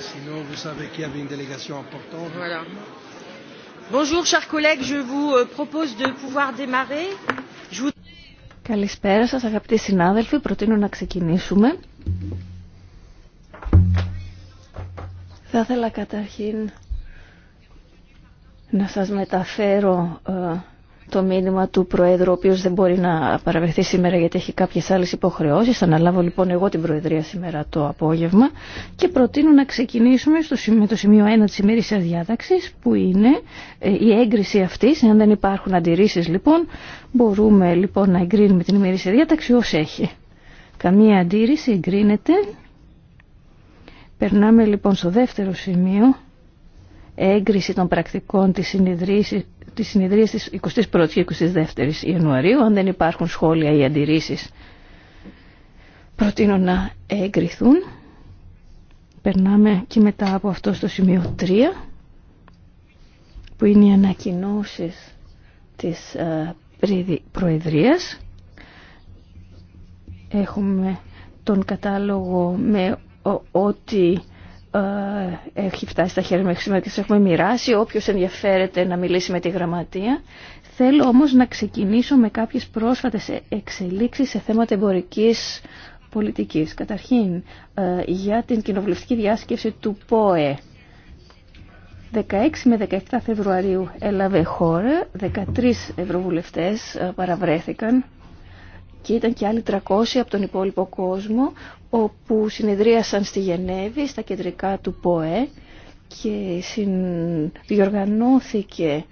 sinon vous savez qu'il y avait une délégation importante. Voilà. Bonjour, chers collègues, je vous propose de pouvoir démarrer. Je vous... Καλησπέρα σας αγαπητοί συνάδελφοι, προτείνω να ξεκινήσουμε. Θα ήθελα καταρχήν να σας μεταφέρω το μήνυμα του Προέδρου, ο οποίο δεν μπορεί να παραβρεθεί σήμερα γιατί έχει κάποιες άλλες υποχρεώσεις. Αναλάβω λοιπόν εγώ την Προεδρία σήμερα το απόγευμα και προτείνω να ξεκινήσουμε στο, με το σημείο 1 της ημερήσιας διάταξης που είναι ε, η έγκριση αυτή. Εάν δεν υπάρχουν αντιρρήσεις λοιπόν, μπορούμε λοιπόν να εγκρίνουμε την ημερήσια διάταξη ω έχει. Καμία αντίρρηση εγκρίνεται. Περνάμε λοιπόν στο δεύτερο σημείο έγκριση των πρακτικών της συνειδρύσης, τη συνεδρία της 21ης και 22ης Ιανουαρίου. Αν δεν υπάρχουν σχόλια ή αντιρρήσεις, προτείνω να εγκριθούν. Περνάμε και μετά από αυτό στο σημείο 3, που είναι οι ανακοινώσει της ε, Προεδρίας. Έχουμε τον κατάλογο με ό,τι ε, έχει φτάσει στα χέρια μέχρι σήμερα και σας έχουμε μοιράσει. Όποιος ενδιαφέρεται να μιλήσει με τη γραμματεία. Θέλω όμως να ξεκινήσω με κάποιες πρόσφατες ε, εξελίξεις σε θέματα εμπορικής πολιτικής. Καταρχήν, ε, για την κοινοβουλευτική διάσκεψη του ΠΟΕ. 16 με 17 Φεβρουαρίου έλαβε χώρα, 13 ευρωβουλευτές παραβρέθηκαν και ήταν και άλλοι 300 από τον υπόλοιπο κόσμο όπου συνεδρίασαν στη Γενέβη, στα κεντρικά του ΠΟΕ και διοργανώθηκε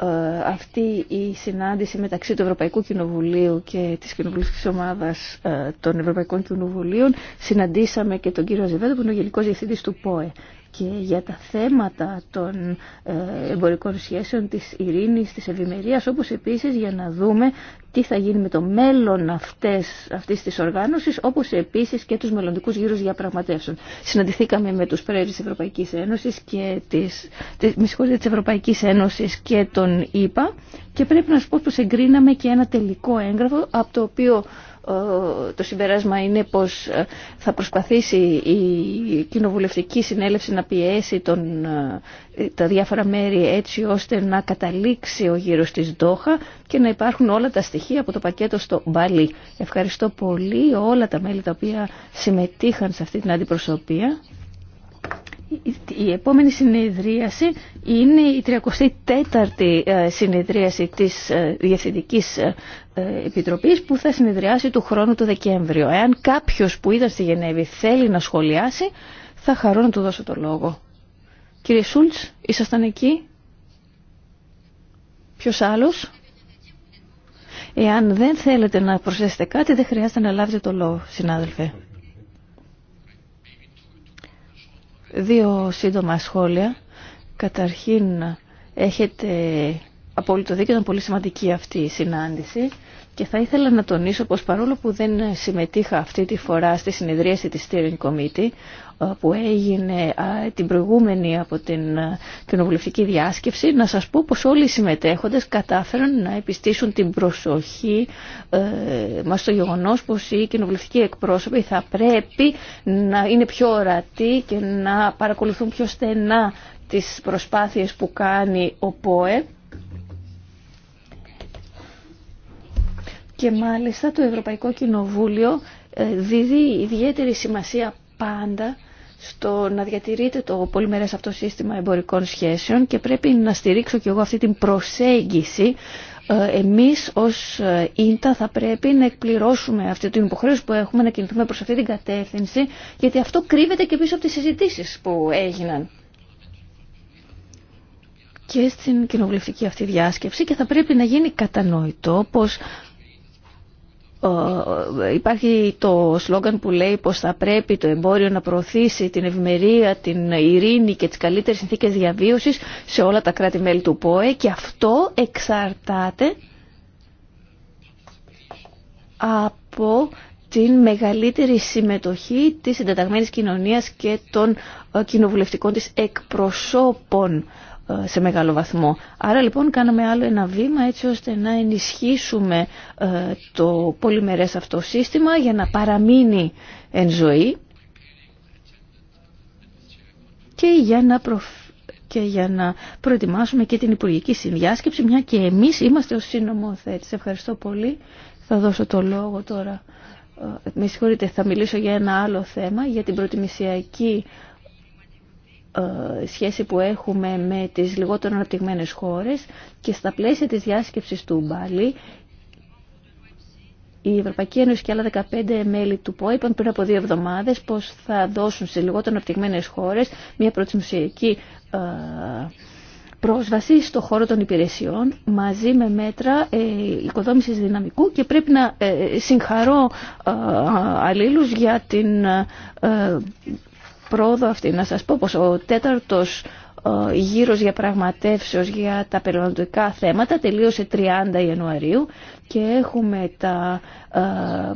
ε, αυτή η συνάντηση μεταξύ του Ευρωπαϊκού Κοινοβουλίου και της τη Ομάδας ε, των Ευρωπαϊκών Κοινοβουλίων συναντήσαμε και τον κύριο Αζεβέδο που είναι ο Γενικός Διευθυντής του ΠΟΕ και για τα θέματα των ε, εμπορικών σχέσεων της ειρήνης, της ευημερία, όπως επίσης για να δούμε τι θα γίνει με το μέλλον αυτές, αυτής της οργάνωσης, όπως επίσης και τους μελλοντικούς γύρους διαπραγματεύσεων. Συναντηθήκαμε με τους πρέπει της Ευρωπαϊκής Ένωσης και της, της, της Ευρωπαϊκής Ένωσης και τον ΙΠΑ και πρέπει να σας πω πως εγκρίναμε και ένα τελικό έγγραφο από το οποίο ε, το συμπεράσμα είναι πως ε, θα προσπαθήσει η κοινοβουλευτική συνέλευση να πιέσει τον, ε, τα διάφορα μέρη έτσι ώστε να καταλήξει ο γύρος της Ντόχα και να υπάρχουν όλα τα στοιχεία από το πακέτο στο Μπαλί. Ευχαριστώ πολύ όλα τα μέλη τα οποία συμμετείχαν σε αυτή την αντιπροσωπεία η επόμενη συνεδρίαση είναι η 34η ε, συνεδρίαση της ε, Διευθυντικής ε, Επιτροπής που θα συνεδριάσει του χρόνου του Δεκέμβριο. Εάν κάποιος που ήταν στη Γενέβη θέλει να σχολιάσει, θα χαρώ να του δώσω το λόγο. Κύριε Σούλτς, ήσασταν εκεί. Ποιος άλλος. Εάν δεν θέλετε να προσθέσετε κάτι, δεν χρειάζεται να λάβετε το λόγο, συνάδελφε. Δύο σύντομα σχόλια. Καταρχήν, έχετε απόλυτο δίκαιο, ήταν πολύ σημαντική αυτή η συνάντηση και θα ήθελα να τονίσω πως παρόλο που δεν συμμετείχα αυτή τη φορά στη συνεδρίαση της Steering Committee, που έγινε την προηγούμενη από την κοινοβουλευτική διάσκεψη να σας πω πως όλοι οι συμμετέχοντες κατάφεραν να επιστήσουν την προσοχή ε, μας στο γεγονός πως οι κοινοβουλευτικοί εκπρόσωποι θα πρέπει να είναι πιο ορατοί και να παρακολουθούν πιο στενά τις προσπάθειες που κάνει ο ΠΟΕ και μάλιστα το Ευρωπαϊκό Κοινοβούλιο ε, δίδει ιδιαίτερη σημασία πάντα στο να διατηρείται το πολυμερές αυτό σύστημα εμπορικών σχέσεων και πρέπει να στηρίξω και εγώ αυτή την προσέγγιση ε, εμείς ως ε, ίντα θα πρέπει να εκπληρώσουμε αυτή την υποχρέωση που έχουμε να κινηθούμε προς αυτή την κατεύθυνση γιατί αυτό κρύβεται και πίσω από τις συζητήσεις που έγιναν και στην κοινοβουλευτική αυτή διάσκεψη και θα πρέπει να γίνει κατανοητό πως ε, υπάρχει το σλόγγαν που λέει πως θα πρέπει το εμπόριο να προωθήσει την ευημερία, την ειρήνη και τις καλύτερες συνθήκες διαβίωσης σε όλα τα κράτη-μέλη του ΠΟΕ και αυτό εξαρτάται από την μεγαλύτερη συμμετοχή της συντεταγμένης κοινωνίας και των ε, κοινοβουλευτικών της εκπροσώπων ε, σε μεγάλο βαθμό. Άρα λοιπόν κάναμε άλλο ένα βήμα έτσι ώστε να ενισχύσουμε ε, το πολυμερές αυτό σύστημα για να παραμείνει εν ζωή και για να για να προετοιμάσουμε και την Υπουργική Συνδιάσκεψη, μια και εμείς είμαστε ο σε Ευχαριστώ πολύ. Θα δώσω το λόγο τώρα. Ε, με συγχωρείτε, θα μιλήσω για ένα άλλο θέμα, για την προτιμησιακή ε, σχέση που έχουμε με τις λιγότερο αναπτυγμένες χώρες και στα πλαίσια της διάσκεψης του Μπάλι η Ευρωπαϊκή Ένωση και άλλα 15 μέλη του ΠΟΕ είπαν πριν από δύο εβδομάδες πως θα δώσουν σε λιγότερο αναπτυγμένες χώρες μια προτιμουσιακή ε, πρόσβαση στο χώρο των υπηρεσιών μαζί με μέτρα ε, οικοδόμησης δυναμικού και πρέπει να συγχαρώ αλλήλους για την πρόοδο Να σας πω πως ο τέταρτος ε, γύρος πραγματεύσεις για τα περιβαλλοντικά θέματα τελείωσε 30 Ιανουαρίου και έχουμε τα ε,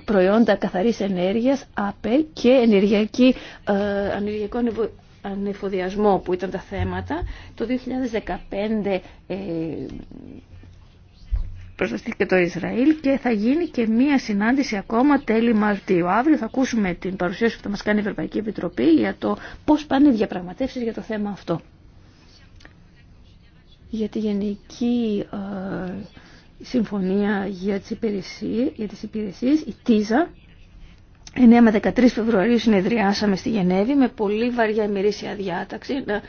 προϊόντα καθαρής ενέργειας, ΑΠΕ και ενεργειακή, ενεργειακό ανεφοδιασμό που ήταν τα θέματα. Το 2015 και το Ισραήλ και θα γίνει και μία συνάντηση ακόμα τέλη Μαρτίου. Αύριο θα ακούσουμε την παρουσίαση που θα μας κάνει η Ευρωπαϊκή Επιτροπή για το πώς πάνε οι διαπραγματεύσεις για το θέμα αυτό. Για τη γενική ε, συμφωνία για τις, υπηρεσίες, για τις υπηρεσίες, η ΤΙΖΑ, 9 με 13 Φεβρουαρίου συνεδριάσαμε στη Γενέβη με πολύ βαριά ημερήσια διάταξη να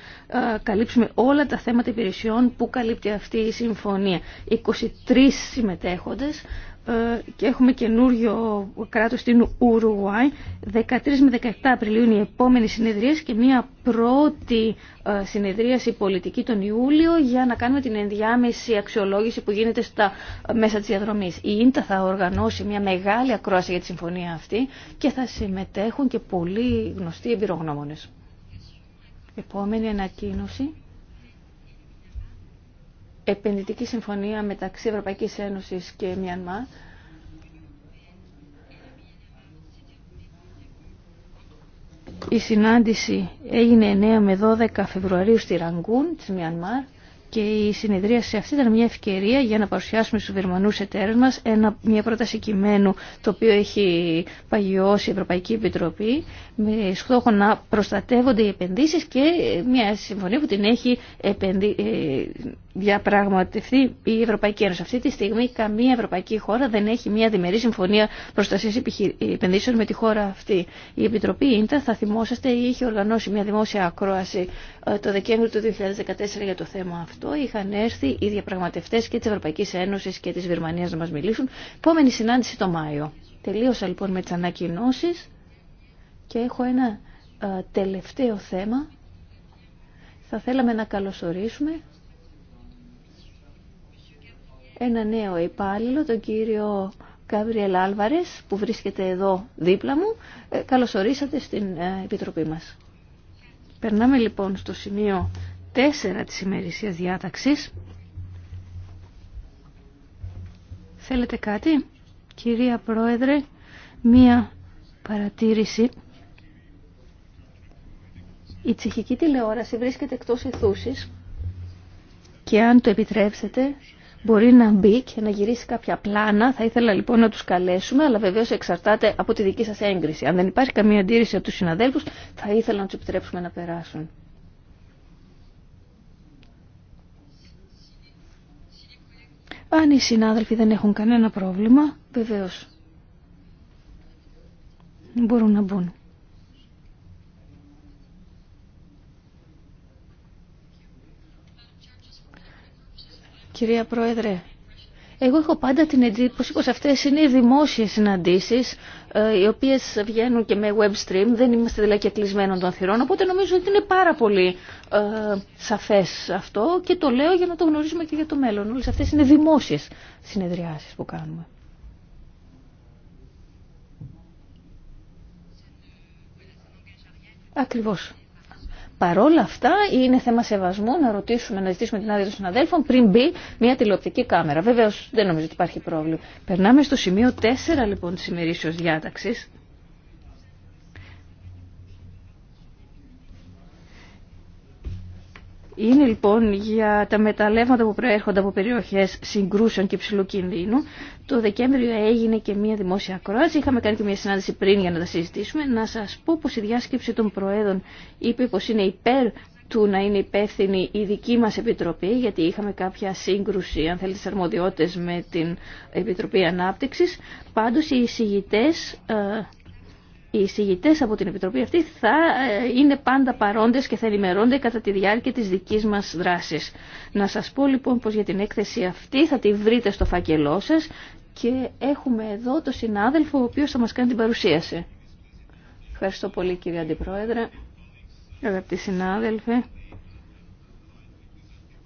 καλύψουμε όλα τα θέματα υπηρεσιών που καλύπτει αυτή η συμφωνία. 23 συμμετέχοντες ε, και έχουμε καινούριο κράτος στην Ουρουάη. 13 με 17 Απριλίου είναι η επόμενη συνεδρία και μία πρώτη ε, συνεδρίαση πολιτική τον Ιούλιο για να κάνουμε την ενδιάμεση αξιολόγηση που γίνεται στα ε, μέσα της διαδρομής. Η ΙΝΤΑ θα οργανώσει μια μεγάλη ακρόαση για τη συμφωνία αυτή και θα συμμετέχουν και πολλοί γνωστοί εμπειρογνώμονες. Επόμενη ανακοίνωση επενδυτική συμφωνία μεταξύ Ευρωπαϊκής Ένωσης και Μιανμά. Η συνάντηση έγινε 9 με 12 Φεβρουαρίου στη Ραγκούν της Μιανμάρ και η συνεδρία σε αυτή ήταν μια ευκαιρία για να παρουσιάσουμε στους βερμανού εταίρους μας μια πρόταση κειμένου το οποίο έχει παγιώσει η Ευρωπαϊκή Επιτροπή με στόχο να προστατεύονται οι επενδύσεις και μια συμφωνία που την έχει επενδυ... Ε, διαπραγματευτεί η Ευρωπαϊκή Ένωση. Αυτή τη στιγμή καμία ευρωπαϊκή χώρα δεν έχει μια διμερή συμφωνία προστασίας επενδύσεων με τη χώρα αυτή. Η Επιτροπή Ίντα θα θυμόσαστε είχε οργανώσει μια δημόσια ακρόαση ε, το Δεκέμβριο του 2014 για το θέμα αυτό αυτό είχαν έρθει οι διαπραγματευτές και της Ευρωπαϊκής Ένωσης και της Γερμανίας να μας μιλήσουν. Επόμενη συνάντηση το Μάιο. Τελείωσα λοιπόν με τις ανακοινώσει και έχω ένα ε, τελευταίο θέμα. Θα θέλαμε να καλωσορίσουμε ένα νέο υπάλληλο, τον κύριο κάβριελ Άλβαρες, που βρίσκεται εδώ δίπλα μου. Ε, καλωσορίσατε στην ε, Επιτροπή μας. Περνάμε λοιπόν στο σημείο 4 της ημερησίας διάταξης. Θέλετε κάτι, κυρία Πρόεδρε, μία παρατήρηση. Η τσεχική τηλεόραση βρίσκεται εκτός ηθούσης και αν το επιτρέψετε μπορεί να μπει και να γυρίσει κάποια πλάνα. Θα ήθελα λοιπόν να τους καλέσουμε, αλλά βεβαίως εξαρτάται από τη δική σας έγκριση. Αν δεν υπάρχει καμία αντίρρηση από τους συναδέλφους, θα ήθελα να τους επιτρέψουμε να περάσουν. Αν οι συνάδελφοι δεν έχουν κανένα πρόβλημα, βεβαίως μπορούν να μπουν. Κυρία Πρόεδρε, εγώ έχω πάντα την εντύπωση πως αυτές είναι οι δημόσιες συναντήσεις, ε, οι οποίες βγαίνουν και με web stream, δεν είμαστε δηλαδή και κλεισμένων των θυρών, οπότε νομίζω ότι είναι πάρα πολύ ε, σαφές αυτό και το λέω για να το γνωρίζουμε και για το μέλλον. Όλες αυτές είναι δημόσιες συνεδριάσεις που κάνουμε. Ακριβώς. Παρόλα αυτά, είναι θέμα σεβασμού να ρωτήσουμε, να ζητήσουμε την άδεια των συναδέλφων πριν μπει μια τηλεοπτική κάμερα. Βεβαίω, δεν νομίζω ότι υπάρχει πρόβλημα. Περνάμε στο σημείο 4 λοιπόν τη ημερήσεω διάταξη. Είναι λοιπόν για τα μεταλλεύματα που προέρχονται από περιοχές συγκρούσεων και ψηλού κινδύνου. Το Δεκέμβριο έγινε και μια δημόσια ακρόαση. Είχαμε κάνει και μια συνάντηση πριν για να τα συζητήσουμε. Να σας πω πως η διάσκεψη των Προέδρων είπε πως είναι υπέρ του να είναι υπεύθυνη η δική μας Επιτροπή, γιατί είχαμε κάποια σύγκρουση, αν θέλετε, αρμοδιότητες με την Επιτροπή Ανάπτυξης. Πάντως οι εισηγητές ε, οι εισηγητέ από την Επιτροπή αυτή θα ε, είναι πάντα παρόντες και θα ενημερώνται κατά τη διάρκεια της δικής μας δράσης. Να σας πω λοιπόν πως για την έκθεση αυτή θα τη βρείτε στο φάκελό σας και έχουμε εδώ τον συνάδελφο ο οποίος θα μας κάνει την παρουσίαση. Ευχαριστώ πολύ κύριε Αντιπρόεδρε, αγαπητοί συνάδελφοι.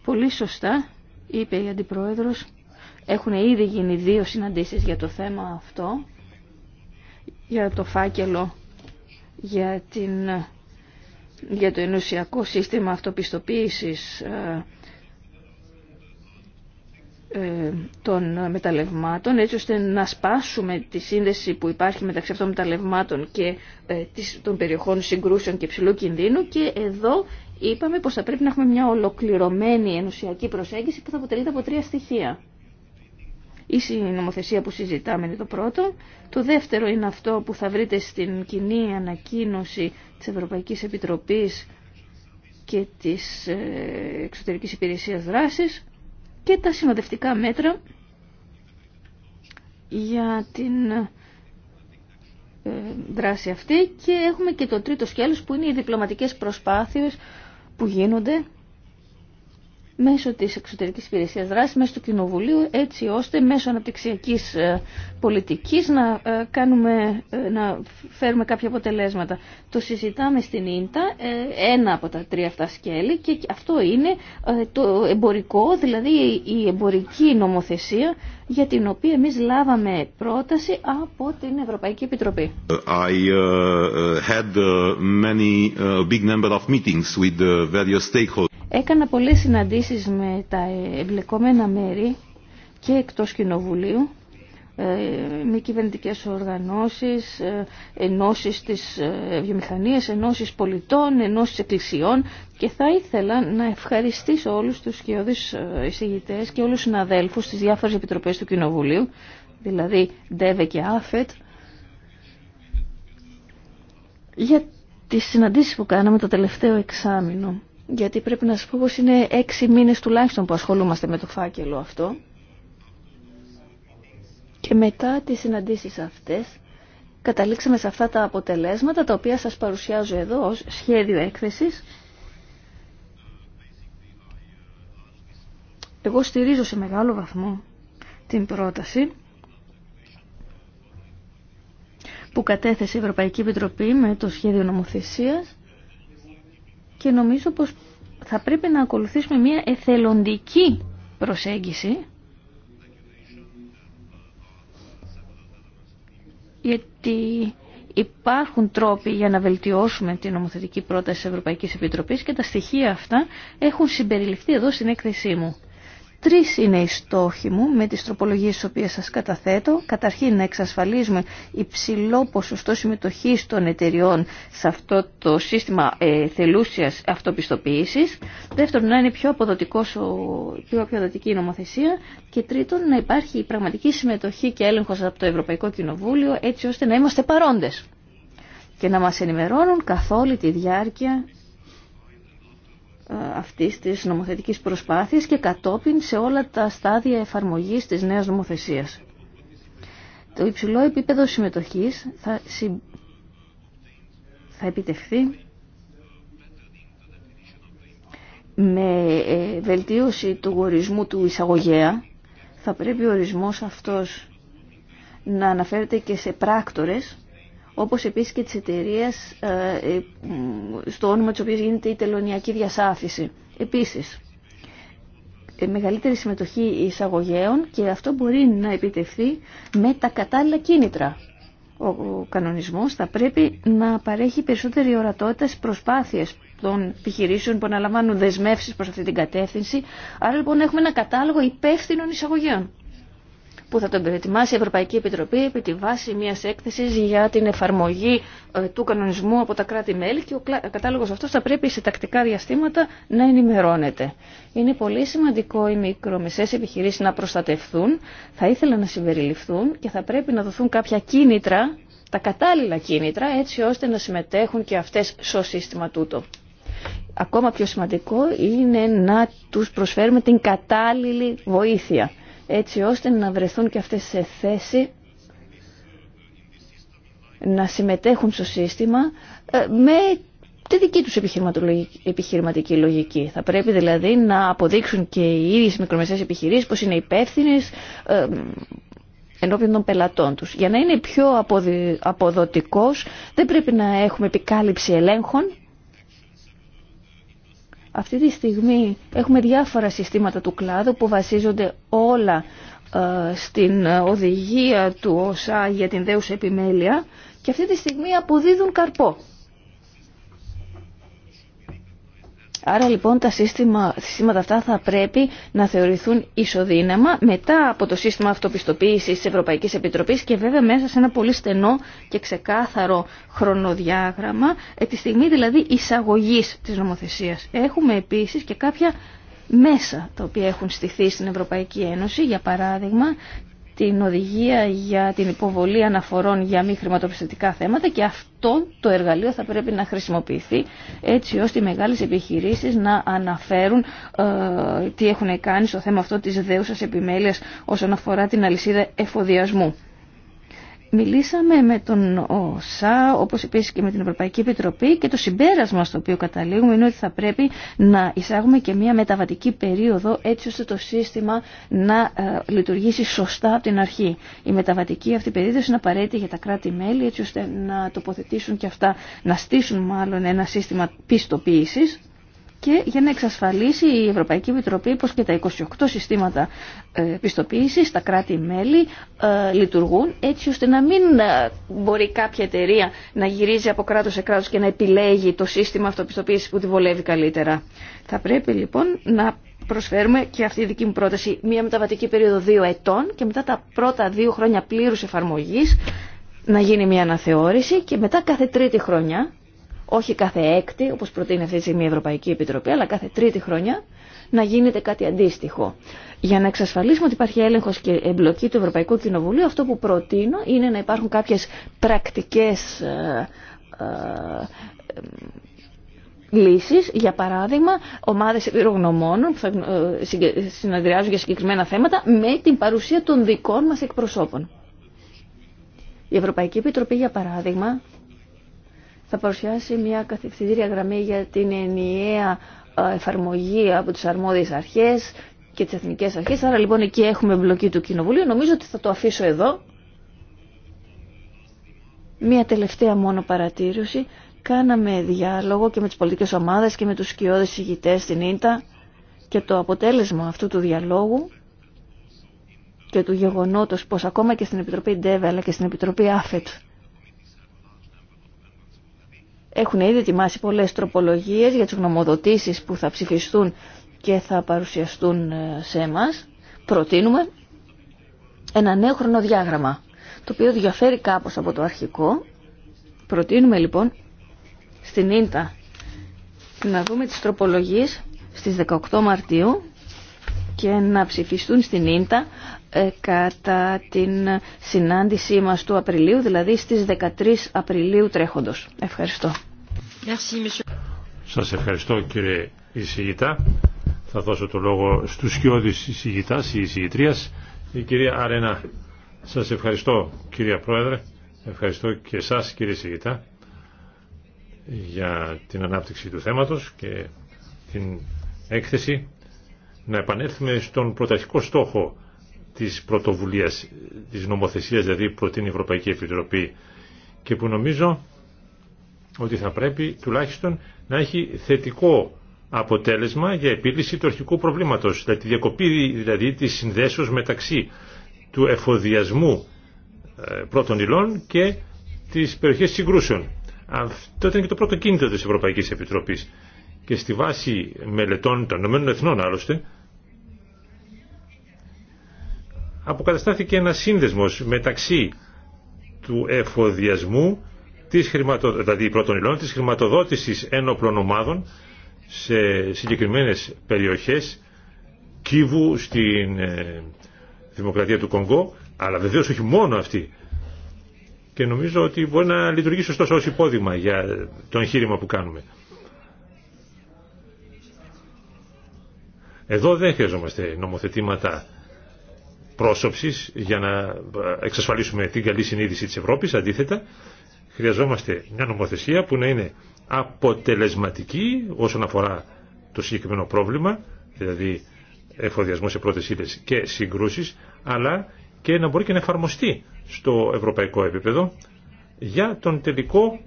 Πολύ σωστά είπε η Αντιπρόεδρος. Έχουν ήδη γίνει δύο συναντήσεις για το θέμα αυτό για το φάκελο για, την, για το ενωσιακό σύστημα αυτοπιστοποίησης ε, ε, των μεταλλευμάτων έτσι ώστε να σπάσουμε τη σύνδεση που υπάρχει μεταξύ αυτών των μεταλλευμάτων και ε, των περιοχών συγκρούσεων και ψηλού κινδύνου και εδώ είπαμε πως θα πρέπει να έχουμε μια ολοκληρωμένη ενωσιακή προσέγγιση που θα αποτελείται από τρία στοιχεία. Η νομοθεσία που συζητάμε το πρώτο. Το δεύτερο είναι αυτό που θα βρείτε στην κοινή ανακοίνωση της Ευρωπαϊκής Επιτροπής και της ε, Εξωτερικής Υπηρεσίας Δράσης και τα συνοδευτικά μέτρα για την ε, δράση αυτή και έχουμε και το τρίτο σκέλος που είναι οι διπλωματικές προσπάθειες που γίνονται μέσω της εξωτερικής υπηρεσίας δράσης, μέσω του Κοινοβουλίου, έτσι ώστε μέσω αναπτυξιακής ε, πολιτικής να, ε, κάνουμε, ε, να φέρουμε κάποια αποτελέσματα. Το συζητάμε στην Ίντα, ένα από τα τρία αυτά σκέλη και αυτό είναι το εμπορικό, δηλαδή η εμπορική νομοθεσία για την οποία εμείς λάβαμε πρόταση από την Ευρωπαϊκή Επιτροπή. I uh, uh, had uh, many big number of meetings with various stakeholders. Έκανα πολλές συναντήσεις με τα εμπλεκόμενα μέρη και εκτός Κοινοβουλίου ε, μη κυβερνητικέ οργανώσεις, ε, ενώσεις της ε, βιομηχανίας, ενώσει πολιτών, ενώσει εκκλησιών και θα ήθελα να ευχαριστήσω όλους τους σκιώδεις εισηγητέ και όλους τους συναδέλφου στι διάφορε επιτροπέ του Κοινοβουλίου, δηλαδή ΔΕΒΕ και ΑΦΕΤ, για τι συναντήσει που κάναμε το τελευταίο εξάμεινο. Γιατί πρέπει να σα πω πω είναι έξι μήνε τουλάχιστον που ασχολούμαστε με το φάκελο αυτό. Και μετά τις συναντήσεις αυτές καταλήξαμε σε αυτά τα αποτελέσματα τα οποία σας παρουσιάζω εδώ ως σχέδιο έκθεσης. Εγώ στηρίζω σε μεγάλο βαθμό την πρόταση που κατέθεσε η Ευρωπαϊκή Επιτροπή με το σχέδιο νομοθεσίας και νομίζω πως θα πρέπει να ακολουθήσουμε μια εθελοντική προσέγγιση γιατί υπάρχουν τρόποι για να βελτιώσουμε την νομοθετική πρόταση της Ευρωπαϊκής Επιτροπής και τα στοιχεία αυτά έχουν συμπεριληφθεί εδώ στην έκθεσή μου. Τρεις είναι οι στόχοι μου με τις τροπολογίες τις οποίες σας καταθέτω. Καταρχήν να εξασφαλίζουμε υψηλό ποσοστό συμμετοχής των εταιριών σε αυτό το σύστημα ε, θελούσιας αυτοπιστοποίησης. Δεύτερον να είναι πιο, αποδοτικός, πιο αποδοτική η νομοθεσία. Και τρίτον να υπάρχει η πραγματική συμμετοχή και έλεγχος από το Ευρωπαϊκό Κοινοβούλιο έτσι ώστε να είμαστε παρόντες και να μας ενημερώνουν καθ' όλη τη διάρκεια αυτής της νομοθετικής προσπάθειας και κατόπιν σε όλα τα στάδια εφαρμογής της νέας νομοθεσίας. Το υψηλό επίπεδο συμμετοχής θα, θα επιτευχθεί με ε, βελτίωση του ορισμού του εισαγωγέα. Θα πρέπει ο ορισμός αυτός να αναφέρεται και σε πράκτορες όπως επίσης και της εταιρεία ε, ε, στο όνομα της οποίας γίνεται η τελωνιακή διασάφηση. Επίσης, ε, μεγαλύτερη συμμετοχή εισαγωγέων και αυτό μπορεί να επιτευχθεί με τα κατάλληλα κίνητρα. Ο κανονισμός θα πρέπει να παρέχει περισσότερη ορατότητα στις προσπάθειες των επιχειρήσεων που αναλαμβάνουν δεσμεύσεις προς αυτή την κατεύθυνση. Άρα λοιπόν έχουμε ένα κατάλογο υπεύθυνων εισαγωγέων που θα τον προετοιμάσει η Ευρωπαϊκή Επιτροπή επί τη βάση μια έκθεση για την εφαρμογή ε, του κανονισμού από τα κράτη-μέλη και ο κατάλογο αυτό θα πρέπει σε τακτικά διαστήματα να ενημερώνεται. Είναι πολύ σημαντικό οι μικρομεσαίε επιχειρήσει να προστατευθούν, θα ήθελα να συμπεριληφθούν και θα πρέπει να δοθούν κάποια κίνητρα, τα κατάλληλα κίνητρα, έτσι ώστε να συμμετέχουν και αυτέ στο σύστημα τούτο. Ακόμα πιο σημαντικό είναι να τους προσφέρουμε την κατάλληλη βοήθεια έτσι ώστε να βρεθούν και αυτές σε θέση να συμμετέχουν στο σύστημα ε, με τη δική τους επιχειρηματική λογική. Θα πρέπει δηλαδή να αποδείξουν και οι ίδιες μικρομεσαίες επιχειρήσεις πως είναι υπεύθυνε ε, ενώπιον των πελατών τους. Για να είναι πιο αποδοτικός δεν πρέπει να έχουμε επικάλυψη ελέγχων αυτή τη στιγμή έχουμε διάφορα συστήματα του κλάδου που βασίζονται όλα ε, στην οδηγία του ΟΣΑ για την δέουσα επιμέλεια και αυτή τη στιγμή αποδίδουν καρπό. Άρα λοιπόν τα σύστημα, σύστηματα αυτά θα πρέπει να θεωρηθούν ισοδύναμα μετά από το σύστημα αυτοπιστοποίησης της Ευρωπαϊκής Επιτροπής και βέβαια μέσα σε ένα πολύ στενό και ξεκάθαρο χρονοδιάγραμμα, τη στιγμή δηλαδή εισαγωγής της νομοθεσίας. Έχουμε επίσης και κάποια μέσα τα οποία έχουν στηθεί στην Ευρωπαϊκή Ένωση, για παράδειγμα την οδηγία για την υποβολή αναφορών για μη χρηματοπιστωτικά θέματα και αυτό το εργαλείο θα πρέπει να χρησιμοποιηθεί έτσι ώστε οι μεγάλες επιχειρήσεις να αναφέρουν ε, τι έχουν κάνει στο θέμα αυτό της δέουσας επιμέλειας όσον αφορά την αλυσίδα εφοδιασμού μιλήσαμε με τον ΣΑΟ, όπως επίσης και με την Ευρωπαϊκή Επιτροπή και το συμπέρασμα στο οποίο καταλήγουμε είναι ότι θα πρέπει να εισάγουμε και μια μεταβατική περίοδο έτσι ώστε το σύστημα να ε, λειτουργήσει σωστά από την αρχή. Η μεταβατική αυτή περίοδος είναι απαραίτητη για τα κράτη-μέλη έτσι ώστε να τοποθετήσουν και αυτά, να στήσουν μάλλον ένα σύστημα πιστοποίησης και για να εξασφαλίσει η Ευρωπαϊκή Επιτροπή πως και τα 28 συστήματα ε, πιστοποίησης, τα κράτη-μέλη ε, λειτουργούν έτσι ώστε να μην ε, μπορεί κάποια εταιρεία να γυρίζει από κράτος σε κράτος και να επιλέγει το σύστημα αυτοπιστοποίησης που τη βολεύει καλύτερα. Θα πρέπει λοιπόν να προσφέρουμε και αυτή η δική μου πρόταση μια μεταβατική περίοδο δύο ετών και μετά τα πρώτα δύο χρόνια πλήρους εφαρμογής να γίνει μια αναθεώρηση και μετά κάθε τρίτη χρονιά όχι κάθε έκτη, όπως προτείνει αυτή τη στιγμή η Ευρωπαϊκή Επιτροπή, αλλά κάθε τρίτη χρονιά να γίνεται κάτι αντίστοιχο. Για να εξασφαλίσουμε ότι υπάρχει έλεγχος και εμπλοκή του Ευρωπαϊκού Κοινοβουλίου, αυτό που προτείνω είναι να υπάρχουν κάποιες πρακτικές ε, ε, ε λύσεις, για παράδειγμα ομάδες επιρρογνωμόνων που θα ε, συνεδριάζουν για συγκεκριμένα θέματα με την παρουσία των δικών μας εκπροσώπων. Η Ευρωπαϊκή Επιτροπή, για παράδειγμα, θα παρουσιάσει μια καθηγητήρια γραμμή για την ενιαία ε, εφαρμογή από τις αρμόδιες αρχές και τις εθνικές αρχές. Άρα λοιπόν εκεί έχουμε εμπλοκή του Κοινοβουλίου. Νομίζω ότι θα το αφήσω εδώ. Μια τελευταία μόνο παρατήρηση. Κάναμε διάλογο και με τις πολιτικές ομάδες και με τους σκιώδες ηγητές στην Ίντα και το αποτέλεσμα αυτού του διαλόγου και του γεγονότος πως ακόμα και στην Επιτροπή Ντέβε αλλά και στην Επιτροπή Άφετ έχουν ήδη ετοιμάσει πολλές τροπολογίες για τις γνωμοδοτήσεις που θα ψηφιστούν και θα παρουσιαστούν ε, σε εμάς. Προτείνουμε ένα νέο χρονοδιάγραμμα, το οποίο διαφέρει κάπως από το αρχικό. Προτείνουμε λοιπόν στην Ίντα να δούμε τις τροπολογίες στις 18 Μαρτίου και να ψηφιστούν στην Ίντα ε, κατά την συνάντησή μας του Απριλίου, δηλαδή στις 13 Απριλίου τρέχοντος. Ευχαριστώ. Σας ευχαριστώ κύριε Ισηγητά. Θα δώσω το λόγο στους σκιώδεις εισηγητάς ή εισηγητρίας. Η κυρία Αρένα, σας ευχαριστώ κυρία Πρόεδρε. Ευχαριστώ και εσάς κύριε εισηγητά για την ανάπτυξη του θέματος και την έκθεση. Να επανέλθουμε στον πρωταρχικό στόχο της πρωτοβουλίας, της νομοθεσίας δηλαδή που προτείνει η Ευρωπαϊκή Επιτροπή και που νομίζω ότι θα πρέπει τουλάχιστον να έχει θετικό αποτέλεσμα για επίλυση του αρχικού προβλήματος, δηλαδή τη διακοπή δηλαδή της συνδέσεως μεταξύ του εφοδιασμού ε, πρώτων υλών και της περιοχής συγκρούσεων. Αυτό ήταν και το πρώτο κίνητο της Ευρωπαϊκής Επιτροπής και στη βάση μελετών των ΗΕ άλλωστε αποκαταστάθηκε ένα σύνδεσμος μεταξύ του εφοδιασμού της χρηματο... δηλαδή πρώτων υλών, της χρηματοδότησης ένοπλων ομάδων σε συγκεκριμένες περιοχές κύβου στην ε, Δημοκρατία του Κονγκό αλλά βεβαίως όχι μόνο αυτή και νομίζω ότι μπορεί να λειτουργήσει ωστόσο ως υπόδειγμα για το εγχείρημα που κάνουμε. Εδώ δεν χρειαζόμαστε νομοθετήματα για να ε, εξασφαλίσουμε την καλή συνείδηση της Ευρώπης. Αντίθετα, χρειαζόμαστε μια νομοθεσία που να είναι αποτελεσματική όσον αφορά το συγκεκριμένο πρόβλημα, δηλαδή εφοδιασμό σε πρώτε και συγκρούσεις, αλλά και να μπορεί και να εφαρμοστεί στο ευρωπαϊκό επίπεδο για τον τελικό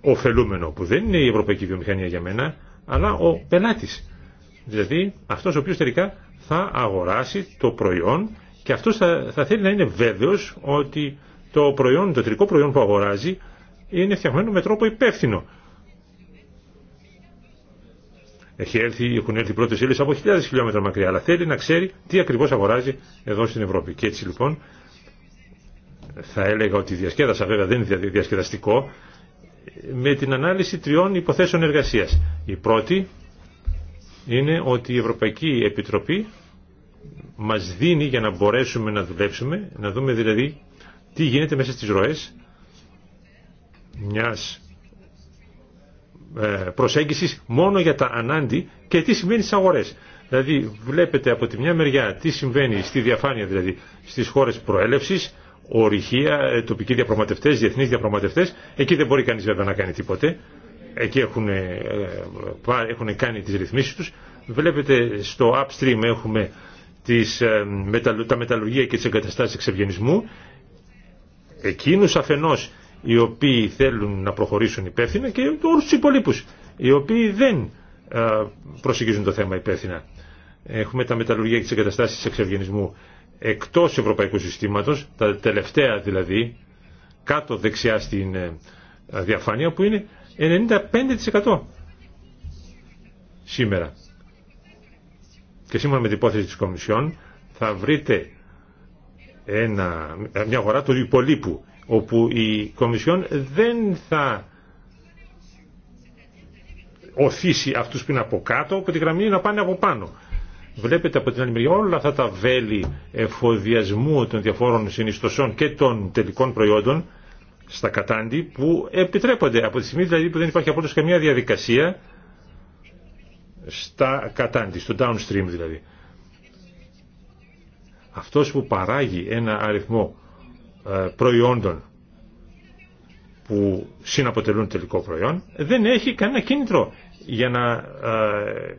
ωφελούμενο, που δεν είναι η ευρωπαϊκή βιομηχανία για μένα, αλλά ο πελάτη. Δηλαδή αυτό ο οποίο τελικά θα αγοράσει το προϊόν και αυτός θα, θα θέλει να είναι βέβαιος ότι το προϊόν, το τελικό προϊόν που αγοράζει είναι φτιαγμένο με τρόπο υπεύθυνο. Έχει έρθει, έχουν έρθει πρώτες ύλε από χιλιάδε χιλιόμετρα μακριά, αλλά θέλει να ξέρει τι ακριβώς αγοράζει εδώ στην Ευρώπη. Και έτσι λοιπόν θα έλεγα ότι διασκέδασα, βέβαια δεν είναι διασκεδαστικό, με την ανάλυση τριών υποθέσεων εργασίας. Η πρώτη είναι ότι η Ευρωπαϊκή Επιτροπή μας δίνει για να μπορέσουμε να δουλέψουμε, να δούμε δηλαδή τι γίνεται μέσα στις ροές μιας ε, προσέγγισης μόνο για τα ανάντι και τι συμβαίνει στις αγορές. Δηλαδή βλέπετε από τη μια μεριά τι συμβαίνει στη διαφάνεια δηλαδή στις χώρες προέλευσης, ορυχεία, ε, τοπικοί διαπραγματευτές, διεθνείς διαπραγματευτές. Εκεί δεν μπορεί κανείς βέβαια να κάνει τίποτε. Εκεί έχουν, ε, έχουν κάνει τις ρυθμίσεις τους. Βλέπετε στο upstream έχουμε τις, ε, τα μεταλλουργία και τις εγκαταστάσεις εξευγενισμού εκείνους αφενός οι οποίοι θέλουν να προχωρήσουν υπεύθυνα και όλους τους υπολείπους οι οποίοι δεν ε, προσεγγίζουν το θέμα υπεύθυνα. Έχουμε τα μεταλλουργία και τις εγκαταστάσεις εξευγενισμού εκτός ευρωπαϊκού συστήματος, τα τελευταία δηλαδή, κάτω δεξιά στην ε, διαφάνεια που είναι 95% σήμερα και σύμφωνα με την υπόθεση της Κομισιόν θα βρείτε ένα, μια αγορά του υπολείπου όπου η Κομισιόν δεν θα οθήσει αυτούς που είναι από κάτω από τη γραμμή να πάνε από πάνω. Βλέπετε από την άλλη μεριά όλα αυτά τα βέλη εφοδιασμού των διαφόρων συνιστοσών και των τελικών προϊόντων στα κατάντη που επιτρέπονται από τη στιγμή δηλαδή που δεν υπάρχει απολύτως καμία διαδικασία στα κατάντη, στο downstream δηλαδή. Αυτός που παράγει ένα αριθμό ε, προϊόντων που συναποτελούν τελικό προϊόν δεν έχει κανένα κίνητρο για να ε,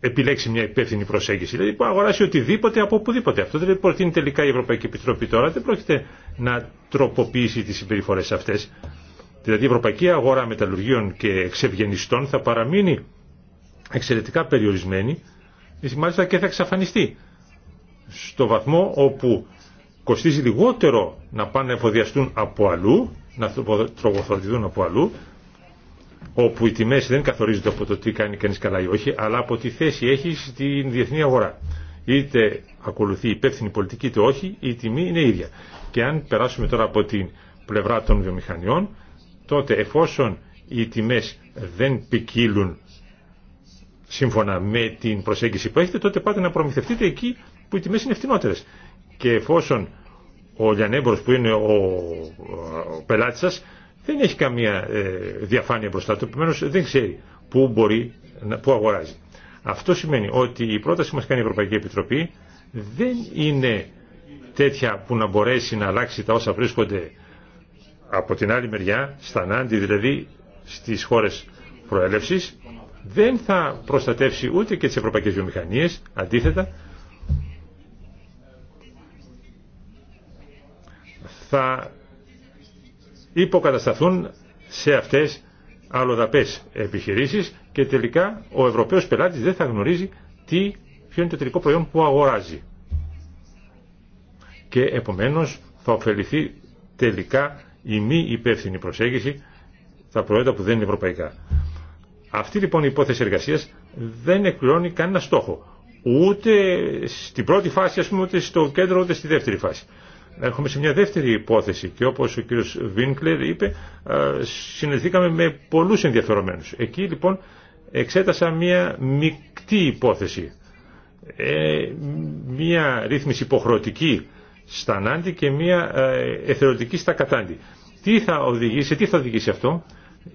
επιλέξει μια υπεύθυνη προσέγγιση. Δηλαδή που αγοράσει οτιδήποτε από οπουδήποτε. Αυτό δεν προτείνει τελικά η Ευρωπαϊκή Επιτροπή τώρα. Δεν πρόκειται να τροποποιήσει τις συμπεριφορές αυτές. Δηλαδή η Ευρωπαϊκή Αγορά Μεταλλουργίων και Εξευγενιστών θα παραμείνει εξαιρετικά περιορισμένη, μάλιστα και θα εξαφανιστεί στο βαθμό όπου κοστίζει λιγότερο να πάνε να εφοδιαστούν από αλλού, να τροφοδοτηθούν από αλλού, όπου οι τιμές δεν καθορίζονται από το τι κάνει κανείς καλά ή όχι, αλλά από τη θέση έχει στην διεθνή αγορά. Είτε ακολουθεί υπεύθυνη πολιτική είτε όχι, η τιμή είναι ίδια. Και αν περάσουμε τώρα από την πλευρά των βιομηχανιών, τότε εφόσον οι τιμές δεν ποικίλουν σύμφωνα με την προσέγγιση που έχετε, τότε πάτε να προμηθευτείτε εκεί που οι τιμές είναι φτηνότερες. Και εφόσον ο λιανέμπορος που είναι ο πελάτης σας δεν έχει καμία ε, διαφάνεια μπροστά του, επομένως δεν ξέρει πού μπορεί, πού αγοράζει. Αυτό σημαίνει ότι η πρόταση που μας κάνει η Ευρωπαϊκή Επιτροπή δεν είναι τέτοια που να μπορέσει να αλλάξει τα όσα βρίσκονται από την άλλη μεριά, στα νάντι δηλαδή στις χώρες προέλευσης δεν θα προστατεύσει ούτε και τις ευρωπαϊκές βιομηχανίες, αντίθετα, θα υποκατασταθούν σε αυτές αλλοδαπές επιχειρήσεις και τελικά ο Ευρωπαίος πελάτης δεν θα γνωρίζει τι, ποιο είναι το τελικό προϊόν που αγοράζει. Και επομένως θα ωφεληθεί τελικά η μη υπεύθυνη προσέγγιση στα προϊόντα που δεν είναι ευρωπαϊκά. Αυτή λοιπόν η υπόθεση εργασία δεν εκπληρώνει κανένα στόχο. Ούτε στην πρώτη φάση, α πούμε, ούτε στο κέντρο, ούτε στη δεύτερη φάση. Έρχομαι σε μια δεύτερη υπόθεση και όπως ο κύριος Βίνκλερ είπε, συναντηθήκαμε με πολλού ενδιαφερομένους. Εκεί λοιπόν εξέτασα μια μεικτή υπόθεση. Ε, μια ρύθμιση υποχρεωτική στα νάντι και μια ε, εθελοντική στα κατάντι. Τι θα οδηγήσει, τι θα οδηγήσει αυτό,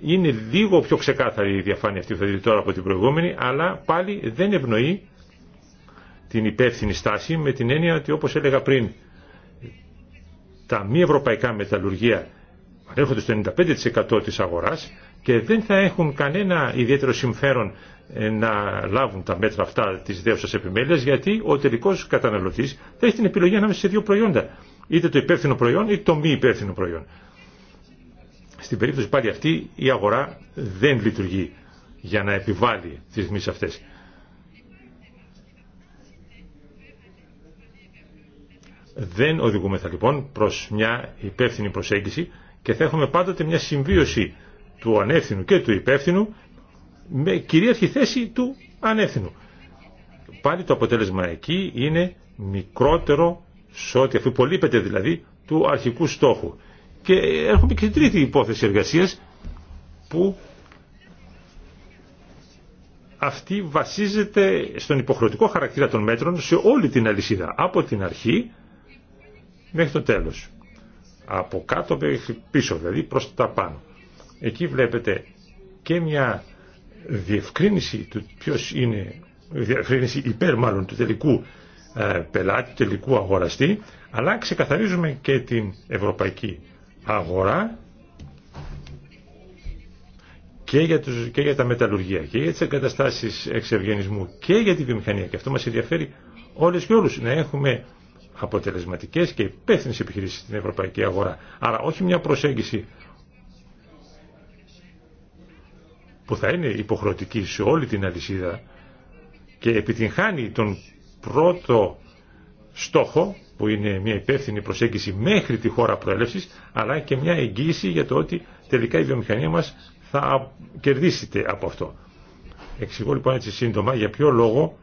είναι λίγο πιο ξεκάθαρη η διαφάνεια αυτή που θα δείτε τώρα από την προηγούμενη, αλλά πάλι δεν ευνοεί την υπεύθυνη στάση με την έννοια ότι όπως έλεγα πριν τα μη ευρωπαϊκά μεταλλουργία ανέρχονται στο 95% της αγοράς και δεν θα έχουν κανένα ιδιαίτερο συμφέρον ε, να λάβουν τα μέτρα αυτά της δέουσας επιμέλειας γιατί ο τελικός καταναλωτής θα έχει την επιλογή ανάμεσα σε δύο προϊόντα είτε το υπεύθυνο προϊόν είτε το μη υπεύθυνο προϊόν. Στην περίπτωση πάλι αυτή η αγορά δεν λειτουργεί για να επιβάλλει τις ρυθμίσεις αυτές. Δεν οδηγούμεθα λοιπόν προς μια υπεύθυνη προσέγγιση και θα έχουμε πάντοτε μια συμβίωση του ανεύθυνου και του υπεύθυνου με κυρίαρχη θέση του ανεύθυνου. Πάλι το αποτέλεσμα εκεί είναι μικρότερο σε ό,τι αφού δηλαδή του αρχικού στόχου. Και έχουμε και την τρίτη υπόθεση εργασίας που αυτή βασίζεται στον υποχρεωτικό χαρακτήρα των μέτρων σε όλη την αλυσίδα, από την αρχή μέχρι το τέλος. Από κάτω μέχρι πίσω, δηλαδή προς τα πάνω. Εκεί βλέπετε και μια διευκρίνηση του ποιος είναι, διευκρίνηση υπέρ μάλλον του τελικού ε, πελάτη, του τελικού αγοραστή, αλλά ξεκαθαρίζουμε και την ευρωπαϊκή αγορά και για, τα μεταλλουργία και για τις εγκαταστάσεις εξευγενισμού και για τη βιομηχανία και αυτό μας ενδιαφέρει όλες και όλους να έχουμε αποτελεσματικές και υπεύθυνε επιχειρήσεις στην ευρωπαϊκή αγορά. Άρα όχι μια προσέγγιση που θα είναι υποχρεωτική σε όλη την αλυσίδα και επιτυγχάνει τον πρώτο στόχο που είναι μια υπεύθυνη προσέγγιση μέχρι τη χώρα προέλευσης, αλλά και μια εγγύηση για το ότι τελικά η βιομηχανία μας θα κερδίσετε από αυτό. Εξηγώ λοιπόν έτσι σύντομα για ποιο λόγο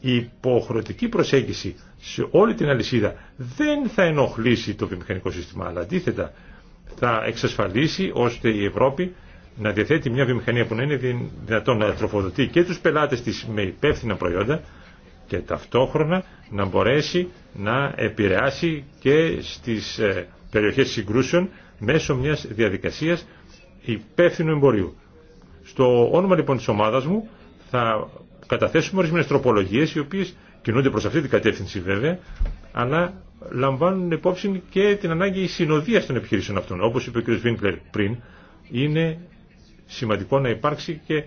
η υποχρεωτική προσέγγιση σε όλη την αλυσίδα δεν θα ενοχλήσει το βιομηχανικό σύστημα, αλλά αντίθετα θα εξασφαλίσει ώστε η Ευρώπη να διαθέτει μια βιομηχανία που να είναι δυνατόν να τροφοδοτεί και τους πελάτες της με υπεύθυνα προϊόντα, και ταυτόχρονα να μπορέσει να επηρεάσει και στις ε, περιοχές συγκρούσεων μέσω μιας διαδικασίας υπεύθυνου εμπορίου. Στο όνομα λοιπόν της ομάδας μου θα καταθέσουμε ορισμένες τροπολογίες οι οποίες κινούνται προς αυτή την κατεύθυνση βέβαια αλλά λαμβάνουν υπόψη και την ανάγκη συνοδείας των επιχειρήσεων αυτών. Όπως είπε ο κ. Βίνκλερ πριν είναι σημαντικό να υπάρξει και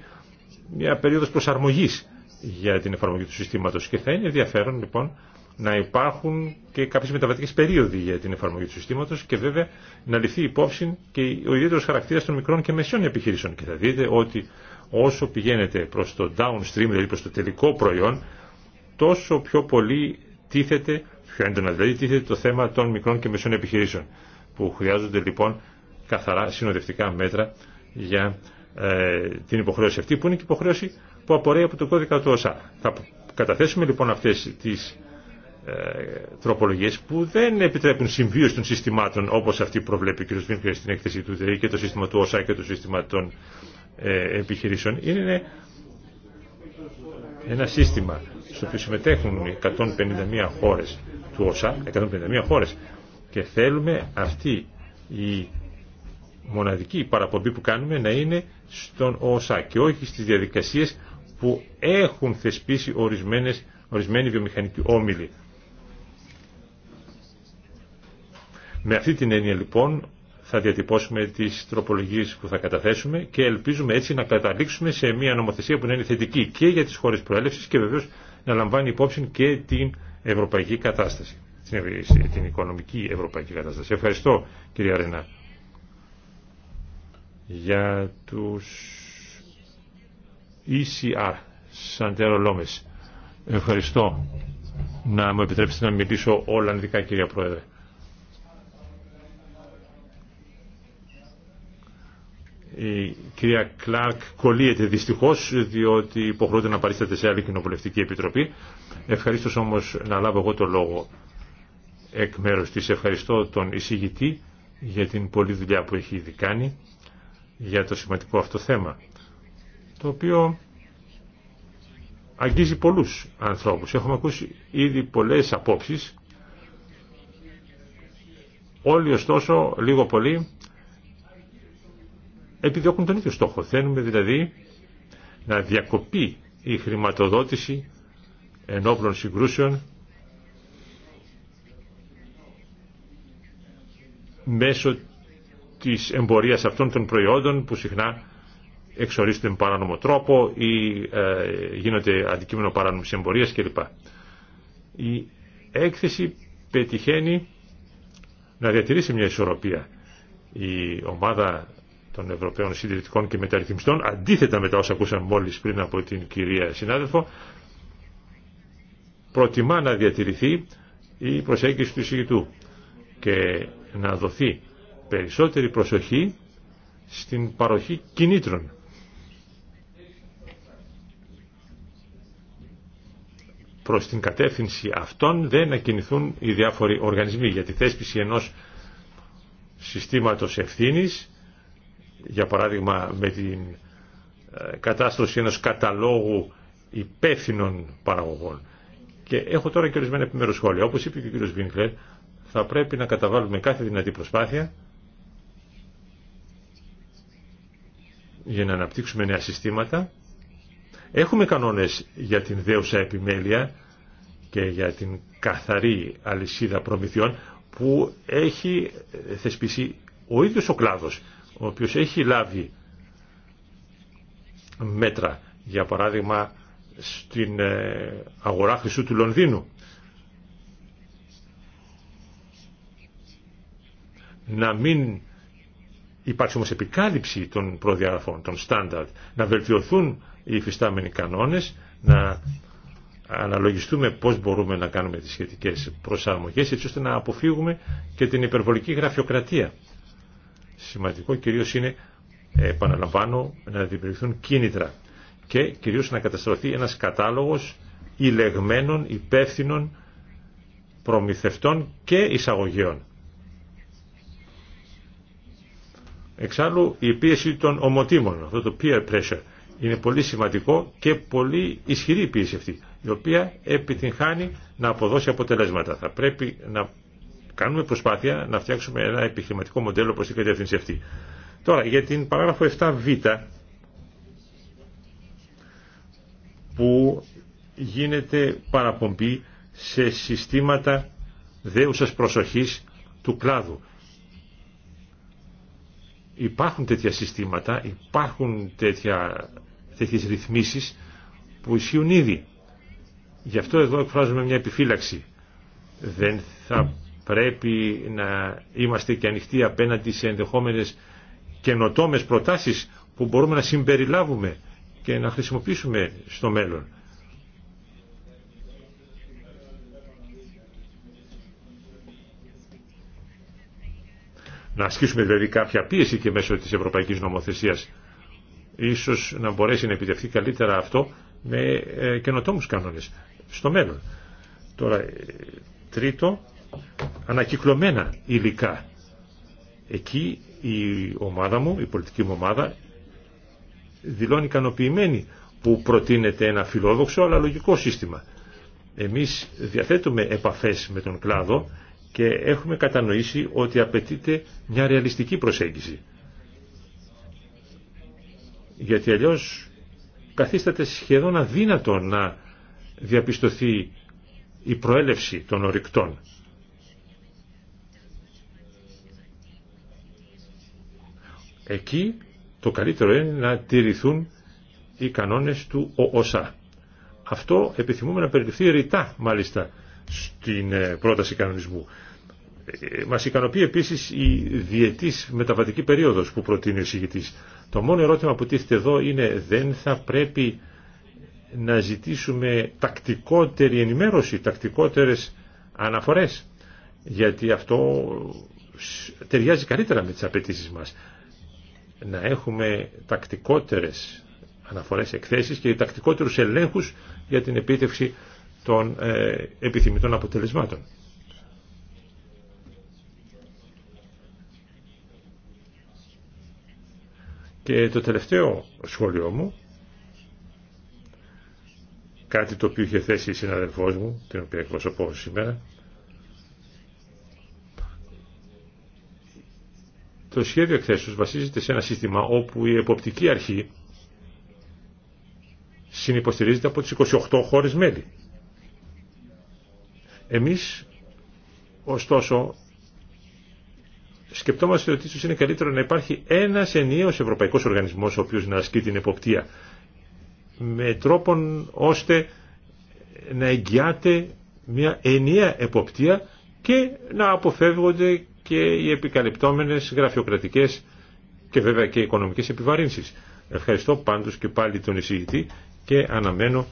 μια περίοδος προσαρμογής για την εφαρμογή του συστήματος και θα είναι ενδιαφέρον λοιπόν να υπάρχουν και κάποιες μεταβατικές περίοδοι για την εφαρμογή του συστήματος και βέβαια να ληφθεί υπόψη και ο ιδιαίτερος χαρακτήρας των μικρών και μεσαίων επιχειρήσεων. Και θα δείτε ότι όσο πηγαίνετε προς το downstream, δηλαδή προς το τελικό προϊόν, τόσο πιο πολύ τίθεται, πιο έντονα δηλαδή, τίθεται το θέμα των μικρών και μεσαίων επιχειρήσεων, που χρειάζονται λοιπόν καθαρά συνοδευτικά μέτρα για ε, την υποχρέωση αυτή, που είναι και υποχρέωση που απορρέει από το κώδικα του ΩΣΑ. Θα καταθέσουμε λοιπόν αυτές τις ε, τροπολογίες που δεν επιτρέπουν συμβίωση των συστημάτων όπως αυτή προβλέπει ο κ. στην έκθεση του ΔΕΗ και το σύστημα του ΩΣΑ και το σύστημα των ε, επιχειρήσεων. Είναι ένα σύστημα στο οποίο συμμετέχουν 151 χώρες του ΩΣΑ, 151 χώρες και θέλουμε αυτή η μοναδική παραπομπή που κάνουμε να είναι στον ΩΣΑ και όχι στις διαδικασίες που έχουν θεσπίσει ορισμένες, ορισμένοι βιομηχανικοί όμιλοι. Με αυτή την έννοια λοιπόν θα διατυπώσουμε τις τροπολογίες που θα καταθέσουμε και ελπίζουμε έτσι να καταλήξουμε σε μια νομοθεσία που να είναι θετική και για τις χώρες προέλευσης και βεβαίως να λαμβάνει υπόψη και την ευρωπαϊκή κατάσταση, την οικονομική ευρωπαϊκή κατάσταση. Ευχαριστώ κύριε Αρενά. για τους ECR, Σαντέρο Λόμες. Ευχαριστώ να μου επιτρέψετε να μιλήσω Ολλανδικά κυρία Πρόεδρε. Η κυρία Κλάρκ κολλείεται δυστυχώς διότι υποχρεώται να παρίσταται σε άλλη κοινοβουλευτική επιτροπή. Ευχαρίστω όμως να λάβω εγώ το λόγο εκ μέρου τη, Ευχαριστώ τον εισηγητή για την πολλή δουλειά που έχει ήδη κάνει για το σημαντικό αυτό θέμα το οποίο αγγίζει πολλούς ανθρώπους. Έχουμε ακούσει ήδη πολλές απόψεις. Όλοι ωστόσο, λίγο πολύ, επιδιώκουν τον ίδιο στόχο. Θέλουμε δηλαδή να διακοπεί η χρηματοδότηση ενόπλων συγκρούσεων μέσω της εμπορίας αυτών των προϊόντων που συχνά εξορίσονται με παράνομο τρόπο ή ε, γίνονται αντικείμενο παράνομη εμπορίας κλπ. Η έκθεση πετυχαίνει να διατηρήσει μια ισορροπία. Η ομάδα των Ευρωπαίων Συντηρητικών και Μεταρρυθμιστών, αντίθετα με τα όσα ακούσαμε μόλις πριν από την κυρία συνάδελφο, προτιμά να διατηρηθεί η προσέγγιση του εισηγητού και να δοθεί περισσότερη προσοχή στην παροχή κινήτρων προς την κατεύθυνση αυτών δεν κινηθούν οι διάφοροι οργανισμοί για τη θέσπιση ενός συστήματος ευθύνης, για παράδειγμα με την ε, κατάσταση ενός καταλόγου υπεύθυνων παραγωγών. Και έχω τώρα και ορισμένα επιμέρους σχόλια. Όπως είπε και ο κ. Βίνκλερ, θα πρέπει να καταβάλουμε κάθε δυνατή προσπάθεια για να αναπτύξουμε νέα συστήματα. Έχουμε κανόνες για την δέουσα επιμέλεια και για την καθαρή αλυσίδα προμηθειών που έχει θεσπίσει ο ίδιος ο κλάδος, ο οποίος έχει λάβει μέτρα, για παράδειγμα στην ε, αγορά χρυσού του Λονδίνου. Να μην υπάρξει όμως επικάλυψη των προδιαγραφών, των στάνταρτ, να βελτιωθούν οι υφιστάμενοι κανόνες, να αναλογιστούμε πώς μπορούμε να κάνουμε τις σχετικές προσαρμογές έτσι ώστε να αποφύγουμε και την υπερβολική γραφειοκρατία. Σημαντικό κυρίως είναι, επαναλαμβάνω, να δημιουργηθούν κίνητρα και κυρίως να καταστρωθεί ένας κατάλογος ηλεγμένων, υπεύθυνων προμηθευτών και εισαγωγέων. Εξάλλου η πίεση των ομοτήμων, αυτό το peer pressure, είναι πολύ σημαντικό και πολύ ισχυρή η πίεση αυτή η οποία επιτυγχάνει να αποδώσει αποτελέσματα. Θα πρέπει να κάνουμε προσπάθεια να φτιάξουμε ένα επιχειρηματικό μοντέλο προς την κατεύθυνση αυτή. Τώρα, για την παράγραφο 7β που γίνεται παραπομπή σε συστήματα δέουσας προσοχής του κλάδου. Υπάρχουν τέτοια συστήματα, υπάρχουν τέτοια, τέτοιες ρυθμίσεις που ισχύουν ήδη. Γι' αυτό εδώ εκφράζουμε μια επιφύλαξη. Δεν θα πρέπει να είμαστε και ανοιχτοί απέναντι σε ενδεχόμενες καινοτόμες προτάσεις που μπορούμε να συμπεριλάβουμε και να χρησιμοποιήσουμε στο μέλλον. Να ασκήσουμε δηλαδή κάποια πίεση και μέσω της ευρωπαϊκής νομοθεσίας. Ίσως να μπορέσει να επιτευχθεί καλύτερα αυτό με ε, καινοτόμους κανόνες στο μέλλον. Τώρα, ε, τρίτο, ανακυκλωμένα υλικά. Εκεί η ομάδα μου, η πολιτική μου ομάδα, δηλώνει ικανοποιημένη που προτείνεται ένα φιλόδοξο αλλά λογικό σύστημα. Εμείς διαθέτουμε επαφές με τον κλάδο και έχουμε κατανοήσει ότι απαιτείται μια ρεαλιστική προσέγγιση. Γιατί αλλιώς καθίσταται σχεδόν αδύνατο να διαπιστωθεί η προέλευση των ορυκτών. Εκεί το καλύτερο είναι να τηρηθούν οι κανόνες του ΟΟΣΑ. Αυτό επιθυμούμε να περιληφθεί ρητά μάλιστα στην ε, πρόταση κανονισμού. Ε, μας ικανοποιεί επίσης η διετής μεταβατική περίοδος που προτείνει ο εισηγητής. Το μόνο ερώτημα που τίθεται εδώ είναι δεν θα πρέπει να ζητήσουμε τακτικότερη ενημέρωση, τακτικότερες αναφορές, γιατί αυτό ταιριάζει καλύτερα με τις απαιτήσει μας. Να έχουμε τακτικότερες αναφορές εκθέσεις και τακτικότερους ελέγχους για την επίτευξη των ε, επιθυμητών αποτελεσμάτων. Και το τελευταίο σχόλιο μου κάτι το οποίο είχε θέσει η συναδελφός μου, την οποία εκπροσωπώ σήμερα. Το σχέδιο εκθέσεως βασίζεται σε ένα σύστημα όπου η εποπτική αρχή συνυποστηρίζεται από τις 28 χώρες μέλη. Εμείς, ωστόσο, σκεπτόμαστε ότι ίσως είναι καλύτερο να υπάρχει ένας ενιαίος ευρωπαϊκός οργανισμός ο οποίος να ασκεί την εποπτεία με τρόπον ώστε να εγγυάται μια ενιαία εποπτεία και να αποφεύγονται και οι επικαλυπτόμενες γραφειοκρατικές και βέβαια και οικονομικές επιβαρύνσεις. Ευχαριστώ πάντως και πάλι τον εισηγητή και αναμένω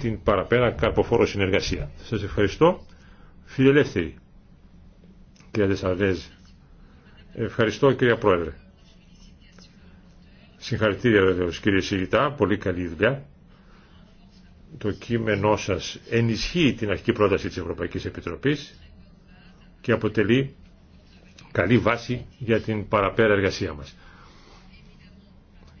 την παραπέρα καρποφόρο συνεργασία. Σας ευχαριστώ. Φιλελεύθερη, κυρία Δεσσαρδέζ. Ευχαριστώ, κυρία Πρόεδρε. Συγχαρητήρια βεβαίω κύριε Σιγητά, πολύ καλή δουλειά. Το κείμενό σας ενισχύει την αρχική πρόταση της Ευρωπαϊκής Επιτροπής και αποτελεί καλή βάση για την παραπέρα εργασία μας.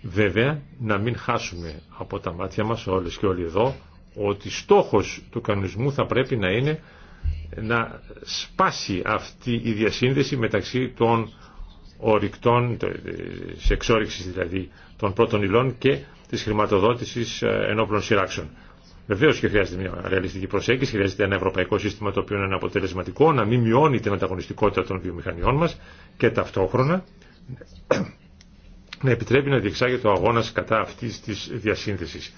Βέβαια, να μην χάσουμε από τα μάτια μας όλες και όλοι εδώ ότι στόχος του κανονισμού θα πρέπει να είναι να σπάσει αυτή η διασύνδεση μεταξύ των ορυκτών, της εξόριξη δηλαδή των πρώτων υλών και της χρηματοδότησης ε, ενόπλων σειράξεων. Βεβαίω και χρειάζεται μια ρεαλιστική προσέγγιση, χρειάζεται ένα ευρωπαϊκό σύστημα το οποίο είναι αποτελεσματικό, να μην μειώνει την ανταγωνιστικότητα των βιομηχανιών μα και ταυτόχρονα να επιτρέπει να διεξάγεται ο αγώνα κατά αυτή τη διασύνθεση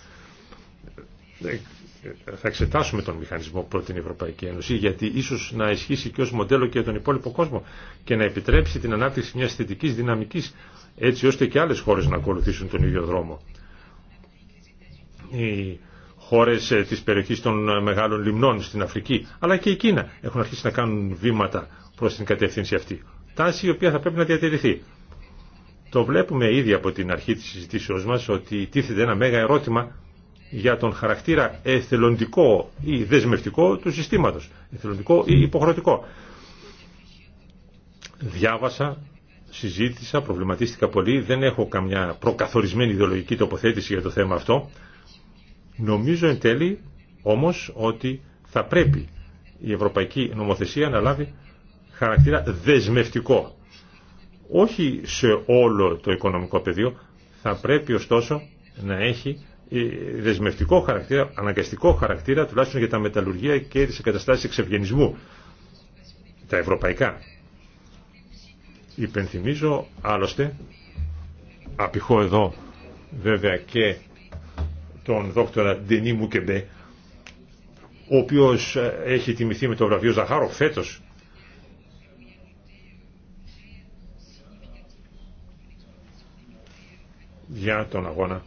θα εξετάσουμε τον μηχανισμό που την Ευρωπαϊκή Ένωση, γιατί ίσω να ισχύσει και ω μοντέλο και για τον υπόλοιπο κόσμο και να επιτρέψει την ανάπτυξη μια θετική δυναμική, έτσι ώστε και άλλε χώρε να ακολουθήσουν τον ίδιο δρόμο. Οι χώρε ε, τη περιοχή των ε, μεγάλων λιμνών στην Αφρική, αλλά και η Κίνα έχουν αρχίσει να κάνουν βήματα προ την κατεύθυνση αυτή. Τάση η οποία θα πρέπει να διατηρηθεί. Το βλέπουμε ήδη από την αρχή της συζητήσεώς μας ότι τίθεται ένα μέγα ερώτημα για τον χαρακτήρα εθελοντικό ή δεσμευτικό του συστήματος. Εθελοντικό ή υποχρεωτικό. Διάβασα, συζήτησα, προβληματίστηκα πολύ. Δεν έχω καμιά προκαθορισμένη ιδεολογική τοποθέτηση για το θέμα αυτό. Νομίζω εν τέλει όμως ότι θα πρέπει η ευρωπαϊκή νομοθεσία να λάβει χαρακτήρα δεσμευτικό. Όχι σε όλο το οικονομικό πεδίο, θα πρέπει ωστόσο να έχει δεσμευτικό χαρακτήρα, αναγκαστικό χαρακτήρα τουλάχιστον για τα μεταλλουργία και τις εγκαταστάσεις εξευγενισμού τα ευρωπαϊκά υπενθυμίζω άλλωστε απηχώ εδώ βέβαια και τον δόκτωρα Ντενί Μουκεμπέ ο οποίος ε, έχει τιμηθεί με το βραβείο Ζαχάρο φέτος για τον αγώνα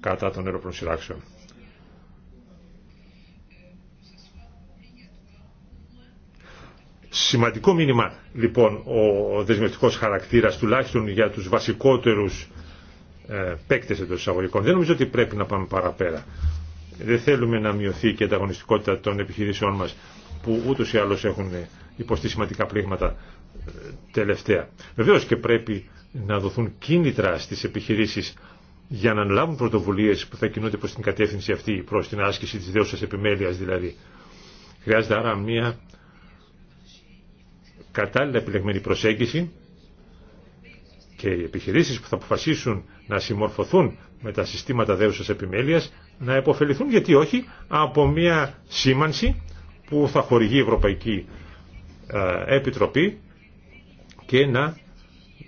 κατά των ενόπλων Σημαντικό μήνυμα λοιπόν ο δεσμευτικός χαρακτήρας τουλάχιστον για τους βασικότερους ε, παίκτες εντός εισαγωγικών. Δεν νομίζω ότι πρέπει να πάμε παραπέρα. Δεν θέλουμε να μειωθεί και η ανταγωνιστικότητα των επιχειρήσεών μας που ούτως ή άλλως έχουν υποστεί σημαντικά πλήγματα ε, τελευταία. Βεβαίως και πρέπει να δοθούν κίνητρα στις επιχειρήσεις για να αναλάβουν πρωτοβουλίες που θα κινούνται προ την κατεύθυνση αυτή, προς την άσκηση της δέουσας επιμέλεια, δηλαδή. Χρειάζεται άρα μια κατάλληλα επιλεγμένη προσέγγιση και οι επιχειρήσεις που θα αποφασίσουν να συμμορφωθούν με τα συστήματα δέουσας επιμέλεια, να επωφεληθούν γιατί όχι από μια σήμανση που θα χορηγεί η Ευρωπαϊκή ε, Επιτροπή και να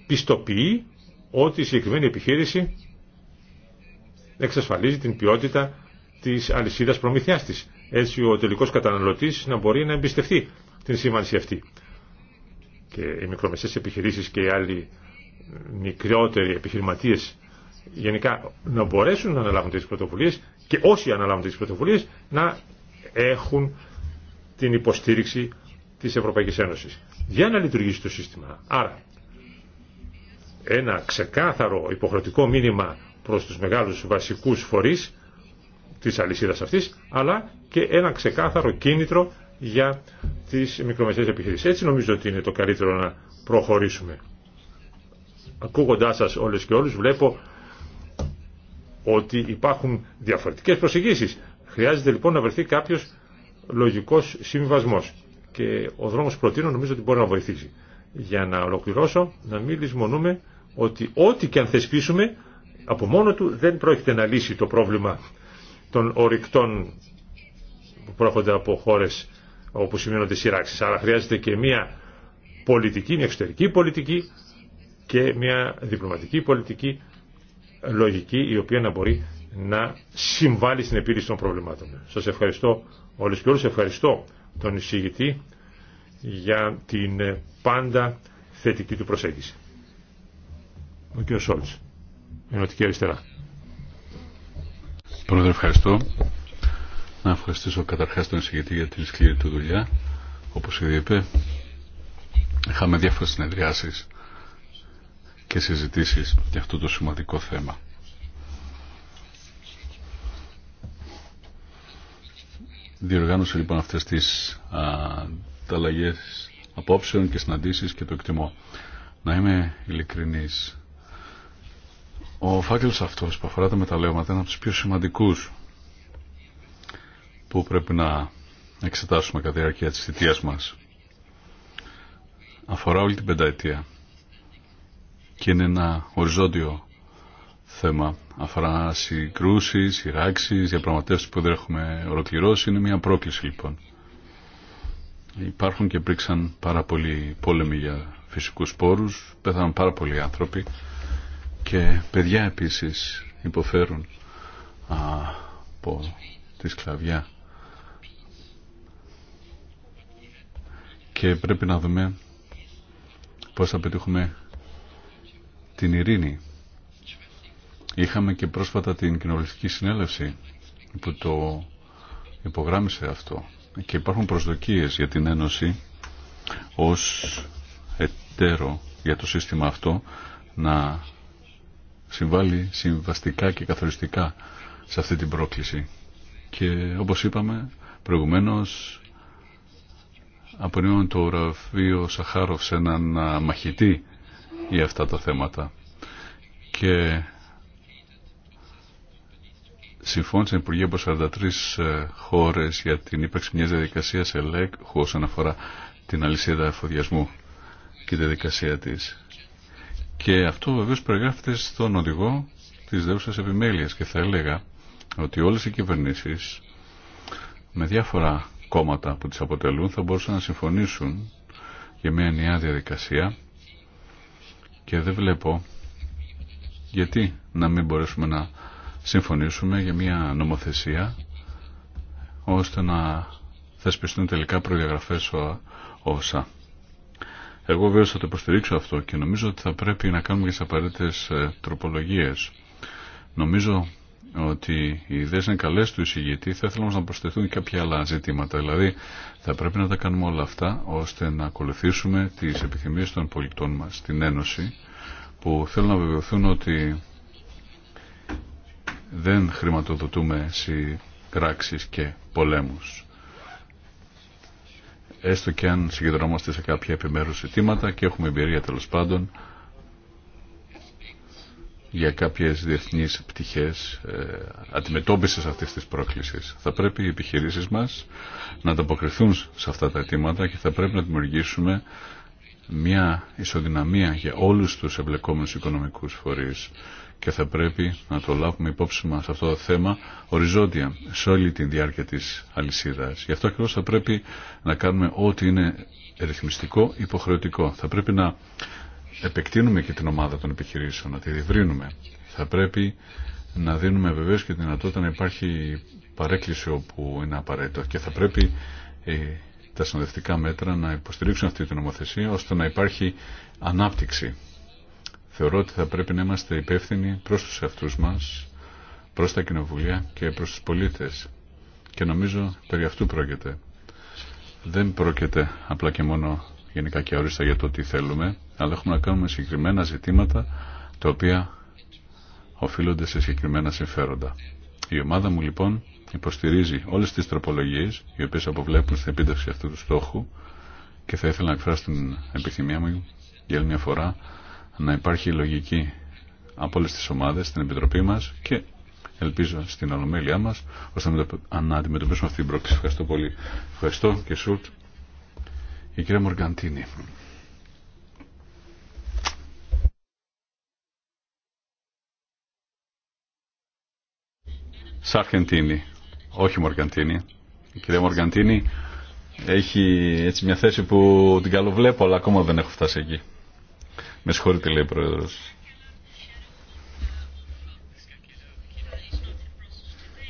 πιστοποιεί ότι η συγκεκριμένη επιχείρηση εξασφαλίζει την ποιότητα της αλυσίδας προμηθειάς της. Έτσι ο τελικός καταναλωτής να μπορεί να εμπιστευτεί την σήμανση αυτή. Και οι μικρομεσαίες επιχειρήσεις και οι άλλοι μικρότεροι επιχειρηματίες γενικά να μπορέσουν να αναλάβουν τις πρωτοβουλίε και όσοι αναλάβουν τις πρωτοβουλίε, να έχουν την υποστήριξη τη Ευρωπαϊκή Ένωση. για να λειτουργήσει το σύστημα. Άρα ένα ξεκάθαρο υποχρεωτικό μήνυμα προς τους μεγάλους βασικούς φορείς της αλυσίδας αυτής, αλλά και ένα ξεκάθαρο κίνητρο για τις μικρομεσαίες επιχειρήσεις. Έτσι νομίζω ότι είναι το καλύτερο να προχωρήσουμε. Ακούγοντάς σας όλες και όλους βλέπω ότι υπάρχουν διαφορετικές προσεγγίσεις. Χρειάζεται λοιπόν να βρεθεί κάποιος λογικός συμβασμός. Και ο δρόμος προτείνω νομίζω ότι μπορεί να βοηθήσει. Για να ολοκληρώσω, να μην λησμονούμε ότι ό,τι και αν θεσπίσουμε από μόνο του δεν πρόκειται να λύσει το πρόβλημα των ορυκτών που προέρχονται από χώρες όπου σημειώνονται σειράξει. Αλλά χρειάζεται και μια πολιτική, μια εξωτερική πολιτική και μια διπλωματική πολιτική λογική η οποία να μπορεί να συμβάλλει στην επίλυση των προβλημάτων. Σας ευχαριστώ όλους και όλους. Ευχαριστώ τον εισηγητή για την πάντα θετική του προσέγγιση. Ο κ. Σόλτς. Ενωτική Αριστερά. Πρόεδρε, ευχαριστώ. Να ευχαριστήσω καταρχάς τον εισηγητή για την σκληρή του δουλειά. Όπως ήδη είπε, είχαμε διάφορες συνεδριάσεις και συζητήσεις για αυτό το σημαντικό θέμα. Διοργάνωσε λοιπόν αυτές τις ανταλλαγές απόψεων και συναντήσεις και το εκτιμώ. Να είμαι ειλικρινής. Ο φάκελος αυτός που αφορά τα μεταλλεύματα είναι από τους πιο σημαντικούς που πρέπει να εξετάσουμε κατά τη διάρκεια τη θητείας μας. Αφορά όλη την πενταετία και είναι ένα οριζόντιο θέμα. Αφορά συγκρούσει, σειράξει, διαπραγματεύσει που δεν έχουμε ολοκληρώσει. Είναι μια πρόκληση λοιπόν. Υπάρχουν και υπήρξαν πάρα πολλοί πόλεμοι για φυσικού πόρου. Πέθαναν πάρα πολλοί άνθρωποι και παιδιά επίσης υποφέρουν από τη σκλαβιά και πρέπει να δούμε πώς θα πετύχουμε την ειρήνη είχαμε και πρόσφατα την κοινοβουλευτική συνέλευση που το υπογράμμισε αυτό και υπάρχουν προσδοκίες για την Ένωση ως εταίρο για το σύστημα αυτό να συμβάλλει συμβαστικά και καθοριστικά σε αυτή την πρόκληση. Και όπως είπαμε προηγουμένως απονείμουν το γραφείο Σαχάροφ σε έναν μαχητή για αυτά τα θέματα. Και συμφώνησαν οι Υπουργοί από 43 ε, χώρες για την ύπαρξη μιας διαδικασίας ΕΛΕΚ όσον αφορά την αλυσίδα εφοδιασμού και τη διαδικασία της. Και αυτό βεβαίω περιγράφεται στον οδηγό τη δεύτερη επιμέλεια. Και θα έλεγα ότι όλε οι κυβερνήσει με διάφορα κόμματα που τι αποτελούν θα μπορούσαν να συμφωνήσουν για μια νέα διαδικασία και δεν βλέπω γιατί να μην μπορέσουμε να συμφωνήσουμε για μια νομοθεσία ώστε να θεσπιστούν τελικά προδιαγραφές όσα. Εγώ βέβαια θα το υποστηρίξω αυτό και νομίζω ότι θα πρέπει να κάνουμε και τι απαραίτητε τροπολογίε. Νομίζω ότι οι ιδέε είναι καλέ του εισηγητή, θα ήθελα όμω να προσθεθούν και κάποια άλλα ζητήματα. Δηλαδή, θα πρέπει να τα κάνουμε όλα αυτά ώστε να ακολουθήσουμε τι επιθυμίε των πολιτών μα στην Ένωση, που θέλουν να βεβαιωθούν ότι δεν χρηματοδοτούμε σε πράξει και πολέμους έστω και αν συγκεντρώμαστε σε κάποια επιμέρους αιτήματα και έχουμε εμπειρία τέλο πάντων για κάποιες διεθνείς πτυχές ε, αντιμετώπισης αυτής της πρόκλησης. Θα πρέπει οι επιχειρήσεις μας να ανταποκριθούν σε αυτά τα αιτήματα και θα πρέπει να δημιουργήσουμε μια ισοδυναμία για όλους τους εμπλεκόμενους οικονομικούς φορείς και θα πρέπει να το λάβουμε υπόψη μας αυτό το θέμα οριζόντια σε όλη τη διάρκεια της αλυσίδας. Γι' αυτό ακριβώ θα πρέπει να κάνουμε ό,τι είναι ρυθμιστικό υποχρεωτικό. Θα πρέπει να επεκτείνουμε και την ομάδα των επιχειρήσεων, να τη διευρύνουμε. Θα πρέπει να δίνουμε βεβαίως και τη δυνατότητα να υπάρχει παρέκκληση όπου είναι απαραίτητο και θα πρέπει ε, τα συνοδευτικά μέτρα να υποστηρίξουν αυτή την νομοθεσία ώστε να υπάρχει ανάπτυξη Θεωρώ ότι θα πρέπει να είμαστε υπεύθυνοι προς τους αυτούς μας, προς τα κοινοβουλία και προς τους πολίτες. Και νομίζω περί αυτού πρόκειται. Δεν πρόκειται απλά και μόνο γενικά και αόριστα για το τι θέλουμε, αλλά έχουμε να κάνουμε συγκεκριμένα ζητήματα τα οποία οφείλονται σε συγκεκριμένα συμφέροντα. Η ομάδα μου λοιπόν υποστηρίζει όλες τις τροπολογίες οι οποίες αποβλέπουν στην επίτευξη αυτού του στόχου και θα ήθελα να εκφράσω την επιθυμία μου για άλλη μια φορά να υπάρχει λογική από όλε τι ομάδε στην Επιτροπή μα και ελπίζω στην ολομέλειά μα ώστε να αντιμετωπίσουμε αυτή την πρόκληση. Ευχαριστώ πολύ. Ευχαριστώ και Σουρτ. Η κυρία Μοργαντίνη. Σαρχεντίνη, όχι Μοργαντίνη. Η κυρία Μοργαντίνη έχει έτσι μια θέση που την καλοβλέπω, αλλά ακόμα δεν έχω φτάσει εκεί. Με συγχωρείτε λέει ο Πρόεδρος.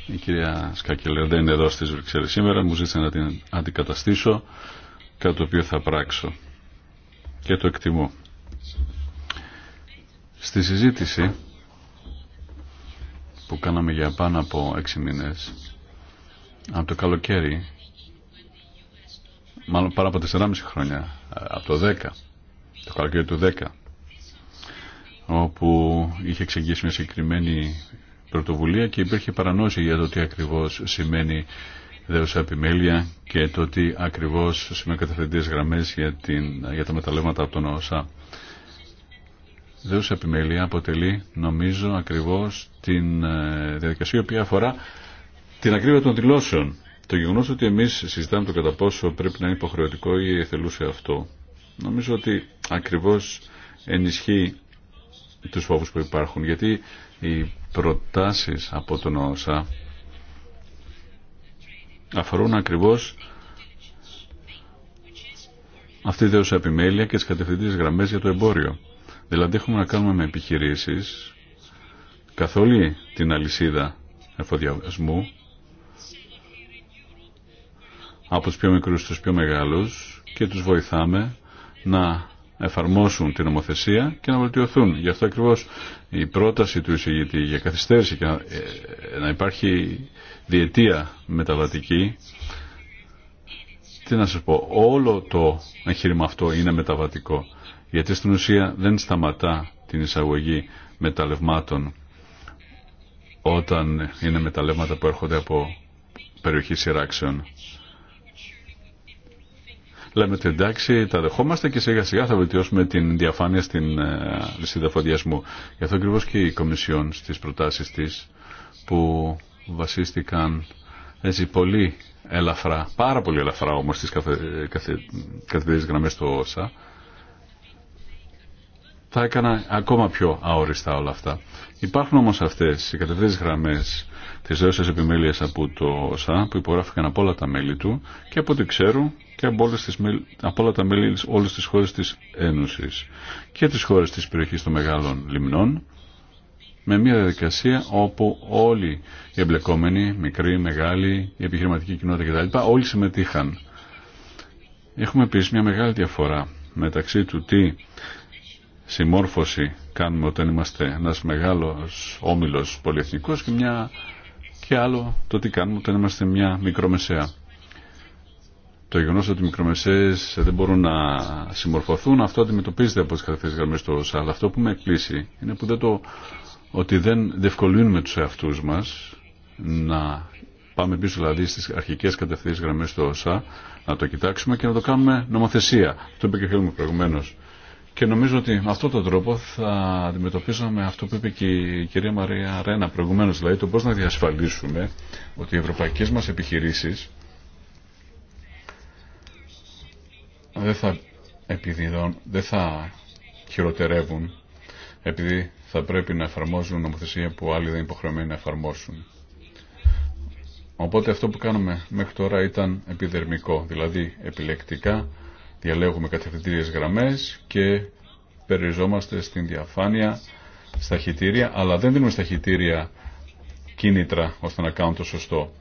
Η κυρία Σκακελέο δεν είναι εδώ στις Βρυξέλλες σήμερα. Μου ζήτησε να την αντικαταστήσω, κάτι το οποίο θα πράξω. Και το εκτιμώ. Στη συζήτηση που κάναμε για πάνω από έξι μήνες, από το καλοκαίρι, μάλλον πάνω από 4,5 χρόνια, από το 10, το καλοκαίρι του 10, όπου είχε εξεγγίσει μια συγκεκριμένη πρωτοβουλία και υπήρχε παρανόηση για το τι ακριβώς σημαίνει δέωσα επιμέλεια και το τι ακριβώς σημαίνει κατευθυντές γραμμές για, για τα μεταλλεύματα από τον ΩΣΑ. Δέωσα επιμέλεια αποτελεί νομίζω ακριβώς την ε, διαδικασία η οποία αφορά την ακρίβεια των δηλώσεων. Το γεγονός ότι εμείς συζητάμε το κατά πόσο πρέπει να είναι υποχρεωτικό ή θελούσε αυτό. Νομίζω ότι ακριβώς ενισχύει τους φόβους που υπάρχουν γιατί οι προτάσεις από τον ΩΣΑ αφορούν ακριβώς αυτή τη δέουσα επιμέλεια και τις κατευθυντήριες γραμμές για το εμπόριο. Δηλαδή έχουμε να κάνουμε με επιχειρήσεις καθ' όλη την αλυσίδα εφοδιασμού από τους πιο μικρούς στους πιο μεγάλους και τους βοηθάμε να εφαρμόσουν την νομοθεσία και να βελτιωθούν. Γι' αυτό ακριβώ η πρόταση του εισηγητή για καθυστέρηση και να ε, υπάρχει διετία μεταβατική τι να σα πω, όλο το εγχείρημα αυτό είναι μεταβατικό γιατί στην ουσία δεν σταματά την εισαγωγή μεταλλευμάτων όταν είναι μεταλλεύματα που έρχονται από περιοχή σειράξεων λέμε ότι εντάξει τα δεχόμαστε και σιγά σιγά θα βελτιώσουμε την διαφάνεια στην ε, λυσίδα φοδιασμού. Γι' αυτό ακριβώ και η Κομισιόν στις προτάσεις της που βασίστηκαν έτσι πολύ ελαφρά, πάρα πολύ ελαφρά όμως στις καθε, καθε, γραμμές του ΩΣΑ θα έκανα ακόμα πιο αόριστα όλα αυτά. Υπάρχουν όμως αυτές οι κατευθύνσεις γραμμές της δεύτερης επιμέλειας από το ΩΣΑ που υπογράφηκαν από όλα τα μέλη του και από ό,τι ξέρω και από, όλες τις, από όλα τα μέλη όλες τις χώρες της Ένωσης και τις χώρες της περιοχής των μεγάλων λιμνών με μια διαδικασία όπου όλοι οι εμπλεκόμενοι, μικροί, μεγάλοι, η επιχειρηματική κοινότητα κτλ. όλοι συμμετείχαν. Έχουμε επίση μια μεγάλη διαφορά μεταξύ του τι συμμόρφωση κάνουμε όταν είμαστε ένας μεγάλος όμιλος πολυεθνικός και, μια, και άλλο το τι κάνουμε όταν είμαστε μια μικρομεσαία το γεγονό ότι οι μικρομεσαίε δεν μπορούν να συμμορφωθούν, αυτό αντιμετωπίζεται από τι κατευθύνσει γραμμέ του ΩΣΑ. Αλλά αυτό που με εκπλήσει είναι που δεν το, ότι δεν διευκολύνουμε του εαυτού μα να πάμε πίσω δηλαδή στι αρχικέ κατευθύνσει γραμμέ του ΩΣΑ, να το κοιτάξουμε και να το κάνουμε νομοθεσία. Το είπε και ο Χέλμου προηγουμένω. Και νομίζω ότι με αυτόν τον τρόπο θα αντιμετωπίσαμε αυτό που είπε και η κυρία Μαρία Ρένα προηγουμένω, δηλαδή το πώ να διασφαλίσουμε ότι οι ευρωπαϊκέ μα επιχειρήσει δεν θα επιδιδών, δεν θα χειροτερεύουν επειδή θα πρέπει να εφαρμόζουν νομοθεσία που άλλοι δεν είναι υποχρεωμένοι να εφαρμόσουν. Οπότε αυτό που κάνουμε μέχρι τώρα ήταν επιδερμικό, δηλαδή επιλεκτικά διαλέγουμε κατευθυντήριες γραμμές και περιζόμαστε στην διαφάνεια, στα χιτήρια, αλλά δεν δίνουμε στα χιτήρια κίνητρα ώστε να κάνουν το σωστό,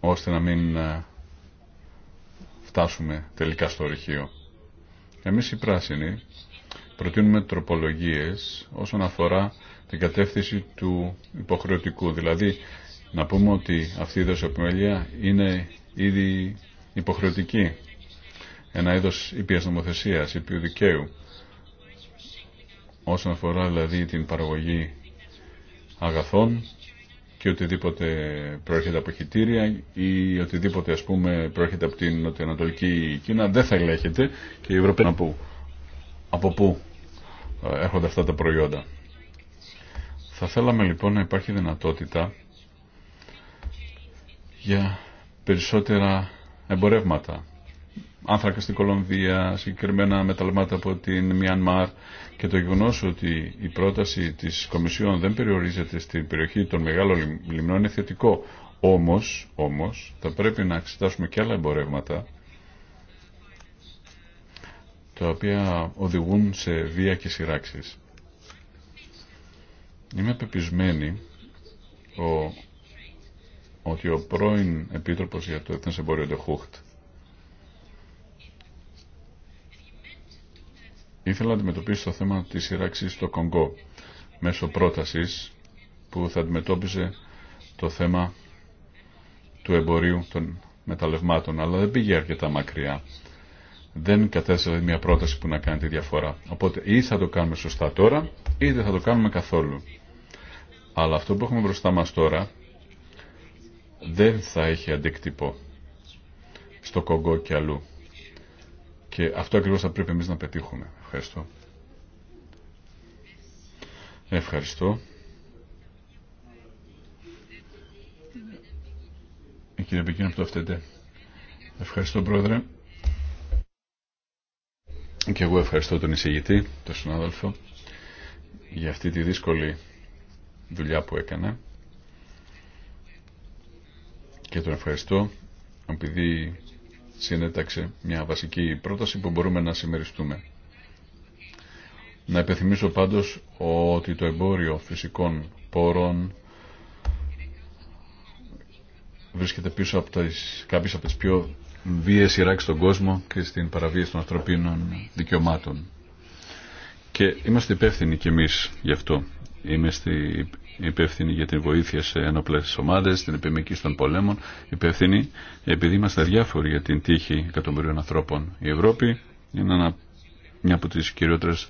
ώστε να μην ε, φτάσουμε τελικά στο αρχείο. Εμείς οι πράσινοι προτείνουμε τροπολογίες όσον αφορά την κατεύθυνση του υποχρεωτικού. Δηλαδή να πούμε ότι αυτή η δοσοπημελία είναι ήδη υποχρεωτική. Ένα είδος ήπιας νομοθεσίας, ήπιου δικαίου. Όσον αφορά δηλαδή την παραγωγή αγαθών και οτιδήποτε προέρχεται από χιτήρια ή οτιδήποτε ας πούμε προέρχεται από την νοτιοανατολική Κίνα δεν θα ελέγχεται και η Ευρωπαίοι από από πού ε, έρχονται αυτά τα προϊόντα. Θα θέλαμε λοιπόν να υπάρχει δυνατότητα για περισσότερα εμπορεύματα άνθρακα στην Κολομβία, συγκεκριμένα μεταλλμάτα από την Μιανμάρ και το γεγονό ότι η πρόταση της Κομισιόν δεν περιορίζεται στην περιοχή των μεγάλων λιμνών είναι θετικό. Όμως, όμως, θα πρέπει να εξετάσουμε και άλλα εμπορεύματα τα οποία οδηγούν σε βία και σειράξεις. Είμαι πεπισμένη ο, ότι ο πρώην Επίτροπος για το Εθνές Εμπόριο Ντεχούχτ ήθελα να αντιμετωπίσω το θέμα της σειράξης στο Κονγκό μέσω πρότασης που θα αντιμετώπιζε το θέμα του εμπορίου των μεταλλευμάτων, αλλά δεν πήγε αρκετά μακριά. Δεν κατέστησε μια πρόταση που να κάνει τη διαφορά. Οπότε ή θα το κάνουμε σωστά τώρα ή δεν θα το κάνουμε καθόλου. Αλλά αυτό που έχουμε μπροστά μας τώρα δεν θα έχει αντίκτυπο στο Κονγκό και αλλού. Και αυτό ακριβώς θα πρέπει εμείς να πετύχουμε. Ευχαριστώ. Ευχαριστώ. Η ε, κυρία Πεκίνο από το Ευχαριστώ πρόεδρε. Και εγώ ευχαριστώ τον εισηγητή, τον συνάδελφο, για αυτή τη δύσκολη δουλειά που έκανε. Και τον ευχαριστώ επειδή συνέταξε μια βασική πρόταση που μπορούμε να συμμεριστούμε. Να υπενθυμίσω πάντως ότι το εμπόριο φυσικών πόρων βρίσκεται πίσω από τις, κάποιες από τις πιο βίαιες σειράξεις στον κόσμο και στην παραβίαση των ανθρωπίνων δικαιωμάτων. Και είμαστε υπεύθυνοι κι εμείς γι' αυτό είμαι στη υπεύθυνη για την βοήθεια σε ενόπλες ομάδες, την επιμήκυση των πολέμων, υπεύθυνη επειδή είμαστε διάφοροι για την τύχη εκατομμυρίων ανθρώπων. Η Ευρώπη είναι μια από τις κυριότερες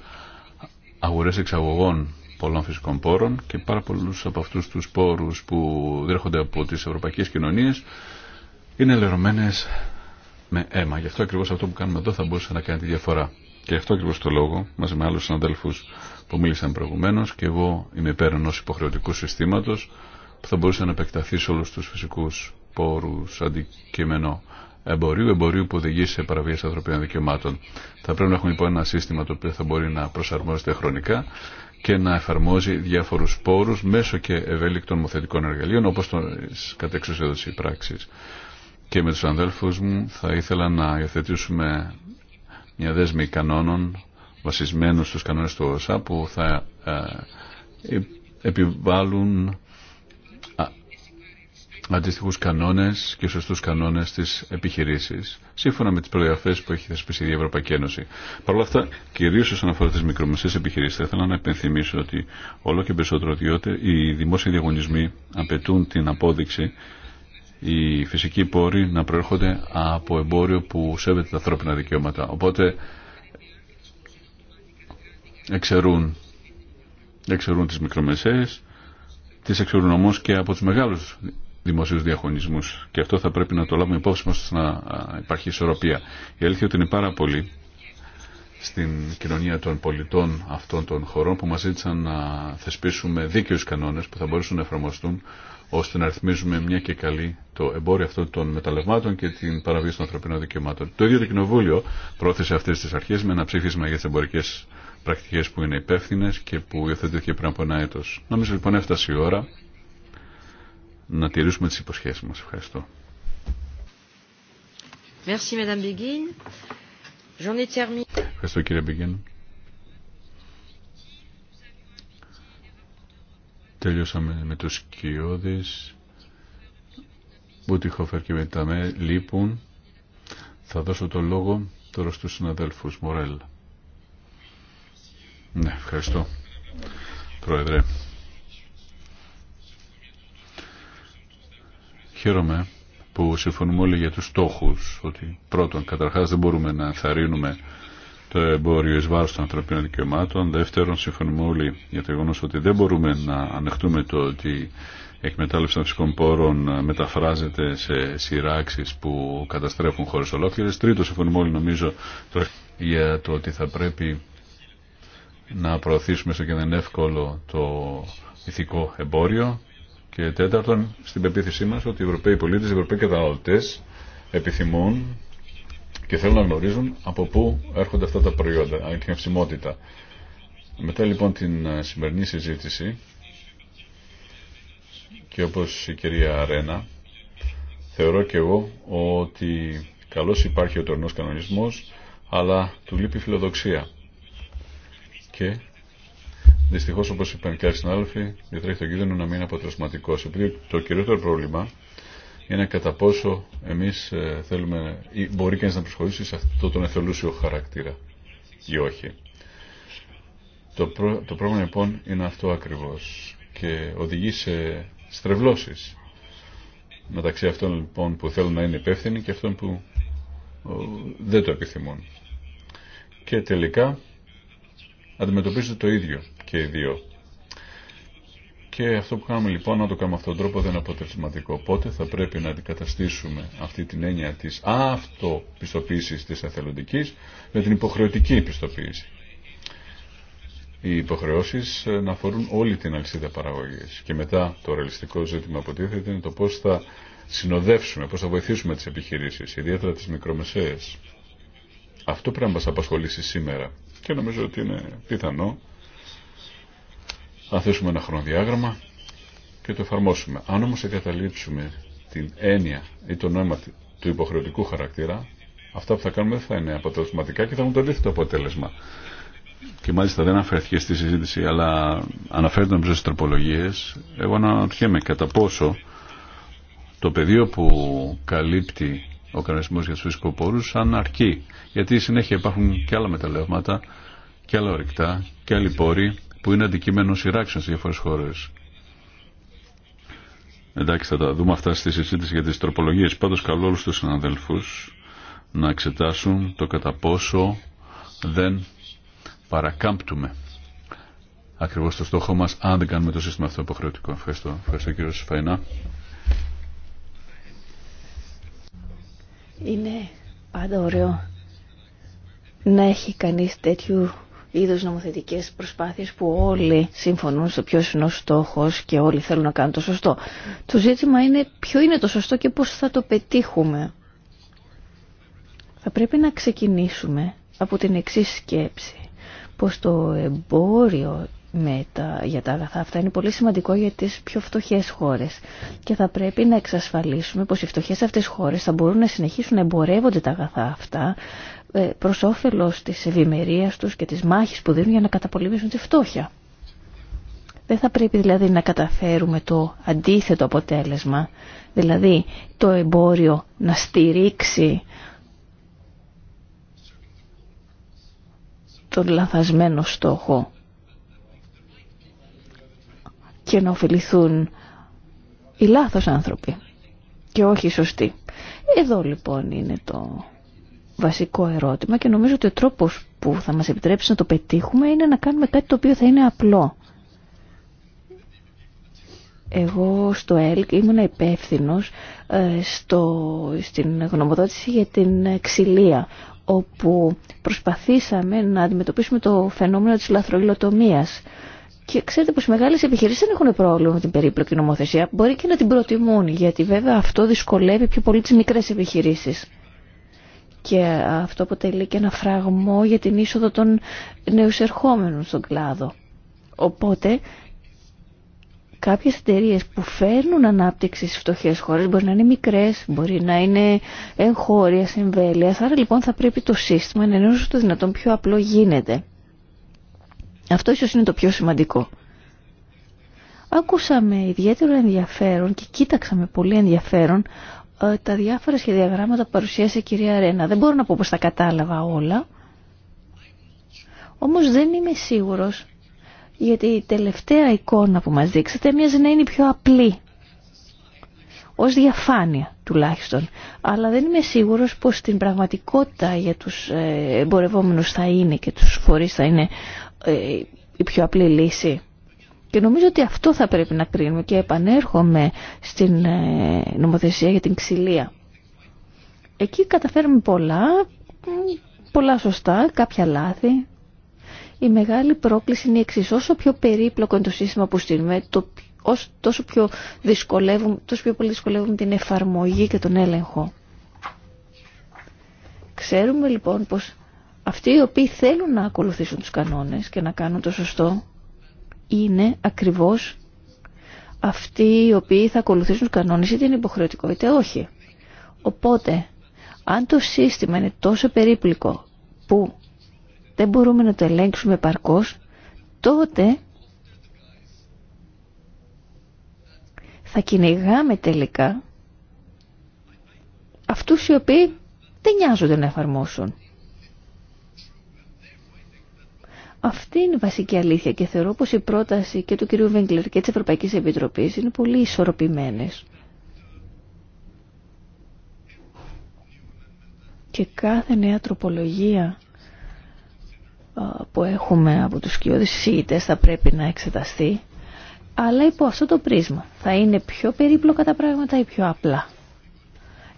αγορές εξαγωγών πολλών φυσικών πόρων και πάρα πολλούς από αυτούς τους πόρους που δέρχονται από τις ευρωπαϊκές κοινωνίες είναι ελερωμένες με αίμα. Γι' αυτό ακριβώς αυτό που κάνουμε εδώ θα μπορούσε να κάνει τη διαφορά. Και γι' αυτό ακριβώς το λόγο, μαζί με άλλους συναδέλφους που μίλησαν προηγουμένω και εγώ είμαι υπέρ ενό υποχρεωτικού συστήματο που θα μπορούσε να επεκταθεί σε όλου τους φυσικούς πόρους αντικείμενο εμπορίου, εμπορίου που οδηγεί σε παραβίαση ανθρωπίνων δικαιωμάτων. Θα πρέπει να έχουμε λοιπόν ένα σύστημα το οποίο θα μπορεί να προσαρμόζεται χρονικά και να εφαρμόζει διάφορου πόρου μέσω και ευέλικτων νομοθετικών εργαλείων όπω τις κατεξουσιοδοτήσει πράξη. Και με του αδέλφου μου θα ήθελα να υιοθετήσουμε μια δέσμη κανόνων βασισμένους στους κανόνες του ΩΣΑ που θα ε, ε, επιβάλλουν αντίστοιχους κανόνες και σωστούς κανόνες στις επιχειρήσεις σύμφωνα με τις προδιαγραφές που έχει θεσπίσει η Ευρωπαϊκή Ένωση. Παρ' όλα αυτά, κυρίως όσον αφορά τις μικρομεσαίες επιχειρήσεις, θα ήθελα να επενθυμίσω ότι όλο και περισσότερο διότι οι δημόσιοι διαγωνισμοί απαιτούν την απόδειξη οι φυσικοί πόροι να προέρχονται από εμπόριο που σέβεται τα ανθρώπινα δικαιώματα. Οπότε εξαιρούν, εξαιρούν τις μικρομεσαίες, τις εξαιρούν όμως και από τους μεγάλους δημοσίου διαγωνισμού. Και αυτό θα πρέπει να το λάβουμε υπόψη μα να υπάρχει ισορροπία. Η αλήθεια ότι είναι πάρα πολύ στην κοινωνία των πολιτών αυτών των χωρών που μα ζήτησαν να θεσπίσουμε δίκαιου κανόνε που θα μπορούσαν να εφαρμοστούν ώστε να ρυθμίζουμε μια και καλή το εμπόριο αυτών των μεταλλευμάτων και την παραβίαση των ανθρωπίνων δικαιωμάτων. Το ίδιο το Κοινοβούλιο πρόθεσε αυτέ τι αρχέ με ένα ψήφισμα για τι εμπορικέ Πρακτικέ που είναι υπεύθυνε και που υιοθετήθηκε πριν από ένα έτο. Νομίζω λοιπόν έφτασε η ώρα να τηρήσουμε τι υποσχέσει μα. Ευχαριστώ. Ευχαριστώ κύριε Μπιγκίν. Τελειώσαμε με τους Κιώδης. Μπουτιχόφερ και Μεταμέ λείπουν. Θα δώσω το λόγο τώρα στους συναδέλφους Μορέλ. Ναι, ευχαριστώ, Πρόεδρε. Χαίρομαι που συμφωνούμε όλοι για τους στόχους, ότι πρώτον, καταρχάς δεν μπορούμε να θαρρύνουμε το εμπόριο εις βάρος των ανθρωπίνων δικαιωμάτων. Δεύτερον, συμφωνούμε όλοι για το γεγονό ότι δεν μπορούμε να ανεχτούμε το ότι εκμετάλλευση των φυσικών πόρων μεταφράζεται σε σειράξεις που καταστρέφουν χώρες ολόκληρες. Τρίτο, συμφωνούμε όλοι νομίζω για το ότι θα πρέπει να προωθήσουμε στο και δεν εύκολο το ηθικό εμπόριο και τέταρτον στην πεποίθησή μας ότι οι Ευρωπαίοι πολίτες, οι Ευρωπαίοι καταναλωτές επιθυμούν και θέλουν να γνωρίζουν από πού έρχονται αυτά τα προϊόντα, την αυσιμότητα Μετά λοιπόν την σημερινή συζήτηση και όπως η κυρία Ρένα θεωρώ και εγώ ότι καλώς υπάρχει ο τωρινός κανονισμός αλλά του λείπει φιλοδοξία και δυστυχώ, όπω είπαν και άλλοι συνάδελφοι, διατρέχει τον κίνδυνο να μην είναι αποτελεσματικό. Επειδή το κυριότερο πρόβλημα είναι κατά πόσο εμεί ε, θέλουμε ή μπορεί κανεί να προσχωρήσει σε αυτόν τον εθελούσιο χαρακτήρα ή όχι. Το, το πρόβλημα λοιπόν είναι αυτό ακριβώ και οδηγεί σε στρεβλώσει μεταξύ αυτών λοιπόν που θέλουν να είναι υπεύθυνοι και αυτών που δεν το επιθυμούν. Και τελικά αντιμετωπίζετε το ίδιο και οι δύο. Και αυτό που κάνουμε λοιπόν, να το κάνουμε αυτόν τον τρόπο δεν είναι αποτελεσματικό. Οπότε θα πρέπει να αντικαταστήσουμε αυτή την έννοια τη αυτοπιστοποίηση τη εθελοντική με την υποχρεωτική πιστοποίηση. Οι υποχρεώσει ε, να αφορούν όλη την αλυσίδα παραγωγή. Και μετά το ρεαλιστικό ζήτημα που τίθεται είναι το πώ θα συνοδεύσουμε, πώ θα βοηθήσουμε τι επιχειρήσει, ιδιαίτερα τι μικρομεσαίες. Αυτό πρέπει να μα απασχολήσει σήμερα και νομίζω ότι είναι πιθανό να θέσουμε ένα χρονοδιάγραμμα και το εφαρμόσουμε. Αν όμως εγκαταλείψουμε την έννοια ή το νόημα του υποχρεωτικού χαρακτήρα, αυτά που θα κάνουμε θα είναι αποτελεσματικά και θα μου το αντίθετο αποτέλεσμα. Και μάλιστα δεν αναφέρθηκε στη συζήτηση, αλλά αναφέρεται νομίζω στι τροπολογίε. Εγώ αναρωτιέμαι κατά πόσο το πεδίο που καλύπτει ο κανονισμό για του φυσικοπόρου, πόρου αν αρκεί. Γιατί συνέχεια υπάρχουν και άλλα μεταλλεύματα και άλλα ορυκτά και άλλοι πόροι που είναι αντικείμενο σειράξεων σε διάφορε χώρε. Εντάξει, θα τα δούμε αυτά στη συζήτηση για τι τροπολογίε. Πάντω, καλώ όλου του συναδέλφου να εξετάσουν το κατά πόσο δεν παρακάμπτουμε ακριβώ το στόχο μα, αν δεν κάνουμε το σύστημα αυτό υποχρεωτικό. Ευχαριστώ, Ευχαριστώ κύριο Σφαϊνά. Είναι πάντα ωραίο να έχει κανείς τέτοιου είδους νομοθετικές προσπάθειες που όλοι συμφωνούν στο ποιος είναι ο στόχος και όλοι θέλουν να κάνουν το σωστό. Το ζήτημα είναι ποιο είναι το σωστό και πώς θα το πετύχουμε. Θα πρέπει να ξεκινήσουμε από την εξής σκέψη πως το εμπόριο με τα, για τα αγαθά αυτά είναι πολύ σημαντικό για τις πιο φτωχές χώρες και θα πρέπει να εξασφαλίσουμε πως οι φτωχές αυτές χώρες θα μπορούν να συνεχίσουν να εμπορεύονται τα αγαθά αυτά ε, προς όφελος της ευημερία τους και της μάχης που δίνουν για να καταπολεμήσουν τη φτώχεια. Δεν θα πρέπει δηλαδή να καταφέρουμε το αντίθετο αποτέλεσμα, δηλαδή το εμπόριο να στηρίξει τον λαθασμένο στόχο και να ωφεληθούν οι λάθος άνθρωποι και όχι οι σωστοί. Εδώ λοιπόν είναι το βασικό ερώτημα και νομίζω ότι ο τρόπος που θα μας επιτρέψει να το πετύχουμε είναι να κάνουμε κάτι το οποίο θα είναι απλό. Εγώ στο ΕΛΚ ήμουν υπεύθυνο ε, στην γνωμοδότηση για την ξυλία όπου προσπαθήσαμε να αντιμετωπίσουμε το φαινόμενο της λαθροϊλοτομίας και ξέρετε πως οι μεγάλες επιχειρήσεις δεν έχουν πρόβλημα με την περίπλοκη νομοθεσία. Μπορεί και να την προτιμούν, γιατί βέβαια αυτό δυσκολεύει πιο πολύ τις μικρές επιχειρήσεις. Και αυτό αποτελεί και ένα φραγμό για την είσοδο των νέους στον κλάδο. Οπότε κάποιες εταιρείε που φέρνουν ανάπτυξη στις φτωχές χώρες μπορεί να είναι μικρές, μπορεί να είναι εγχώρια, συμβέλεια. Άρα λοιπόν θα πρέπει το σύστημα να είναι όσο το δυνατόν πιο απλό γίνεται. Αυτό ίσως είναι το πιο σημαντικό. Ακούσαμε με ιδιαίτερο ενδιαφέρον και κοίταξαμε πολύ ενδιαφέρον ε, τα διάφορα σχεδιαγράμματα που παρουσίασε η κυρία Ρένα. Δεν μπορώ να πω πως τα κατάλαβα όλα. Όμως δεν είμαι σίγουρος γιατί η τελευταία εικόνα που μας δείξατε μοιάζει να είναι πιο απλή. Ως διαφάνεια τουλάχιστον. Αλλά δεν είμαι σίγουρος πως την πραγματικότητα για τους ε, εμπορευόμενους θα είναι και τους φορείς θα είναι ε, η πιο απλή λύση. Και νομίζω ότι αυτό θα πρέπει να κρίνουμε και επανέρχομαι στην ε, νομοθεσία για την ξυλία. Εκεί καταφέρουμε πολλά, πολλά σωστά, κάποια λάθη. Η μεγάλη πρόκληση είναι η εξής. Όσο πιο περίπλοκο είναι το σύστημα που στείλουμε, το, τόσο, πιο δυσκολεύουμε, τόσο πιο πολύ δυσκολεύουμε την εφαρμογή και τον έλεγχο. Ξέρουμε λοιπόν πως αυτοί οι οποίοι θέλουν να ακολουθήσουν τους κανόνες και να κάνουν το σωστό είναι ακριβώς αυτοί οι οποίοι θα ακολουθήσουν τους κανόνες είτε είναι υποχρεωτικό είτε όχι. Οπότε, αν το σύστημα είναι τόσο περίπλοκο που δεν μπορούμε να το ελέγξουμε παρκώς, τότε θα κυνηγάμε τελικά αυτούς οι οποίοι δεν νοιάζονται να εφαρμόσουν. Αυτή είναι η βασική αλήθεια και θεωρώ πως η πρόταση και του κυρίου Βίγκλερ και της Ευρωπαϊκής Επιτροπής είναι πολύ ισορροπημένες. Και κάθε νέα τροπολογία που έχουμε από τους σύγητες θα πρέπει να εξεταστεί αλλά υπό αυτό το πρίσμα θα είναι πιο περίπλοκα τα πράγματα ή πιο απλά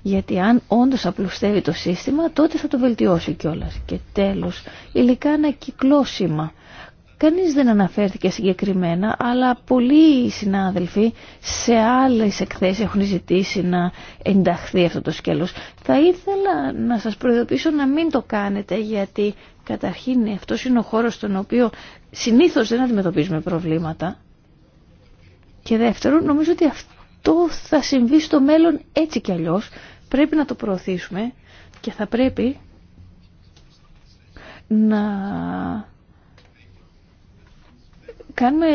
γιατί αν όντως απλουστεύει το σύστημα τότε θα το βελτιώσει κιόλα. Και τέλος, υλικά ανακυκλώσιμα. Κανείς δεν αναφέρθηκε συγκεκριμένα, αλλά πολλοί συνάδελφοι σε άλλες εκθέσεις έχουν ζητήσει να ενταχθεί αυτό το σκέλος. Θα ήθελα να σας προειδοποιήσω να μην το κάνετε, γιατί καταρχήν αυτό είναι ο χώρος στον οποίο συνήθως δεν αντιμετωπίζουμε προβλήματα. Και δεύτερον, νομίζω ότι αυτό θα συμβεί στο μέλλον έτσι κι αλλιώς πρέπει να το προωθήσουμε και θα πρέπει να κάνουμε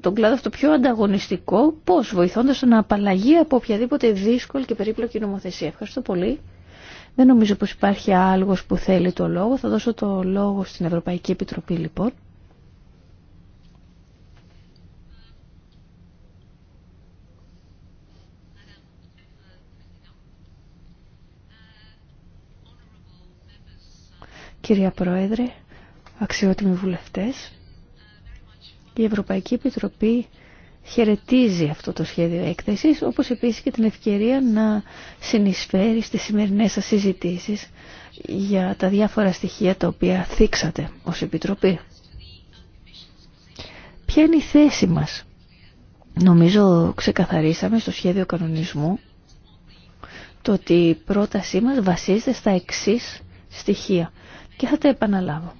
τον κλάδο αυτό πιο ανταγωνιστικό, πώς βοηθώντας τον να απαλλαγεί από οποιαδήποτε δύσκολη και περίπλοκη νομοθεσία. Ευχαριστώ πολύ. Δεν νομίζω πως υπάρχει άλλος που θέλει το λόγο. Θα δώσω το λόγο στην Ευρωπαϊκή Επιτροπή λοιπόν. Κυρία Πρόεδρε, αξιότιμοι βουλευτές, η Ευρωπαϊκή Επιτροπή χαιρετίζει αυτό το σχέδιο έκθεσης, όπως επίσης και την ευκαιρία να συνεισφέρει στις σημερινές σας συζητήσεις για τα διάφορα στοιχεία τα οποία θίξατε ως Επιτροπή. Ποια είναι η θέση μας. Νομίζω ξεκαθαρίσαμε στο σχέδιο κανονισμού το ότι η πρότασή μας βασίζεται στα εξής στοιχεία και θα τα επαναλάβω.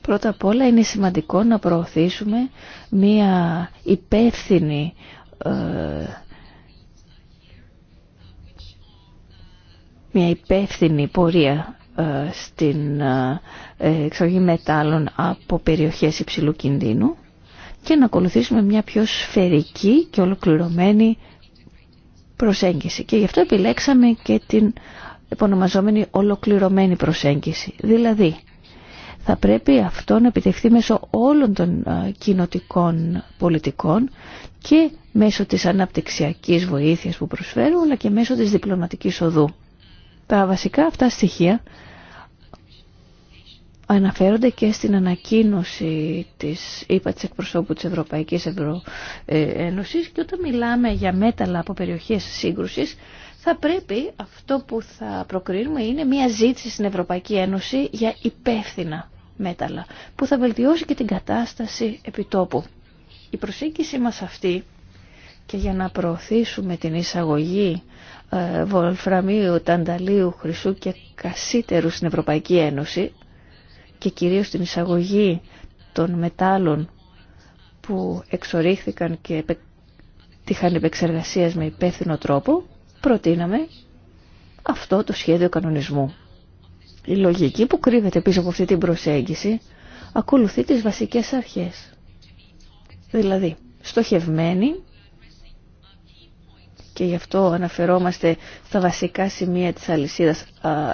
Πρώτα απ' όλα είναι σημαντικό να προωθήσουμε μία υπεύθυνη ε, μια υπεύθυνη πορεία ε, στην ε, εξοχή μετάλλων από περιοχές υψηλού κινδύνου και να ακολουθήσουμε μια πιο σφαιρική και ολοκληρωμένη προσέγγιση. Και γι' αυτό επιλέξαμε και την επωνομαζόμενη ολοκληρωμένη προσέγγιση. Δηλαδή, θα πρέπει αυτό να επιτευχθεί μέσω όλων των κοινοτικών πολιτικών και μέσω της αναπτυξιακής βοήθειας που προσφέρουν, αλλά και μέσω της διπλωματικής οδού. Τα βασικά αυτά στοιχεία αναφέρονται και στην ανακοίνωση της ΥΠΑ της της Ευρωπαϊκής ε, Ένωσης και όταν μιλάμε για μέταλλα από περιοχές σύγκρουσης θα πρέπει αυτό που θα προκρίνουμε είναι μια ζήτηση στην Ευρωπαϊκή Ένωση για υπεύθυνα μέταλλα, που θα βελτιώσει και την κατάσταση επιτόπου. Η προσέγγιση μας αυτή και για να προωθήσουμε την εισαγωγή ε, βολφραμίου, τανταλίου, χρυσού και κασίτερου στην Ευρωπαϊκή Ένωση και κυρίως την εισαγωγή των μετάλλων που εξορίχθηκαν και τυχαν επεξεργασίας με υπεύθυνο τρόπο προτείναμε αυτό το σχέδιο κανονισμού. Η λογική που κρύβεται πίσω από αυτή την προσέγγιση ακολουθεί τις βασικές αρχές. Δηλαδή, στοχευμένη και γι' αυτό αναφερόμαστε στα βασικά σημεία της αλυσίδας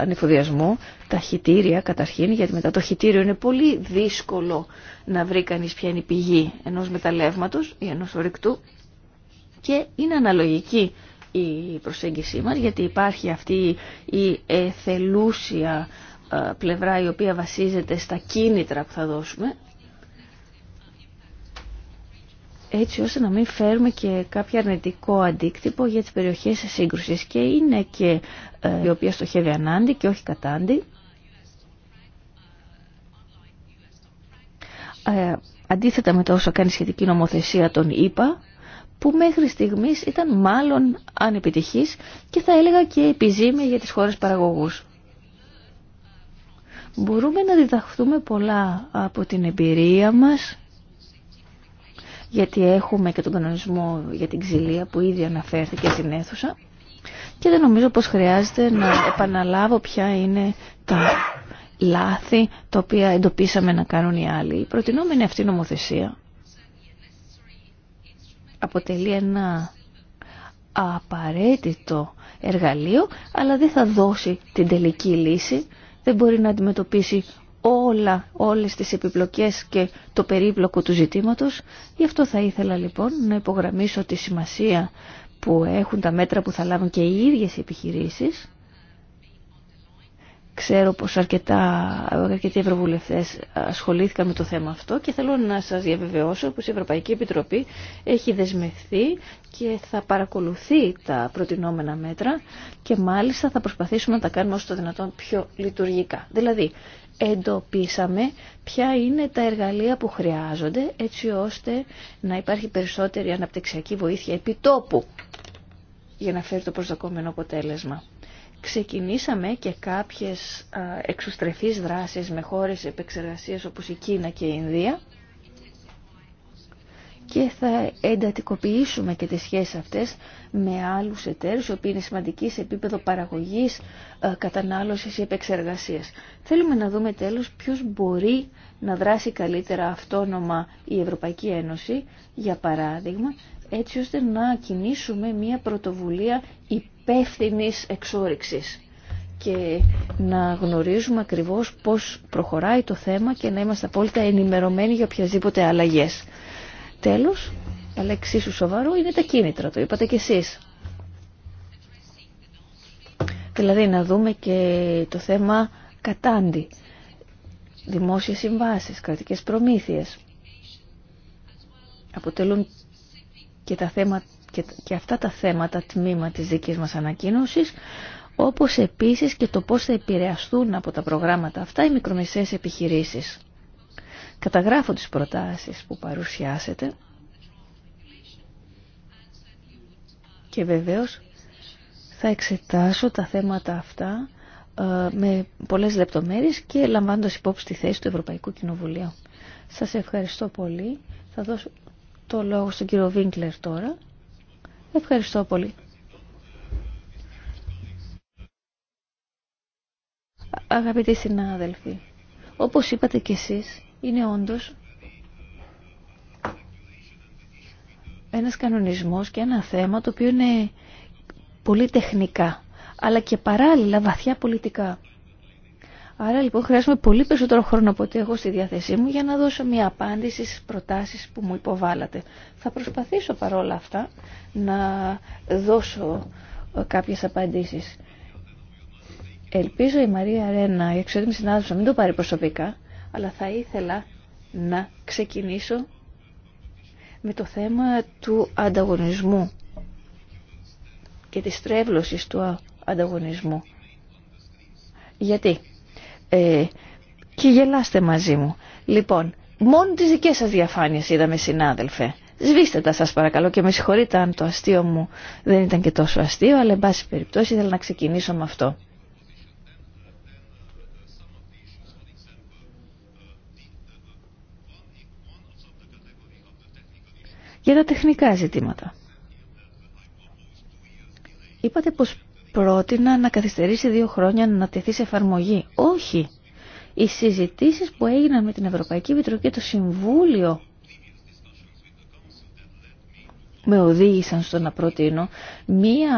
ανεφοδιασμού, τα χιτήρια καταρχήν, γιατί μετά το χιτήριο είναι πολύ δύσκολο να βρει κανείς ποια είναι η πηγή ενός μεταλλεύματος ή ενός ορυκτού και είναι αναλογική η προσέγγιση μας γιατί υπάρχει αυτή η εθελούσια ε, πλευρά η οποία βασίζεται στα κίνητρα που θα δώσουμε έτσι ώστε να μην φέρουμε και κάποιο αρνητικό αντίκτυπο για τις περιοχές σύγκρουσης και είναι και ε, η οποία στοχεύει ανάντι και όχι κατάντι ε, αντίθετα με το όσο κάνει σχετική νομοθεσία των ΙΠΑ που μέχρι στιγμής ήταν μάλλον ανεπιτυχής και θα έλεγα και επιζήμια για τις χώρες παραγωγούς. Μπορούμε να διδαχθούμε πολλά από την εμπειρία μας, γιατί έχουμε και τον κανονισμό για την ξυλία που ήδη αναφέρθηκε στην αίθουσα και δεν νομίζω πως χρειάζεται να επαναλάβω ποια είναι τα λάθη τα οποία εντοπίσαμε να κάνουν οι άλλοι. Η προτινόμενη αυτή νομοθεσία αποτελεί ένα απαραίτητο εργαλείο, αλλά δεν θα δώσει την τελική λύση, δεν μπορεί να αντιμετωπίσει όλα, όλες τις επιπλοκές και το περίπλοκο του ζητήματος. Γι' αυτό θα ήθελα λοιπόν να υπογραμμίσω τη σημασία που έχουν τα μέτρα που θα λάβουν και οι ίδιες οι επιχειρήσεις Ξέρω πως αρκετά, αρκετοί ευρωβουλευτές ασχολήθηκαν με το θέμα αυτό και θέλω να σας διαβεβαιώσω πως η Ευρωπαϊκή Επιτροπή έχει δεσμευθεί και θα παρακολουθεί τα προτινόμενα μέτρα και μάλιστα θα προσπαθήσουμε να τα κάνουμε όσο το δυνατόν πιο λειτουργικά. Δηλαδή, εντοπίσαμε ποια είναι τα εργαλεία που χρειάζονται έτσι ώστε να υπάρχει περισσότερη αναπτυξιακή βοήθεια επιτόπου για να φέρει το προσδοκόμενο αποτέλεσμα ξεκινήσαμε και κάποιες εξουστρεφείς δράσεις με χώρες επεξεργασίας όπως η Κίνα και η Ινδία και θα εντατικοποιήσουμε και τις σχέσεις αυτές με άλλους εταίρους, οι οποίοι είναι σημαντικοί σε επίπεδο παραγωγής, κατανάλωσης ή επεξεργασίας. Θέλουμε να δούμε τέλος ποιος μπορεί να δράσει καλύτερα αυτόνομα η Ευρωπαϊκή Ένωση, για παράδειγμα, έτσι ώστε να κινήσουμε μια πρωτοβουλία υπόλοιπη υπεύθυνης εξόριξης και να γνωρίζουμε ακριβώς πώς προχωράει το θέμα και να είμαστε απόλυτα ενημερωμένοι για οποιασδήποτε αλλαγές. Τέλος, αλλά εξίσου σοβαρό είναι τα κίνητρα, το είπατε κι εσείς. Δηλαδή να δούμε και το θέμα κατάντι, δημόσιες συμβάσεις, κρατικές προμήθειες. Αποτελούν και τα θέματα και, αυτά τα θέματα τμήμα της δικής μας ανακοίνωσης όπως επίσης και το πώς θα επηρεαστούν από τα προγράμματα αυτά οι μικρομεσαίες επιχειρήσεις. Καταγράφω τις προτάσεις που παρουσιάσετε και βεβαίως θα εξετάσω τα θέματα αυτά ε, με πολλές λεπτομέρειες και λαμβάνοντας υπόψη τη θέση του Ευρωπαϊκού Κοινοβουλίου. Σας ευχαριστώ πολύ. Θα δώσω το λόγο στον κύριο Βίνκλερ τώρα Ευχαριστώ πολύ. Αγαπητοί συνάδελφοι, όπως είπατε κι εσείς, είναι όντως ένας κανονισμός και ένα θέμα το οποίο είναι πολύ τεχνικά, αλλά και παράλληλα βαθιά πολιτικά. Άρα λοιπόν χρειάζομαι πολύ περισσότερο χρόνο από ό,τι έχω στη διάθεσή μου για να δώσω μια απάντηση στις προτάσεις που μου υποβάλλατε. Θα προσπαθήσω παρόλα αυτά να δώσω ε, κάποιες απαντήσεις. Ελπίζω η Μαρία Ρένα, η εξωτερική συνάδελφος, να μην το πάρει προσωπικά, αλλά θα ήθελα να ξεκινήσω με το θέμα του ανταγωνισμού και της τρέβλωσης του ανταγωνισμού. Γιατί ε, και γελάστε μαζί μου. Λοιπόν, μόνο τις δικές σας διαφάνειες είδαμε συνάδελφε. Σβήστε τα σας παρακαλώ και με συγχωρείτε αν το αστείο μου δεν ήταν και τόσο αστείο, αλλά εν πάση περιπτώσει ήθελα να ξεκινήσω με αυτό. Για τα τεχνικά ζητήματα. Είπατε πως πρότεινα να καθυστερήσει δύο χρόνια να τεθεί σε εφαρμογή. Όχι. Οι συζητήσεις που έγιναν με την Ευρωπαϊκή Επιτροπή και το Συμβούλιο με οδήγησαν στο να προτείνω μία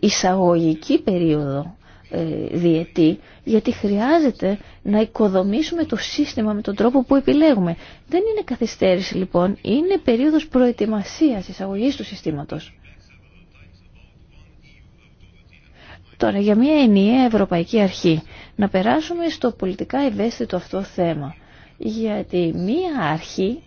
εισαγωγική περίοδο ε, διετή γιατί χρειάζεται να οικοδομήσουμε το σύστημα με τον τρόπο που επιλέγουμε. Δεν είναι καθυστέρηση λοιπόν, είναι περίοδος προετοιμασίας εισαγωγής του συστήματος. Τώρα για μια ενιαία ευρωπαϊκή αρχή να περάσουμε στο πολιτικά ευαίσθητο αυτό θέμα. Γιατί μια αρχή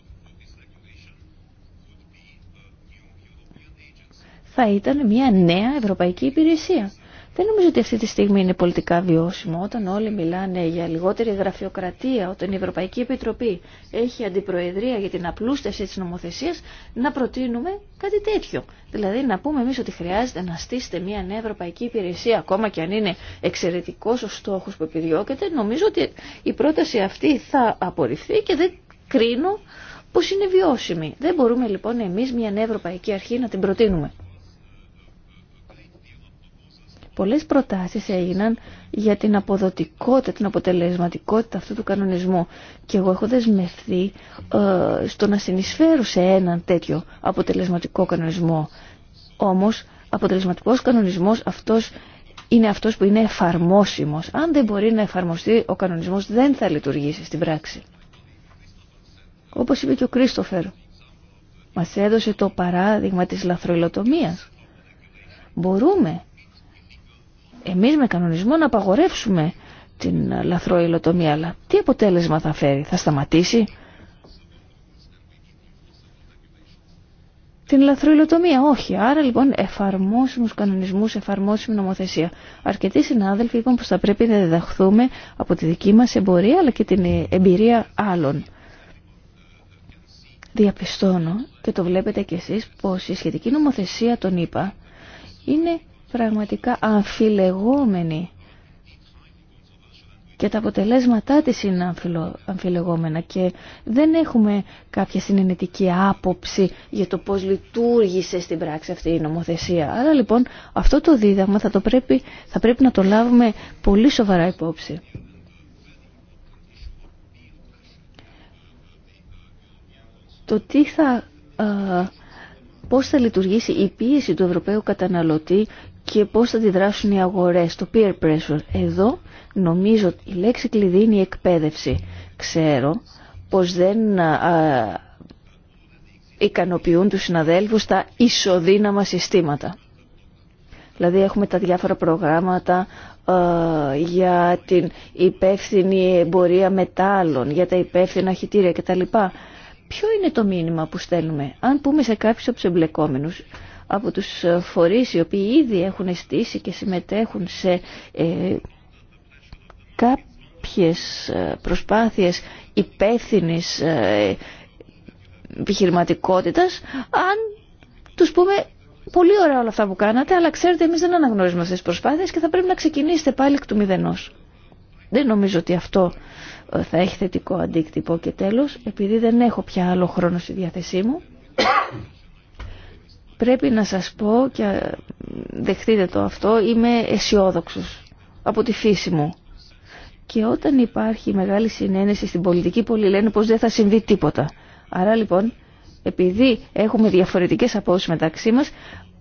θα ήταν μια νέα ευρωπαϊκή υπηρεσία δεν νομίζω ότι αυτή τη στιγμή είναι πολιτικά βιώσιμο. Όταν όλοι μιλάνε για λιγότερη γραφειοκρατία, όταν η Ευρωπαϊκή Επιτροπή έχει αντιπροεδρία για την απλούστευση της νομοθεσίας, να προτείνουμε κάτι τέτοιο. Δηλαδή να πούμε εμείς ότι χρειάζεται να στήσετε μια νέα ευρωπαϊκή υπηρεσία, ακόμα και αν είναι εξαιρετικός ο στόχος που επιδιώκεται, νομίζω ότι η πρόταση αυτή θα απορριφθεί και δεν κρίνω πως είναι βιώσιμη. Δεν μπορούμε λοιπόν εμείς μια νέα ευρωπαϊκή αρχή να την προτείνουμε πολλές προτάσεις έγιναν για την αποδοτικότητα, την αποτελεσματικότητα αυτού του κανονισμού. Και εγώ έχω δεσμευθεί ε, στο να συνεισφέρω σε έναν τέτοιο αποτελεσματικό κανονισμό. Όμως, αποτελεσματικός κανονισμός αυτός είναι αυτός που είναι εφαρμόσιμος. Αν δεν μπορεί να εφαρμοστεί, ο κανονισμός δεν θα λειτουργήσει στην πράξη. Όπως είπε και ο Κρίστοφερ, μας έδωσε το παράδειγμα της λαθροϊλοτομίας. Μπορούμε εμείς με κανονισμό να απαγορεύσουμε την λαθρό Αλλά τι αποτέλεσμα θα φέρει, θα σταματήσει την λαθροϊλοτομία Όχι, άρα λοιπόν εφαρμόσιμους κανονισμούς, εφαρμόσιμη νομοθεσία. Αρκετοί συνάδελφοι είπαν πως θα πρέπει να διδαχθούμε από τη δική μας εμπορία αλλά και την εμπειρία άλλων. Διαπιστώνω και το βλέπετε κι εσείς πως η σχετική νομοθεσία τον είπα είναι πραγματικά αμφιλεγόμενη και τα αποτελέσματά της είναι αμφιλεγόμενα και δεν έχουμε κάποια συνενετική άποψη για το πώς λειτουργήσε στην πράξη αυτή η νομοθεσία. Άρα λοιπόν αυτό το δίδαγμα θα, το πρέπει, θα πρέπει να το λάβουμε πολύ σοβαρά υπόψη. Το τι θα, πώς θα λειτουργήσει η πίεση του Ευρωπαίου καταναλωτή και πώς θα αντιδράσουν οι αγορές, το peer pressure. Εδώ νομίζω ότι η λέξη κλειδί είναι η εκπαίδευση. Ξέρω πως δεν ικανοποιούν τους συναδέλφους τα ισοδύναμα συστήματα. Δηλαδή έχουμε τα διάφορα προγράμματα για την υπεύθυνη εμπορία μετάλλων, για τα υπεύθυνα χιτήρια κτλ. Ποιο είναι το μήνυμα που στέλνουμε. Αν πούμε σε κάποιους από τους εμπλεκόμενους, από τους φορείς οι οποίοι ήδη έχουν στήσει και συμμετέχουν σε ε, κάποιες ε, προσπάθειες υπεύθυνης ε, αν τους πούμε πολύ ωραία όλα αυτά που κάνατε αλλά ξέρετε εμείς δεν αναγνωρίζουμε αυτές τις προσπάθειες και θα πρέπει να ξεκινήσετε πάλι εκ του μηδενός. Δεν νομίζω ότι αυτό ε, θα έχει θετικό αντίκτυπο και τέλος επειδή δεν έχω πια άλλο χρόνο στη διάθεσή μου πρέπει να σας πω και δεχτείτε το αυτό, είμαι αισιόδοξο από τη φύση μου. Και όταν υπάρχει μεγάλη συνένεση στην πολιτική, πολλοί λένε πως δεν θα συμβεί τίποτα. Άρα λοιπόν, επειδή έχουμε διαφορετικές απόψεις μεταξύ μας,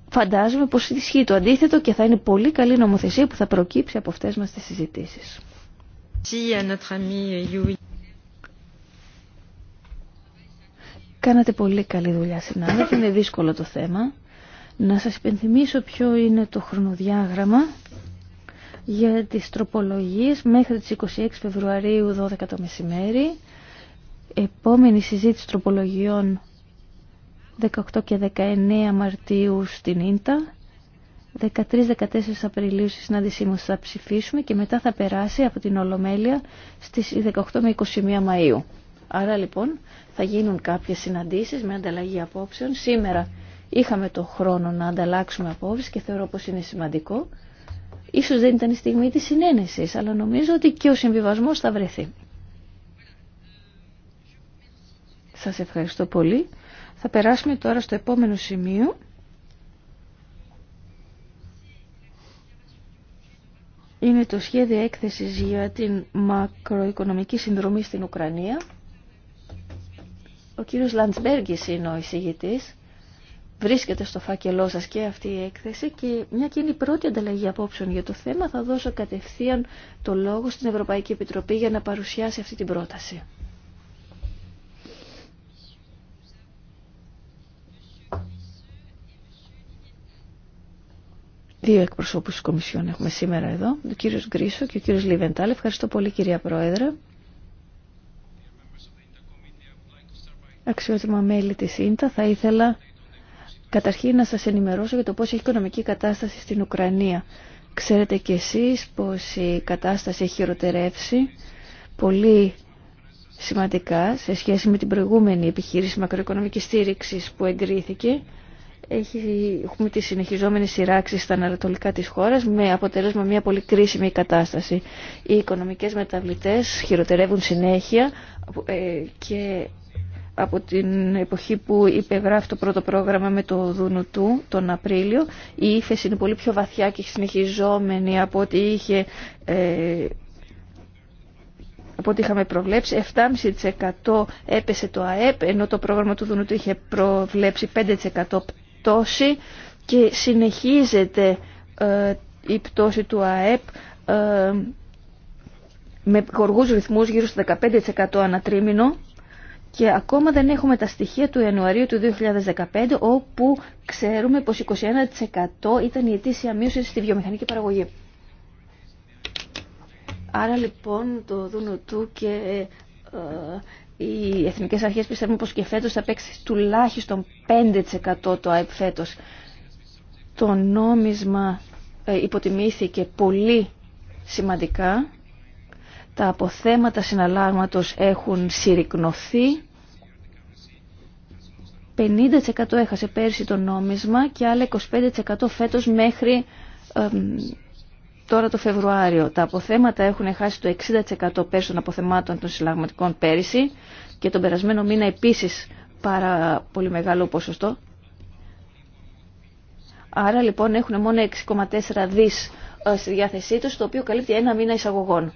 φαντάζομαι πως ισχύει το αντίθετο και θα είναι πολύ καλή νομοθεσία που θα προκύψει από αυτές μας τις συζητήσεις. Κάνατε πολύ καλή δουλειά συνάδελφοι, είναι δύσκολο το θέμα. Να σας υπενθυμίσω ποιο είναι το χρονοδιάγραμμα για τις τροπολογίες μέχρι τις 26 Φεβρουαρίου 12 το μεσημέρι. Επόμενη συζήτηση τροπολογιών 18 και 19 Μαρτίου στην Ίντα. 13-14 Απριλίου στη συνάντησή μας θα ψηφίσουμε και μετά θα περάσει από την Ολομέλεια στις 18 με 21 Μαΐου. Άρα λοιπόν θα γίνουν κάποιες συναντήσεις με ανταλλαγή απόψεων. Σήμερα είχαμε το χρόνο να ανταλλάξουμε απόψεις και θεωρώ πως είναι σημαντικό. Ίσως δεν ήταν η στιγμή της συνένεσης, αλλά νομίζω ότι και ο συμβιβασμός θα βρεθεί. Σας ευχαριστώ πολύ. Θα περάσουμε τώρα στο επόμενο σημείο. Είναι το σχέδιο έκθεσης για την μακροοικονομική συνδρομή στην Ουκρανία. Ο κύριος Λαντσμπέργκης είναι ο εισηγητής. Βρίσκεται στο φάκελό σας και αυτή η έκθεση και μια και είναι η πρώτη ανταλλαγή απόψεων για το θέμα θα δώσω κατευθείαν το λόγο στην Ευρωπαϊκή Επιτροπή για να παρουσιάσει αυτή την πρόταση. Δύο εκπροσώπους της Κομισιόν έχουμε σήμερα εδώ, ο κύριος Γκρίσο και ο κύριος Λιβεντάλ. Ευχαριστώ πολύ κυρία Πρόεδρε. αξιότιμα μέλη της ΙΝΤΑ, θα ήθελα καταρχήν να σας ενημερώσω για το πώς έχει οικονομική κατάσταση στην Ουκρανία. Ξέρετε κι εσείς πως η κατάσταση έχει χειροτερεύσει πολύ σημαντικά σε σχέση με την προηγούμενη επιχείρηση μακροοικονομικής στήριξης που εγκρίθηκε. Έχει, έχουμε τις συνεχιζόμενες σειράξεις στα ανατολικά της χώρας με αποτέλεσμα μια πολύ κρίσιμη κατάσταση. Οι οικονομικές μεταβλητές χειροτερεύουν συνέχεια ε, και από την εποχή που υπεγράφει το πρώτο πρόγραμμα με το Δουνουτού τον Απρίλιο. Η ύφεση είναι πολύ πιο βαθιά και συνεχιζόμενη από ό,τι είχε ε, από είχαμε προβλέψει, 7,5% έπεσε το ΑΕΠ, ενώ το πρόγραμμα του Δουνουτού είχε προβλέψει 5% πτώση και συνεχίζεται ε, η πτώση του ΑΕΠ ε, με γοργούς ρυθμούς γύρω στο 15% ανατρίμηνο και ακόμα δεν έχουμε τα στοιχεία του Ιανουαρίου του 2015 όπου ξέρουμε πως 21% ήταν η αιτήσια μείωση στη βιομηχανική παραγωγή. Άρα λοιπόν το ΔΝΤ και ε, ε, οι εθνικές αρχές πιστεύουν πως και φέτος θα παίξει τουλάχιστον 5% το ΑΕΠ φέτος. Το νόμισμα ε, υποτιμήθηκε πολύ σημαντικά τα αποθέματα συναλλάγματος έχουν συρρυκνωθεί. 50% έχασε πέρσι το νόμισμα και άλλα 25% φέτος μέχρι τώρα το Φεβρουάριο. Τα αποθέματα έχουν χάσει το 60% πέρσι των αποθεμάτων των συλλαγματικών πέρυσι και τον περασμένο μήνα επίσης πάρα πολύ μεγάλο ποσοστό. Άρα λοιπόν έχουν μόνο 6,4 δις ε, στη διάθεσή τους, το οποίο καλύπτει ένα μήνα εισαγωγών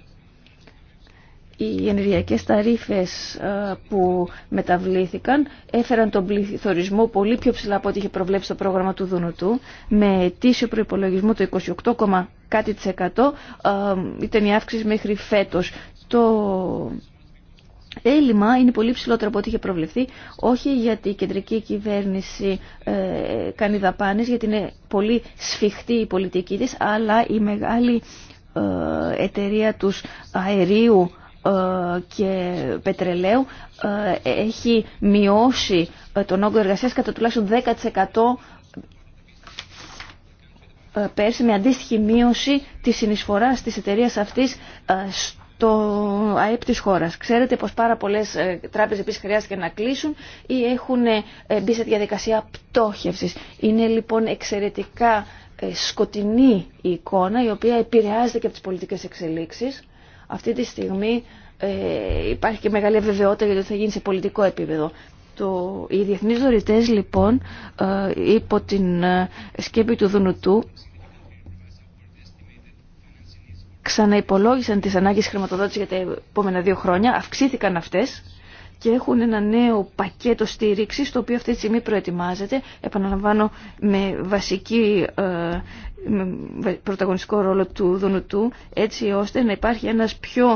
οι ενεργειακές ταρίφες ε, που μεταβλήθηκαν έφεραν τον πληθωρισμό πολύ πιο ψηλά από ό,τι είχε προβλέψει το πρόγραμμα του Δουνουτού με αιτήσιο προϋπολογισμό το 28, κάτι της εκατό ε, ήταν η αύξηση μέχρι φέτος. Το έλλειμμα είναι πολύ ψηλότερο από ό,τι είχε προβλεφθεί, όχι γιατί η κεντρική κυβέρνηση ε, κάνει δαπάνες, γιατί είναι πολύ σφιχτή η πολιτική της, αλλά η μεγάλη εταιρεία τους αερίου ε, και πετρελαίου ε, έχει μειώσει ε, τον όγκο εργασίας κατά τουλάχιστον 10% πέρσι με αντίστοιχη μείωση της συνεισφοράς της εταιρείας αυτής στο ΑΕΠ της χώρας. Ξέρετε πως πάρα πολλές τράπεζες επίσης χρειάστηκαν να κλείσουν ή έχουν μπει σε διαδικασία πτώχευσης. Είναι λοιπόν εξαιρετικά σκοτεινή η εικόνα η οποία επηρεάζεται και από τις πολιτικές εξελίξεις αυτή τη στιγμή ε, υπάρχει και μεγάλη αβεβαιότητα γιατί θα γίνει σε πολιτικό επίπεδο. Το, οι διεθνείς δωρητές λοιπόν ε, υπό την ε, σκέπη του Δουνουτού ξαναυπολόγησαν τις ανάγκες χρηματοδότησης για τα επόμενα δύο χρόνια, αυξήθηκαν αυτές και έχουν ένα νέο πακέτο στήριξης το οποίο αυτή τη στιγμή προετοιμάζεται, επαναλαμβάνω με βασική ε, πρωταγωνιστικό ρόλο του δονουτού, έτσι ώστε να υπάρχει ένας πιο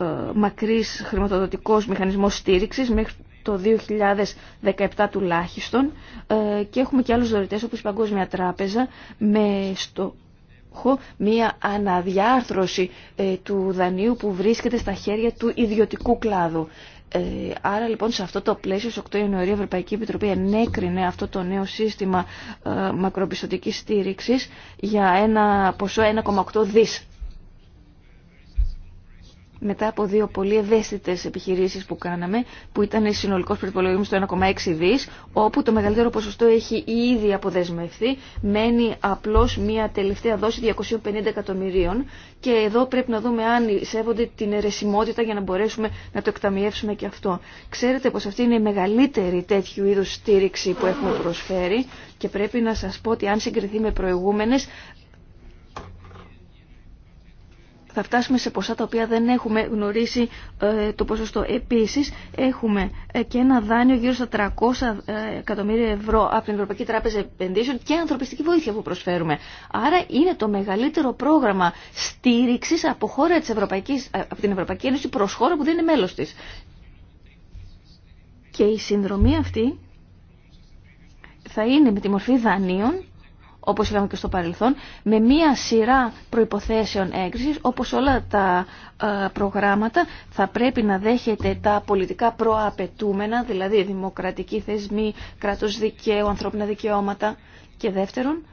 ε, μακρύς χρηματοδοτικός μηχανισμός στήριξης μέχρι το 2017 τουλάχιστον ε, και έχουμε και άλλους δωρητές όπως η Παγκόσμια Τράπεζα με στόχο μία αναδιάρθρωση ε, του δανείου που βρίσκεται στα χέρια του ιδιωτικού κλάδου. Ε, άρα λοιπόν σε αυτό το πλαίσιο στις 8 Ιανουαρίου η Ευρωπαϊκή Επιτροπή ενέκρινε αυτό το νέο σύστημα ε, μακροπιστωτικής στήριξης για ένα ποσό 1,8 δις μετά από δύο πολύ ευαίσθητε επιχειρήσει που κάναμε, που ήταν συνολικό προπολογισμό στο 1,6 δι, όπου το μεγαλύτερο ποσοστό έχει ήδη αποδεσμευθεί, μένει απλώ μια τελευταία δόση 250 εκατομμυρίων. Και εδώ πρέπει να δούμε αν σέβονται την αιρεσιμότητα για να μπορέσουμε να το εκταμιεύσουμε και αυτό. Ξέρετε πω αυτή είναι η μεγαλύτερη τέτοιου είδου στήριξη που έχουμε προσφέρει και πρέπει να σα πω ότι αν συγκριθεί με προηγούμενε, θα φτάσουμε σε ποσά τα οποία δεν έχουμε γνωρίσει ε, το ποσοστό. Επίσης έχουμε ε, και ένα δάνειο γύρω στα 300 ε, εκατομμύρια ευρώ από την Ευρωπαϊκή Τράπεζα Επενδύσεων και ανθρωπιστική βοήθεια που προσφέρουμε. Άρα είναι το μεγαλύτερο πρόγραμμα στήριξης από, χώρα Ευρωπαϊκής, από την Ευρωπαϊκή Ένωση προς χώρα που δεν είναι μέλος της. Και η συνδρομή αυτή θα είναι με τη μορφή δανείων όπως είχαμε και στο παρελθόν, με μία σειρά προϋποθέσεων έγκρισης, όπως όλα τα ε, προγράμματα θα πρέπει να δέχεται τα πολιτικά προαπαιτούμενα, δηλαδή δημοκρατικοί θεσμοί, κράτος δικαίου, ανθρώπινα δικαιώματα και δεύτερον,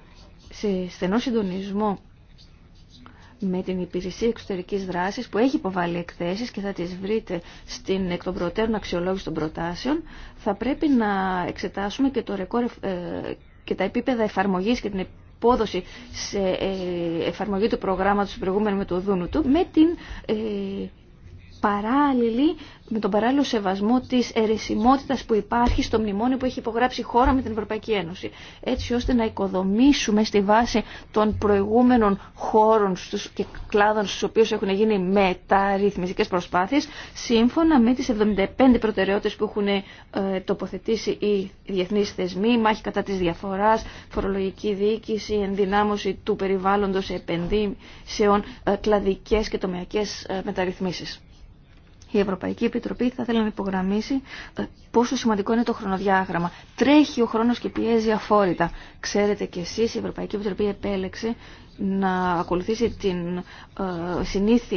σε στενό συντονισμό με την Υπηρεσία Εξωτερικής Δράσης που έχει υποβάλει εκθέσεις και θα τις βρείτε στην εκ των προτέρων αξιολόγηση των προτάσεων θα πρέπει να εξετάσουμε και το ρεκόρ ε, και τα επίπεδα εφαρμογής και την υπόδοση σε ε, εφαρμογή του προγράμματος του προηγούμενου με το Δούνου του με την ε, παράλληλη με τον παράλληλο σεβασμό τη ερεσιμότητας που υπάρχει στο μνημόνιο που έχει υπογράψει η χώρα με την Ευρωπαϊκή Ένωση. Έτσι ώστε να οικοδομήσουμε στη βάση των προηγούμενων χώρων στους και κλάδων στου οποίου έχουν γίνει μεταρρυθμιστικέ προσπάθειε, σύμφωνα με τι 75 προτεραιότητε που έχουν ε, τοποθετήσει οι διεθνεί θεσμοί, μάχη κατά τη διαφορά, φορολογική διοίκηση, ενδυνάμωση του περιβάλλοντος επενδύσεων, ε, κλαδικέ και ε, μεταρρυθμίσει η Ευρωπαϊκή Επιτροπή θα θέλει να υπογραμμίσει πόσο σημαντικό είναι το χρονοδιάγραμμα. Τρέχει ο χρόνος και πιέζει αφόρητα. Ξέρετε κι εσείς η Ευρωπαϊκή Επιτροπή επέλεξε να ακολουθήσει την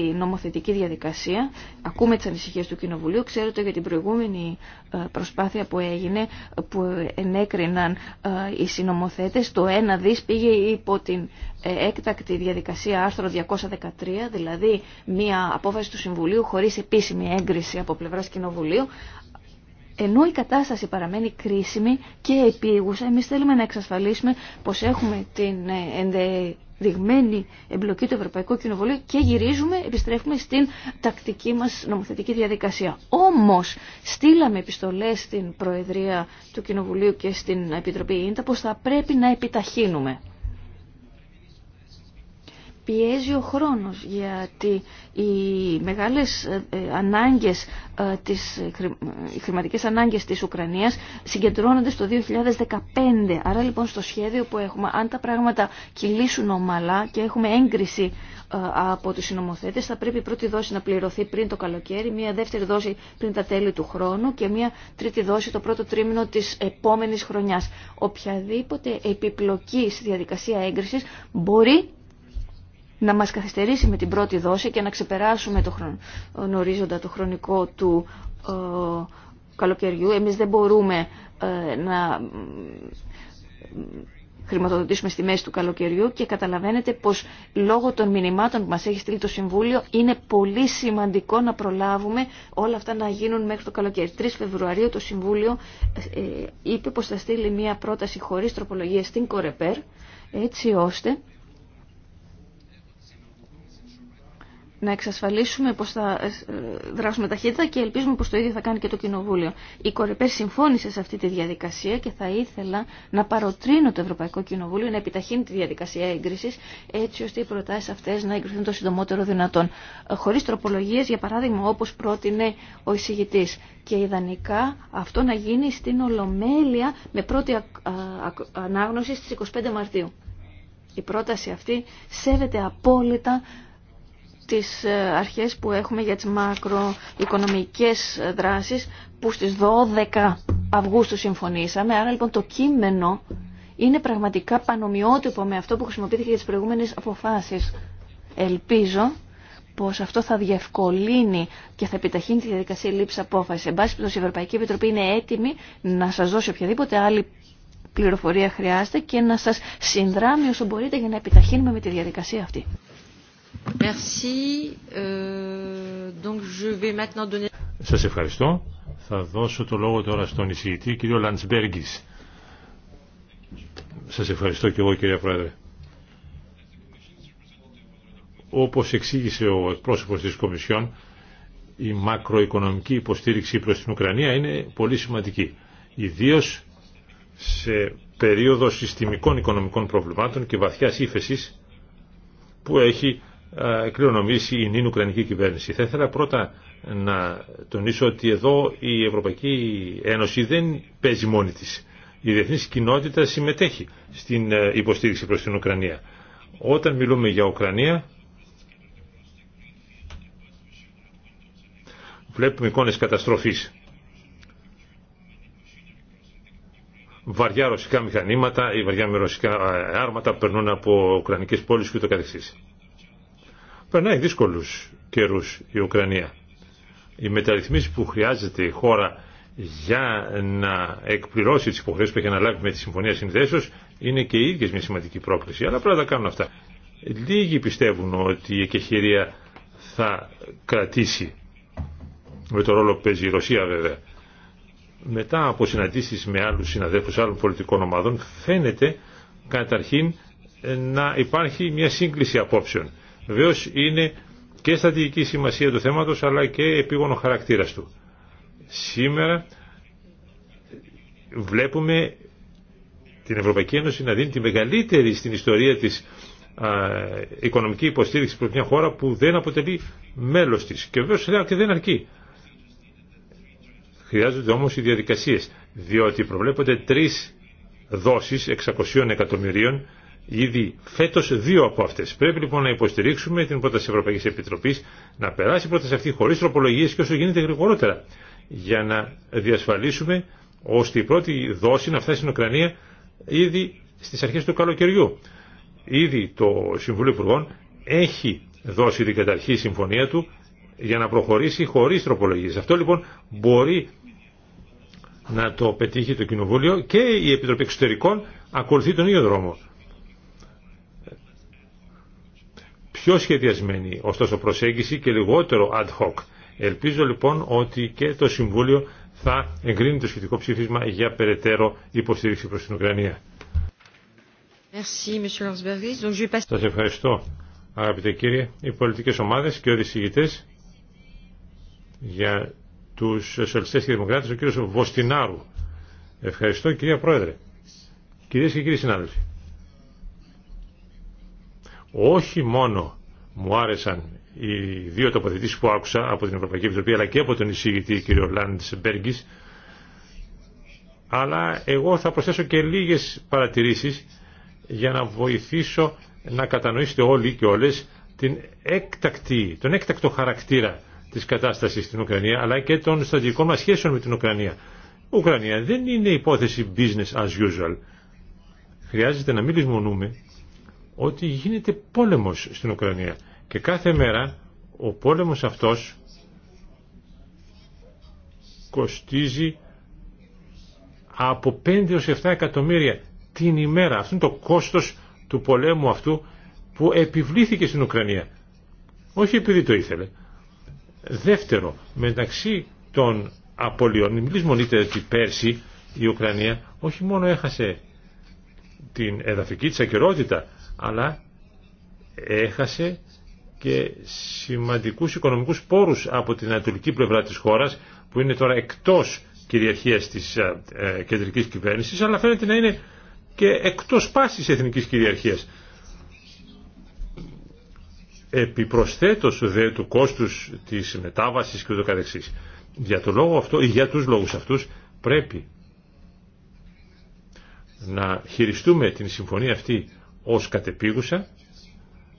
ε, νομοθετική διαδικασία. Ακούμε τις ανησυχίες του Κοινοβουλίου. Ξέρετε για την προηγούμενη ε, προσπάθεια που έγινε, που ενέκριναν ε, οι συνομοθέτες, το ένα δις πήγε υπό την ε, έκτακτη διαδικασία άρθρο 213, δηλαδή μία απόφαση του Συμβουλίου χωρίς επίσημη έγκριση από πλευράς Κοινοβουλίου, ενώ η κατάσταση παραμένει κρίσιμη και επίγουσα, εμείς θέλουμε να εξασφαλίσουμε πως έχουμε την δειγμένη εμπλοκή του Ευρωπαϊκού Κοινοβουλίου και γυρίζουμε, επιστρέφουμε στην τακτική μας νομοθετική διαδικασία. Όμως, στείλαμε επιστολές στην Προεδρία του Κοινοβουλίου και στην Επιτροπή Ίντα πως θα πρέπει να επιταχύνουμε πιέζει ο χρόνος γιατί οι μεγάλες ε, ε, ανάγκες, ε, τις, οι χρηματικές ανάγκες της Ουκρανίας συγκεντρώνονται στο 2015. Άρα λοιπόν στο σχέδιο που έχουμε, αν τα πράγματα κυλήσουν ομαλά και έχουμε έγκριση από τους συνομοθέτες, θα πρέπει η πρώτη δόση να πληρωθεί πριν το καλοκαίρι, μια δεύτερη δόση πριν τα τέλη του χρόνου και μια τρίτη δόση το πρώτο τρίμηνο της επόμενης χρονιάς. Οποιαδήποτε επιπλοκή στη διαδικασία έγκρισης μπορεί να μας καθυστερήσει με την πρώτη δόση και να ξεπεράσουμε το χρόνο, ορίζοντα το χρονικό του ε, καλοκαιριού. Εμείς δεν μπορούμε ε, να χρηματοδοτήσουμε στη μέση του καλοκαιριού και καταλαβαίνετε πως λόγω των μηνυμάτων που μας έχει στείλει το Συμβούλιο είναι πολύ σημαντικό να προλάβουμε όλα αυτά να γίνουν μέχρι το καλοκαίρι. 3 Φεβρουαρίου το Συμβούλιο ε, ε, είπε πως θα στείλει μια πρόταση χωρίς τροπολογία στην Κορεπέρ έτσι ώστε να εξασφαλίσουμε πως θα ε, δράσουμε ταχύτητα και ελπίζουμε πως το ίδιο θα κάνει και το Κοινοβούλιο. Η Κορεπέρ συμφώνησε σε αυτή τη διαδικασία και θα ήθελα να παροτρύνω το Ευρωπαϊκό Κοινοβούλιο να επιταχύνει τη διαδικασία έγκρισης έτσι ώστε οι προτάσεις αυτές να εγκριθούν το συντομότερο δυνατόν. Ε, χωρίς τροπολογίες, για παράδειγμα, όπως πρότεινε ο εισηγητής. Και ιδανικά αυτό να γίνει στην Ολομέλεια με πρώτη ανάγνωση στις 25 Μαρτίου. Η πρόταση αυτή σέβεται απόλυτα τις ε, αρχές που έχουμε για τις μακροοικονομικές δράσεις που στις 12 Αυγούστου συμφωνήσαμε. Άρα λοιπόν το κείμενο είναι πραγματικά πανομοιότυπο με αυτό που χρησιμοποιήθηκε για τις προηγούμενες αποφάσεις. Ελπίζω πως αυτό θα διευκολύνει και θα επιταχύνει τη διαδικασία λήψη απόφαση. Εν πάση περιπτώσει, η Ευρωπαϊκή Επιτροπή είναι έτοιμη να σας δώσει οποιαδήποτε άλλη πληροφορία χρειάζεται και να σας συνδράμει όσο μπορείτε για να επιταχύνουμε με τη διαδικασία αυτή. Merci. Euh, ευχαριστώ. Θα δώσω το λόγο τώρα στον εισηγητή, κύριο Λαντσμπέργκης. Σας ευχαριστώ και εγώ κύριε Πρόεδρε. Όπως εξήγησε ο εκπρόσωπος της Κομισιόν, η μακροοικονομική υποστήριξη προς την Ουκρανία είναι πολύ σημαντική. Ιδίως σε περίοδο συστημικών οικονομικών προβλημάτων και βαθιάς ύφεσης που έχει κληρονομήσει η νυν Ουκρανική κυβέρνηση. Θα ήθελα πρώτα να τονίσω ότι εδώ η Ευρωπαϊκή Ένωση δεν παίζει μόνη της. Η διεθνής κοινότητα συμμετέχει στην ε, υποστήριξη προς την Ουκρανία. Όταν μιλούμε για Ουκρανία βλέπουμε εικόνες καταστροφής. Βαριά ρωσικά μηχανήματα ή βαριά με ρωσικά ε, άρματα περνούν από ουκρανικές πόλεις και το καθεξής περνάει δύσκολου καιρού η Ουκρανία. Οι μεταρρυθμίσεις που χρειάζεται η χώρα για να εκπληρώσει τι υποχρεώσει που έχει αναλάβει με τη Συμφωνία Συνδέσεω είναι και οι ίδιε μια σημαντική πρόκληση. Αλλά πρέπει να τα κάνουν αυτά. Λίγοι πιστεύουν ότι η εκεχηρία θα κρατήσει με το ρόλο που παίζει η Ρωσία βέβαια. Μετά από συναντήσεις με άλλους συναδέλφους άλλων πολιτικών ομάδων φαίνεται καταρχήν να υπάρχει μια σύγκληση απόψεων. Βεβαίω είναι και στρατηγική σημασία του θέματος αλλά και επίγονο χαρακτήρας του. Σήμερα βλέπουμε την Ευρωπαϊκή Ένωση να δίνει τη μεγαλύτερη στην ιστορία της α, οικονομική υποστήριξη προς μια χώρα που δεν αποτελεί μέλος της και βέβαια και δεν αρκεί. Χρειάζονται όμως οι διαδικασίες διότι προβλέπονται τρεις δόσεις 600 εκατομμυρίων ήδη φέτο δύο από αυτέ. Πρέπει λοιπόν να υποστηρίξουμε την πρόταση τη Ευρωπαϊκή Επιτροπή να περάσει η πρόταση αυτή χωρί τροπολογίε και όσο γίνεται γρηγορότερα για να διασφαλίσουμε ώστε η πρώτη δόση να φτάσει στην Ουκρανία ήδη στι αρχέ του καλοκαιριού. Ήδη το Συμβούλιο Υπουργών έχει δώσει την καταρχή συμφωνία του για να προχωρήσει χωρί τροπολογίε. Αυτό λοιπόν μπορεί να το πετύχει το Κοινοβούλιο και η Επιτροπή Εξωτερικών ακολουθεί τον ίδιο δρόμο. πιο σχεδιασμένη ωστόσο προσέγγιση και λιγότερο ad hoc. Ελπίζω λοιπόν ότι και το Συμβούλιο θα εγκρίνει το σχετικό ψήφισμα για περαιτέρω υποστήριξη προς την Ουκρανία. Σας ευχαριστώ αγαπητέ κύριε. Οι πολιτικές ομάδες και οι οδησηγητές για τους Σοσιαλιστέ και δημοκράτες, ο κύριος Βοστινάρου. Ευχαριστώ κυρία Πρόεδρε. Κυρίες και κύριοι συνάδελφοι, όχι μόνο μου άρεσαν οι δύο τοποθετήσει που άκουσα από την Ευρωπαϊκή Επιτροπή αλλά και από τον εισηγητή κ. Μπέργκη. αλλά εγώ θα προσθέσω και λίγε παρατηρήσει για να βοηθήσω να κατανοήσετε όλοι και όλε την έκτακτη, τον έκτακτο χαρακτήρα της κατάστασης στην Ουκρανία αλλά και των στρατηγικών μας σχέσεων με την Ουκρανία. Ουκρανία δεν είναι υπόθεση business as usual. Χρειάζεται να μην λησμονούμε ότι γίνεται πόλεμος στην Ουκρανία. Και κάθε μέρα ο πόλεμος αυτός κοστίζει από 5 έως 7 εκατομμύρια την ημέρα. Αυτό είναι το κόστος του πολέμου αυτού που επιβλήθηκε στην Ουκρανία. Όχι επειδή το ήθελε. Δεύτερο, μεταξύ των απολειών, μην λησμονείτε ότι πέρσι η Ουκρανία όχι μόνο έχασε την εδαφική της ακερότητα αλλά έχασε και σημαντικούς οικονομικούς πόρους από την ανατολική πλευρά της χώρας που είναι τώρα εκτός κυριαρχίας της ε, ε, κεντρικής κυβέρνησης αλλά φαίνεται να είναι και εκτός πάσης εθνικής κυριαρχίας. Επιπροσθέτως δε του κόστους της μετάβασης και ούτω καθεξής. Για το λόγο αυτό ή για τους λόγους αυτούς πρέπει να χειριστούμε την συμφωνία αυτή ως κατεπίγουσα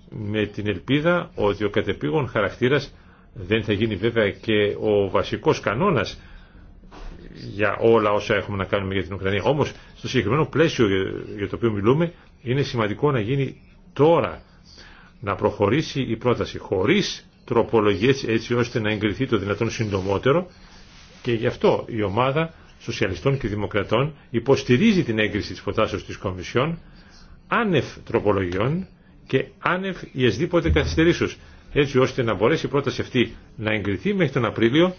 με την ελπίδα ότι ο κατεπήγον χαρακτήρας δεν θα γίνει βέβαια και ο βασικός κανόνας για όλα όσα έχουμε να κάνουμε για την Ουκρανία. Όμως στο συγκεκριμένο πλαίσιο για το οποίο μιλούμε είναι σημαντικό να γίνει τώρα να προχωρήσει η πρόταση χωρίς τροπολογίες έτσι ώστε να εγκριθεί το δυνατόν συντομότερο και γι' αυτό η ομάδα Σοσιαλιστών και Δημοκρατών υποστηρίζει την έγκριση της προτάσεως της Κομισιόν άνευ τροπολογιών και άνευ ιεσδήποτε καθυστερήσεως έτσι ώστε να μπορέσει η πρόταση αυτή να εγκριθεί μέχρι τον Απρίλιο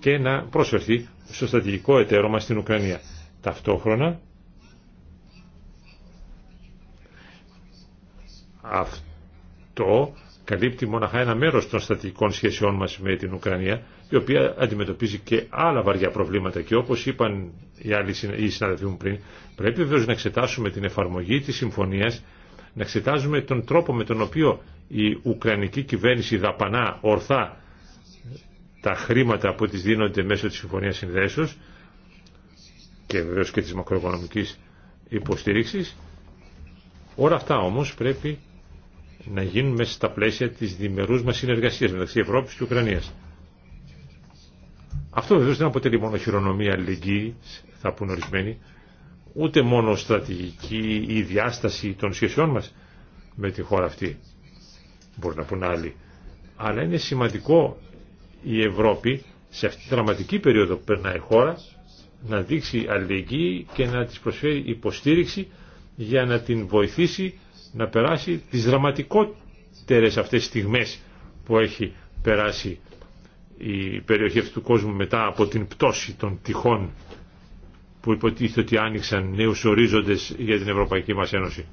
και να προσφερθεί στο στρατηγικό εταίρο στην Ουκρανία. Ταυτόχρονα αυτό καλύπτει μόναχα ένα μέρο των στατικών σχέσεών μα με την Ουκρανία, η οποία αντιμετωπίζει και άλλα βαριά προβλήματα. Και όπω είπαν οι άλλοι συναδελφοί μου πριν, πρέπει βεβαίω να εξετάσουμε την εφαρμογή τη συμφωνία, να εξετάζουμε τον τρόπο με τον οποίο η Ουκρανική κυβέρνηση δαπανά ορθά τα χρήματα που τη δίνονται μέσω τη συμφωνία συνδέσεω και βεβαίω και τη μακροοικονομική υποστήριξη, Όλα αυτά όμως πρέπει να γίνουν μέσα στα πλαίσια της διμερούς μας συνεργασίας μεταξύ Ευρώπης και Ουκρανίας. Αυτό βεβαίως δεν αποτελεί μόνο χειρονομία αλληλεγγύη θα πούν ορισμένοι, ούτε μόνο στρατηγική ή διάσταση των σχέσεών μας με τη χώρα αυτή, μπορεί να πούν άλλοι. Αλλά είναι σημαντικό η Ευρώπη σε αυτή τη δραματική περίοδο που περνάει η χώρα να δείξει αλληλεγγύη και να της προσφέρει υποστήριξη για να την βοηθήσει να περάσει τις δραματικότερες αυτές στιγμές που έχει περάσει η περιοχή αυτού του κόσμου μετά από την πτώση των τυχών που υποτίθεται ότι άνοιξαν νέους ορίζοντες για την Ευρωπαϊκή μας Ένωση.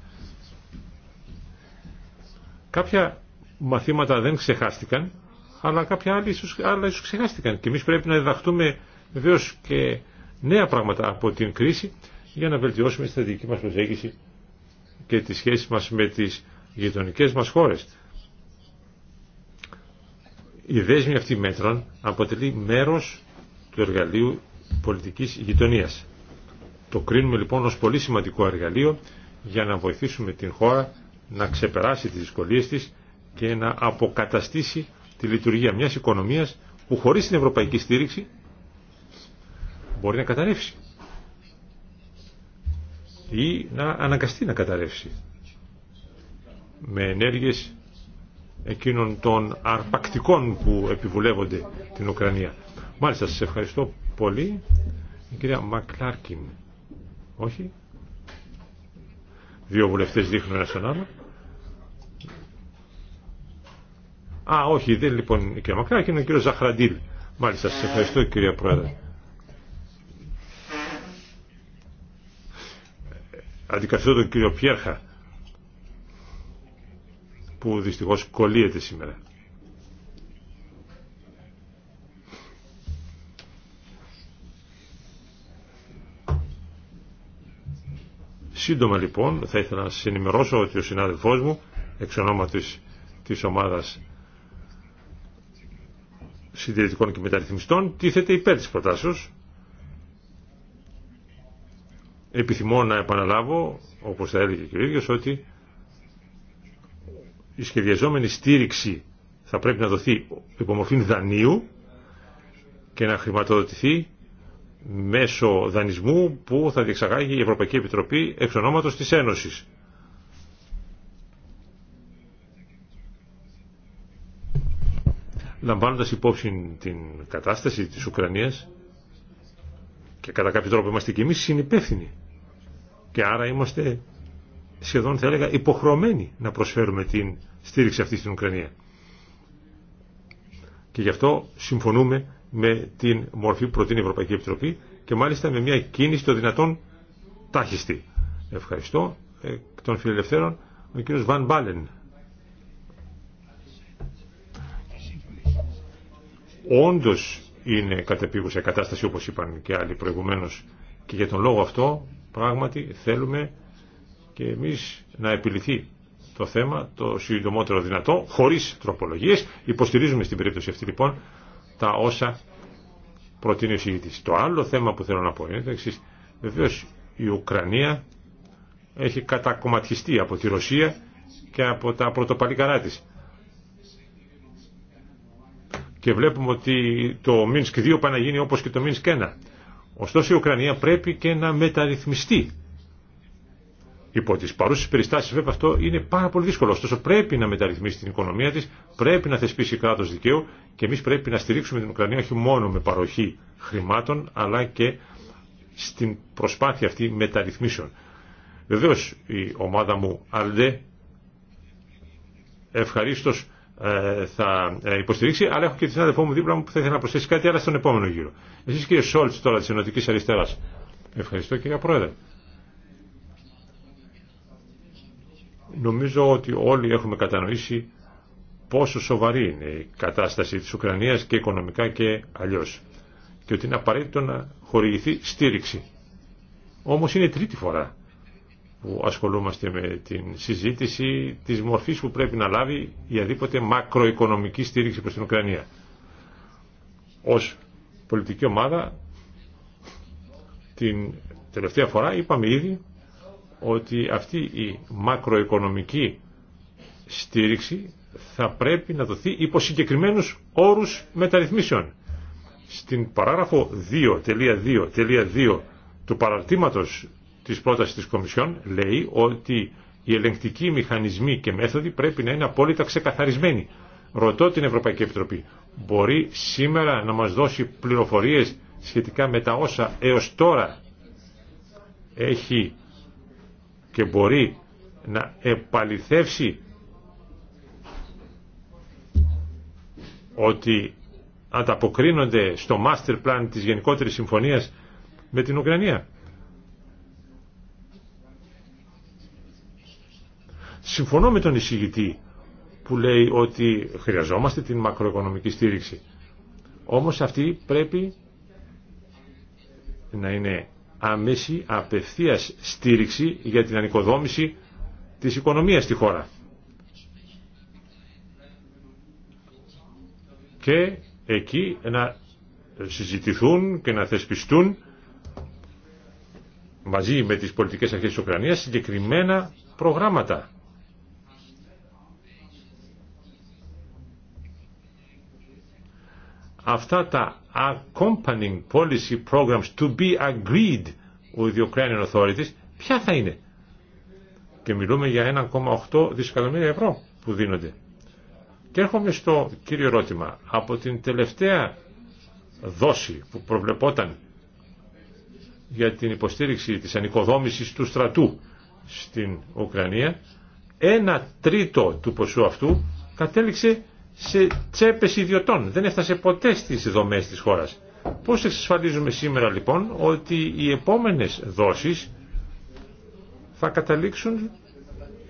Κάποια μαθήματα δεν ξεχάστηκαν, αλλά κάποια άλλα ίσως, άλλα ίσως ξεχάστηκαν. Και εμείς πρέπει να διδαχτούμε βεβαίω και νέα πράγματα από την κρίση για να βελτιώσουμε στη δική μας προσέγγιση και τις σχέσεις μας με τις γειτονικές μας χώρες. Η δέσμη αυτή μέτρων αποτελεί μέρος του εργαλείου πολιτικής γειτονίας. Το κρίνουμε λοιπόν ως πολύ σημαντικό εργαλείο για να βοηθήσουμε την χώρα να ξεπεράσει τις δυσκολίες της και να αποκαταστήσει τη λειτουργία μιας οικονομίας που χωρίς την ευρωπαϊκή στήριξη μπορεί να καταρρεύσει ή να αναγκαστεί να καταρρεύσει με ενέργειες εκείνων των αρπακτικών που επιβουλεύονται την Ουκρανία. Μάλιστα, σας ευχαριστώ πολύ. Η κυρία Μακλάρκιν. Όχι. Δύο βουλευτές δείχνουν ένα στον άλλο. Α, όχι, δεν λοιπόν η κυρία Μακλάρκιν, ο κύριος Ζαχραντήλ. Μάλιστα, σας ευχαριστώ κυρία Πρόεδρε. αντικαθιστώ τον κύριο Πιέρχα που δυστυχώς κολλείεται σήμερα. Σύντομα λοιπόν θα ήθελα να σας ενημερώσω ότι ο συνάδελφός μου εξ ονόματος της ομάδας συντηρητικών και μεταρρυθμιστών τίθεται υπέρ της προτάσεως επιθυμώ να επαναλάβω, όπως θα έλεγε και ο ίδιος, ότι η σχεδιαζόμενη στήριξη θα πρέπει να δοθεί υπομορφήν δανείου και να χρηματοδοτηθεί μέσω δανεισμού που θα διεξαγάγει η Ευρωπαϊκή Επιτροπή εξ ονόματος της Ένωσης. Λαμβάνοντας υπόψη την κατάσταση της Ουκρανίας, και κατά κάποιο τρόπο είμαστε και εμείς συνυπεύθυνοι και άρα είμαστε σχεδόν θα έλεγα υποχρεωμένοι να προσφέρουμε την στήριξη αυτή στην Ουκρανία. Και γι' αυτό συμφωνούμε με την μορφή που προτείνει η Ευρωπαϊκή Επιτροπή και μάλιστα με μια κίνηση των δυνατών τάχιστη. Ευχαριστώ. Εκ των φιλελευθέρων, ο κύριο Βαν Μπάλεν. Όντως είναι κατεπίγουσα κατάσταση όπως είπαν και άλλοι προηγουμένως και για τον λόγο αυτό πράγματι θέλουμε και εμείς να επιληθεί το θέμα το συντομότερο δυνατό χωρίς τροπολογίες υποστηρίζουμε στην περίπτωση αυτή λοιπόν τα όσα προτείνει ο συγητής. Το άλλο θέμα που θέλω να πω είναι εξής. Βεβαίως η Ουκρανία έχει κατακομματιστεί από τη Ρωσία και από τα πρωτοπαλικαρά της και βλέπουμε ότι το Μίνσκ 2 πάει να γίνει όπως και το Μίνσκ 1. Ωστόσο η Ουκρανία πρέπει και να μεταρρυθμιστεί. Υπό τι παρούσε περιστάσει, βέβαια, αυτό είναι πάρα πολύ δύσκολο. Ωστόσο, πρέπει να μεταρρυθμίσει την οικονομία τη, πρέπει να θεσπίσει κράτο δικαίου και εμεί πρέπει να στηρίξουμε την Ουκρανία όχι μόνο με παροχή χρημάτων, αλλά και στην προσπάθεια αυτή μεταρρυθμίσεων. Βεβαίω, η ομάδα μου Αλντε ευχαρίστω ε, θα ε, υποστηρίξει, αλλά έχω και τη συνάδελφό μου δίπλα μου που θα ήθελα να προσθέσει κάτι, άλλο στον επόμενο γύρο. Εσείς κύριε Σόλτς τώρα της Ενωτικής Αριστεράς. Ευχαριστώ κύριε Πρόεδρε. Νομίζω ότι όλοι έχουμε κατανοήσει πόσο σοβαρή είναι η κατάσταση της Ουκρανίας και οικονομικά και αλλιώς και ότι είναι απαραίτητο να χορηγηθεί στήριξη. Όμως είναι τρίτη φορά που ασχολούμαστε με την συζήτηση της μορφής που πρέπει να λάβει η αδίποτε μακροοικονομική στήριξη προς την Ουκρανία. Ως πολιτική ομάδα την τελευταία φορά είπαμε ήδη ότι αυτή η μακροοικονομική στήριξη θα πρέπει να δοθεί υπό συγκεκριμένους όρους μεταρρυθμίσεων. Στην παράγραφο 2.2.2 του παραρτήματος της πρότασης της Κομισιόν λέει ότι οι ελεγκτικοί μηχανισμοί και μέθοδοι πρέπει να είναι απόλυτα ξεκαθαρισμένοι. Ρωτώ την Ευρωπαϊκή Επιτροπή, μπορεί σήμερα να μας δώσει πληροφορίες σχετικά με τα όσα έως τώρα έχει και μπορεί να επαληθεύσει ότι ανταποκρίνονται στο master plan της Γενικότερης Συμφωνίας με την Ουκρανία. Συμφωνώ με τον εισηγητή που λέει ότι χρειαζόμαστε την μακροοικονομική στήριξη. Όμως αυτή πρέπει να είναι αμέση απευθείας στήριξη για την ανοικοδόμηση της οικονομίας στη χώρα. Και εκεί να συζητηθούν και να θεσπιστούν μαζί με τις πολιτικές αρχές της Ουκρανίας συγκεκριμένα προγράμματα αυτά τα accompanying policy programs to be agreed with the Ukrainian authorities, ποια θα είναι. Και μιλούμε για 1,8 δισεκατομμύρια ευρώ που δίνονται. Και έρχομαι στο κύριο ερώτημα. Από την τελευταία δόση που προβλεπόταν για την υποστήριξη της ανοικοδόμησης του στρατού στην Ουκρανία, ένα τρίτο του ποσού αυτού κατέληξε σε τσέπε ιδιωτών. Δεν έφτασε ποτέ στις δομέ της χώρας. Πώ εξασφαλίζουμε σήμερα λοιπόν ότι οι επόμενες δόσεις θα καταλήξουν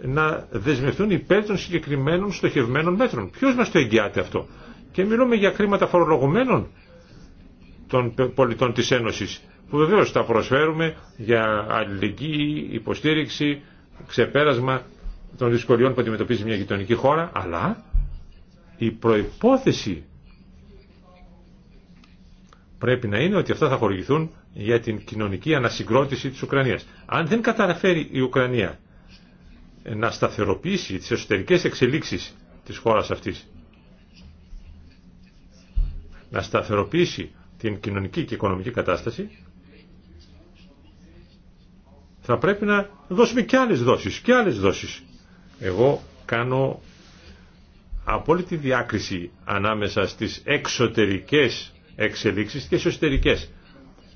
να δεσμευτούν υπέρ των συγκεκριμένων στοχευμένων μέτρων. Ποιο μας το εγγυάται αυτό. Και μιλούμε για χρήματα φορολογουμένων των πολιτών της Ένωσης που βεβαίως τα προσφέρουμε για αλληλεγγύη, υποστήριξη, ξεπέρασμα των δυσκολιών που αντιμετωπίζει μια γειτονική χώρα, αλλά η προϋπόθεση πρέπει να είναι ότι αυτά θα χορηγηθούν για την κοινωνική ανασυγκρότηση της Ουκρανίας. Αν δεν καταφέρει η Ουκρανία να σταθεροποιήσει τις εσωτερικές εξελίξεις της χώρας αυτής, να σταθεροποιήσει την κοινωνική και οικονομική κατάσταση, θα πρέπει να δώσουμε και άλλες δόσεις, και άλλες δόσεις. Εγώ κάνω απόλυτη διάκριση ανάμεσα στις εξωτερικές εξελίξεις και εσωτερικές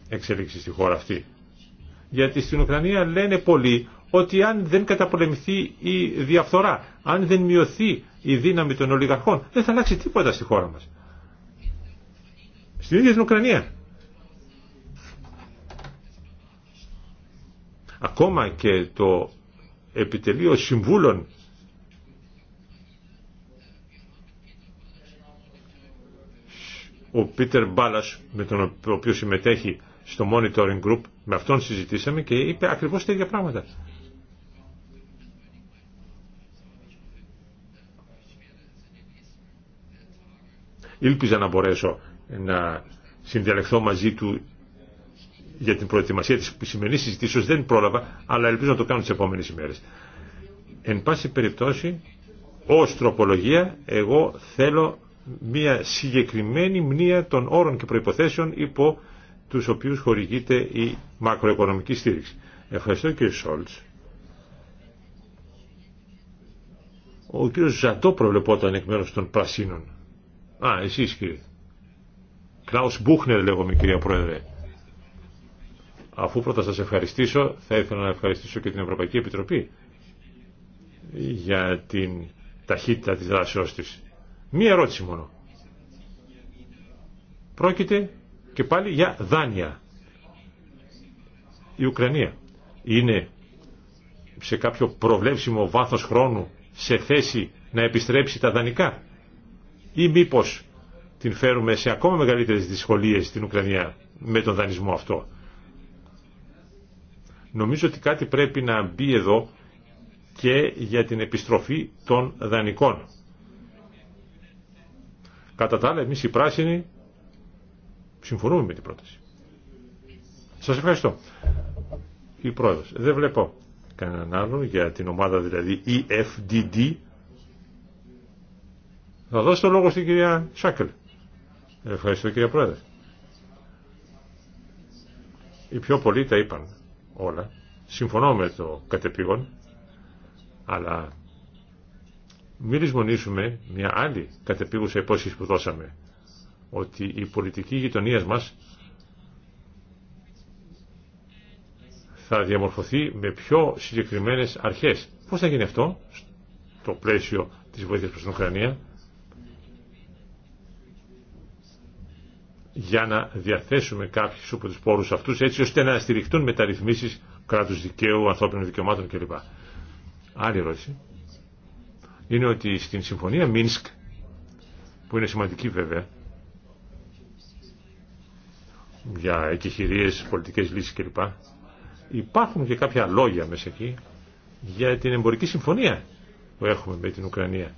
εξελίξεις στη χώρα αυτή. Γιατί στην Ουκρανία λένε πολλοί ότι αν δεν καταπολεμηθεί η διαφθορά, αν δεν μειωθεί η δύναμη των ολιγαρχών, δεν θα αλλάξει τίποτα στη χώρα μας. Στην ίδια την Ουκρανία. Ακόμα και το επιτελείο συμβούλων Ο Πίτερ Μπάλας, με τον οποίο συμμετέχει στο monitoring group, με αυτόν συζητήσαμε και είπε ακριβώς τα ίδια πράγματα. Ήλπιζα να μπορέσω να συνδιαλεχθώ μαζί του για την προετοιμασία της σημερινής συζητήσεως. Δεν πρόλαβα, αλλά ελπίζω να το κάνω τις επόμενες ημέρες. Εν πάση περιπτώσει, ως τροπολογία, εγώ θέλω μια συγκεκριμένη μνήα των όρων και προϋποθέσεων υπό τους οποίους χορηγείται η μακροοικονομική στήριξη. Ευχαριστώ κύριε Σόλτς. Ο κύριος Ζατό προβλεπόταν εκ μέρους των Πρασίνων. Α, εσείς κύριε. Κλάους Μπούχνερ λέγομαι κυρία Πρόεδρε. Αφού πρώτα σας ευχαριστήσω, θα ήθελα να ευχαριστήσω και την Ευρωπαϊκή Επιτροπή για την ταχύτητα της δράσεώς της. Μία ερώτηση μόνο. Πρόκειται και πάλι για δάνεια. Η Ουκρανία είναι σε κάποιο προβλέψιμο βάθος χρόνου σε θέση να επιστρέψει τα δανεικά ή μήπως την φέρουμε σε ακόμα μεγαλύτερες δυσκολίες στην Ουκρανία με τον δανεισμό αυτό. Νομίζω ότι κάτι πρέπει να μπει εδώ και για την επιστροφή των δανεικών. Κατά τα άλλα, εμείς οι πράσινοι συμφωνούμε με την πρόταση. Σας ευχαριστώ. Η πρόεδρος. Δεν βλέπω κανέναν άλλο για την ομάδα δηλαδή EFDD. Θα δώσω το λόγο στην κυρία Σάκελ. Ευχαριστώ κυρία Πρόεδρε. Οι πιο πολλοί τα είπαν όλα. Συμφωνώ με το κατεπήγον, αλλά μην λησμονήσουμε μια άλλη κατεπίγουσα υπόσχεση που δώσαμε, ότι η πολιτική γειτονία μας θα διαμορφωθεί με πιο συγκεκριμένες αρχές. Πώς θα γίνει αυτό στο πλαίσιο της βοήθειας προς την Ουκρανία, για να διαθέσουμε κάποιους από τους πόρους αυτούς έτσι ώστε να στηριχτούν μεταρρυθμίσεις κράτους δικαίου, ανθρώπινων δικαιωμάτων κλπ. Άλλη ερώτηση είναι ότι στην συμφωνία Μίνσκ, που είναι σημαντική βέβαια, για εκεχηρίες, πολιτικές λύσεις κλπ. Υπάρχουν και κάποια λόγια μέσα εκεί για την εμπορική συμφωνία που έχουμε με την Ουκρανία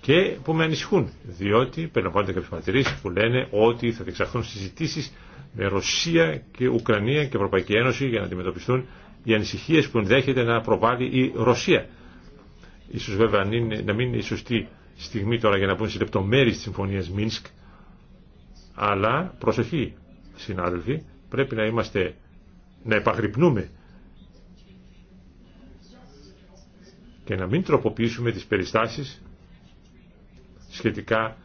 και που με ανησυχούν, διότι περιλαμβάνονται κάποιες παρατηρήσει που λένε ότι θα διεξαχθούν συζητήσεις με Ρωσία και Ουκρανία και Ευρωπαϊκή Ένωση για να αντιμετωπιστούν οι ανησυχίε που ενδέχεται να προβάλλει η Ρωσία. Ίσως βέβαια να μην είναι η σωστή στιγμή τώρα για να πούμε σε λεπτομέρειες της συμφωνίας Μίνσκ, αλλά προσοχή συνάδελφοι, πρέπει να είμαστε, να επαγρυπνούμε και να μην τροποποιήσουμε τις περιστάσεις σχετικά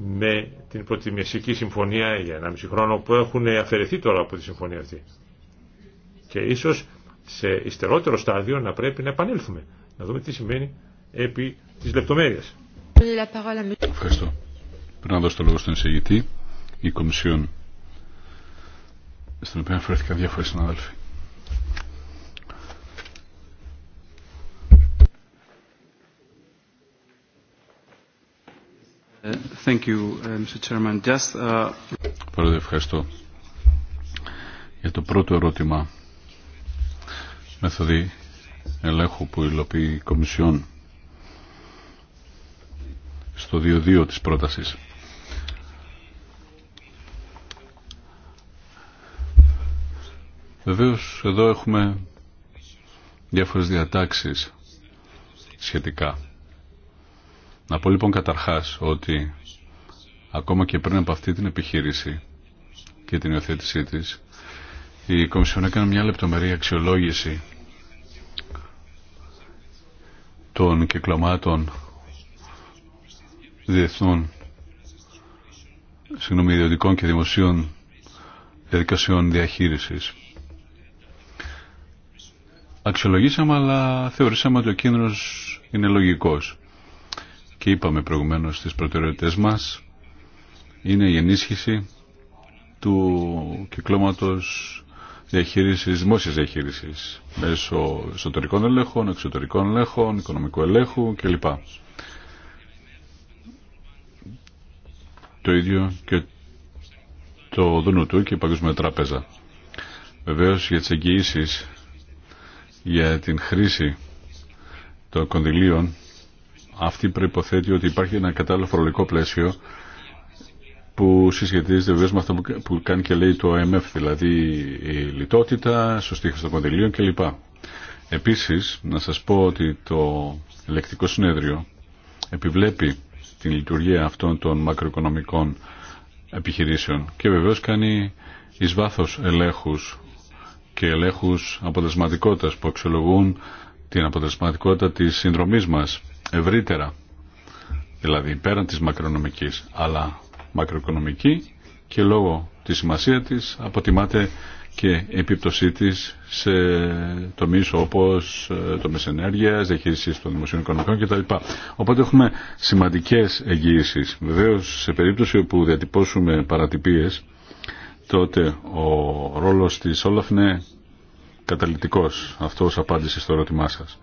με την προτιμησιακή συμφωνία για ένα μισή χρόνο που έχουν αφαιρεθεί τώρα από τη συμφωνία αυτή. Και ίσως σε ιστερότερο στάδιο να πρέπει να επανέλθουμε να δούμε τι συμβαίνει επί της λεπτομέρειας. Ευχαριστώ. Πρέπει να δώσω το λόγο στον εισηγητή, η Κομισιόν, στην οποία αφαιρέθηκαν διάφορες συνάδελφοι. Ε, thank you, ε, Mr. Chairman. Just, ε, ευχαριστώ. Για το πρώτο ερώτημα, μεθοδή ελέγχου που υλοποιεί η Κομισιόν στο 2-2 της πρότασης. Βεβαίως εδώ έχουμε διάφορες διατάξεις σχετικά. Να πω λοιπόν καταρχάς ότι ακόμα και πριν από αυτή την επιχείρηση και την υιοθέτησή της η Κομισιόν έκανε μια λεπτομερή αξιολόγηση των κυκλωμάτων διεθνών συγγνώμη, ιδιωτικών και δημοσίων διαδικασιών διαχείρισης. Αξιολογήσαμε, αλλά θεωρήσαμε ότι ο κίνδυνος είναι λογικός. Και είπαμε προηγουμένως στις προτεραιότητες μας είναι η ενίσχυση του κυκλώματος διαχείρισης, δημόσιας διαχείρισης μέσω εσωτερικών ελέγχων, εξωτερικών ελέγχων, οικονομικού ελέγχου κλπ. Το ίδιο και το ΔΝΤ του και η Παγκόσμια Τράπεζα. Βεβαίω για τι εγγύησει για την χρήση των κονδυλίων αυτή προϋποθέτει ότι υπάρχει ένα κατάλληλο φορολογικό πλαίσιο που συσχετίζεται βεβαίω με αυτό που κάνει και λέει το ΕΜΕΦ, δηλαδή η λιτότητα, σωστή χρήση των κονδυλίων κλπ. Επίσης, να σας πω ότι το ελεκτικό συνέδριο επιβλέπει την λειτουργία αυτών των μακροοικονομικών επιχειρήσεων και βεβαίως κάνει εις βάθος ελέγχους και ελέγχους αποτελεσματικότητας που αξιολογούν την αποτελεσματικότητα τη συνδρομή μα ευρύτερα δηλαδή πέραν της μακρονομικής αλλά μακροοικονομική και λόγω της σημασία της αποτιμάται και η επίπτωσή της σε τομείς όπως ε, το ενέργειας, διαχείριση των δημοσίων οικονομικών κτλ. Οπότε έχουμε σημαντικές εγγύησεις. Βεβαίως σε περίπτωση όπου διατυπώσουμε παρατυπίες τότε ο ρόλος της Όλαφ είναι καταλητικός. Αυτός απάντησε στο ερώτημά σας.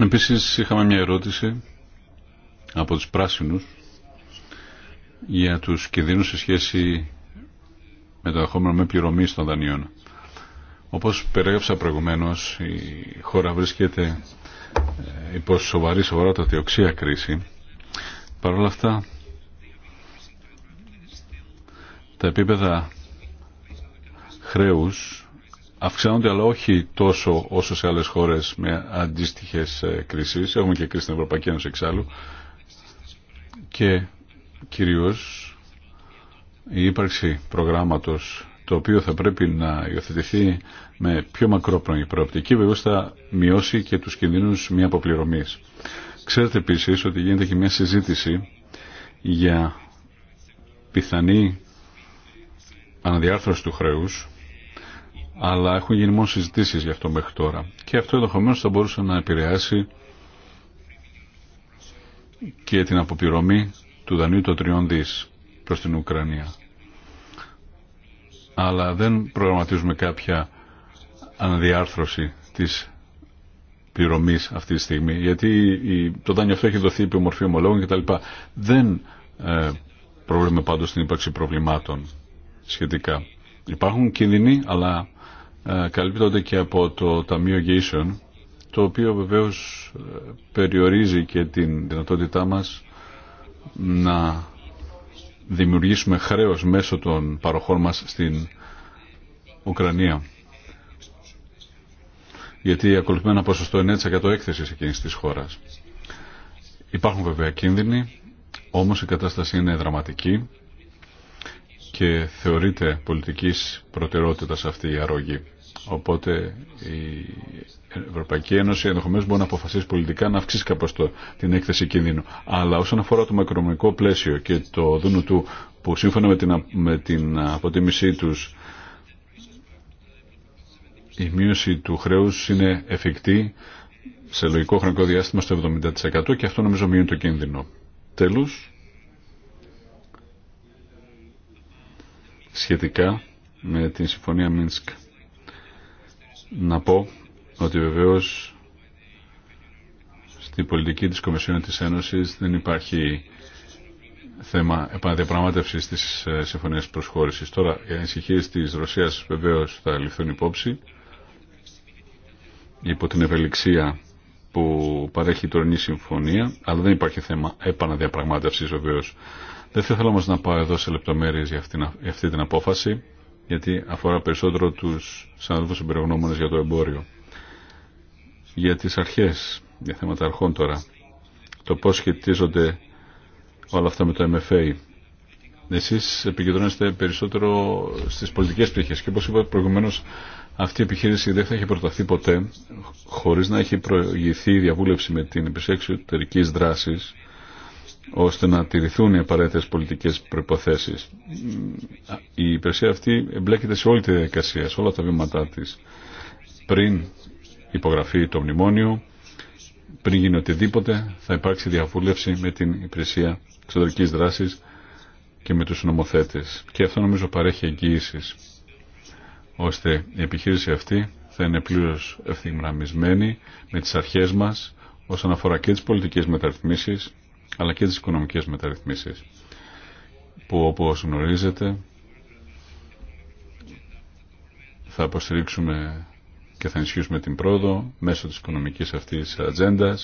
Επίσης είχαμε μια ερώτηση από τους πράσινους για τους κινδύνους σε σχέση με το δεχόμενο με πληρωμή των δανείων. Όπως περιέγραψα προηγουμένως, η χώρα βρίσκεται ε, υπό σοβαρή σοβαρότατη οξία κρίση. Παρ' όλα αυτά, τα επίπεδα χρέους αυξάνονται αλλά όχι τόσο όσο σε άλλες χώρες με αντίστοιχες ε, κρίσεις. Έχουμε και κρίση στην Ευρωπαϊκή Ένωση εξάλλου και κυρίως η ύπαρξη προγράμματος το οποίο θα πρέπει να υιοθετηθεί με πιο μακρόπνοη προοπτική, βεβαίω θα μειώσει και τους κινδύνους μια αποπληρωμής. Ξέρετε επίσης ότι γίνεται και μια συζήτηση για πιθανή αναδιάρθρωση του χρέους, αλλά έχουν γίνει μόνο συζητήσεις γι' αυτό μέχρι τώρα. Και αυτό ενδεχομένω θα μπορούσε να επηρεάσει και την αποπληρωμή του δανείου των τριών δις προς την Ουκρανία. Αλλά δεν προγραμματίζουμε κάποια αναδιάρθρωση της πληρωμής αυτή τη στιγμή, γιατί το δάνειο αυτό έχει δοθεί υπό μορφή ομολόγων κτλ. Δεν ε, προβλέπουμε πάντως την ύπαρξη προβλημάτων σχετικά. Υπάρχουν κίνδυνοι, αλλά ε, καλύπτονται και από το Ταμείο Γεήσεων το οποίο βεβαίως ε, περιορίζει και την δυνατότητά μας να δημιουργήσουμε χρέος μέσω των παροχών μας στην Ουκρανία. Γιατί ακολουθούμε ένα ποσοστό 9% έκθεση εκείνη τη χώρα. Υπάρχουν βέβαια κίνδυνοι, όμως η κατάσταση είναι δραματική και θεωρείται πολιτικής προτεραιότητας αυτή η αρρώγη. Οπότε η Ευρωπαϊκή Ένωση ενδεχομένω μπορεί να αποφασίσει πολιτικά να αυξήσει κάπω την έκθεση κινδύνου. Αλλά όσον αφορά το μακροοικονομικό πλαίσιο και το δούνου του που σύμφωνα με την, με την αποτίμησή του η μείωση του χρέου είναι εφικτή σε λογικό χρονικό διάστημα στο 70% και αυτό νομίζω μείνει το κίνδυνο. Τέλος, σχετικά με την Συμφωνία Μίνσκ να πω ότι βεβαίως στην πολιτική της Κομισιόν της Ένωσης δεν υπάρχει θέμα επαναδιαπραγμάτευσης της ε, συμφωνίας προσχώρησης. Τώρα, οι ανησυχίες της Ρωσίας βεβαίως θα ληφθούν υπόψη υπό την ευελιξία που παρέχει η τωρινή συμφωνία, αλλά δεν υπάρχει θέμα επαναδιαπραγμάτευσης βεβαίως. Δεν θα ήθελα όμως να πάω εδώ σε λεπτομέρειες για αυτή την απόφαση γιατί αφορά περισσότερο τους συναδελφούς συμπεριγνώμονες για το εμπόριο. Για τις αρχές, για θέματα αρχών τώρα, το πώς σχετίζονται όλα αυτά με το MFA. Εσείς επικεντρώνεστε περισσότερο στις πολιτικές πτυχές και όπως είπα προηγουμένως αυτή η επιχείρηση δεν θα έχει προταθεί ποτέ χωρίς να έχει προηγηθεί η διαβούλευση με την υπηρεσία εξωτερική δράσης ώστε να τηρηθούν οι απαραίτητες πολιτικές προϋποθέσεις. Η υπηρεσία αυτή εμπλέκεται σε όλη τη διαδικασία, σε όλα τα βήματά της. Πριν υπογραφεί το μνημόνιο, πριν γίνει οτιδήποτε, θα υπάρξει διαβούλευση με την υπηρεσία εξωτερική δράση και με τους νομοθέτες. Και αυτό νομίζω παρέχει εγγύησει ώστε η επιχείρηση αυτή θα είναι πλήρως ευθυγραμμισμένη με τις αρχές μας όσον αφορά και τις πολιτικές μεταρρυθμίσεις αλλά και τις οικονομικές μεταρρυθμίσεις που όπως γνωρίζετε θα αποστηρίξουμε και θα ενισχύσουμε την πρόοδο μέσω της οικονομικής αυτής ατζέντα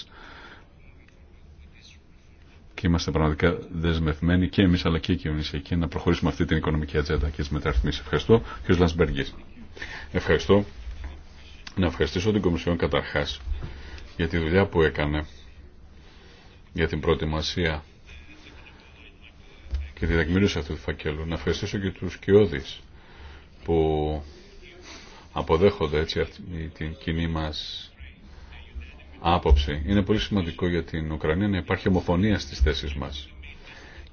και είμαστε πραγματικά δεσμευμένοι και εμείς αλλά και η κοινωνία να προχωρήσουμε αυτή την οικονομική ατζέντα και τις μεταρρυθμίσεις. Ευχαριστώ. Ευχαριστώ. Να ευχαριστήσω την Κομισιόν καταρχάς για τη δουλειά που έκανε για την προετοιμασία και τη δεκμήρωση αυτού του φακέλου. Να ευχαριστήσω και τους κοιόδης που αποδέχονται έτσι αυτή, την κοινή μας άποψη. Είναι πολύ σημαντικό για την Ουκρανία να υπάρχει ομοφωνία στις θέσεις μας.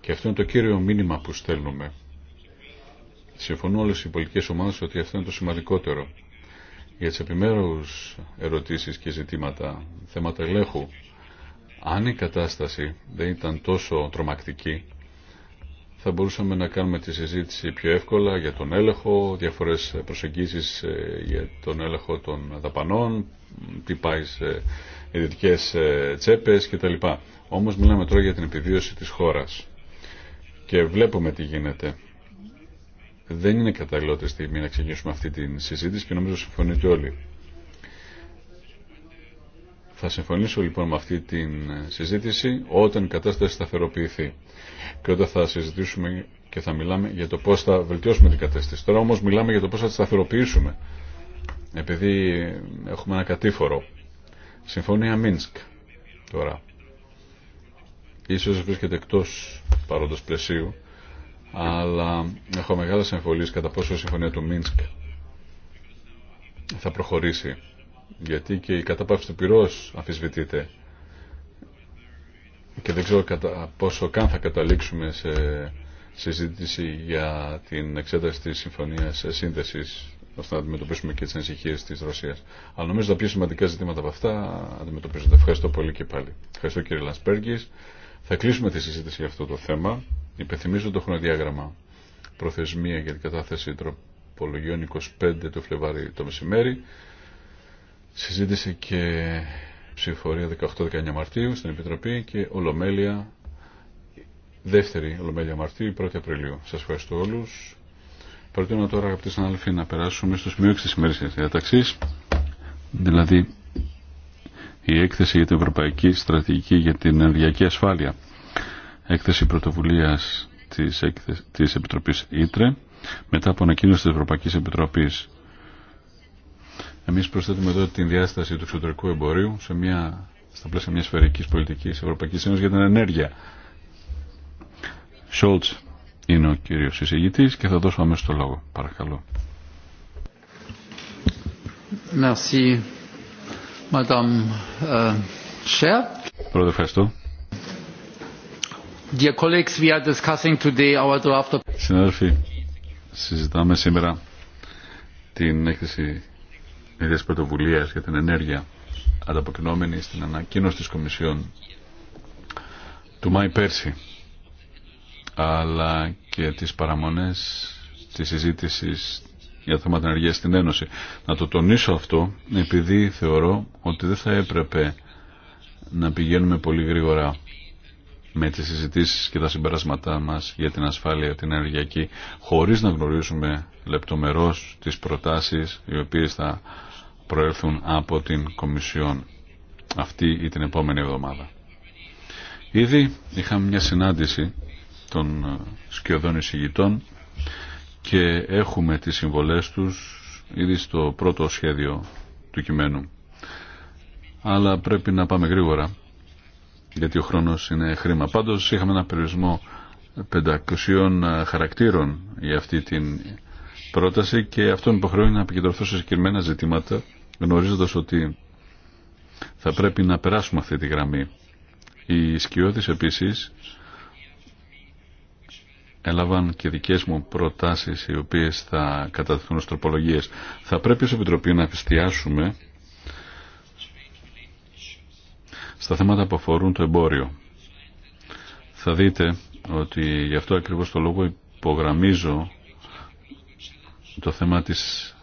Και αυτό είναι το κύριο μήνυμα που στέλνουμε. Συμφωνούν όλες οι πολιτικές ομάδες ότι αυτό είναι το σημαντικότερο. Για τις επιμέρους ερωτήσεις και ζητήματα, θέματα ελέγχου, αν η κατάσταση δεν ήταν τόσο τρομακτική, θα μπορούσαμε να κάνουμε τη συζήτηση πιο εύκολα για τον έλεγχο, διαφορές προσεγγίσεις ε, για τον έλεγχο των δαπανών, τι πάει σε ιδιωτικές ε, τσέπες κτλ. Όμως μιλάμε τώρα για την επιβίωση της χώρας και βλέπουμε τι γίνεται. Δεν είναι καταλληλότερη στιγμή να ξεκινήσουμε αυτή τη συζήτηση και νομίζω συμφωνείτε όλοι. Θα συμφωνήσω λοιπόν με αυτή τη συζήτηση όταν η κατάσταση σταθεροποιηθεί και όταν θα συζητήσουμε και θα μιλάμε για το πώς θα βελτιώσουμε την κατάσταση. Τώρα όμως μιλάμε για το πώς θα τη σταθεροποιήσουμε επειδή έχουμε ένα κατήφορο. Συμφωνία Μίνσκ τώρα. Ίσως βρίσκεται εκτός παρόντος πλαισίου αλλά έχω μεγάλες εμφωλίες κατά πόσο η συμφωνία του Μίνσκ θα προχωρήσει γιατί και η κατάπαυση του πυρός αφισβητείται και δεν ξέρω κατά πόσο καν θα καταλήξουμε σε συζήτηση για την εξέταση της συμφωνίας σύνδεσης ώστε να αντιμετωπίσουμε και τις ανησυχίε της Ρωσίας. Αλλά νομίζω τα πιο σημαντικά ζητήματα από αυτά αντιμετωπίζονται. Ευχαριστώ πολύ και πάλι. Ευχαριστώ κύριε Λασπέργης. Θα κλείσουμε τη συζήτηση για αυτό το θέμα. Υπενθυμίζω το χρονοδιάγραμμα. Προθεσμία για την κατάθεση τροπολογιών 25 του Φλεβάρι το μεσημέρι συζήτηση και ψηφορία 18-19 Μαρτίου στην Επιτροπή και Ολομέλεια, δεύτερη Ολομέλεια Μαρτίου, 1η Απριλίου. Σας ευχαριστώ όλους. Προτείνω τώρα αγαπητοί συνάδελφοι να περάσουμε στο σημείο 6 της ημέρης διαταξής, δηλαδή η έκθεση για την Ευρωπαϊκή Στρατηγική για την Ενεργειακή Ασφάλεια. Έκθεση πρωτοβουλίας της, της Επιτροπής Ήτρε μετά από ανακοίνωση της Ευρωπαϊκής Επιτροπής Εμεί προσθέτουμε εδώ την διάσταση του εξωτερικού εμπορίου σε μια, στα πλαίσια μιας σφαιρική πολιτικής Ευρωπαϊκής Ένωσης για την ενέργεια. Σόλτ είναι ο κύριος εισηγητή και θα δώσω αμέσως το λόγο. Παρακαλώ. Merci, Madame euh, Chair. Πρώτα ευχαριστώ. Dear colleagues, we are discussing today our draft Συνάδελφοι, συζητάμε σήμερα την έκθεση Ιδέας πρωτοβουλία για την Ενέργεια ανταποκρινόμενη στην ανακοίνωση τη Κομισιόν του Μάη πέρσι αλλά και τι παραμονέ τη συζήτηση για θέματα ενεργεία στην Ένωση. Να το τονίσω αυτό επειδή θεωρώ ότι δεν θα έπρεπε να πηγαίνουμε πολύ γρήγορα με τις συζητήσεις και τα συμπεράσματά μας για την ασφάλεια, την ενεργειακή, χωρίς να γνωρίσουμε λεπτομερώς τις προτάσεις οι οποίες θα προέλθουν από την Κομισιόν αυτή ή την επόμενη εβδομάδα. Ήδη είχαμε μια συνάντηση των ε, σκιωδών εισηγητών και έχουμε τις συμβολές τους ήδη στο πρώτο σχέδιο του κειμένου. Αλλά πρέπει να πάμε γρήγορα γιατί ο χρόνος είναι χρήμα. Πάντως είχαμε ένα περιορισμό 500 ε, χαρακτήρων για αυτή την πρόταση και αυτό με υποχρεώνει να επικεντρωθώ σε συγκεκριμένα ζητήματα γνωρίζοντας ότι θα πρέπει να περάσουμε αυτή τη γραμμή. Οι σκιώδεις επίσης έλαβαν και δικές μου προτάσεις οι οποίες θα κατατεθούν ως Θα πρέπει ως Επιτροπή να εστιάσουμε στα θέματα που αφορούν το εμπόριο. Θα δείτε ότι γι' αυτό ακριβώς το λόγο υπογραμμίζω το θέμα της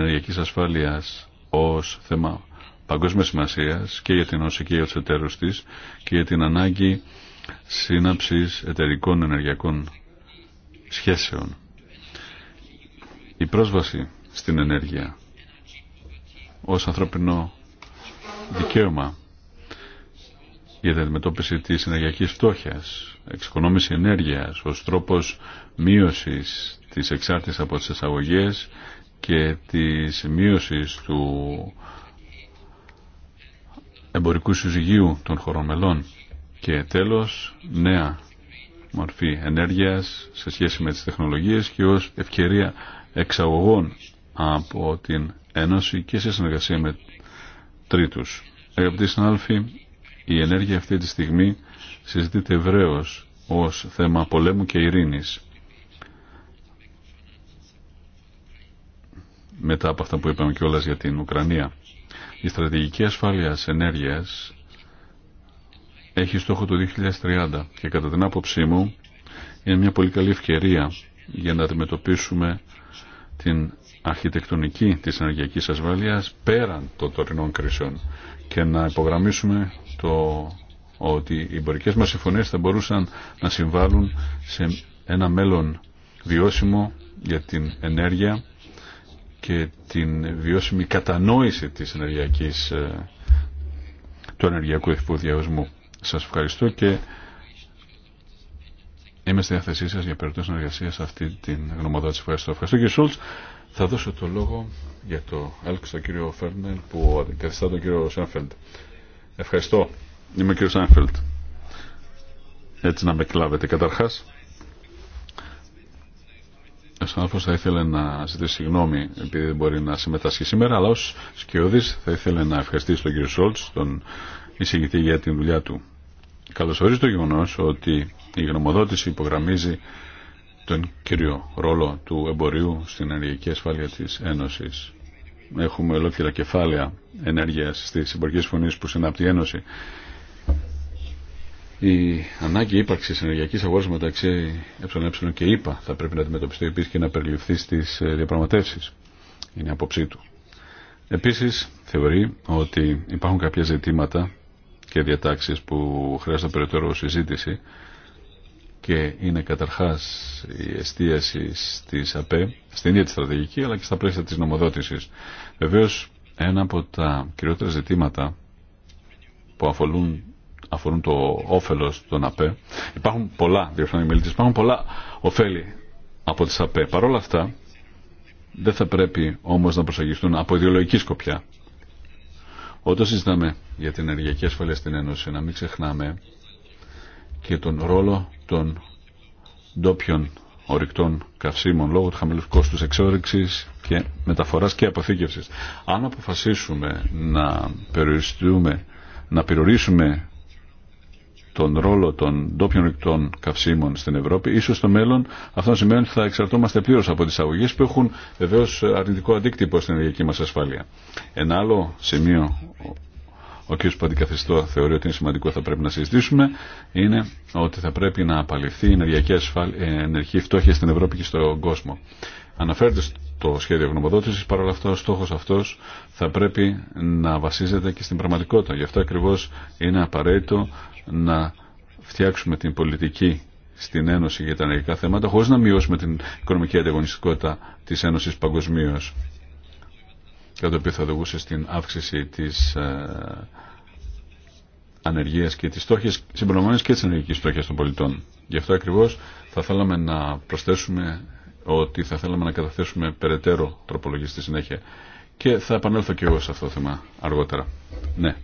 ενεργειακής ασφάλειας ως θέμα παγκόσμια σημασίας και για την Όση και για τους εταίρους της και για την ανάγκη σύναψης εταιρικών ενεργειακών σχέσεων. Η πρόσβαση στην ενέργεια ως ανθρώπινο δικαίωμα για την αντιμετώπιση της ενεργειακής φτώχειας, εξοικονόμηση ενέργειας ως τρόπος μείωσης της εξάρτησης από τις εισαγωγές και τη μείωση του εμπορικού συζυγίου των χωρομελών. και τέλος νέα μορφή ενέργειας σε σχέση με τις τεχνολογίες και ως ευκαιρία εξαγωγών από την Ένωση και σε συνεργασία με τρίτους. Αγαπητοί συνάλφοι, η ενέργεια αυτή τη στιγμή συζητείται ευρέως ως θέμα πολέμου και ειρήνης. μετά από αυτά που είπαμε κιόλας για την Ουκρανία. Η στρατηγική ασφάλεια ενέργεια έχει στόχο το 2030 και κατά την άποψή μου είναι μια πολύ καλή ευκαιρία για να αντιμετωπίσουμε την αρχιτεκτονική της ενεργειακής ασφάλειας πέραν των τωρινών κρίσεων και να υπογραμμίσουμε το ότι οι εμπορικές μας συμφωνίες θα μπορούσαν να συμβάλλουν σε ένα μέλλον βιώσιμο για την ενέργεια και την βιώσιμη κατανόηση της ενεργειακής, ε, του ενεργειακού εφηβοδιαωσμού. Σας ευχαριστώ και είμαι στη διάθεσή σας για περιπτώσεις συνεργασία σε αυτή την γνωμοδότηση. Ευχαριστώ. Ευχαριστώ κύριε Σούλτς. Θα δώσω το λόγο για το έλξο στον κύριο Φέρνελ που αντικαθιστά τον κύριο Σάνφελντ. Ευχαριστώ. Είμαι ο κύριος Σάνφελντ. Έτσι να με κλάβετε. Καταρχάς, ο θα ήθελε να ζητήσει συγγνώμη επειδή δεν μπορεί να συμμετάσχει σήμερα, αλλά ω σκιώδη θα ήθελε να ευχαριστήσει τον κύριο Σόλτ, τον εισηγητή για την δουλειά του. Καλωσορίζει το γεγονό ότι η γνωμοδότηση υπογραμμίζει τον κύριο ρόλο του εμπορίου στην ενεργειακή ασφάλεια τη Ένωσης. Έχουμε ολόκληρα κεφάλαια ενέργεια στι συμπορικές Φωνη που συνάπτει η Ένωση η ανάγκη ύπαρξη ενεργειακή αγορά μεταξύ ΕΕ και ΕΠΑ ΕΕ θα πρέπει να αντιμετωπιστεί επίση και να περιληφθεί στι ε, διαπραγματεύσει. Είναι η απόψη του. Επίση, θεωρεί ότι υπάρχουν κάποια ζητήματα και διατάξει που χρειάζονται περαιτέρω συζήτηση και είναι καταρχά η εστίαση στι ΑΠΕ, στην ίδια τη στρατηγική αλλά και στα πλαίσια τη νομοδότηση. Βεβαίω, ένα από τα κυριότερα ζητήματα που αφορούν αφορούν το όφελος των ΑΠΕ. Υπάρχουν πολλά, διορθώνει μιλήτες, υπάρχουν πολλά ωφέλη από τι ΑΠΕ. Παρ' όλα αυτά, δεν θα πρέπει όμω να προσεγγιστούν από ιδεολογική σκοπιά. Όταν συζητάμε για την ενεργειακή ασφαλεία στην Ένωση, να μην ξεχνάμε και τον ρόλο των ντόπιων ορυκτών καυσίμων λόγω του χαμηλού κόστου εξόρυξη και μεταφορά και αποθήκευση. Αν αποφασίσουμε να περιοριστούμε, να περιορίσουμε τον ρόλο των ντόπιων ρηκτών καυσίμων στην Ευρώπη, ίσως στο μέλλον αυτό σημαίνει ότι θα εξαρτώμαστε πλήρως από τις αγωγές που έχουν βεβαίω αρνητικό αντίκτυπο στην ενεργειακή μας ασφάλεια. Ένα άλλο σημείο ο κ. Παντικαθιστό θεωρεί ότι είναι σημαντικό θα πρέπει να συζητήσουμε είναι ότι θα πρέπει να απαλληφθεί η ενεργειακή, ασφάλεια, φτώχεια στην Ευρώπη και στον κόσμο. Αναφέρεται το σχέδιο γνωμοδότησης, παρόλα αυτά ο στόχο αυτό θα πρέπει να βασίζεται και στην πραγματικότητα. Γι' αυτό ακριβώ είναι απαραίτητο να φτιάξουμε την πολιτική στην Ένωση για τα ενεργικά θέματα χωρί να μειώσουμε την οικονομική ανταγωνιστικότητα τη Ένωση παγκοσμίω. Κατά το οποίο θα οδηγούσε στην αύξηση τη ε, και τη στόχη, συμπληρωμένη και τη ενεργικής στόχη των πολιτών. Γι' αυτό ακριβώ θα θέλαμε να προσθέσουμε ότι θα θέλαμε να καταθέσουμε περαιτέρω τροπολογία στη συνέχεια. Και θα επανέλθω και εγώ σε αυτό το θέμα αργότερα. Ναι.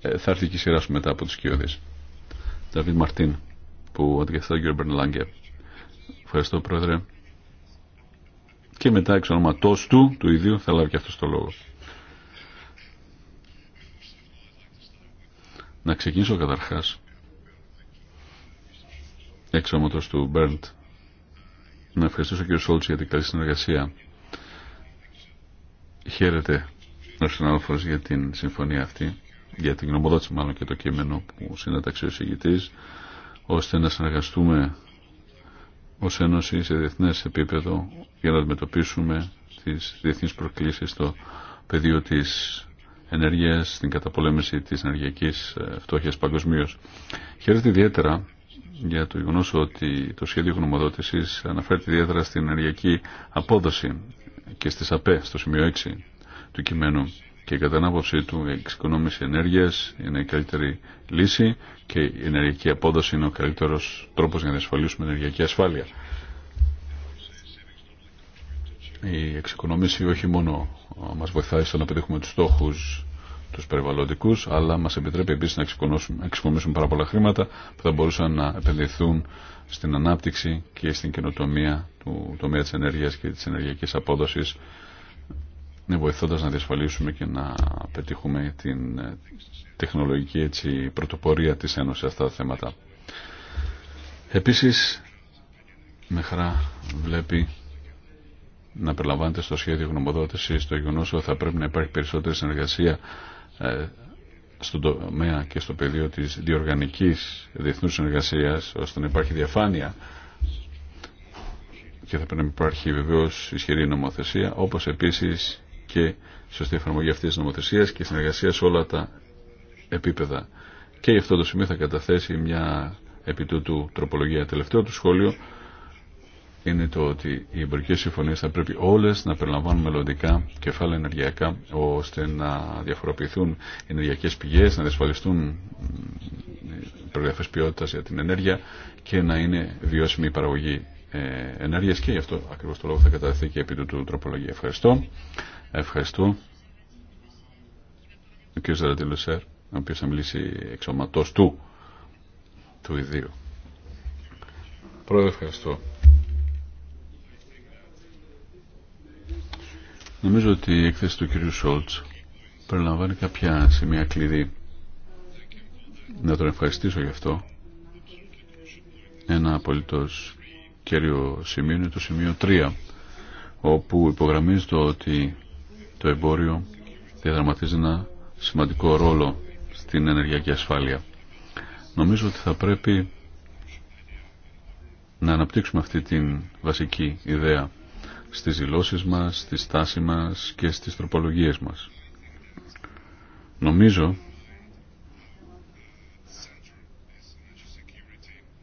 Ε, θα έρθει και η σειρά σου μετά από τους κοιόδες. Δαβίδ Μαρτίν, που αντικαθιστά τον κύριο Λάγκε. Ευχαριστώ, Πρόεδρε. Και μετά, εξ ονοματός του, του ιδίου, θα λάβει και αυτό το λόγο. Να ξεκινήσω καταρχάς εξ του Μπέρντ να ευχαριστήσω κύριο Σόλτς για την καλή συνεργασία. Χαίρετε ο συνάδελφος για την συμφωνία αυτή, για την γνωμοδότηση μάλλον και το κείμενο που συνέταξε ο Συγητή, ώστε να συνεργαστούμε ως Ένωση σε διεθνές επίπεδο για να αντιμετωπίσουμε τις διεθνείς προκλήσεις στο πεδίο της ενέργειας, στην καταπολέμηση της ενεργειακής ε, φτώχειας παγκοσμίω. Χαίρεται ιδιαίτερα για το γεγονό ότι το σχέδιο γνωμοδότηση αναφέρεται ιδιαίτερα στην ενεργειακή απόδοση και στι ΑΠΕ, στο σημείο 6 του κειμένου. Και κατά την του, η εξοικονόμηση ενέργεια είναι η καλύτερη λύση και η ενεργειακή απόδοση είναι ο καλύτερο τρόπο για να ασφαλίσουμε ενεργειακή ασφάλεια. Η εξοικονόμηση όχι μόνο μα βοηθάει στο να πετύχουμε του στόχου του περιβαλλοντικού, αλλά μα επιτρέπει επίση να εξοικονομήσουμε πάρα πολλά χρήματα που θα μπορούσαν να επενδυθούν στην ανάπτυξη και στην καινοτομία του τομέα τη ενέργεια και τη ενεργειακή απόδοση, ε, βοηθώντα να διασφαλίσουμε και να πετύχουμε την ε, τεχνολογική έτσι, πρωτοπορία τη ένωση σε αυτά τα θέματα. Επίση, με χαρά βλέπει να περιλαμβάνεται στο σχέδιο γνωμοδότηση το γεγονό ότι θα πρέπει να υπάρχει περισσότερη συνεργασία ε, στον τομέα και στο πεδίο της διοργανικής διεθνούς συνεργασίας ώστε να υπάρχει διαφάνεια και θα πρέπει να υπάρχει βεβαίως ισχυρή νομοθεσία όπως επίσης και σωστή εφαρμογή αυτής της νομοθεσίας και συνεργασία σε όλα τα επίπεδα. Και γι' αυτό το σημείο θα καταθέσει μια επί τροπολογία. Τελευταίο του σχόλιο είναι το ότι οι εμπορικέ συμφωνίε θα πρέπει όλε να περιλαμβάνουν μελλοντικά κεφάλαια ενεργειακά ώστε να διαφοροποιηθούν ενεργειακέ πηγέ, να διασφαλιστούν προδιαφέ ποιότητα για την ενέργεια και να είναι βιώσιμη η παραγωγή ε, ενέργεια και γι' αυτό ακριβώ το λόγο θα καταδεχθεί και επί του, του τροπολογία. Ευχαριστώ. Ευχαριστώ. Ο κ. Ζαρατήλουσερ, ο οποίο θα μιλήσει εξωματό του του ιδίου. Πρόεδρε, ευχαριστώ. Νομίζω ότι η έκθεση του κυρίου Σόλτς περιλαμβάνει κάποια σημεία κλειδί. Να τον ευχαριστήσω γι' αυτό. Ένα απολύτως κύριο σημείο είναι το σημείο 3 όπου υπογραμμίζει το ότι το εμπόριο διαδραματίζει ένα σημαντικό ρόλο στην ενεργειακή ασφάλεια. Νομίζω ότι θα πρέπει να αναπτύξουμε αυτή την βασική ιδέα στις δηλώσει μας, στη στάση μας και στις τροπολογίες μας. Νομίζω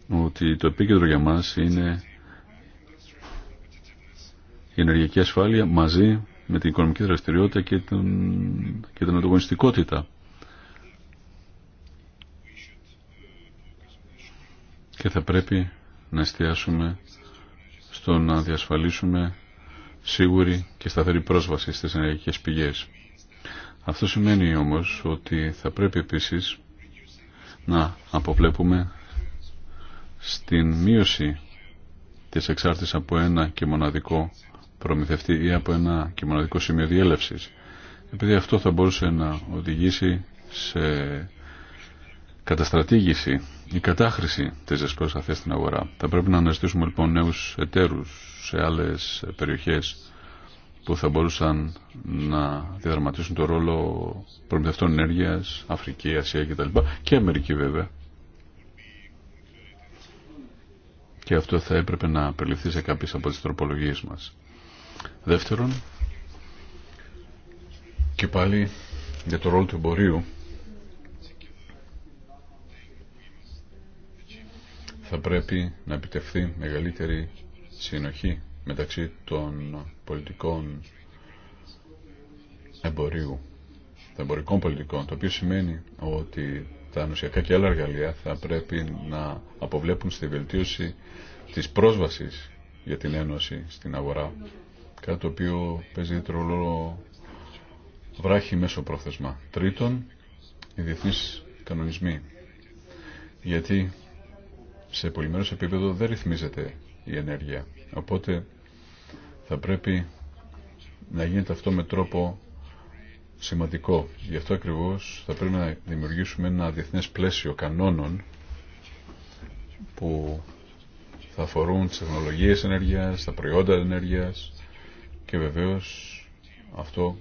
ότι το επίκεντρο για μας είναι η ενεργειακή ασφάλεια μαζί με την οικονομική δραστηριότητα και την, και την ανταγωνιστικότητα. Και θα πρέπει να εστιάσουμε στο να διασφαλίσουμε σίγουρη και σταθερή πρόσβαση στις ενεργειακές πηγές. Αυτό σημαίνει όμως ότι θα πρέπει επίσης να αποβλέπουμε στην μείωση της εξάρτησης από ένα και μοναδικό προμηθευτή ή από ένα και μοναδικό σημείο διέλευσης. Επειδή αυτό θα μπορούσε να οδηγήσει σε καταστρατήγηση, η κατάχρηση της δεσπόζας αυτής στην αγορά. Θα πρέπει να αναζητήσουμε λοιπόν νέους εταίρους σε άλλες περιοχές που θα μπορούσαν να διαδραματίσουν το ρόλο προμηθευτών ενέργειας, Αφρική, Ασία κτλ. Και Αμερική βέβαια. Και αυτό θα έπρεπε να περιληφθεί σε κάποιες από τις τροπολογίες μας. Δεύτερον, και πάλι για το ρόλο του εμπορίου θα πρέπει να επιτευχθεί μεγαλύτερη συνοχή μεταξύ των πολιτικών εμπορίου, των εμπορικών πολιτικών, το οποίο σημαίνει ότι τα νοσιακά και άλλα εργαλεία θα πρέπει να αποβλέπουν στη βελτίωση της πρόσβασης για την Ένωση στην αγορά, κάτι το οποίο παίζει τρολό βράχη μέσω πρόθεσμα. Τρίτον, οι διεθνείς κανονισμοί. Γιατί σε πολυμερό επίπεδο δεν ρυθμίζεται η ενέργεια. Οπότε θα πρέπει να γίνεται αυτό με τρόπο σημαντικό. Γι' αυτό ακριβώς θα πρέπει να δημιουργήσουμε ένα διεθνές πλαίσιο κανόνων που θα αφορούν τις τεχνολογίες ενέργειας, τα προϊόντα ενέργειας και βεβαίως αυτό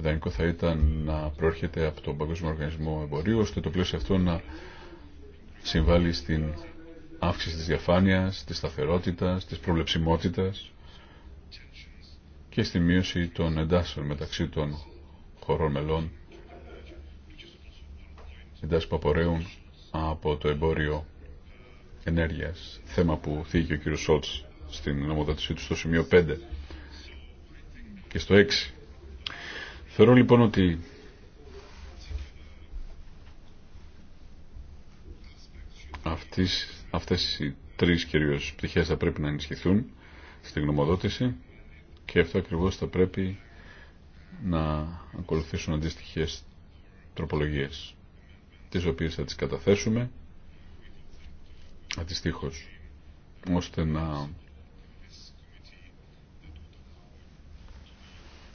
ιδανικό θα ήταν να προέρχεται από τον Παγκόσμιο Οργανισμό Εμπορίου ώστε το πλαίσιο αυτό να συμβάλλει στην αύξηση της διαφάνειας, της σταθερότητας, της προβλεψιμότητας και στη μείωση των εντάσσεων μεταξύ των χωρών μελών εντάσσεων που απορρέουν από το εμπόριο ενέργειας, θέμα που θίγει ο κ. Σότς στην νομοδότησή του στο σημείο 5 και στο 6. Θεωρώ λοιπόν ότι αυτής Αυτές οι τρεις κυρίως πτυχές θα πρέπει να ενισχυθούν στην γνωμοδότηση και αυτό ακριβώς θα πρέπει να ακολουθήσουν αντιστοιχέ τροπολογίες τις οποίες θα τις καταθέσουμε αντιστοίχως ώστε να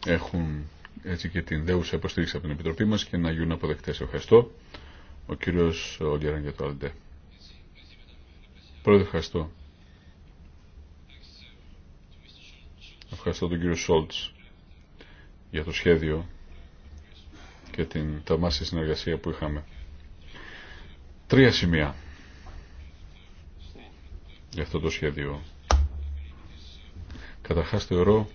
έχουν έτσι και την δέουσα υποστήριξη από την Επιτροπή μας και να γίνουν αποδεκτές. Ευχαριστώ. Ο κύριος Ολιαράν για το Αλντέ. Πρόεδρε, ευχαριστώ. Ευχαριστώ τον κύριο Σόλτς για το σχέδιο και την ταμάση συνεργασία που είχαμε. Τρία σημεία για αυτό το σχέδιο. Καταρχάς θεωρώ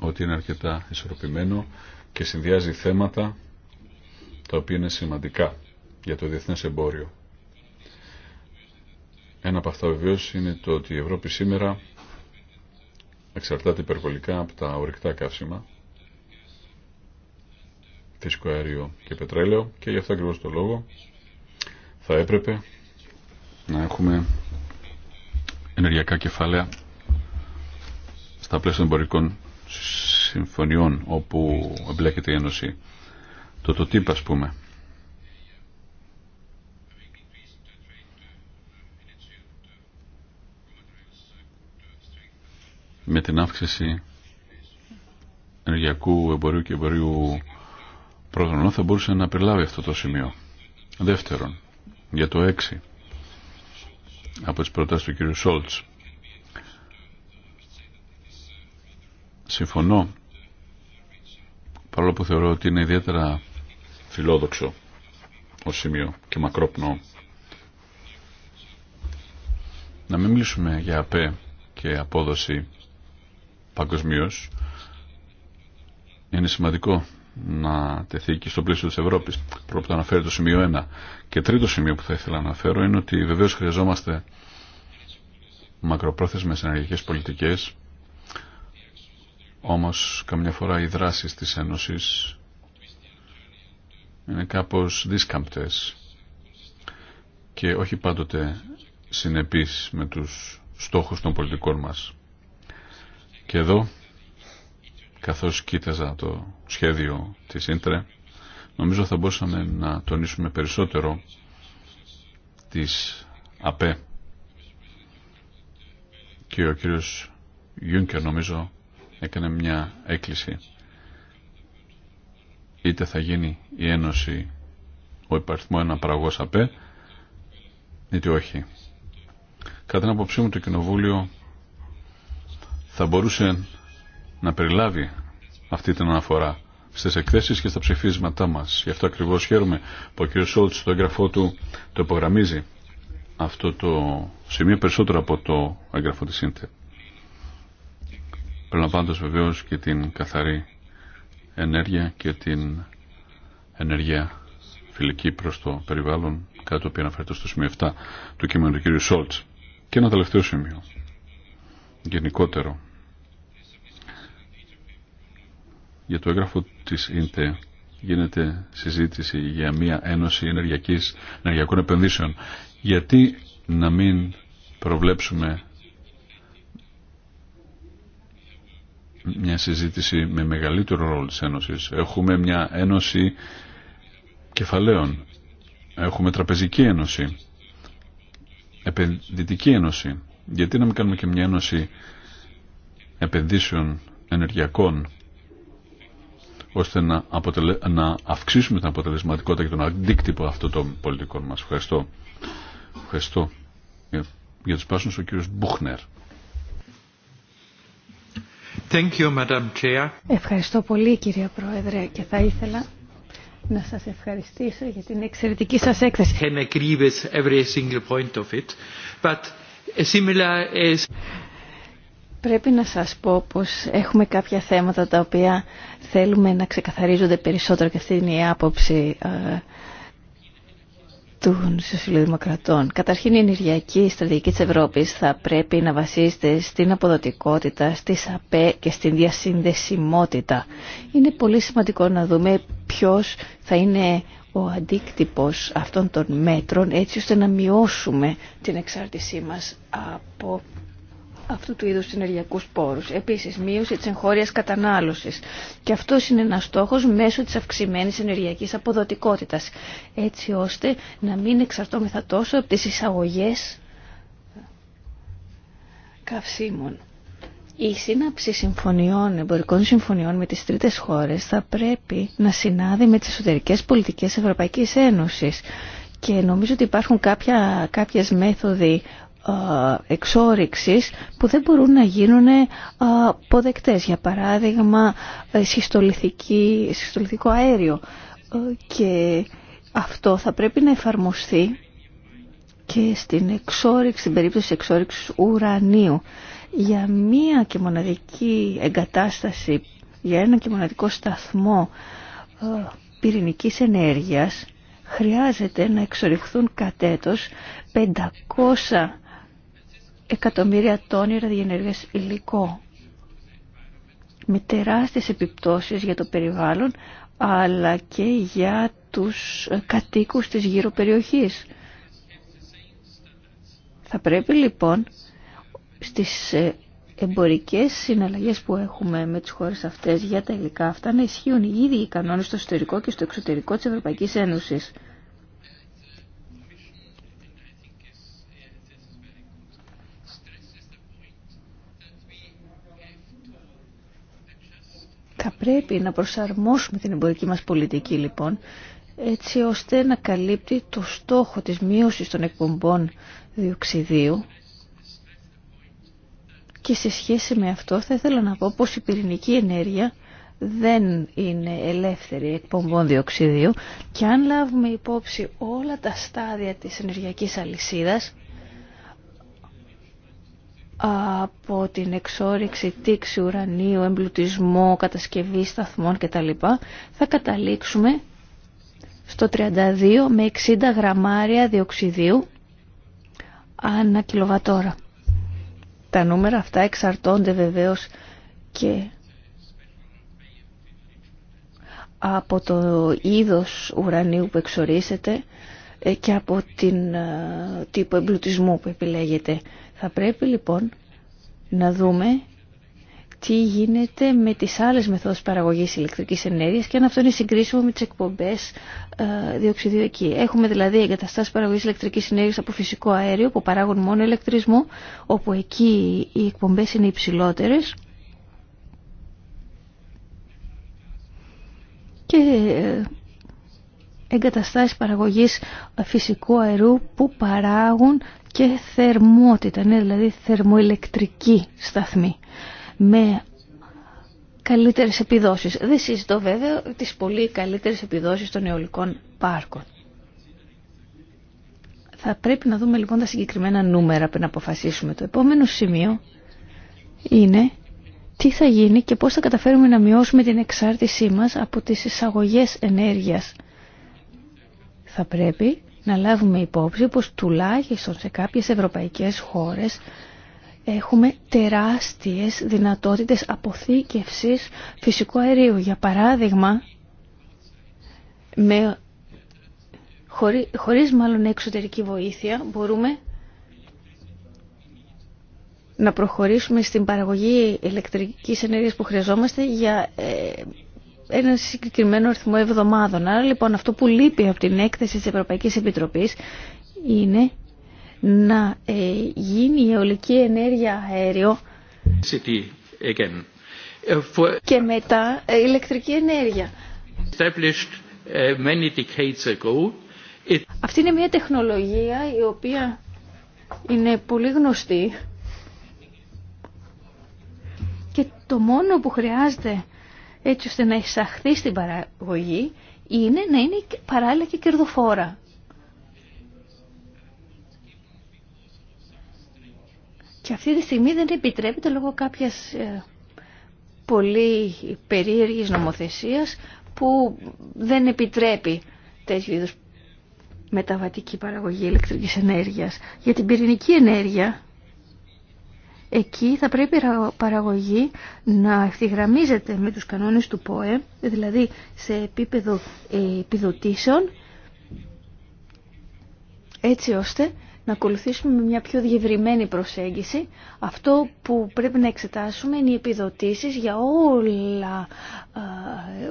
ότι είναι αρκετά ισορροπημένο και συνδυάζει θέματα τα οποία είναι σημαντικά για το διεθνές εμπόριο. Ένα από αυτά βεβαίω είναι το ότι η Ευρώπη σήμερα εξαρτάται υπερβολικά από τα ορυκτά καύσιμα, φυσικό αέριο και πετρέλαιο και γι' αυτό ακριβώ το λόγο θα έπρεπε να έχουμε ενεργειακά κεφάλαια στα πλαίσια των εμπορικών συμφωνιών όπου εμπλέκεται η Ένωση. Το τύπο, ας πούμε με την αύξηση ενεργειακού εμπορίου και εμπορίου πρόγραμμα θα μπορούσε να περιλάβει αυτό το σημείο. Δεύτερον, για το 6 από τις προτάσεις του κ. Σόλτς συμφωνώ παρόλο που θεωρώ ότι είναι ιδιαίτερα φιλόδοξο ως σημείο και μακρόπνο να μην μιλήσουμε για ΑΠΕ και απόδοση παγκοσμίω είναι σημαντικό να τεθεί και στο πλαίσιο της Ευρώπης. Πρώτα να αναφέρει το σημείο 1. Και τρίτο σημείο που θα ήθελα να αναφέρω είναι ότι βεβαίως χρειαζόμαστε μακροπρόθεσμες ενεργειακές πολιτικές όμως καμιά φορά οι δράσεις της Ένωσης είναι κάπως δίσκαμπτες και όχι πάντοτε συνεπείς με τους στόχους των πολιτικών μας. Και εδώ, καθώς κοίταζα το σχέδιο της Ίντρε, νομίζω θα μπορούσαμε να τονίσουμε περισσότερο της ΑΠΕ και ο κύριος Γιούνκερ νομίζω έκανε μια έκκληση είτε θα γίνει η Ένωση ο υπαριθμό ένα παραγός ΑΠΕ είτε όχι. Κατά την απόψή μου το Κοινοβούλιο θα μπορούσε να περιλάβει αυτή την αναφορά στις εκθέσεις και στα ψηφίσματά μας. Γι' αυτό ακριβώς χαίρομαι που ο κ. Σόλτ στο έγγραφό του το υπογραμμίζει αυτό το σημείο περισσότερο από το έγγραφο της ΣΥΝΤΕ. Περιλαμβάνοντας βεβαίως και την καθαρή ενέργεια και την ενέργεια φιλική προς το περιβάλλον, κάτι το οποίο αναφέρεται στο σημείο 7 του κείμενου του κ. Σόλτ. Και ένα τελευταίο σημείο γενικότερο. Για το έγγραφο της ΙΝΤΕ γίνεται συζήτηση για μια ένωση ενεργειακής, ενεργειακών επενδύσεων. Γιατί να μην προβλέψουμε μια συζήτηση με μεγαλύτερο ρόλο της Ένωσης. Έχουμε μια Ένωση κεφαλαίων. Έχουμε τραπεζική Ένωση. Επενδυτική Ένωση γιατί να μην κάνουμε και μια ένωση επενδύσεων ενεργειακών ώστε να, αποτελε... να αυξήσουμε την αποτελεσματικότητα και τον αντίκτυπο αυτών των πολιτικών μας. Ευχαριστώ. Ευχαριστώ. Για, για τους πάσους ο κύριος Μπούχνερ. Thank you, Madam Chair. Ευχαριστώ πολύ κυρία Πρόεδρε και θα ήθελα να σας ευχαριστήσω για την εξαιρετική σας έκθεση. every single point of it, but ε, ε, πρέπει να σας πω πως έχουμε κάποια θέματα τα οποία θέλουμε να ξεκαθαρίζονται περισσότερο και αυτή είναι η άποψη ε, των σοσιαλδημοκρατών. Καταρχήν η ενεργειακή στρατηγική της Ευρώπης θα πρέπει να βασίζεται στην αποδοτικότητα, στη ΣΑΠΕ και στην διασυνδεσιμότητα. Είναι πολύ σημαντικό να δούμε ποιος θα είναι ο αντίκτυπος αυτών των μέτρων έτσι ώστε να μειώσουμε την εξάρτησή μας από αυτού του είδους συνεργειακούς πόρους. Επίσης, μείωση της εγχώριας κατανάλωσης. Και αυτό είναι ένας στόχος μέσω της αυξημένης ενεργειακής αποδοτικότητας. Έτσι ώστε να μην εξαρτώμεθα τόσο από τις εισαγωγές καυσίμων. Η σύναψη συμφωνιών, εμπορικών συμφωνιών με τις τρίτες χώρες θα πρέπει να συνάδει με τις εσωτερικές πολιτικές Ευρωπαϊκής Ένωσης και νομίζω ότι υπάρχουν κάποια, κάποιες μέθοδοι ε, εξόρυξης που δεν μπορούν να γίνουν ε, ποδεκτές. Για παράδειγμα, ε, συστολιθικό αέριο. Και αυτό θα πρέπει να εφαρμοστεί και στην εξόρυξη, στην περίπτωση εξόριξης ουρανίου για μία και μοναδική εγκατάσταση, για ένα και μοναδικό σταθμό ε, πυρηνικής ενέργειας χρειάζεται να εξοριχθούν κατ' έτος 500 εκατομμύρια τόνοι ραδιενέργειας υλικό με τεράστιες επιπτώσεις για το περιβάλλον αλλά και για τους ε, κατοίκους της γύρω περιοχής. Θα πρέπει λοιπόν στις ε, εμπορικές συναλλαγές που έχουμε με τις χώρες αυτές για τα υλικά αυτά να ισχύουν ίδιοι οι κανόνες στο εσωτερικό και στο εξωτερικό της Ευρωπαϊκής Ένωσης. Θα πρέπει να προσαρμόσουμε την εμπορική μας πολιτική λοιπόν έτσι ώστε να καλύπτει το στόχο της μείωσης των εκπομπών διοξιδίου και σε σχέση με αυτό θα ήθελα να πω πως η πυρηνική ενέργεια δεν είναι ελεύθερη εκπομπών διοξιδίου και αν λάβουμε υπόψη όλα τα στάδια της ενεργειακής αλυσίδας από την εξόριξη τήξη ουρανίου, εμπλουτισμό, κατασκευή σταθμών κτλ. θα καταλήξουμε στο 32 με 60 γραμμάρια διοξιδίου ανά κιλοβατόρα. Τα νούμερα αυτά εξαρτώνται βεβαίως και από το είδος ουρανίου που εξορίσετε και από την ε, τύπο εμπλουτισμού που επιλέγετε. Θα πρέπει λοιπόν να δούμε τι γίνεται με τις άλλες μεθόδους παραγωγής ηλεκτρικής ενέργειας και αν αυτό είναι συγκρίσιμο με τις εκπομπές ε, διοξιδίου εκεί. Έχουμε δηλαδή εγκαταστάσεις παραγωγής ηλεκτρικής ενέργειας από φυσικό αέριο που παράγουν μόνο ηλεκτρισμό, όπου εκεί οι εκπομπές είναι υψηλότερες. Και ε, εγκαταστάσεις παραγωγής φυσικού αερού που παράγουν και θερμότητα, ναι, δηλαδή θερμοηλεκτρική σταθμή με καλύτερες επιδόσεις. Δεν συζητώ βέβαια τις πολύ καλύτερες επιδόσεις των αιωλικών πάρκων. Θα πρέπει να δούμε λοιπόν τα συγκεκριμένα νούμερα πριν αποφασίσουμε. Το επόμενο σημείο είναι τι θα γίνει και πώς θα καταφέρουμε να μειώσουμε την εξάρτησή μας από τις εισαγωγές ενέργειας. Θα πρέπει να λάβουμε υπόψη πως τουλάχιστον σε κάποιες ευρωπαϊκές χώρες έχουμε τεράστιες δυνατότητες αποθήκευσης φυσικού αερίου. Για παράδειγμα, με, χωρί, χωρίς μάλλον εξωτερική βοήθεια μπορούμε να προχωρήσουμε στην παραγωγή ηλεκτρικής ενέργειας που χρειαζόμαστε για ε, ένα συγκεκριμένο αριθμό εβδομάδων. Άρα λοιπόν αυτό που λείπει από την έκθεση της Ευρωπαϊκής Επιτροπής είναι να ε, γίνει η αιωλική ενέργεια αέριο ε, και μετά ε, ηλεκτρική ενέργεια. Αυτή είναι μια τεχνολογία η οποία είναι πολύ γνωστή και το μόνο που χρειάζεται έτσι ώστε να εισαχθεί στην παραγωγή είναι να είναι παράλληλα και κερδοφόρα. Και αυτή τη στιγμή δεν επιτρέπεται λόγω κάποιας ε, πολύ περίεργης νομοθεσίας που δεν επιτρέπει τέτοιου είδους μεταβατική παραγωγή ηλεκτρικής ενέργειας. Για την πυρηνική ενέργεια, εκεί θα πρέπει η παραγωγή να ευθυγραμμίζεται με τους κανόνες του ΠΟΕ, δηλαδή σε επίπεδο ε, επιδοτήσεων, έτσι ώστε να ακολουθήσουμε μια πιο διευρυμένη προσέγγιση. Αυτό που πρέπει να εξετάσουμε είναι οι επιδοτήσεις για όλα,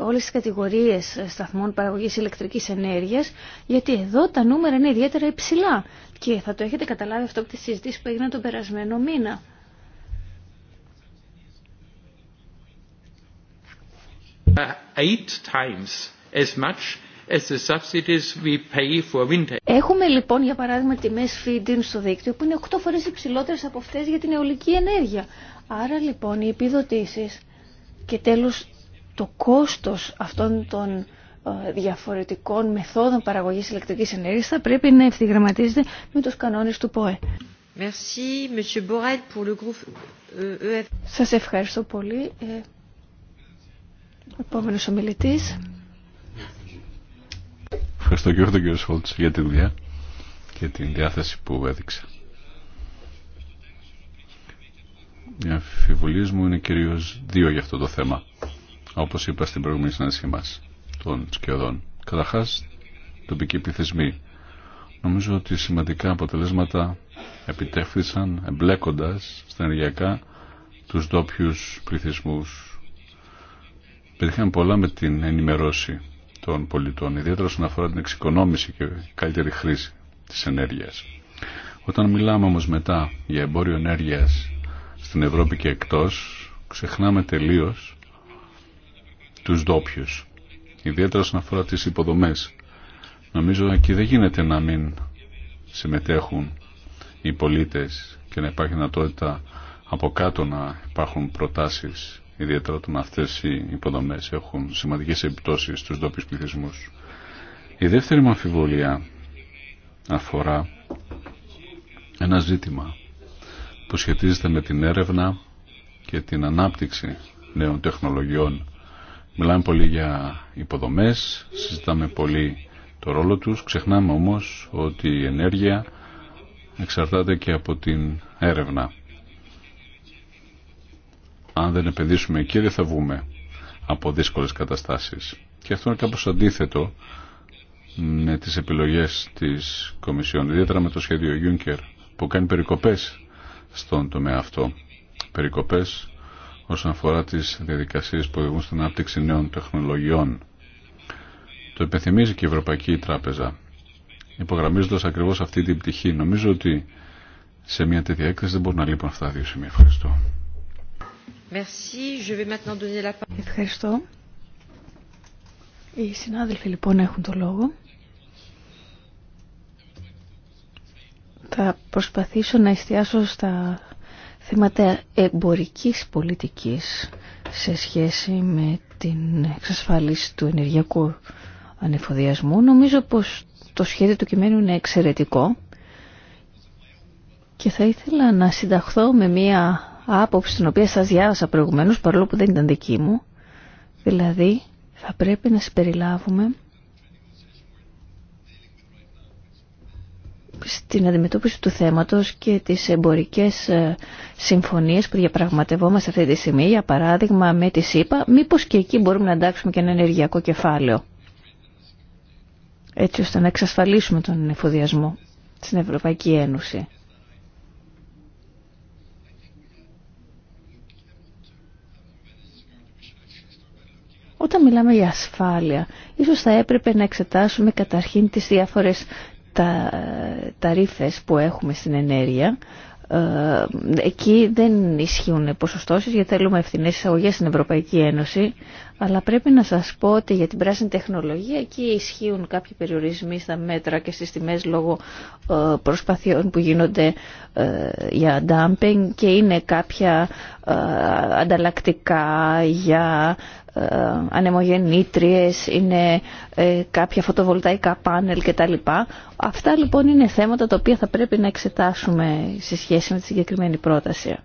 όλες τις κατηγορίες σταθμών παραγωγής ηλεκτρικής ενέργειας, γιατί εδώ τα νούμερα είναι ιδιαίτερα υψηλά και θα το έχετε καταλάβει αυτό από τη συζήτηση που έγιναν τον περασμένο μήνα. Eight times as much Έχουμε λοιπόν για παράδειγμα τιμές feed-in στο δίκτυο που είναι 8 φορές υψηλότερες από αυτές για την αιωλική ενέργεια. Άρα λοιπόν οι επιδοτήσεις και τέλος το κόστος αυτών των ε, διαφορετικών μεθόδων παραγωγής ηλεκτρικής ενέργειας θα πρέπει να ευθυγραμματίζεται με τους κανόνες του ΠΟΕ. Merci, ε, ε, ευχαριστώ πολύ. Επόμενος ομιλητής. Ευχαριστώ και εγώ τον κύριο Σόλτς για τη δουλειά και την διάθεση που έδειξε. Οι αμφιβολίες μου είναι κυρίως δύο για αυτό το θέμα, όπως είπα στην προηγούμενη συνάντησή μας των σκιωδών. Καταρχάς, τοπικοί πληθυσμοί. Νομίζω ότι σημαντικά αποτελέσματα επιτεύχθησαν εμπλέκοντας στα ενεργειακά τους ντόπιου πληθυσμού. Πετύχαμε πολλά με την ενημερώση των πολιτών, ιδιαίτερα όσον αφορά την εξοικονόμηση και καλύτερη χρήση της ενέργειας. Όταν μιλάμε όμως μετά για εμπόριο ενέργειας στην Ευρώπη και εκτός, ξεχνάμε τελείως τους ντόπιου. Ιδιαίτερα όσον αφορά τις υποδομές. Νομίζω εκεί δεν γίνεται να μην συμμετέχουν οι πολίτες και να υπάρχει δυνατότητα από κάτω να υπάρχουν προτάσεις ιδιαίτερα όταν αυτέ οι υποδομές έχουν σημαντικές επιπτώσεις στους ντόπιου πληθυσμούς. Η δεύτερη μου αμφιβολία αφορά ένα ζήτημα που σχετίζεται με την έρευνα και την ανάπτυξη νέων τεχνολογιών. Μιλάμε πολύ για υποδομές, συζητάμε πολύ το ρόλο τους, ξεχνάμε όμως ότι η ενέργεια εξαρτάται και από την έρευνα αν δεν επενδύσουμε εκεί δεν θα βγούμε από δύσκολες καταστάσεις. Και αυτό είναι κάπως αντίθετο με τις επιλογές της Κομισιόν, ιδιαίτερα με το σχέδιο Juncker που κάνει περικοπές στον τομέα αυτό. Περικοπές όσον αφορά τις διαδικασίες που οδηγούν στην ανάπτυξη νέων τεχνολογιών. Το υπενθυμίζει και η Ευρωπαϊκή Τράπεζα, υπογραμμίζοντας ακριβώς αυτή την πτυχή. Νομίζω ότι σε μια τέτοια έκθεση δεν μπορούν να λείπουν αυτά δύο σημεία. Ευχαριστώ. Ευχαριστώ. Οι συνάδελφοι λοιπόν έχουν το λόγο. Θα προσπαθήσω να εστιάσω στα θέματα εμπορικής πολιτικής σε σχέση με την εξασφάλιση του ενεργειακού ανεφοδιασμού. Νομίζω πως το σχέδιο του κειμένου είναι εξαιρετικό και θα ήθελα να συνταχθώ με μία άποψη την οποία σας διάβασα προηγουμένως παρόλο που δεν ήταν δική μου. Δηλαδή θα πρέπει να συμπεριλάβουμε στην αντιμετώπιση του θέματος και τις εμπορικές ε, συμφωνίες που διαπραγματευόμαστε αυτή τη στιγμή, για παράδειγμα με τη ΣΥΠΑ, μήπως και εκεί μπορούμε να εντάξουμε και ένα ενεργειακό κεφάλαιο, έτσι ώστε να εξασφαλίσουμε τον εφοδιασμό στην Ευρωπαϊκή Ένωση. Όταν μιλάμε για ασφάλεια, ίσως θα έπρεπε να εξετάσουμε καταρχήν τις διάφορες τα, ταρίφες που έχουμε στην ενέργεια. Ε, εκεί δεν ισχύουν ποσοστώσεις γιατί θέλουμε ευθυνές εισαγωγές στην Ευρωπαϊκή Ένωση αλλά πρέπει να σας πω ότι για την πράσινη τεχνολογία εκεί ισχύουν κάποιοι περιορισμοί στα μέτρα και στις τιμές λόγω ε, προσπαθειών που γίνονται ε, για dumping και είναι κάποια ανταλλακτικά για ε, ανεμογεννήτριες, είναι ε, κάποια φωτοβολταϊκά πάνελ κτλ. Αυτά λοιπόν είναι θέματα τα οποία θα πρέπει να εξετάσουμε σε σχέση με τη συγκεκριμένη πρόταση.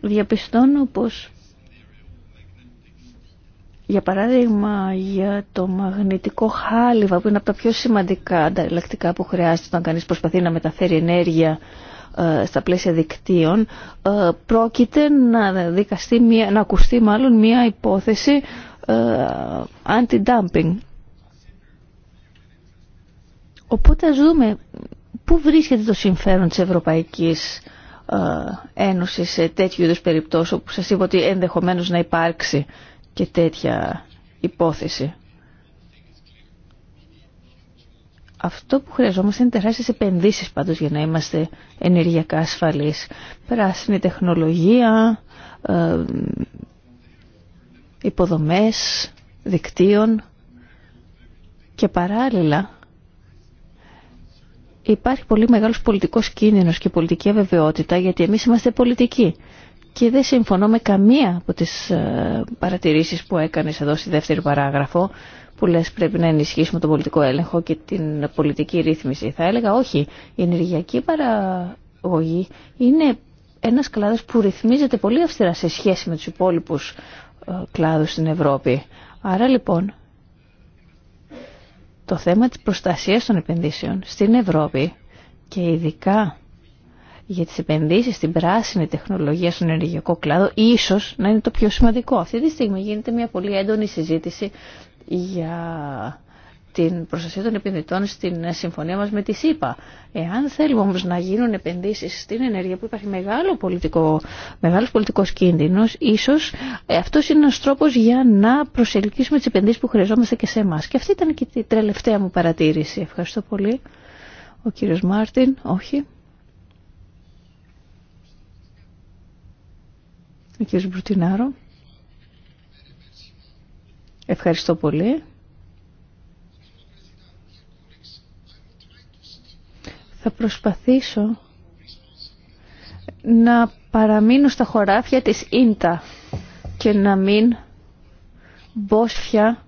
Διαπιστώνω πως για παράδειγμα για το μαγνητικό χάλιβα που είναι από τα πιο σημαντικά ανταλλακτικά που χρειάζεται όταν κανείς προσπαθεί να μεταφέρει ενέργεια ε, στα πλαίσια δικτύων ε, πρόκειται να, δικαστεί μια, να ακουστεί μάλλον μια υπόθεση ε, anti-dumping. Οπότε ας δούμε πού βρίσκεται το συμφέρον της Ευρωπαϊκής Ένωσης σε τέτοιου είδους περιπτώσεις όπου σας είπα ότι ενδεχομένως να υπάρξει και τέτοια υπόθεση. Αυτό που χρειαζόμαστε είναι τεράστιες επενδύσεις πάντως για να είμαστε ενεργειακά ασφαλείς. Πράσινη τεχνολογία, ε, υποδομές, δικτύων και παράλληλα υπάρχει πολύ μεγάλος πολιτικός κίνδυνος και πολιτική αβεβαιότητα γιατί εμείς είμαστε πολιτικοί και δεν συμφωνώ με καμία από τις ε, παρατηρήσεις που έκανες εδώ στη δεύτερη παράγραφο που λες πρέπει να ενισχύσουμε τον πολιτικό έλεγχο και την πολιτική ρύθμιση. Θα έλεγα όχι, η ενεργειακή παραγωγή είναι ένας κλάδος που ρυθμίζεται πολύ αυστηρά σε σχέση με τους υπόλοιπους ε, κλάδους στην Ευρώπη. Άρα λοιπόν το θέμα της προστασίας των επενδύσεων στην Ευρώπη και ειδικά για τις επενδύσεις στην πράσινη τεχνολογία στον ενεργειακό κλάδο ίσως να είναι το πιο σημαντικό. Αυτή τη στιγμή γίνεται μια πολύ έντονη συζήτηση για την προστασία των επενδυτών στην συμφωνία μας με τη ΣΥΠΑ. Εάν θέλουμε όμως να γίνουν επενδύσεις στην ενέργεια που υπάρχει μεγάλο πολιτικό, μεγάλος πολιτικός κίνδυνος, ίσως ε, αυτό είναι ένας τρόπος για να προσελκύσουμε τις επενδύσεις που χρειαζόμαστε και σε εμά. Και αυτή ήταν και η τελευταία μου παρατήρηση. Ευχαριστώ πολύ. Ο κύριος Μάρτιν, όχι. Ο κύριος Μπρουτινάρο. Ευχαριστώ πολύ. Θα προσπαθήσω να παραμείνω στα χωράφια της Ίντα και να μην μπόσφια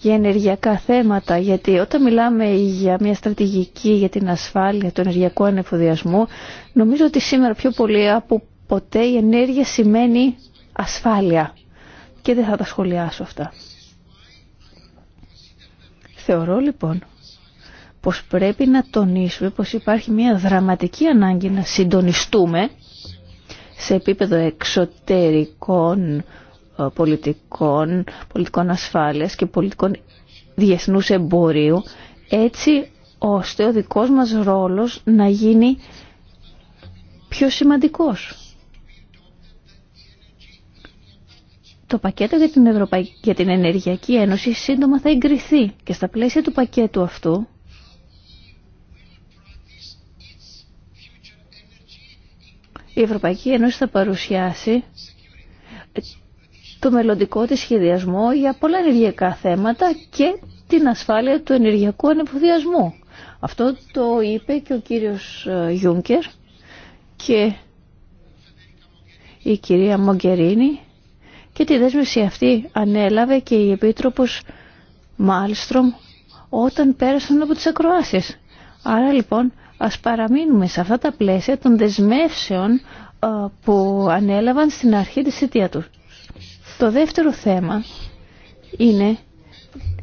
για ενεργειακά θέματα, γιατί όταν μιλάμε για μια στρατηγική για την ασφάλεια του ενεργειακού ανεφοδιασμού, νομίζω ότι σήμερα πιο πολύ από ποτέ η ενέργεια σημαίνει ασφάλεια και δεν θα τα σχολιάσω αυτά. Θεωρώ λοιπόν πως πρέπει να τονίσουμε πως υπάρχει μια δραματική ανάγκη να συντονιστούμε σε επίπεδο εξωτερικών ε, πολιτικών, πολιτικών ασφάλειας και πολιτικών διεθνούς εμπορίου έτσι ώστε ο δικός μας ρόλος να γίνει πιο σημαντικός. Το πακέτο για την, Ευρωπαϊκή, για Ενεργειακή Ένωση σύντομα θα εγκριθεί και στα πλαίσια του πακέτου αυτού η Ευρωπαϊκή Ένωση θα παρουσιάσει το μελλοντικό της σχεδιασμό για πολλά ενεργειακά θέματα και την ασφάλεια του ενεργειακού ανεφοδιασμού. Αυτό το είπε και ο κύριος ε, Γιούνκερ και η κυρία Μογκερίνη και τη δέσμευση αυτή ανέλαβε και η Επίτροπος Μάλστρομ όταν πέρασαν από τις ακροάσεις. Άρα λοιπόν ας παραμείνουμε σε αυτά τα πλαίσια των δεσμεύσεων που ανέλαβαν στην αρχή της θητεία του. Το δεύτερο θέμα είναι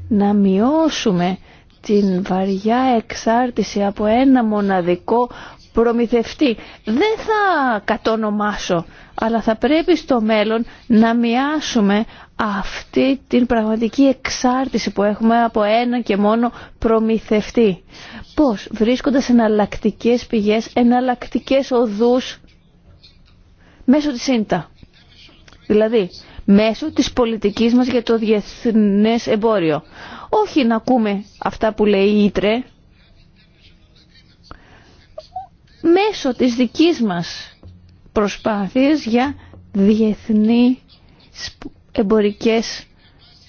να μειώσουμε την βαριά εξάρτηση από ένα μοναδικό προμηθευτή. Δεν θα κατονομάσω αλλά θα πρέπει στο μέλλον να μοιάσουμε αυτή την πραγματική εξάρτηση που έχουμε από ένα και μόνο προμηθευτή. Πώς, βρίσκοντας εναλλακτικέ πηγές, εναλλακτικέ οδούς μέσω της σύντα. Δηλαδή, μέσω της πολιτικής μας για το διεθνές εμπόριο. Όχι να ακούμε αυτά που λέει η Ήτρε, μέσω της δικής μας προσπάθειες για διεθνή εμπορικές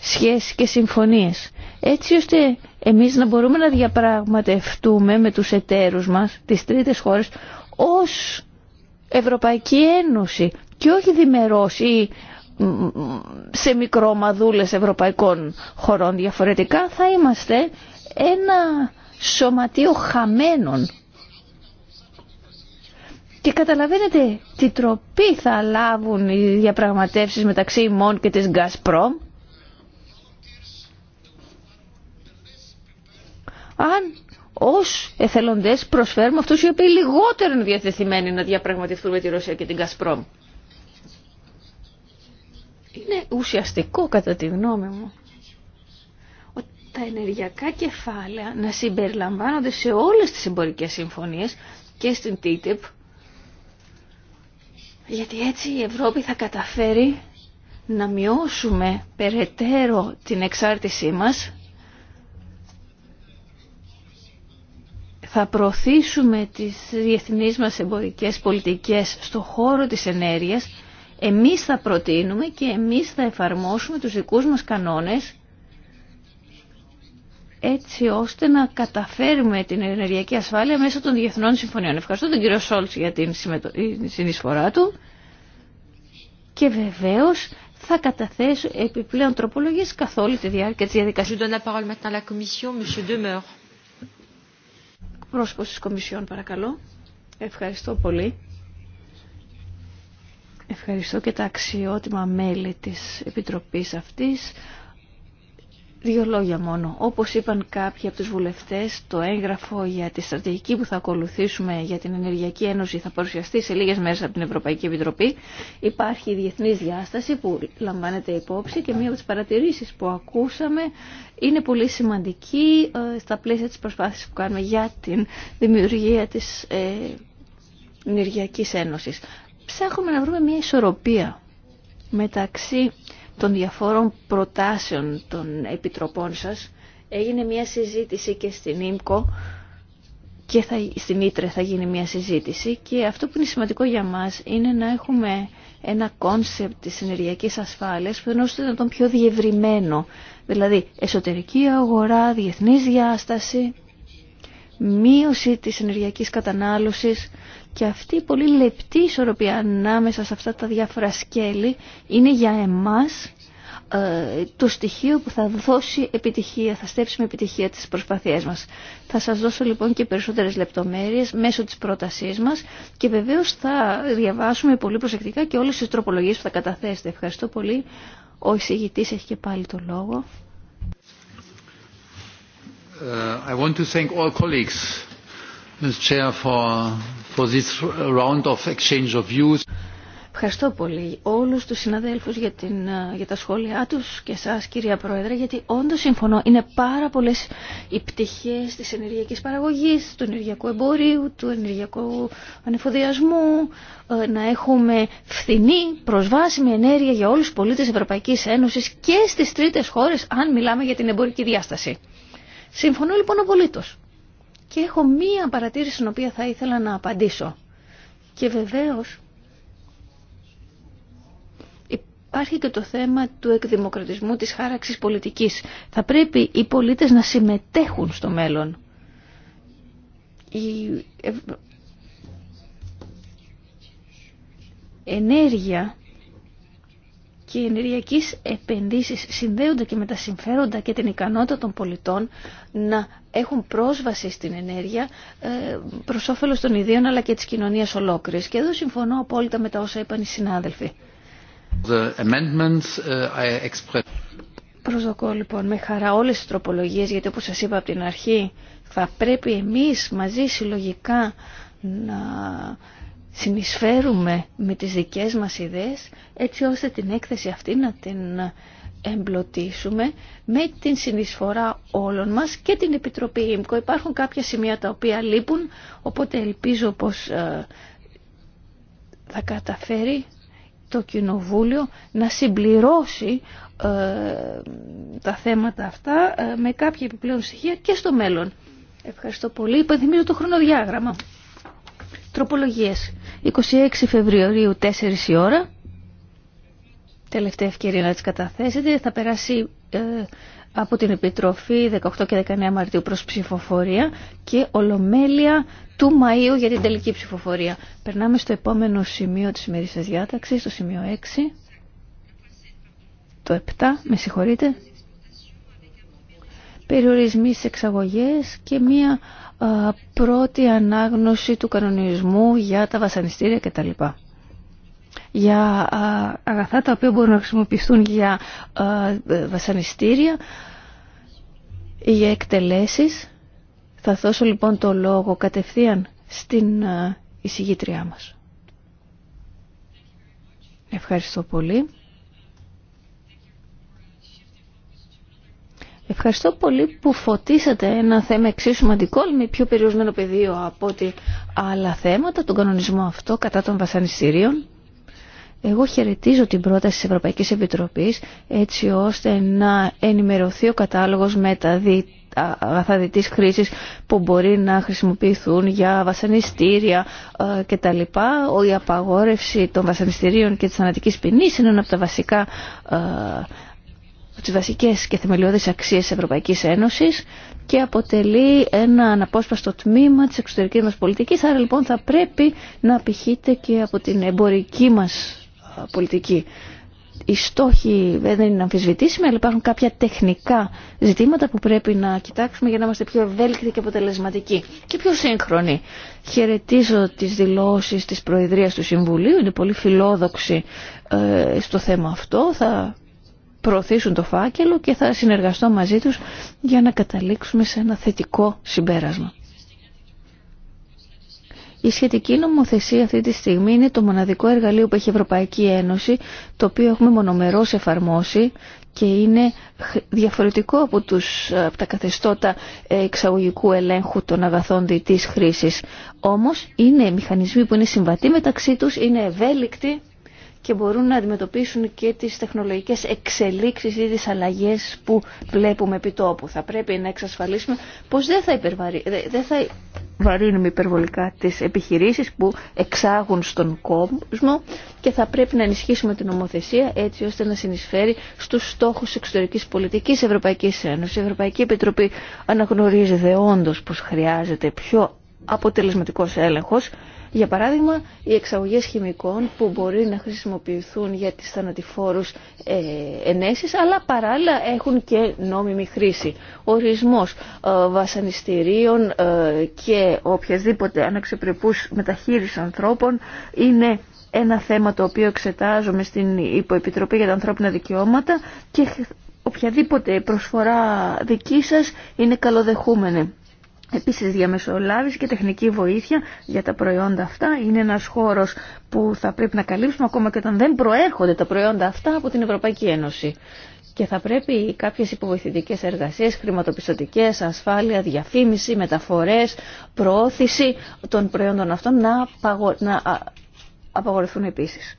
σχέσεις και συμφωνίες. Έτσι ώστε εμείς να μπορούμε να διαπραγματευτούμε με τους εταίρους μας, τις τρίτες χώρες, ως Ευρωπαϊκή Ένωση και όχι διμερός ή σε μικρό μαδούλες ευρωπαϊκών χωρών διαφορετικά θα είμαστε ένα σωματείο χαμένων και καταλαβαίνετε τι τροπή θα λάβουν οι διαπραγματεύσεις μεταξύ ημών και της Γκάσπρομ. Αν ως εθελοντές προσφέρουμε αυτούς οι οποίοι λιγότερο είναι διαθεθειμένοι να διαπραγματευτούν με τη Ρωσία και την Γκάσπρομ. Είναι ουσιαστικό κατά τη γνώμη μου ότι τα ενεργειακά κεφάλαια να συμπεριλαμβάνονται σε όλες τις εμπορικές συμφωνίες και στην TTIP γιατί έτσι η Ευρώπη θα καταφέρει να μειώσουμε περαιτέρω την εξάρτησή μας, θα προωθήσουμε τις διεθνείς μας εμπορικές πολιτικές στο χώρο της ενέργειας, εμείς θα προτείνουμε και εμείς θα εφαρμόσουμε τους δικούς μας κανόνες έτσι ώστε να καταφέρουμε την ενεργειακή ασφάλεια μέσω των διεθνών συμφωνιών. Ευχαριστώ τον κύριο Σόλτς για την συνεισφορά του και βεβαίω θα καταθέσω επιπλέον τρόπολογίε καθ' όλη τη διάρκεια της διαδικασίας. Πρόσωπο της Κομισιόν, παρακαλώ. Ευχαριστώ πολύ. Ευχαριστώ και τα αξιότιμα μέλη της Επιτροπής αυτής Δύο λόγια μόνο. Όπως είπαν κάποιοι από τους βουλευτές, το έγγραφο για τη στρατηγική που θα ακολουθήσουμε για την Ενεργειακή Ένωση θα παρουσιαστεί σε λίγες μέρες από την Ευρωπαϊκή Επιτροπή. Υπάρχει η διεθνής διάσταση που λαμβάνεται υπόψη και μία από τις παρατηρήσεις που ακούσαμε είναι πολύ σημαντική ε, στα πλαίσια της προσπάθειας που κάνουμε για την δημιουργία της ε, Ενεργειακής Ένωσης. Ψάχνουμε να βρούμε μία ισορροπία μεταξύ των διαφόρων προτάσεων των επιτροπών σας. Έγινε μια συζήτηση και στην ΙΜΚΟ και θα, στην Ήτρε θα γίνει μια συζήτηση και αυτό που είναι σημαντικό για μας είναι να έχουμε ένα κόνσεπτ της ενεργειακής ασφάλειας που είναι να τον πιο διευρυμένο. Δηλαδή εσωτερική αγορά, διεθνής διάσταση, μείωση της ενεργειακής κατανάλωσης και αυτή η πολύ λεπτή ισορροπία ανάμεσα σε αυτά τα διάφορα σκέλη είναι για εμάς ε, το στοιχείο που θα δώσει επιτυχία, θα στέψει με επιτυχία τις προσπαθίες μας. Θα σας δώσω λοιπόν και περισσότερες λεπτομέρειες μέσω της πρότασής μας και βεβαίως θα διαβάσουμε πολύ προσεκτικά και όλες τις τροπολογίες που θα καταθέσετε. Ευχαριστώ πολύ. Ο εισηγητής έχει και πάλι το λόγο. Uh, I want to thank all colleagues, Ευχαριστώ πολύ όλους τους συναδέλφους ε, για, τα σχόλιά τους και σας, κυρία Πρόεδρε γιατί όντως συμφωνώ είναι πάρα πολλές οι πτυχές της ενεργειακής παραγωγής, του ενεργειακού εμπορίου, του ενεργειακού ανεφοδιασμού, ε, να έχουμε φθηνή προσβάσιμη ενέργεια για όλους τους πολίτες Ευρωπαϊκής Ένωσης και στις τρίτες χώρες αν μιλάμε για την εμπορική διάσταση. Συμφωνώ λοιπόν απολύτω. Και έχω μία παρατήρηση στην οποία θα ήθελα να απαντήσω. Και βεβαίως υπάρχει και το θέμα του εκδημοκρατισμού της χάραξης πολιτικής. Θα πρέπει οι πολίτες να συμμετέχουν στο μέλλον. Η ενέργεια και οι ενεργειακέ επενδύσεις συνδέονται και με τα συμφέροντα και την ικανότητα των πολιτών να έχουν πρόσβαση στην ενέργεια ε, προς όφελος των ιδίων αλλά και της κοινωνίας ολόκληρης. Και εδώ συμφωνώ απόλυτα με τα όσα είπαν οι συνάδελφοι. Ε, Προσδοκώ λοιπόν με χαρά όλε τι τροπολογίε, γιατί όπω σα είπα από την αρχή θα πρέπει εμεί μαζί συλλογικά να συνεισφέρουμε με τις δικές μας ιδέες έτσι ώστε την έκθεση αυτή να την εμπλωτίσουμε με την συνεισφορά όλων μας και την Επιτροπή ΙΜΚΟ. Υπάρχουν κάποια σημεία τα οποία λείπουν, οπότε ελπίζω πως ε, θα καταφέρει το Κοινοβούλιο να συμπληρώσει ε, τα θέματα αυτά ε, με κάποια επιπλέον στοιχεία και στο μέλλον. Ευχαριστώ πολύ. Υπενθυμίζω το χρονοδιάγραμμα. Τροπολογίες. 26 Φεβρουαρίου, 4 η ώρα. Τελευταία ευκαιρία να τις καταθέσετε. Θα περάσει ε, από την Επιτροφή 18 και 19 Μαρτίου προς ψηφοφορία και ολομέλεια του Μαΐου για την τελική ψηφοφορία. Περνάμε στο επόμενο σημείο της ημερήσιας διάταξης, το σημείο 6. Το 7, με συγχωρείτε, περιορισμοί σε εξαγωγές και μία πρώτη ανάγνωση του κανονισμού για τα βασανιστήρια κτλ. Για αγαθά τα οποία μπορούν να χρησιμοποιηθούν για βασανιστήρια ή για εκτελέσεις. Θα δώσω λοιπόν το λόγο κατευθείαν στην εισηγήτριά μας. Ευχαριστώ πολύ. Ευχαριστώ πολύ που φωτίσατε ένα θέμα εξίσου σημαντικό με πιο περιορισμένο πεδίο από ότι άλλα θέματα, τον κανονισμό αυτό κατά των βασανιστήριων. Εγώ χαιρετίζω την πρόταση της Ευρωπαϊκής Επιτροπής έτσι ώστε να ενημερωθεί ο κατάλογος με τα αγαθαδητής χρήσης που μπορεί να χρησιμοποιηθούν για βασανιστήρια ε, κτλ. Η απαγόρευση των βασανιστήριων και της θανατικής ποινής είναι ένα από τα βασικά ε, τις βασικές και θεμελιώδεις αξίες της Ευρωπαϊκής Ένωσης και αποτελεί ένα αναπόσπαστο τμήμα της εξωτερικής μας πολιτικής, άρα λοιπόν θα πρέπει να απηχείται και από την εμπορική μας πολιτική. Οι στόχοι δεν είναι αμφισβητήσιμοι, αλλά υπάρχουν κάποια τεχνικά ζητήματα που πρέπει να κοιτάξουμε για να είμαστε πιο ευέλικτοι και αποτελεσματικοί και πιο σύγχρονοι. Χαιρετίζω τις δηλώσεις της Προεδρίας του Συμβουλίου, είναι πολύ φιλόδοξη ε, στο θέμα αυτό, θα προωθήσουν το φάκελο και θα συνεργαστώ μαζί τους για να καταλήξουμε σε ένα θετικό συμπέρασμα. Η σχετική νομοθεσία αυτή τη στιγμή είναι το μοναδικό εργαλείο που έχει η Ευρωπαϊκή Ένωση, το οποίο έχουμε μονομερώς εφαρμόσει και είναι διαφορετικό από, τους, από τα καθεστώτα ε, εξαγωγικού ελέγχου των αγαθών διητής χρήσης. Όμως είναι μηχανισμοί που είναι συμβατοί μεταξύ τους, είναι ευέλικτοι και μπορούν να αντιμετωπίσουν και τις τεχνολογικές εξελίξεις ή τις αλλαγές που βλέπουμε επί τόπου. Θα πρέπει να εξασφαλίσουμε πως δεν θα, υπερβαρύ, δεν θα βαρύνουμε υπερβολικά τις επιχειρήσεις που εξάγουν στον κόσμο και θα πρέπει να ενισχύσουμε την νομοθεσία έτσι ώστε να συνεισφέρει στους στόχους εξωτερικής πολιτικής Ευρωπαϊκής Ένωσης. Η Ευρωπαϊκή Επιτροπή αναγνωρίζει όντως πως χρειάζεται πιο αποτελεσματικός έλεγχος για παράδειγμα, οι εξαγωγές χημικών που μπορεί να χρησιμοποιηθούν για τις θανατηφόρους ε, ενέσεις, αλλά παράλληλα έχουν και νόμιμη χρήση. Ορισμός ε, βασανιστήριων ε, και οποιασδήποτε αναξεπρεπούς μεταχείριση ανθρώπων είναι ένα θέμα το οποίο εξετάζομαι στην Υποεπιτροπή για τα Ανθρώπινα Δικαιώματα και οποιαδήποτε προσφορά δική σας είναι καλοδεχούμενη. Επίσης διαμεσολάβηση και τεχνική βοήθεια για τα προϊόντα αυτά είναι ένας χώρος που θα πρέπει να καλύψουμε ακόμα και όταν δεν προέρχονται τα προϊόντα αυτά από την Ευρωπαϊκή Ένωση. Και θα πρέπει κάποιες υποβοηθητικές εργασίες, χρηματοπιστωτικές, ασφάλεια, διαφήμιση, μεταφορές, προώθηση των προϊόντων αυτών να απαγορευτούν επίσης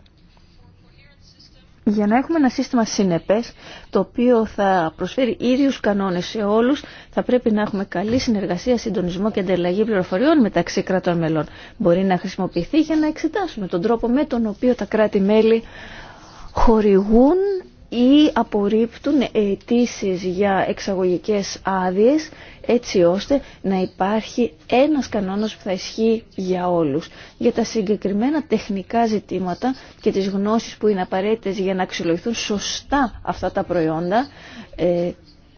για να έχουμε ένα σύστημα συνεπές το οποίο θα προσφέρει ίδιους κανόνες σε όλους θα πρέπει να έχουμε καλή συνεργασία, συντονισμό και ανταλλαγή πληροφοριών μεταξύ κρατών μελών. Μπορεί να χρησιμοποιηθεί για να εξετάσουμε τον τρόπο με τον οποίο τα κράτη-μέλη χορηγούν ή απορρίπτουν αιτήσει για εξαγωγικές άδειες έτσι ώστε να υπάρχει ένας κανόνας που θα ισχύει για όλους. Για τα συγκεκριμένα τεχνικά ζητήματα και τις γνώσεις που είναι απαραίτητες για να αξιολογηθούν σωστά αυτά τα προϊόντα, ε,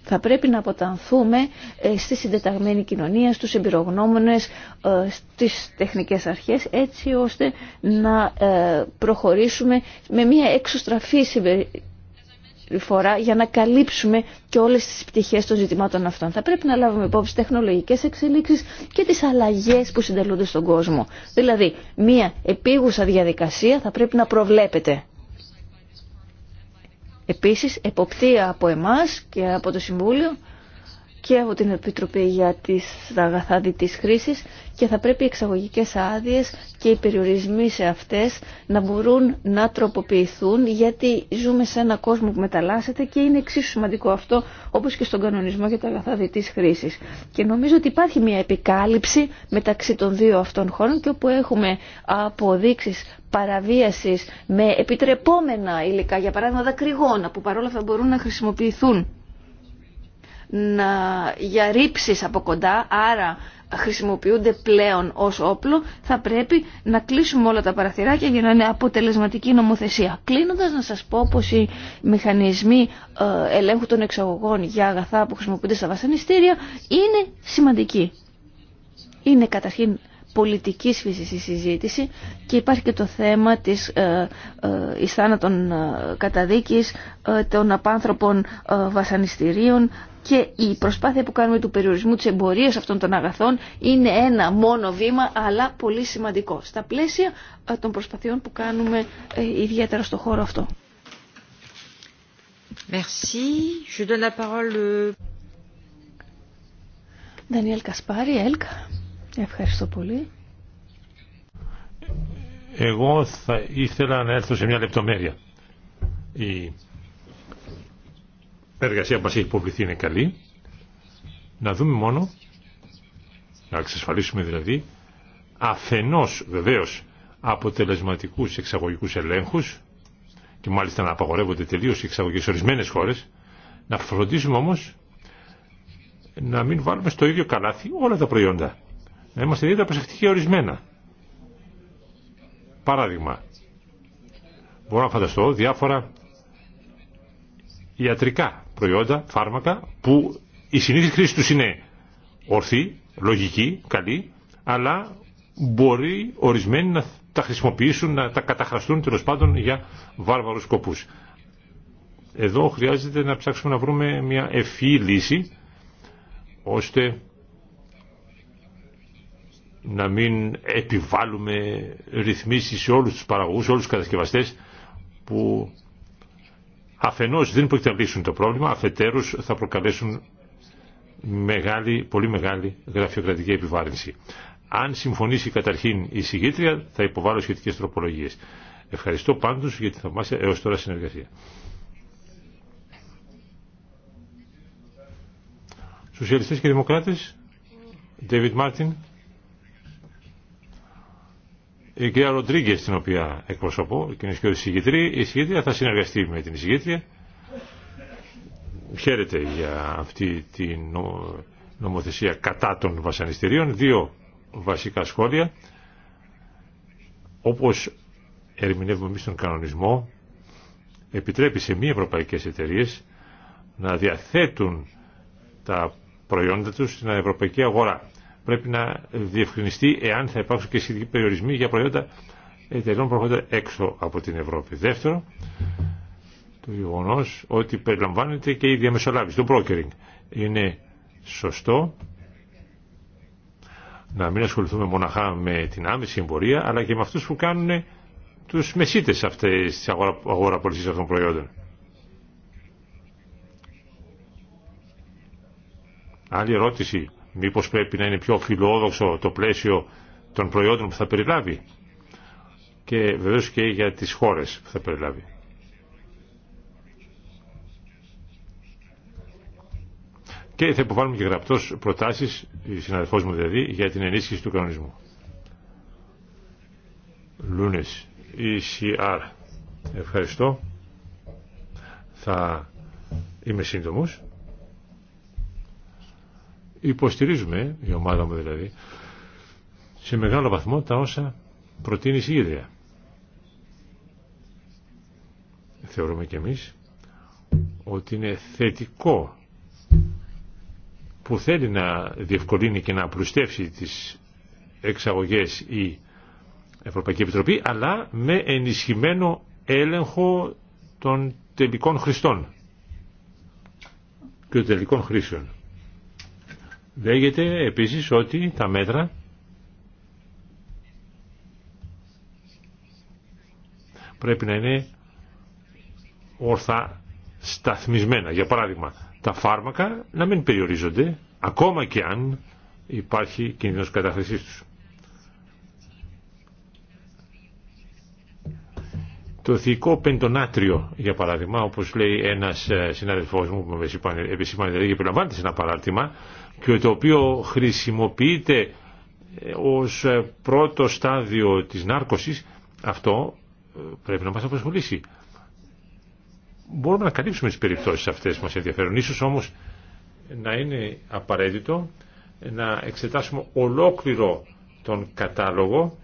θα πρέπει να αποτανθούμε ε, στη συντεταγμένη κοινωνία, στους εμπειρογνώμονες, ε, στις τεχνικές αρχές, έτσι ώστε να προχωρήσουμε με μια εξωστραφή φορά για να καλύψουμε και όλες τις πτυχές των ζητημάτων αυτών. Θα πρέπει να λάβουμε υπόψη τεχνολογικές εξελίξεις και τις αλλαγές που συντελούνται στον κόσμο. Δηλαδή, μία επίγουσα διαδικασία θα πρέπει να προβλέπεται. Επίσης, εποπτεία από εμάς και από το Συμβούλιο και από την Επιτροπή για τις αγαθά διτής χρήσης και θα πρέπει οι εξαγωγικές άδειες και οι περιορισμοί σε αυτές να μπορούν να τροποποιηθούν γιατί ζούμε σε ένα κόσμο που μεταλλάσσεται και είναι εξίσου σημαντικό αυτό όπως και στον κανονισμό για τα αγαθά διτής χρήσης. Και νομίζω ότι υπάρχει μια επικάλυψη μεταξύ των δύο αυτών χώρων και όπου έχουμε αποδείξεις παραβίασης με επιτρεπόμενα υλικά, για παράδειγμα δακρυγόνα που παρόλα αυτά μπορούν να χρησιμοποιηθούν να, για ρήψεις από κοντά, άρα χρησιμοποιούνται πλέον ως όπλο, θα πρέπει να κλείσουμε όλα τα παραθυράκια για να είναι αποτελεσματική νομοθεσία. Κλείνοντας να σας πω πως οι μηχανισμοί ε, ελέγχου των εξαγωγών για αγαθά που χρησιμοποιούνται στα βασανιστήρια είναι σημαντικοί. Είναι καταρχήν πολιτικής φύσης η συζήτηση και υπάρχει και το θέμα της ε, ε, ε καταδίκης, ε, των απάνθρωπων ε, βασανιστήριων, και η προσπάθεια που κάνουμε του περιορισμού της εμπορίας αυτών των αγαθών είναι ένα μόνο βήμα αλλά πολύ σημαντικό στα πλαίσια ε, των προσπαθειών που κάνουμε ε, ιδιαίτερα στο χώρο αυτό. Merci. Je donne la parole... Daniel Κασπάρη, ΕΛΚ. Ευχαριστώ πολύ. Εγώ θα ήθελα να έρθω σε μια λεπτομέρεια. Η εργασία που μας έχει υποβληθεί είναι καλή. Να δούμε μόνο, να εξασφαλίσουμε δηλαδή, αφενός βεβαίως αποτελεσματικούς εξαγωγικούς ελέγχους και μάλιστα να απαγορεύονται τελείως οι εξαγωγέ σε ορισμένες χώρες, να φροντίσουμε όμως να μην βάλουμε στο ίδιο καλάθι όλα τα προϊόντα. Να είμαστε ιδιαίτερα προσεκτικοί ορισμένα. Παράδειγμα, μπορώ να φανταστώ διάφορα ιατρικά προϊόντα, φάρμακα που η συνήθι χρήση τους είναι ορθή, λογική, καλή, αλλά μπορεί ορισμένοι να τα χρησιμοποιήσουν, να τα καταχραστούν τέλο πάντων για βάρβαρους σκοπούς. Εδώ χρειάζεται να ψάξουμε να βρούμε μια ευφυή λύση, ώστε να μην επιβάλλουμε ρυθμίσεις σε όλους τους παραγωγούς, σε όλους τους κατασκευαστές που αφενός δεν πρόκειται λύσουν το πρόβλημα, αφετέρους θα προκαλέσουν μεγάλη, πολύ μεγάλη γραφειοκρατική επιβάρυνση. Αν συμφωνήσει καταρχήν η συγγήτρια θα υποβάλω σχετικές τροπολογίες. Ευχαριστώ πάντως για τη θαυμάσια έως τώρα συνεργασία. Σοσιαλιστές και Δημοκράτες, David Martin η κυρία Ροντρίγκε την οποία εκπροσωπώ, είναι και ο η εισηγητρία θα συνεργαστεί με την εισηγήτρια. Χαίρεται για αυτή την νομοθεσία κατά των βασανιστήριων. Δύο βασικά σχόλια. Όπως ερμηνεύουμε εμείς τον κανονισμό, επιτρέπει σε μη ευρωπαϊκές εταιρείε να διαθέτουν τα προϊόντα τους στην ευρωπαϊκή αγορά πρέπει να διευκρινιστεί εάν θα υπάρξουν και σχετικοί περιορισμοί για προϊόντα εταιρεών έξω από την Ευρώπη. Δεύτερο, το γεγονό ότι περιλαμβάνεται και η διαμεσολάβηση, το brokering. Είναι σωστό να μην ασχοληθούμε μοναχά με την άμεση εμπορία, αλλά και με αυτού που κάνουν τους μεσίτε αυτές τι αγορα, αυτών των προϊόντων. Άλλη ερώτηση Μήπως πρέπει να είναι πιο φιλόδοξο το πλαίσιο των προϊόντων που θα περιλάβει και βεβαίως και για τις χώρες που θα περιλάβει. Και θα υποβάλουμε και γραπτός προτάσεις, η μου δηλαδή, για την ενίσχυση του κανονισμού. Λούνες, ECR. Ευχαριστώ. Θα είμαι σύντομος υποστηρίζουμε, η ομάδα μου δηλαδή, σε μεγάλο βαθμό τα όσα προτείνει η ίδια. Θεωρούμε κι εμείς ότι είναι θετικό που θέλει να διευκολύνει και να απλουστεύσει τις εξαγωγές η Ευρωπαϊκή Επιτροπή, αλλά με ενισχυμένο έλεγχο των τελικών χρηστών και των τελικών χρήσεων. Λέγεται επίσης ότι τα μέτρα πρέπει να είναι όρθα σταθμισμένα. Για παράδειγμα, τα φάρμακα να μην περιορίζονται ακόμα και αν υπάρχει κίνδυνος καταχρησής τους. Το θηικό πεντονάτριο, για παράδειγμα, όπως λέει ένας ε, συνάδελφός μου που με επισήμανε, δηλαδή, επιλαμβάνεται σε ένα παράρτημα, και το οποίο χρησιμοποιείται ε, ως ε, πρώτο στάδιο της νάρκωσης, αυτό ε, πρέπει να μας αποσχολήσει. Μπορούμε να καλύψουμε τις περιπτώσεις αυτές που μας ενδιαφέρουν. Ίσως όμως να είναι απαραίτητο να εξετάσουμε ολόκληρο τον κατάλογο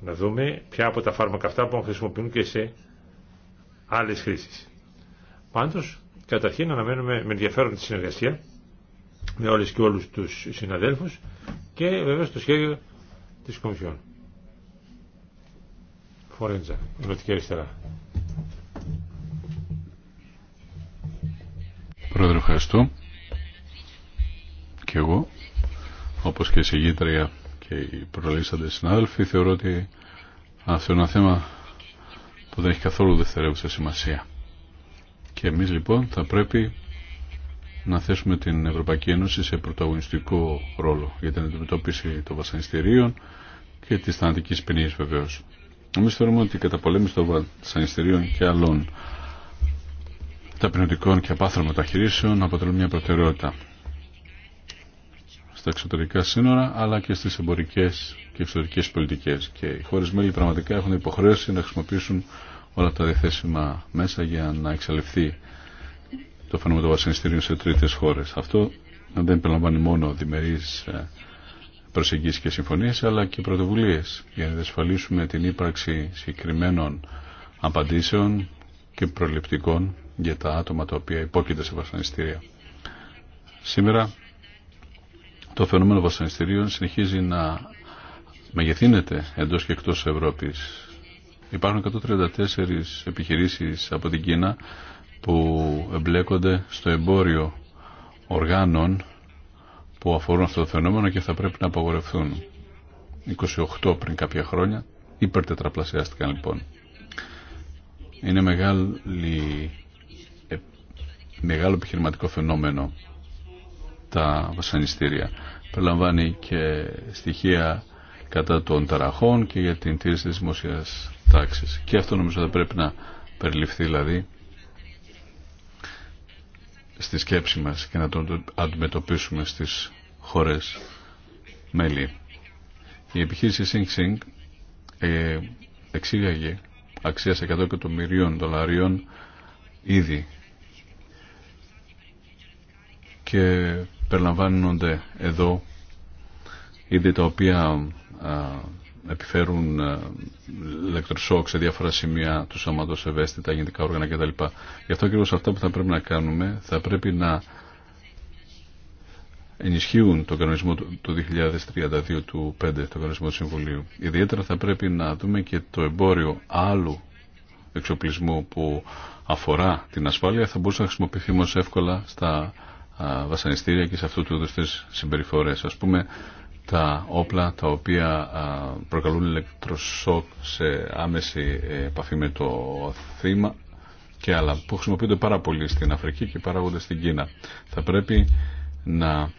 να δούμε ποια από τα φάρμακα αυτά που χρησιμοποιούν και σε άλλες χρήσεις. Πάντως, καταρχήν αναμένουμε με ενδιαφέρον τη συνεργασία με όλες και όλους τους συναδέλφους και βέβαια στο σχέδιο της Κομισιόν. Φορέντζα, Ενωτική Αριστερά. Πρόεδρε, ευχαριστώ. Και εγώ, όπως και η συγγήτρια και οι προλήσαντες συνάδελφοι, θεωρώ ότι αυτό είναι ένα θέμα που δεν έχει καθόλου δευτερεύουσα σημασία. Και εμείς λοιπόν θα πρέπει να θέσουμε την Ευρωπαϊκή Ένωση σε πρωταγωνιστικό ρόλο για την αντιμετώπιση των βασανιστήριων και τη θανατική ποινή βεβαίω. Εμεί θεωρούμε ότι η καταπολέμηση των βασανιστήριων και άλλων ταπεινωτικών και απάθρων μεταχειρήσεων αποτελούν μια προτεραιότητα στα εξωτερικά σύνορα αλλά και στι εμπορικέ και εξωτερικέ πολιτικέ. και οι χώρε μέλη πραγματικά έχουν υποχρέωση να χρησιμοποιήσουν όλα τα διαθέσιμα μέσα για να εξαλειφθεί το φαινόμενο του βασανιστήριων σε τρίτες χώρες. Αυτό δεν περιλαμβάνει μόνο διμερείς ε, προσεγγίσεις και συμφωνίες, αλλά και πρωτοβουλίες για να διασφαλίσουμε την ύπαρξη συγκεκριμένων απαντήσεων και προληπτικών για τα άτομα τα οποία υπόκειται σε βασανιστήρια. Σήμερα το φαινόμενο βασανιστήριων συνεχίζει να μεγεθύνεται εντός και εκτός Ευρώπης. Υπάρχουν 134 επιχειρήσεις από την Κίνα που εμπλέκονται στο εμπόριο οργάνων που αφορούν αυτό το φαινόμενο και θα πρέπει να απαγορευτούν. 28 πριν κάποια χρόνια υπερτετραπλασιάστηκαν λοιπόν. Είναι μεγάλο επιχειρηματικό φαινόμενο τα βασανιστήρια. Περιλαμβάνει και στοιχεία κατά των ταραχών και για την τήρηση της δημοσίας τάξης. Και αυτό νομίζω θα πρέπει να περιληφθεί δηλαδή στη σκέψη μας και να τον αντιμετωπίσουμε στις χώρες μέλη. Η επιχείρηση Sing Sing ε, εξήγαγε αξίας 100 εκατομμυρίων δολαρίων ήδη και περιλαμβάνονται εδώ ήδη τα οποία επιφέρουν ηλεκτροσόκ σε διάφορα σημεία του σώματος, ευαίσθητα, γενικά όργανα κτλ. Γι' αυτό σε αυτά που θα πρέπει να κάνουμε θα πρέπει να ενισχύουν τον κανονισμό του 2032 του 5, τον κανονισμό του Συμβουλίου. Ιδιαίτερα θα πρέπει να δούμε και το εμπόριο άλλου εξοπλισμού που αφορά την ασφάλεια θα μπορούσε να χρησιμοποιηθεί εύκολα στα βασανιστήρια και σε αυτού του είδους συμπεριφορές. Ας πούμε τα όπλα τα οποία προκαλούν ηλεκτροσόκ σε άμεση ε, επαφή με το θύμα και άλλα που χρησιμοποιούνται πάρα πολύ στην Αφρική και παράγονται στην Κίνα. Θα πρέπει να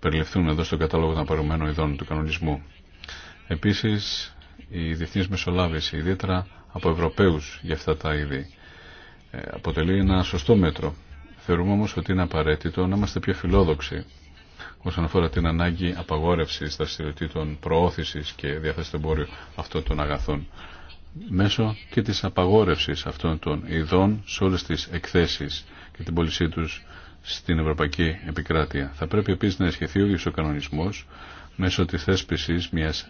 περιληφθούν εδώ στο κατάλογο των απαραγωμένων ειδών του κανονισμού. Επίσης, η διεθνής μεσολάβηση, ιδιαίτερα από Ευρωπαίους για αυτά τα είδη, ε, αποτελεί ένα σωστό μέτρο. Θεωρούμε όμως ότι είναι απαραίτητο να είμαστε πιο φιλόδοξοι όσον αφορά την ανάγκη απαγόρευσης δραστηριοτήτων προώθηση και διαθέσεων εμπόριου αυτών των αγαθών μέσω και της απαγόρευσης αυτών των ειδών σε όλες τις εκθέσεις και την πωλησή τους στην Ευρωπαϊκή Επικράτεια. Θα πρέπει επίσης να ισχυθεί ο ίδιος ο μέσω της θέσπισης μιας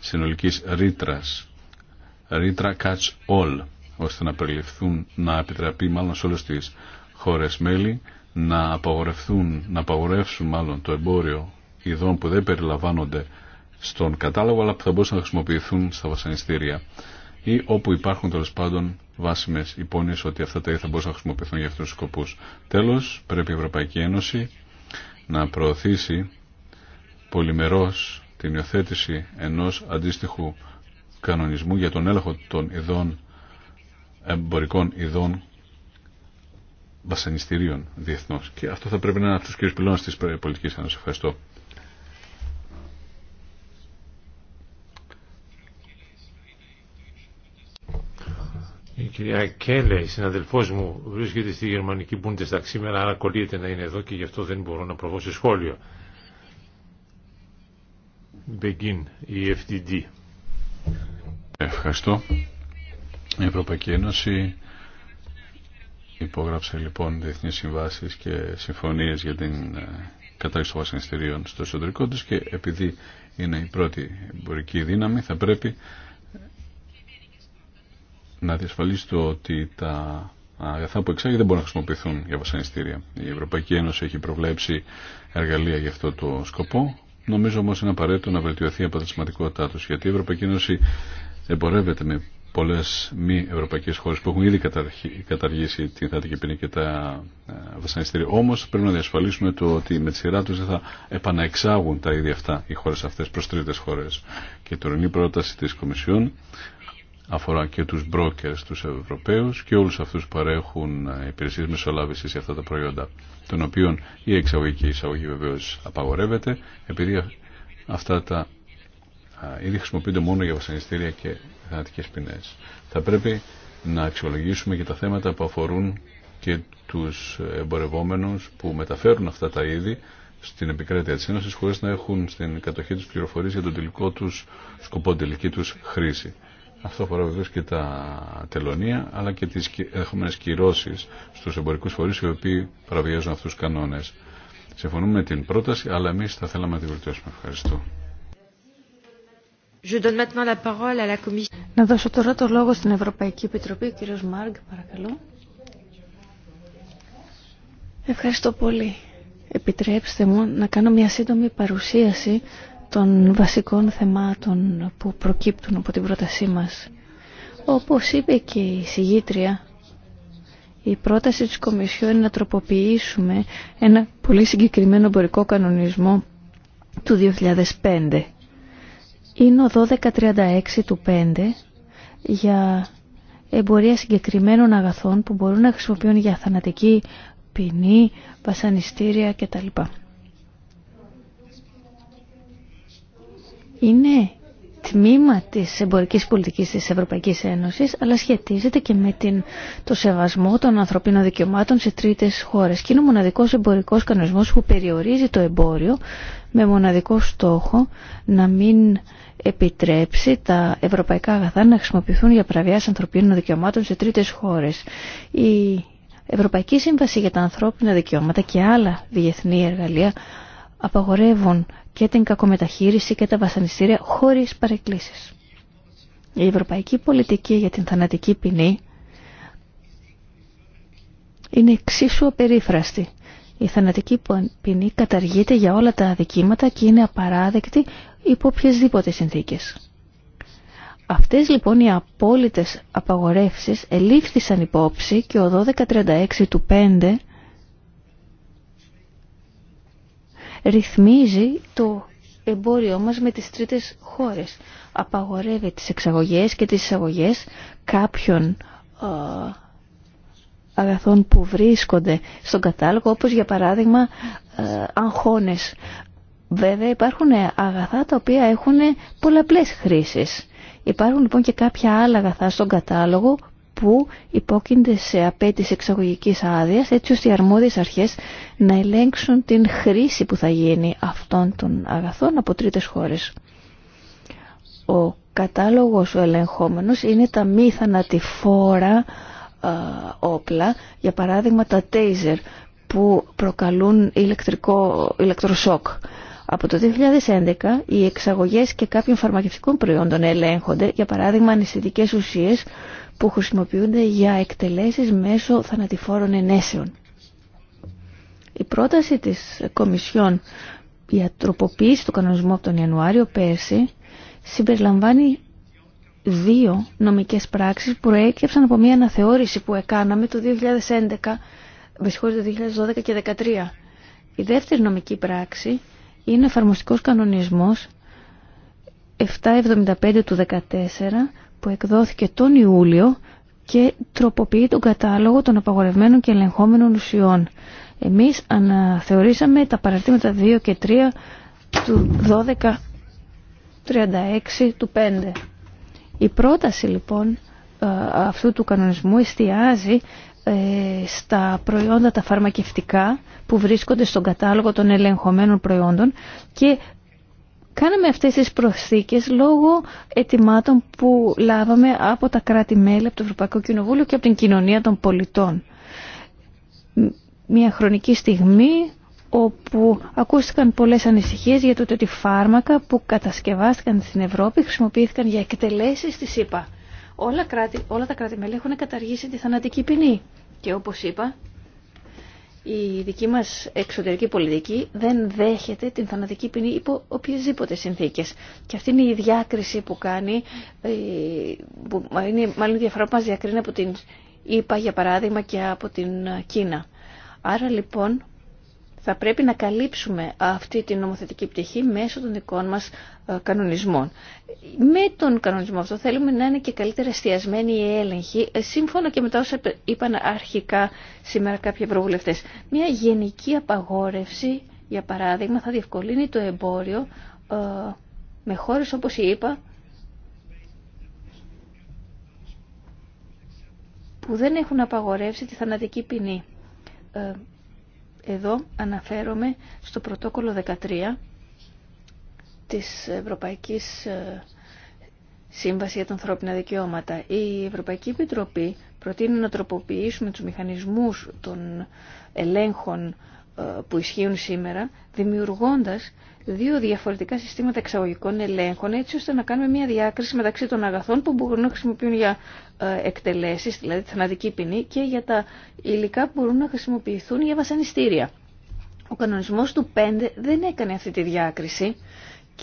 συνολικής ρήτρα, ρήτρα catch all, ώστε να περιληφθούν, να επιτραπεί μάλλον σε όλες τις χώρες μέλη να να απαγορεύσουν μάλλον το εμπόριο ειδών που δεν περιλαμβάνονται στον κατάλογο αλλά που θα μπορούσαν να χρησιμοποιηθούν στα βασανιστήρια ή όπου υπάρχουν τέλο πάντων βάσιμε υπόνοιε ότι αυτά τα είδη θα μπορούσαν να χρησιμοποιηθούν για αυτού του σκοπού. Τέλο, πρέπει η Ευρωπαϊκή Ένωση να προωθήσει πολυμερό την υιοθέτηση ενό αντίστοιχου κανονισμού για τον έλεγχο των ειδών εμπορικών ειδών βασανιστήριων διεθνώ. Και αυτό θα πρέπει να είναι από του κύριου πυλώνε τη πολιτική ένωση. Ευχαριστώ. Η κυρία Κέλλε, η συναδελφό μου, βρίσκεται στη γερμανική Bundestag σήμερα, άρα κολλείται να είναι εδώ και γι' αυτό δεν μπορώ να προβώ σε σχόλιο. Begin, η FTD. Ευχαριστώ. Η Ευρωπαϊκή Ένωση Υπόγραψε λοιπόν διεθνείς συμβάσεις και συμφωνίες για την ε, κατάρριξη των βασανιστήριων στο εσωτερικό τους και επειδή είναι η πρώτη εμπορική δύναμη θα πρέπει να διασφαλίσει το ότι τα αγαθά που εξάγει δεν μπορούν να χρησιμοποιηθούν για βασανιστήρια. Η Ευρωπαϊκή Ένωση έχει προβλέψει εργαλεία για αυτό το σκοπό. Νομίζω όμως είναι απαραίτητο να βελτιωθεί η αποτελεσματικότητά τους γιατί η Ευρωπαϊκή Ένωση εμπορεύεται με Πολλέ μη ευρωπαϊκέ χώρε που έχουν ήδη καταργήσει την θετική ποινή και τα ε, βασανιστήρια. Όμω πρέπει να διασφαλίσουμε το ότι με τη σειρά του δεν θα επαναεξάγουν τα ίδια αυτά οι χώρε αυτέ, προς τρίτε χώρε. Και η τωρινή πρόταση τη Κομισιόν αφορά και του brokers, του Ευρωπαίου και όλου αυτού που παρέχουν ε, υπηρεσίε μεσολάβηση για αυτά τα προϊόντα, των οποίων η εξαγωγή και η εισαγωγή βεβαίω απαγορεύεται, επειδή αυτά τα ε, ήδη χρησιμοποιούνται μόνο για βασανιστήρια και θανατικές ποινές. Θα πρέπει να αξιολογήσουμε και τα θέματα που αφορούν και τους εμπορευόμενους που μεταφέρουν αυτά τα είδη στην επικράτεια της Ένωσης χωρίς να έχουν στην κατοχή τους πληροφορίες για τον τελικό τους σκοπό, τελική τους χρήση. Αυτό αφορά βεβαίω και τα τελωνία, αλλά και τις έχουμε κυρώσει στους εμπορικούς φορείς οι οποίοι παραβιάζουν αυτούς τους κανόνες. Συμφωνούμε με την πρόταση, αλλά εμείς θα θέλαμε να τη βελτιώσουμε. Ευχαριστώ. Να δώσω τώρα το λόγο στην Ευρωπαϊκή Επιτροπή. Ο κύριος Μάργκ, παρακαλώ. Ευχαριστώ πολύ. Επιτρέψτε μου να κάνω μια σύντομη παρουσίαση των βασικών θεμάτων που προκύπτουν από την πρότασή μας. Όπως είπε και η συγγήτρια, η πρόταση της Κομισιόν είναι να τροποποιήσουμε ένα πολύ συγκεκριμένο εμπορικό κανονισμό του 2005 είναι ο 1236 του 5 για εμπορία συγκεκριμένων αγαθών που μπορούν να χρησιμοποιούν για θανατική ποινή, βασανιστήρια κτλ. Είναι τμήμα της εμπορικής πολιτικής της Ευρωπαϊκής Ένωσης αλλά σχετίζεται και με την, το σεβασμό των ανθρωπίνων δικαιωμάτων σε τρίτες χώρες και είναι ο μοναδικός εμπορικός κανονισμός που περιορίζει το εμπόριο με μοναδικό στόχο να μην επιτρέψει τα ευρωπαϊκά αγαθά να χρησιμοποιηθούν για πραβιάς ανθρωπίνων δικαιωμάτων σε τρίτες χώρες. Η Ευρωπαϊκή Σύμβαση για τα Ανθρώπινα Δικαιώματα και άλλα διεθνή εργαλεία απαγορεύουν και την κακομεταχείριση και τα βασανιστήρια χωρίς παρεκκλήσεις. Η ευρωπαϊκή πολιτική για την θανατική ποινή είναι εξίσου απερίφραστη. Η θανατική ποινή καταργείται για όλα τα αδικήματα και είναι απαράδεκτη υπό οποιασδήποτε συνθήκες. Αυτές λοιπόν οι απόλυτες απαγορεύσεις ελήφθησαν υπόψη και ο 1236 του ρυθμίζει το εμπόριό μας με τις τρίτες χώρες. Απαγορεύει τις εξαγωγές και τις εισαγωγές κάποιων αγαθών που βρίσκονται στον κατάλογο, όπως για παράδειγμα αγχώνες. Βέβαια υπάρχουν αγαθά τα οποία έχουν πολλαπλές χρήσεις. Υπάρχουν λοιπόν και κάποια άλλα αγαθά στον κατάλογο που υπόκεινται σε απέτηση εξαγωγικής άδειας έτσι ώστε οι αρμόδιες αρχές να ελέγξουν την χρήση που θα γίνει αυτών των αγαθών από τρίτες χώρες. Ο κατάλογος ο ελεγχόμενος είναι τα μη θανατηφόρα όπλα, για παράδειγμα τα τέιζερ που προκαλούν ηλεκτρικό, ηλεκτροσόκ. Από το 2011 οι εξαγωγές και κάποιων φαρμακευτικών προϊόντων ελέγχονται, για παράδειγμα ανησυντικές ουσίες που χρησιμοποιούνται για εκτελέσεις μέσω θανατηφόρων ενέσεων. Η πρόταση της Κομισιόν για τροποποίηση του κανονισμού από τον Ιανουάριο πέρσι συμπεριλαμβάνει δύο νομικές πράξεις που προέκυψαν από μια αναθεώρηση που έκαναμε το 2011, με το 2012 και 2013. Η δεύτερη νομική πράξη είναι ο εφαρμοστικός κανονισμός 775 του 2014 που εκδόθηκε τον Ιούλιο και τροποποιεί τον κατάλογο των απαγορευμένων και ελεγχόμενων ουσιών. Εμείς αναθεωρήσαμε τα παραρτήματα 2 και 3 του 1236 του 5. Η πρόταση λοιπόν ε, αυτού του κανονισμού εστιάζει ε, στα προϊόντα τα φαρμακευτικά που βρίσκονται στον κατάλογο των ελεγχομένων προϊόντων και Κάναμε αυτές τις προσθήκες λόγω ετοιμάτων που λάβαμε από τα κράτη-μέλη, από το Ευρωπαϊκό Κοινοβούλιο και από την κοινωνία των πολιτών. Μια χρονική στιγμή όπου ακούστηκαν πολλές ανησυχίες για το ότι φάρμακα που κατασκευάστηκαν στην Ευρώπη χρησιμοποιήθηκαν για εκτελέσεις της ΕΠΑ. Όλα, κράτη, όλα τα κράτη-μέλη έχουν καταργήσει τη θανατική ποινή. Και όπως είπα, η δική μας εξωτερική πολιτική δεν δέχεται την θανατική ποινή υπό οποιασδήποτε συνθήκες. Και αυτή είναι η διάκριση που κάνει, ε, που είναι μάλλον η διαφορά που μας διακρίνει από την ΙΠΑ για παράδειγμα και από την Κίνα. Άρα λοιπόν θα πρέπει να καλύψουμε αυτή την νομοθετική πτυχή μέσω των δικών μας ε, κανονισμών. Με τον κανονισμό αυτό θέλουμε να είναι και καλύτερα εστιασμένοι οι έλεγχοι, ε, σύμφωνα και με τα όσα είπαν αρχικά σήμερα κάποιοι ευρωβουλευτές. Μια γενική απαγόρευση, για παράδειγμα, θα διευκολύνει το εμπόριο ε, με χώρες όπως είπα που δεν έχουν απαγορεύσει τη θανατική ποινή εδώ αναφέρομαι στο πρωτόκολλο 13 της Ευρωπαϊκής ε, Σύμβασης για τα Ανθρώπινα Δικαιώματα. Η Ευρωπαϊκή Επιτροπή προτείνει να τροποποιήσουμε τους μηχανισμούς των ελέγχων ε, που ισχύουν σήμερα, δημιουργώντας δύο διαφορετικά συστήματα εξαγωγικών ελέγχων έτσι ώστε να κάνουμε μια διάκριση μεταξύ των αγαθών που μπορούν να χρησιμοποιούν για ε, εκτελέσεις, δηλαδή θανατική ποινή και για τα υλικά που μπορούν να χρησιμοποιηθούν για βασανιστήρια. Ο κανονισμός του 5 δεν έκανε αυτή τη διάκριση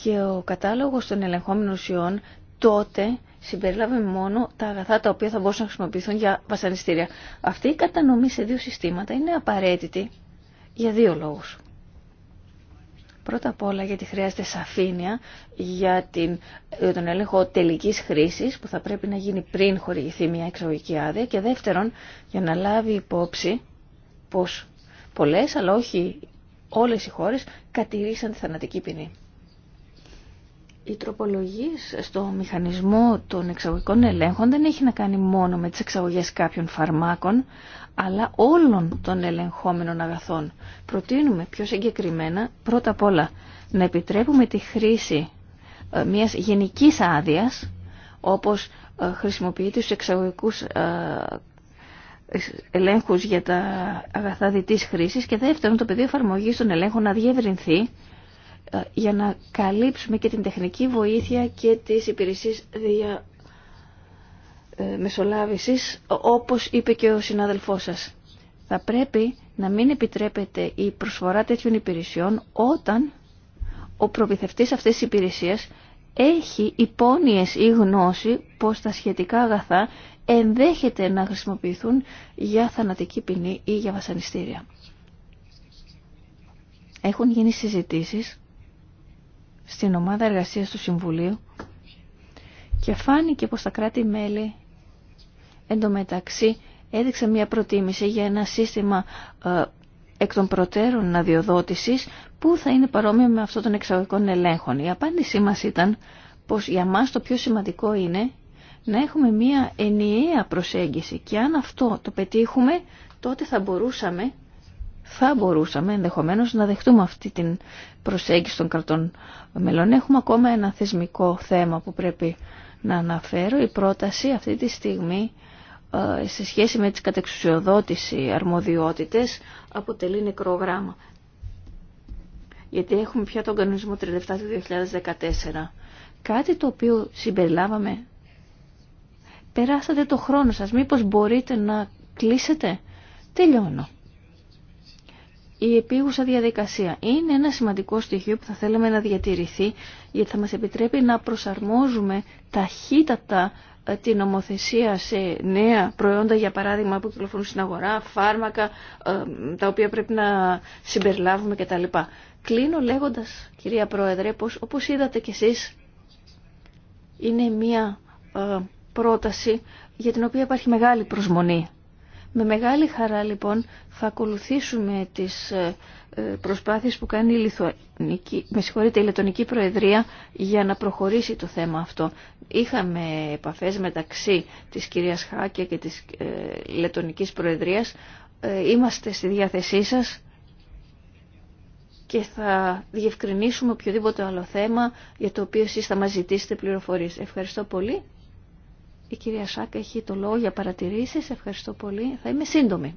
και ο κατάλογος των ελεγχόμενων ουσιών τότε συμπεριλάβει μόνο τα αγαθά τα οποία θα μπορούσαν να χρησιμοποιηθούν για βασανιστήρια. Αυτή η κατανομή σε δύο συστήματα είναι απαραίτητη για δύο λόγους. Πρώτα απ' όλα γιατί χρειάζεται σαφήνεια για, την, τον έλεγχο τελικής χρήσης που θα πρέπει να γίνει πριν χορηγηθεί μια εξαγωγική άδεια και δεύτερον για να λάβει υπόψη πως πολλές αλλά όχι όλες οι χώρες κατηρήσαν τη θανατική ποινή. Η τροπολογία στο μηχανισμό των εξαγωγικών ελέγχων δεν έχει να κάνει μόνο με τις εξαγωγές κάποιων φαρμάκων, αλλά όλων των ελεγχόμενων αγαθών. Προτείνουμε πιο συγκεκριμένα, πρώτα απ' όλα, να επιτρέπουμε τη χρήση ε, μιας γενικής άδειας, όπως ε, χρησιμοποιείται στους εξαγωγικούς ε, ελέγχους για τα αγαθά διτής χρήσης και δεύτερον το πεδίο εφαρμογή των ελέγχων να διευρυνθεί για να καλύψουμε και την τεχνική βοήθεια και τις υπηρεσίες δια ε, μεσολάβησης όπως είπε και ο συνάδελφός σας. Θα πρέπει να μην επιτρέπεται η προσφορά τέτοιων υπηρεσιών όταν ο προμηθευτής αυτής της υπηρεσίας έχει υπόνοιες ή γνώση πως τα σχετικά αγαθά ενδέχεται να χρησιμοποιηθούν για θανατική ποινή ή για βασανιστήρια. Έχουν γίνει συζητήσεις στην ομάδα εργασίας του Συμβουλίου και φάνηκε πως τα κράτη-μέλη Εν τω μεταξύ έδειξε μια προτίμηση για ένα σύστημα ε, εκ των προτέρων αδειοδότησης που θα είναι παρόμοιο με αυτό των εξαγωγικών ελέγχων. Η απάντησή μας ήταν πως για μας το πιο σημαντικό είναι να έχουμε μια ενιαία προσέγγιση και αν αυτό το πετύχουμε τότε θα μπορούσαμε θα μπορούσαμε ενδεχομένως να δεχτούμε αυτή την προσέγγιση των κρατών μελών. Έχουμε ακόμα ένα θεσμικό θέμα που πρέπει να αναφέρω. Η πρόταση αυτή τη στιγμή ε, σε σχέση με τις κατεξουσιοδότηση αρμοδιότητες αποτελεί νεκρό γράμμα. Γιατί έχουμε πια τον κανονισμό 37 του 2014. Κάτι το οποίο συμπεριλάβαμε. Περάσατε το χρόνο σας. Μήπως μπορείτε να κλείσετε. Τελειώνω. Η επίγουσα διαδικασία είναι ένα σημαντικό στοιχείο που θα θέλαμε να διατηρηθεί γιατί θα μας επιτρέπει να προσαρμόζουμε ταχύτατα την νομοθεσία σε νέα προϊόντα, για παράδειγμα, που κυκλοφορούν στην αγορά, φάρμακα, ε, τα οποία πρέπει να συμπεριλάβουμε κτλ. Κλείνω λέγοντας, κυρία Πρόεδρε, πως όπως είδατε κι εσείς, είναι μία ε, πρόταση για την οποία υπάρχει μεγάλη προσμονή. Με μεγάλη χαρά λοιπόν θα ακολουθήσουμε τις ε, ε, προσπάθειες που κάνει η, Λιθουανική, με η Λετωνική Προεδρία για να προχωρήσει το θέμα αυτό. Είχαμε επαφές μεταξύ της κυρίας Χάκια και της ε, Λετωνικής Προεδρίας. Είμαστε στη διάθεσή σας και θα διευκρινίσουμε οποιοδήποτε άλλο θέμα για το οποίο εσείς θα μας ζητήσετε πληροφορίες. Ευχαριστώ πολύ. Η κυρία Σάκ έχει το λόγο για παρατηρήσεις. Ευχαριστώ πολύ. Θα είμαι σύντομη.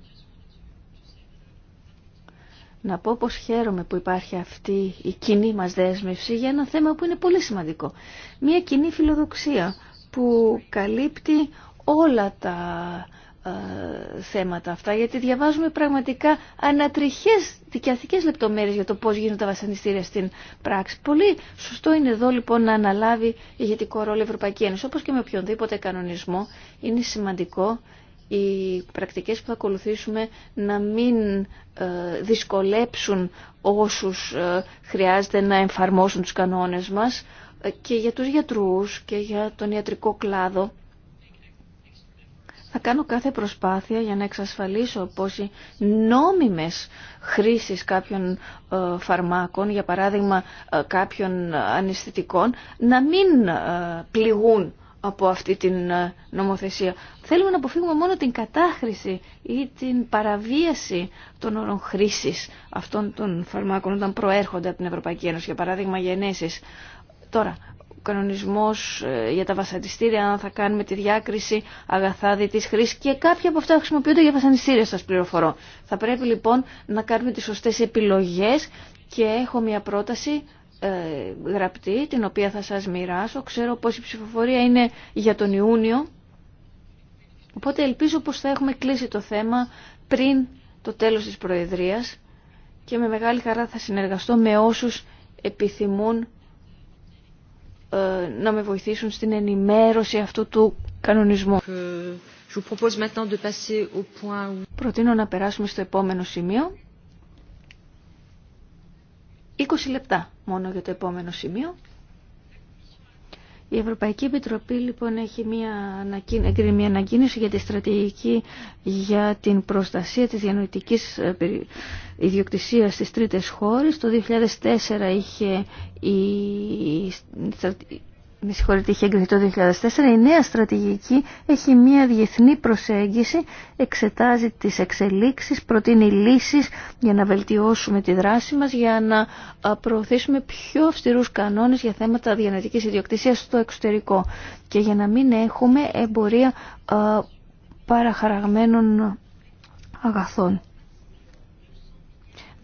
Να πω πως χαίρομαι που υπάρχει αυτή η κοινή μας δέσμευση για ένα θέμα που είναι πολύ σημαντικό. Μία κοινή φιλοδοξία που καλύπτει όλα τα ε, θέματα αυτά, γιατί διαβάζουμε πραγματικά ανατριχές δικαιαστικές λεπτομέρειες για το πώς γίνονται τα βασανιστήρια στην πράξη. Πολύ σωστό είναι εδώ λοιπόν να αναλάβει ηγετικό ρόλο η Ευρωπαϊκή Ένωση, όπως και με οποιονδήποτε κανονισμό είναι σημαντικό οι πρακτικές που θα ακολουθήσουμε να μην ε, δυσκολέψουν όσους ε, χρειάζεται να εφαρμόσουν τους κανόνες μας και για τους γιατρούς και για τον ιατρικό κλάδο θα κάνω κάθε προσπάθεια για να εξασφαλίσω πως οι νόμιμες χρήσεις κάποιων ε, φαρμάκων, για παράδειγμα ε, κάποιων αναισθητικών, να μην ε, πληγούν από αυτή την νομοθεσία. Θέλουμε να αποφύγουμε μόνο την κατάχρηση ή την παραβίαση των όρων χρήσης αυτών των φαρμάκων όταν προέρχονται από την Ευρωπαϊκή Ένωση, για παράδειγμα γενέσεις. Τώρα, κανονισμός ε, για τα βασανιστήρια, αν θα κάνουμε τη διάκριση αγαθάδη της χρήσης και κάποια από αυτά χρησιμοποιούνται για βασανιστήρια σας πληροφορώ. Θα πρέπει λοιπόν να κάνουμε τις σωστές επιλογές και έχω μια πρόταση ε, γραπτή την οποία θα σας μοιράσω. Ξέρω πως η ψηφοφορία είναι για τον Ιούνιο. Οπότε ελπίζω πως θα έχουμε κλείσει το θέμα πριν το τέλος της Προεδρίας και με μεγάλη χαρά θα συνεργαστώ με όσους επιθυμούν ε, να με βοηθήσουν στην ενημέρωση αυτού του κανονισμού. Προτείνω να περάσουμε στο επόμενο σημείο. 20 λεπτά μόνο για το επόμενο σημείο. Η Ευρωπαϊκή Επιτροπή λοιπόν έχει μια, εγκρίνει μια ανακοίνωση για τη στρατηγική για την προστασία της διανοητικής ε, ιδιοκτησία στις τρίτες χώρες. Το 2004 είχε η, με συγχωρείτε, είχε εγκριθεί το 2004, η νέα στρατηγική έχει μια διεθνή προσέγγιση, εξετάζει τις εξελίξεις, προτείνει λύσεις για να βελτιώσουμε τη δράση μας, για να προωθήσουμε πιο αυστηρούς κανόνες για θέματα διανετικής ιδιοκτησίας στο εξωτερικό και για να μην έχουμε εμπορία παραχαραγμένων αγαθών.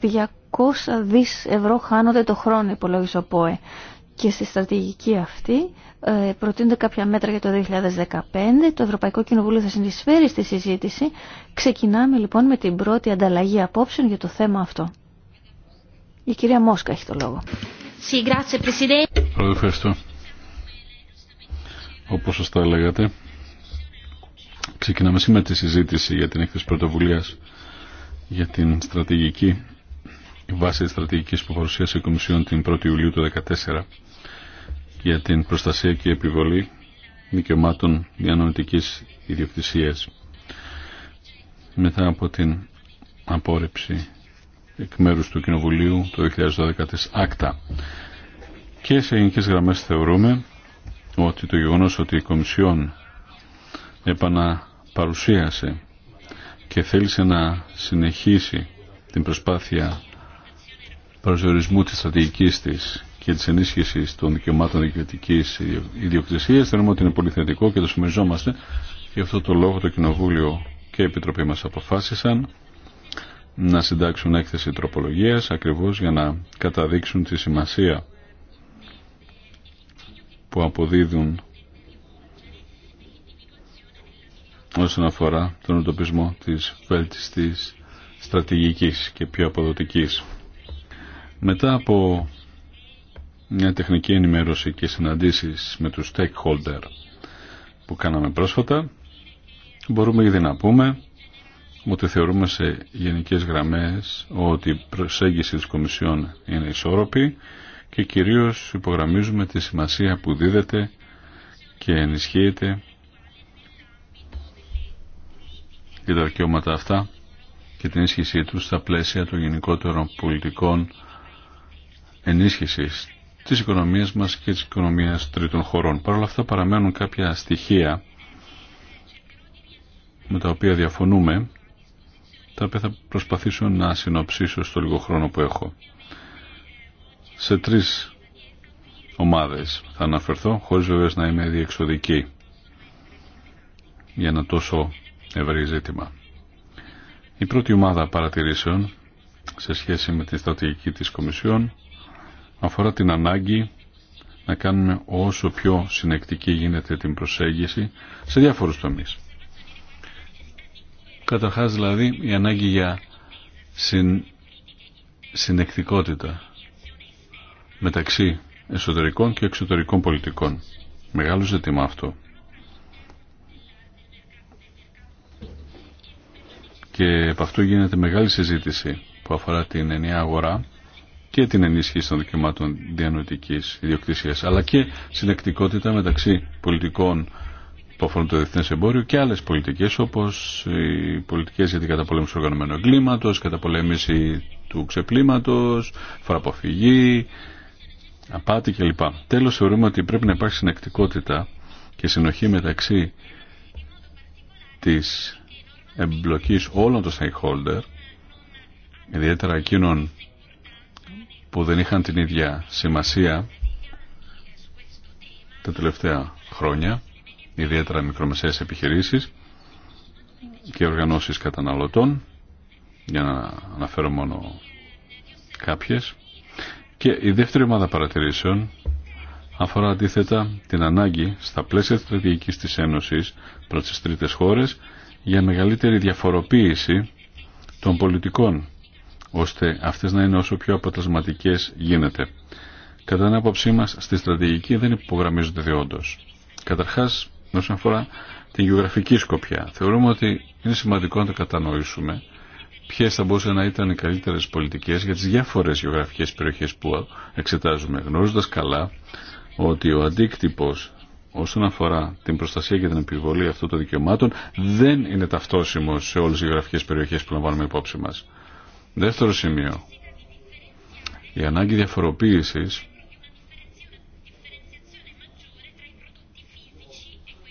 200 δις ευρώ χάνονται το χρόνο, υπολόγισε ο ΠΟΕ. Και στη στρατηγική αυτή ε, προτείνονται κάποια μέτρα για το 2015. Το Ευρωπαϊκό Κοινοβούλιο θα συνεισφέρει στη συζήτηση. Ξεκινάμε λοιπόν με την πρώτη ανταλλαγή απόψεων για το θέμα αυτό. Η κυρία Μόσκα έχει το λόγο. Ευχαριστώ. Όπως σωστά λέγατε, ξεκινάμε σήμερα τη συζήτηση για την έκθεση πρωτοβουλία για την στρατηγική βάση τη στρατηγικής που παρουσίασε η Κομισιόν την 1η Ιουλίου του 2014 για την προστασία και επιβολή δικαιωμάτων διανοητική ιδιοκτησία μετά από την απόρριψη εκ μέρους του Κοινοβουλίου το 2012 της ΑΚΤΑ. Και σε γενικέ γραμμές θεωρούμε ότι το γεγονός ότι η Κομισιόν επαναπαρουσίασε και θέλησε να συνεχίσει την προσπάθεια προσδιορισμού της στρατηγικής της και της ενίσχυσης των δικαιωμάτων δικαιωτικής ιδιοκτησίας Θέλουμε ότι είναι πολύ θετικό και το συμμεριζόμαστε. Γι' αυτό το λόγο το Κοινοβούλιο και η Επιτροπή μας αποφάσισαν να συντάξουν έκθεση τροπολογίας ακριβώς για να καταδείξουν τη σημασία που αποδίδουν όσον αφορά τον εντοπισμό της βέλτιστης στρατηγικής και πιο αποδοτικής. Μετά από μια τεχνική ενημέρωση και συναντήσεις με τους stakeholder που κάναμε πρόσφατα, μπορούμε ήδη να πούμε ότι θεωρούμε σε γενικές γραμμές ότι η προσέγγιση της Κομισιόν είναι ισόρροπη και κυρίως υπογραμμίζουμε τη σημασία που δίδεται και ενισχύεται για τα δικαιώματα αυτά και την ίσχυσή τους στα πλαίσια των γενικότερων πολιτικών ενίσχυσης της οικονομίας μας και της οικονομίας τρίτων χωρών. Παρ' όλα αυτά παραμένουν κάποια στοιχεία με τα οποία διαφωνούμε, τα οποία θα προσπαθήσω να συνοψίσω στο λίγο χρόνο που έχω. Σε τρεις ομάδες θα αναφερθώ, χωρίς βεβαίως να είμαι διεξοδική για ένα τόσο ευρύ ζήτημα. Η πρώτη ομάδα παρατηρήσεων σε σχέση με τη στρατηγική της Κομισιόν αφορά την ανάγκη να κάνουμε όσο πιο συνεκτική γίνεται την προσέγγιση σε διάφορους τομείς. Καταρχάς δηλαδή η ανάγκη για συν... συνεκτικότητα μεταξύ εσωτερικών και εξωτερικών πολιτικών. Μεγάλο ζήτημα αυτό. Και από αυτό γίνεται μεγάλη συζήτηση που αφορά την ενιαία αγορά και την ενίσχυση των δικαιωμάτων διανοητικής ιδιοκτησίας αλλά και συνεκτικότητα μεταξύ πολιτικών που αφορούν το διεθνέ εμπόριο και άλλε πολιτικέ όπω οι πολιτικέ για την καταπολέμηση του οργανωμένου εγκλήματο, καταπολέμηση του ξεπλήματο, φοραποφυγή, απάτη κλπ. Τέλο, θεωρούμε ότι πρέπει να υπάρχει συνεκτικότητα και συνοχή μεταξύ τη εμπλοκή όλων των stakeholder, ιδιαίτερα εκείνων που δεν είχαν την ίδια σημασία τα τελευταία χρόνια, ιδιαίτερα μικρομεσαίες επιχειρήσεις και οργανώσεις καταναλωτών, για να αναφέρω μόνο κάποιες. Και η δεύτερη ομάδα παρατηρήσεων αφορά αντίθετα την ανάγκη στα πλαίσια στρατηγικής της Ένωσης προς τις τρίτες χώρες για μεγαλύτερη διαφοροποίηση των πολιτικών ώστε αυτές να είναι όσο πιο αποτελεσματικές γίνεται. Κατά την άποψή μας, στη στρατηγική δεν υπογραμμίζονται διόντως. Καταρχάς, όσον αφορά την γεωγραφική σκοπιά, θεωρούμε ότι είναι σημαντικό να το κατανοήσουμε ποιες θα μπορούσαν να ήταν οι καλύτερες πολιτικές για τις διάφορες γεωγραφικές περιοχές που εξετάζουμε, γνωρίζοντας καλά ότι ο αντίκτυπος όσον αφορά την προστασία και την επιβολή αυτών των δικαιωμάτων δεν είναι ταυτόσιμο σε όλες τις γεωγραφικές περιοχές που λαμβάνουμε υπόψη μας. Δεύτερο σημείο. Η ανάγκη διαφοροποίησης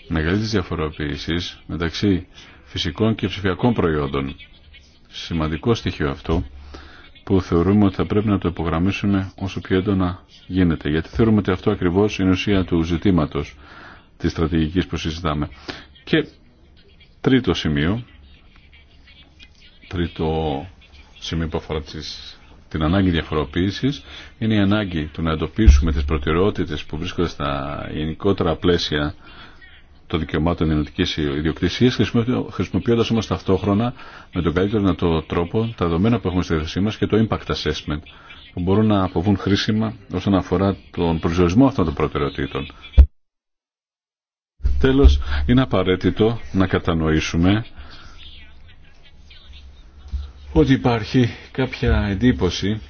μεγαλύτερης διαφοροποίηση μεταξύ φυσικών και ψηφιακών προϊόντων. Σημαντικό στοιχείο αυτό που θεωρούμε ότι θα πρέπει να το υπογραμμίσουμε όσο πιο έντονα γίνεται. Γιατί θεωρούμε ότι αυτό ακριβώς είναι ουσία του ζητήματος της στρατηγικής που συζητάμε. Και τρίτο σημείο, τρίτο σημείο που αφορά την ανάγκη διαφοροποίηση είναι η ανάγκη του να εντοπίσουμε τι προτεραιότητες που βρίσκονται στα γενικότερα πλαίσια των δικαιωμάτων ενωτική ιδιοκτησία, χρησιμοποιώντα όμω ταυτόχρονα με τον καλύτερο δυνατό τρόπο τα δεδομένα που έχουμε στη θέση μα και το impact assessment, που μπορούν να αποβούν χρήσιμα όσον αφορά τον προσδιορισμό αυτών των προτεραιοτήτων. Τέλος, είναι απαραίτητο να κατανοήσουμε ότι υπάρχει κάποια εντύπωση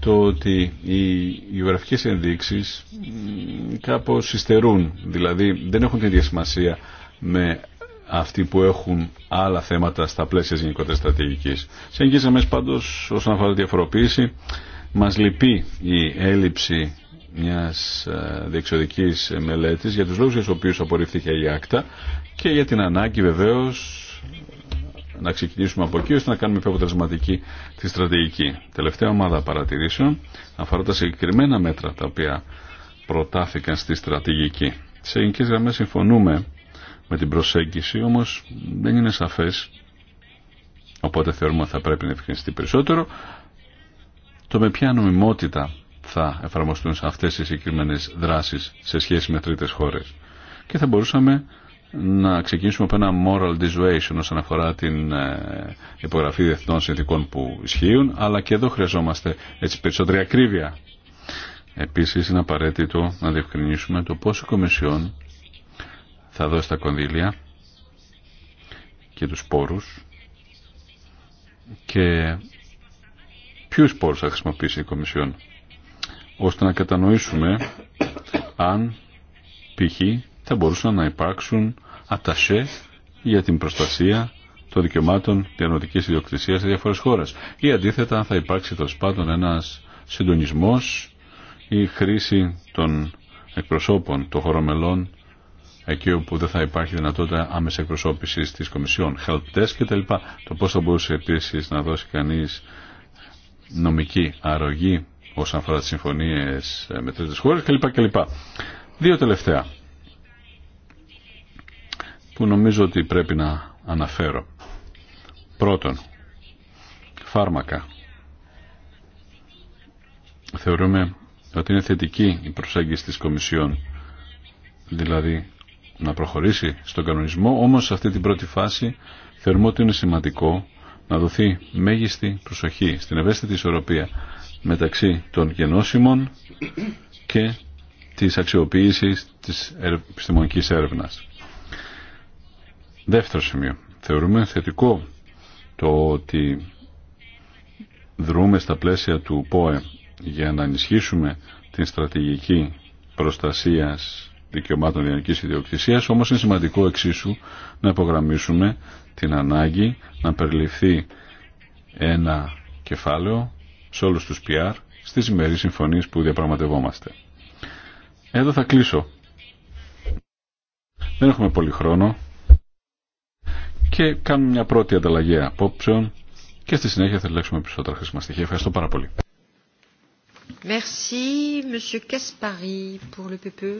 το ότι οι γεωγραφικές ενδείξεις κάπως συστερούν δηλαδή δεν έχουν την ίδια με αυτοί που έχουν άλλα θέματα στα πλαίσια της γενικότερης στρατηγικής. Σε εγγύησαμε πάντως όσον αφορά τη διαφοροποίηση μας λυπεί η έλλειψη μιας ε, διεξοδικής μελέτης για τους λόγους για τους οποίους απορριφθήκε η άκτα και για την ανάγκη βεβαίως να ξεκινήσουμε από εκεί ώστε να κάνουμε πιο αποτελεσματική τη στρατηγική. Τελευταία ομάδα παρατηρήσεων αφορά τα συγκεκριμένα μέτρα τα οποία προτάθηκαν στη στρατηγική. Σε ελληνικέ γραμμέ συμφωνούμε με την προσέγγιση, Όμω δεν είναι σαφέ. οπότε θεωρούμε ότι θα πρέπει να ευκαινιστεί περισσότερο, το με ποια νομιμότητα θα εφαρμοστούν σε αυτές οι συγκεκριμένε δράσεις σε σχέση με τρίτες χώρες. Και θα μπορούσαμε να ξεκινήσουμε από ένα moral dissuasion όσον αφορά την ε, υπογραφή διεθνών συνθήκων που ισχύουν, αλλά και εδώ χρειαζόμαστε έτσι περισσότερη ακρίβεια. Επίση είναι απαραίτητο να διευκρινίσουμε το πόσο η Κομισιόν θα δώσει τα κονδύλια και τους πόρου και ποιου πόρου θα χρησιμοποιήσει η Κομισιόν ώστε να κατανοήσουμε αν π.χ θα μπορούσαν να υπάρξουν ατασέ για την προστασία των δικαιωμάτων διανοητικής Ιδιοκτησία σε διάφορες χώρες. Ή αντίθετα θα υπάρξει τέλο πάντων ένας συντονισμός ή χρήση των εκπροσώπων των χωρών εκεί όπου δεν θα υπάρχει δυνατότητα άμεσα εκπροσώπηση τη Κομισιόν, help desk κτλ. Το πώ θα μπορούσε επίση να δώσει κανεί νομική αρρωγή όσον αφορά τι συμφωνίε με τρίτε χώρε κλπ. κλπ. Δύο τελευταία που νομίζω ότι πρέπει να αναφέρω. Πρώτον, φάρμακα. Θεωρούμε ότι είναι θετική η προσέγγιση της Κομισιόν, δηλαδή να προχωρήσει στον κανονισμό, όμως σε αυτή την πρώτη φάση θεωρούμε ότι είναι σημαντικό να δοθεί μέγιστη προσοχή στην ευαίσθητη ισορροπία μεταξύ των γενώσιμων και της αξιοποίησης της επιστημονικής έρευνας. Δεύτερο σημείο. Θεωρούμε θετικό το ότι δρούμε στα πλαίσια του ΠΟΕ για να ενισχύσουμε την στρατηγική προστασία δικαιωμάτων ιδιωτικής ιδιοκτησίας, όμως είναι σημαντικό εξίσου να υπογραμμίσουμε την ανάγκη να περιληφθεί ένα κεφάλαιο σε όλους τους PR στις ημερείς συμφωνίες που διαπραγματευόμαστε. Εδώ θα κλείσω. Δεν έχουμε πολύ χρόνο και κάνουμε μια πρώτη ανταλλαγή απόψεων και στη συνέχεια θα ελέγξουμε περισσότερα χρήσιμα στοιχεία. Ευχαριστώ πάρα πολύ. Merci, Monsieur Caspari, pour le PPE.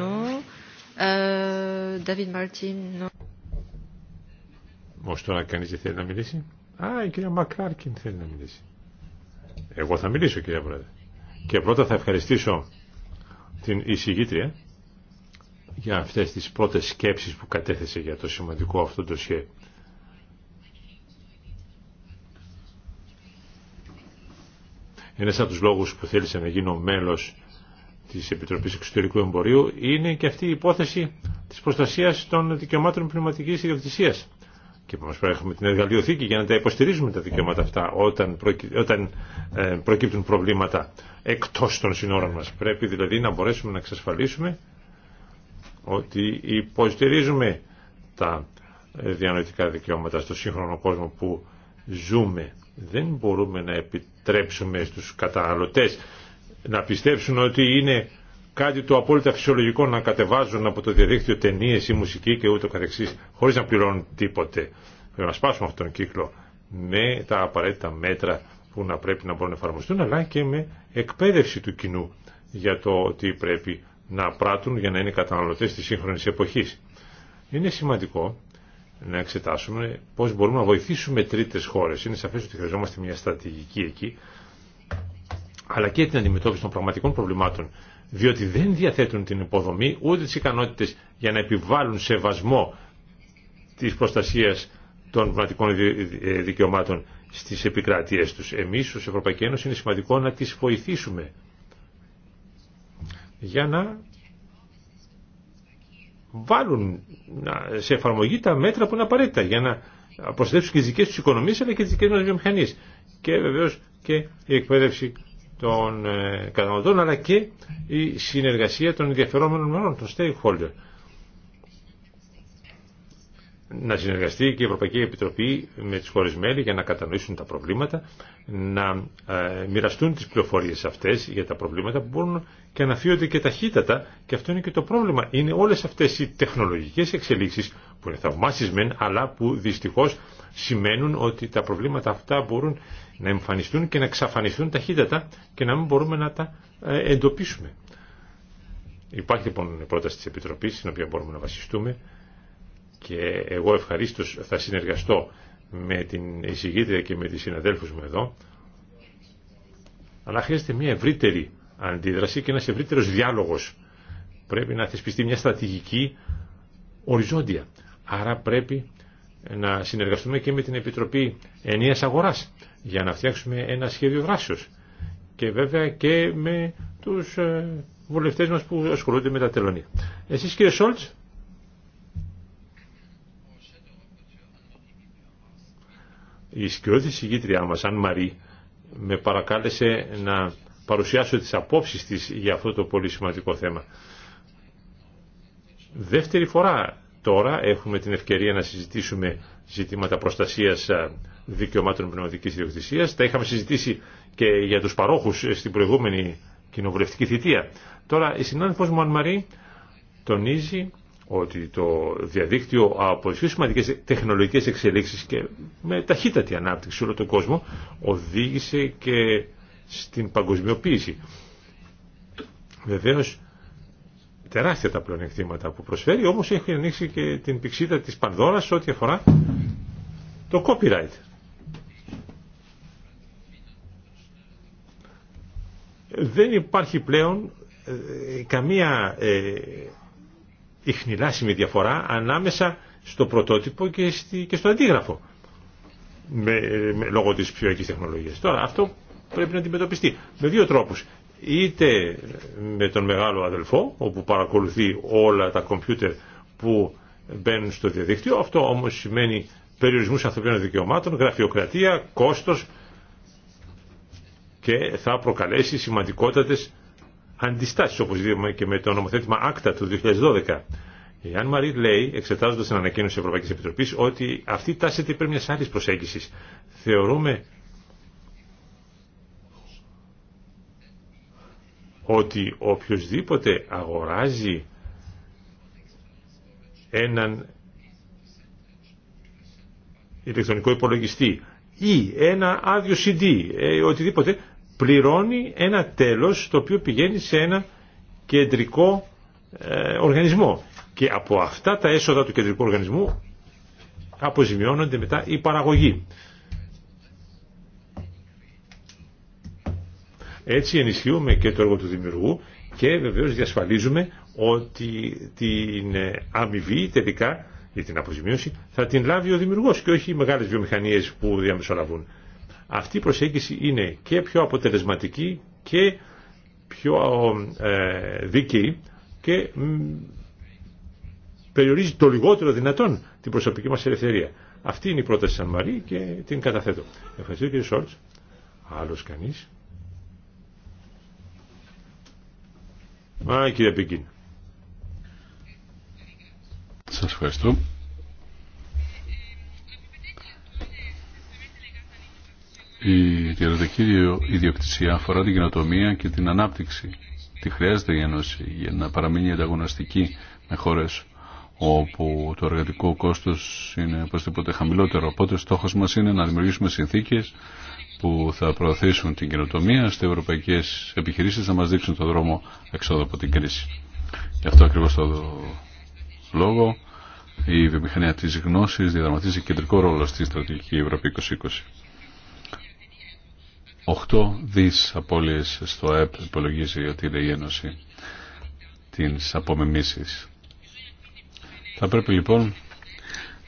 Non. Euh, David Martin, non. τώρα κανείς δεν θέλει να μιλήσει. Α, η κυρία Μακράρκιν θέλει να μιλήσει. Εγώ θα μιλήσω κυρία Πρόεδρε. Και πρώτα θα ευχαριστήσω την εισηγήτρια για αυτές τις πρώτες σκέψεις που κατέθεσε για το σημαντικό αυτό το σχέδιο. Ένα από τους λόγους που θέλησα να γίνω μέλος της Επιτροπής Εξωτερικού Εμπορίου είναι και αυτή η υπόθεση της προστασίας των δικαιωμάτων πνευματική ιδιοκτησίας. Και μας πρέπει έχουμε την εργαλειοθήκη για να τα υποστηρίζουμε τα δικαιώματα αυτά όταν, όταν ε, προκύπτουν προβλήματα εκτός των συνόρων μας. Πρέπει δηλαδή να μπορέσουμε να εξασφαλίσουμε ότι υποστηρίζουμε τα ε, διανοητικά δικαιώματα στο σύγχρονο κόσμο που ζούμε δεν μπορούμε να επιτρέψουμε στους καταναλωτές να πιστέψουν ότι είναι κάτι το απόλυτα φυσιολογικό να κατεβάζουν από το διαδίκτυο ταινίες ή μουσική και ούτω καθεξής χωρίς να πληρώνουν τίποτε. Πρέπει να σπάσουμε αυτόν τον κύκλο με τα απαραίτητα μέτρα που να πρέπει να μπορούν να εφαρμοστούν αλλά και με εκπαίδευση του κοινού για το ότι πρέπει να πράττουν για να είναι καταναλωτές της σύγχρονης εποχής. Είναι σημαντικό να εξετάσουμε πώς μπορούμε να βοηθήσουμε τρίτες χώρες. Είναι σαφές ότι χρειαζόμαστε μια στρατηγική εκεί, αλλά και την αντιμετώπιση των πραγματικών προβλημάτων, διότι δεν διαθέτουν την υποδομή ούτε τις ικανότητες για να επιβάλλουν σεβασμό της προστασίας των πραγματικών δικαιωμάτων στις επικρατείες τους. Εμείς ως Ευρωπαϊκή Ένωση είναι σημαντικό να τις βοηθήσουμε για να βάλουν σε εφαρμογή τα μέτρα που είναι απαραίτητα για να προστατεύσουν και τι δικέ του οικονομίε αλλά και τι δικέ μα βιομηχανίε. Και βεβαίω και η εκπαίδευση των ε, καταναλωτών αλλά και η συνεργασία των ενδιαφερόμενων μερών, των stakeholder. Να συνεργαστεί και η Ευρωπαϊκή Επιτροπή με τις χώρες μέλη για να κατανοήσουν τα προβλήματα, να ε, μοιραστούν τις πληροφορίες αυτές για τα προβλήματα που μπορούν και αναφύονται και ταχύτατα και αυτό είναι και το πρόβλημα. Είναι όλες αυτές οι τεχνολογικές εξελίξεις που είναι θαυμάσεις μεν αλλά που δυστυχώς σημαίνουν ότι τα προβλήματα αυτά μπορούν να εμφανιστούν και να εξαφανιστούν ταχύτατα και να μην μπορούμε να τα ε, εντοπίσουμε. Υπάρχει λοιπόν πρόταση της Επιτροπής στην οποία μπορούμε να βασιστούμε και εγώ ευχαρίστω θα συνεργαστώ με την εισηγήτρια και με τις συναδέλφους μου εδώ αλλά χρειάζεται μια ευρύτερη αντίδραση και ένας ευρύτερος διάλογος. Πρέπει να θεσπιστεί μια στρατηγική οριζόντια. Άρα πρέπει να συνεργαστούμε και με την Επιτροπή Ενίας Αγοράς για να φτιάξουμε ένα σχέδιο δράσεως. Και βέβαια και με τους ε, βουλευτές μας που ασχολούνται με τα τελωνία. Εσείς κύριε Σόλτς. Η σκιώδη συγγήτριά μας, Αν Μαρή, με παρακάλεσε να παρουσιάσω τις απόψεις της για αυτό το πολύ σημαντικό θέμα. Δεύτερη φορά τώρα έχουμε την ευκαιρία να συζητήσουμε ζητήματα προστασίας ε, δικαιωμάτων πνευματικής ιδιοκτησίας. Τα είχαμε συζητήσει και για τους παρόχους ε, στην προηγούμενη κοινοβουλευτική θητεία. Τώρα η συνάδελφος μου Ανμαρή τονίζει ότι το διαδίκτυο από τις πιο σημαντικές τεχνολογικές εξελίξεις και με ταχύτατη ανάπτυξη όλο τον κόσμο οδήγησε και στην παγκοσμιοποίηση. Βεβαίως τεράστια τα πλεονεκτήματα που προσφέρει, όμως έχει ανοίξει και την πηξίδα της σε ό,τι αφορά το copyright. Δεν υπάρχει πλέον ε, καμία ε, διαφορά ανάμεσα στο πρωτότυπο και, στη, και στο αντίγραφο με, λόγω της ψηφιακής τεχνολογίας. Τώρα αυτό πρέπει να αντιμετωπιστεί με δύο τρόπους. Είτε με τον μεγάλο αδελφό, όπου παρακολουθεί όλα τα κομπιούτερ που μπαίνουν στο διαδίκτυο. Αυτό όμως σημαίνει περιορισμούς ανθρωπίνων δικαιωμάτων, γραφειοκρατία, κόστος και θα προκαλέσει σημαντικότατες αντιστάσεις όπως δείχνουμε και με το νομοθέτημα Άκτα του 2012. Η Αν Μαρή λέει, εξετάζοντα την ανακοίνωση τη Ευρωπαϊκή Επιτροπή, ότι αυτή τάσεται υπέρ μια άλλη προσέγγιση. Θεωρούμε ότι οποιοδήποτε αγοράζει έναν ηλεκτρονικό υπολογιστή ή ένα άδειο CD, οτιδήποτε, πληρώνει ένα τέλος το οποίο πηγαίνει σε ένα κεντρικό ε, οργανισμό. Και από αυτά τα έσοδα του κεντρικού οργανισμού αποζημιώνονται μετά η παραγωγη Έτσι ενισχύουμε και το έργο του δημιουργού και βεβαίως διασφαλίζουμε ότι την αμοιβή τελικά ή την αποζημίωση θα την λάβει ο δημιουργός και όχι οι μεγάλες βιομηχανίες που διαμεσολαβούν. Αυτή η προσέγγιση είναι και πιο αποτελεσματική και πιο ε, δίκαιη και περιορίζει το λιγότερο δυνατόν την προσωπική μας ελευθερία. Αυτή είναι η πρόταση Σαν Μαρή και την καταθέτω. Ευχαριστώ κύριε Σόλτς. Άλλος κανείς. Α, κύριε Πικίν. Σας ευχαριστώ. Η διαδοτική ιδιοκτησία αφορά την κοινοτομία και την ανάπτυξη. Τη χρειάζεται η Ένωση για να παραμείνει ανταγωνιστική με χώρε όπου το εργατικό κόστος είναι οπωσδήποτε χαμηλότερο. Οπότε στόχος μας είναι να δημιουργήσουμε συνθήκες που θα προωθήσουν την καινοτομία στις ευρωπαϊκές επιχειρήσεις να μας δείξουν τον δρόμο εξόδου από την κρίση. Γι' αυτό ακριβώς το λόγο η βιομηχανία της γνώσης διαδραματίζει κεντρικό ρόλο στη στρατηγική Ευρώπη 2020. 8 δις απώλειες στο ΑΕΠ υπολογίζει ότι είναι η Ένωση της απομεμήσεις. Θα πρέπει λοιπόν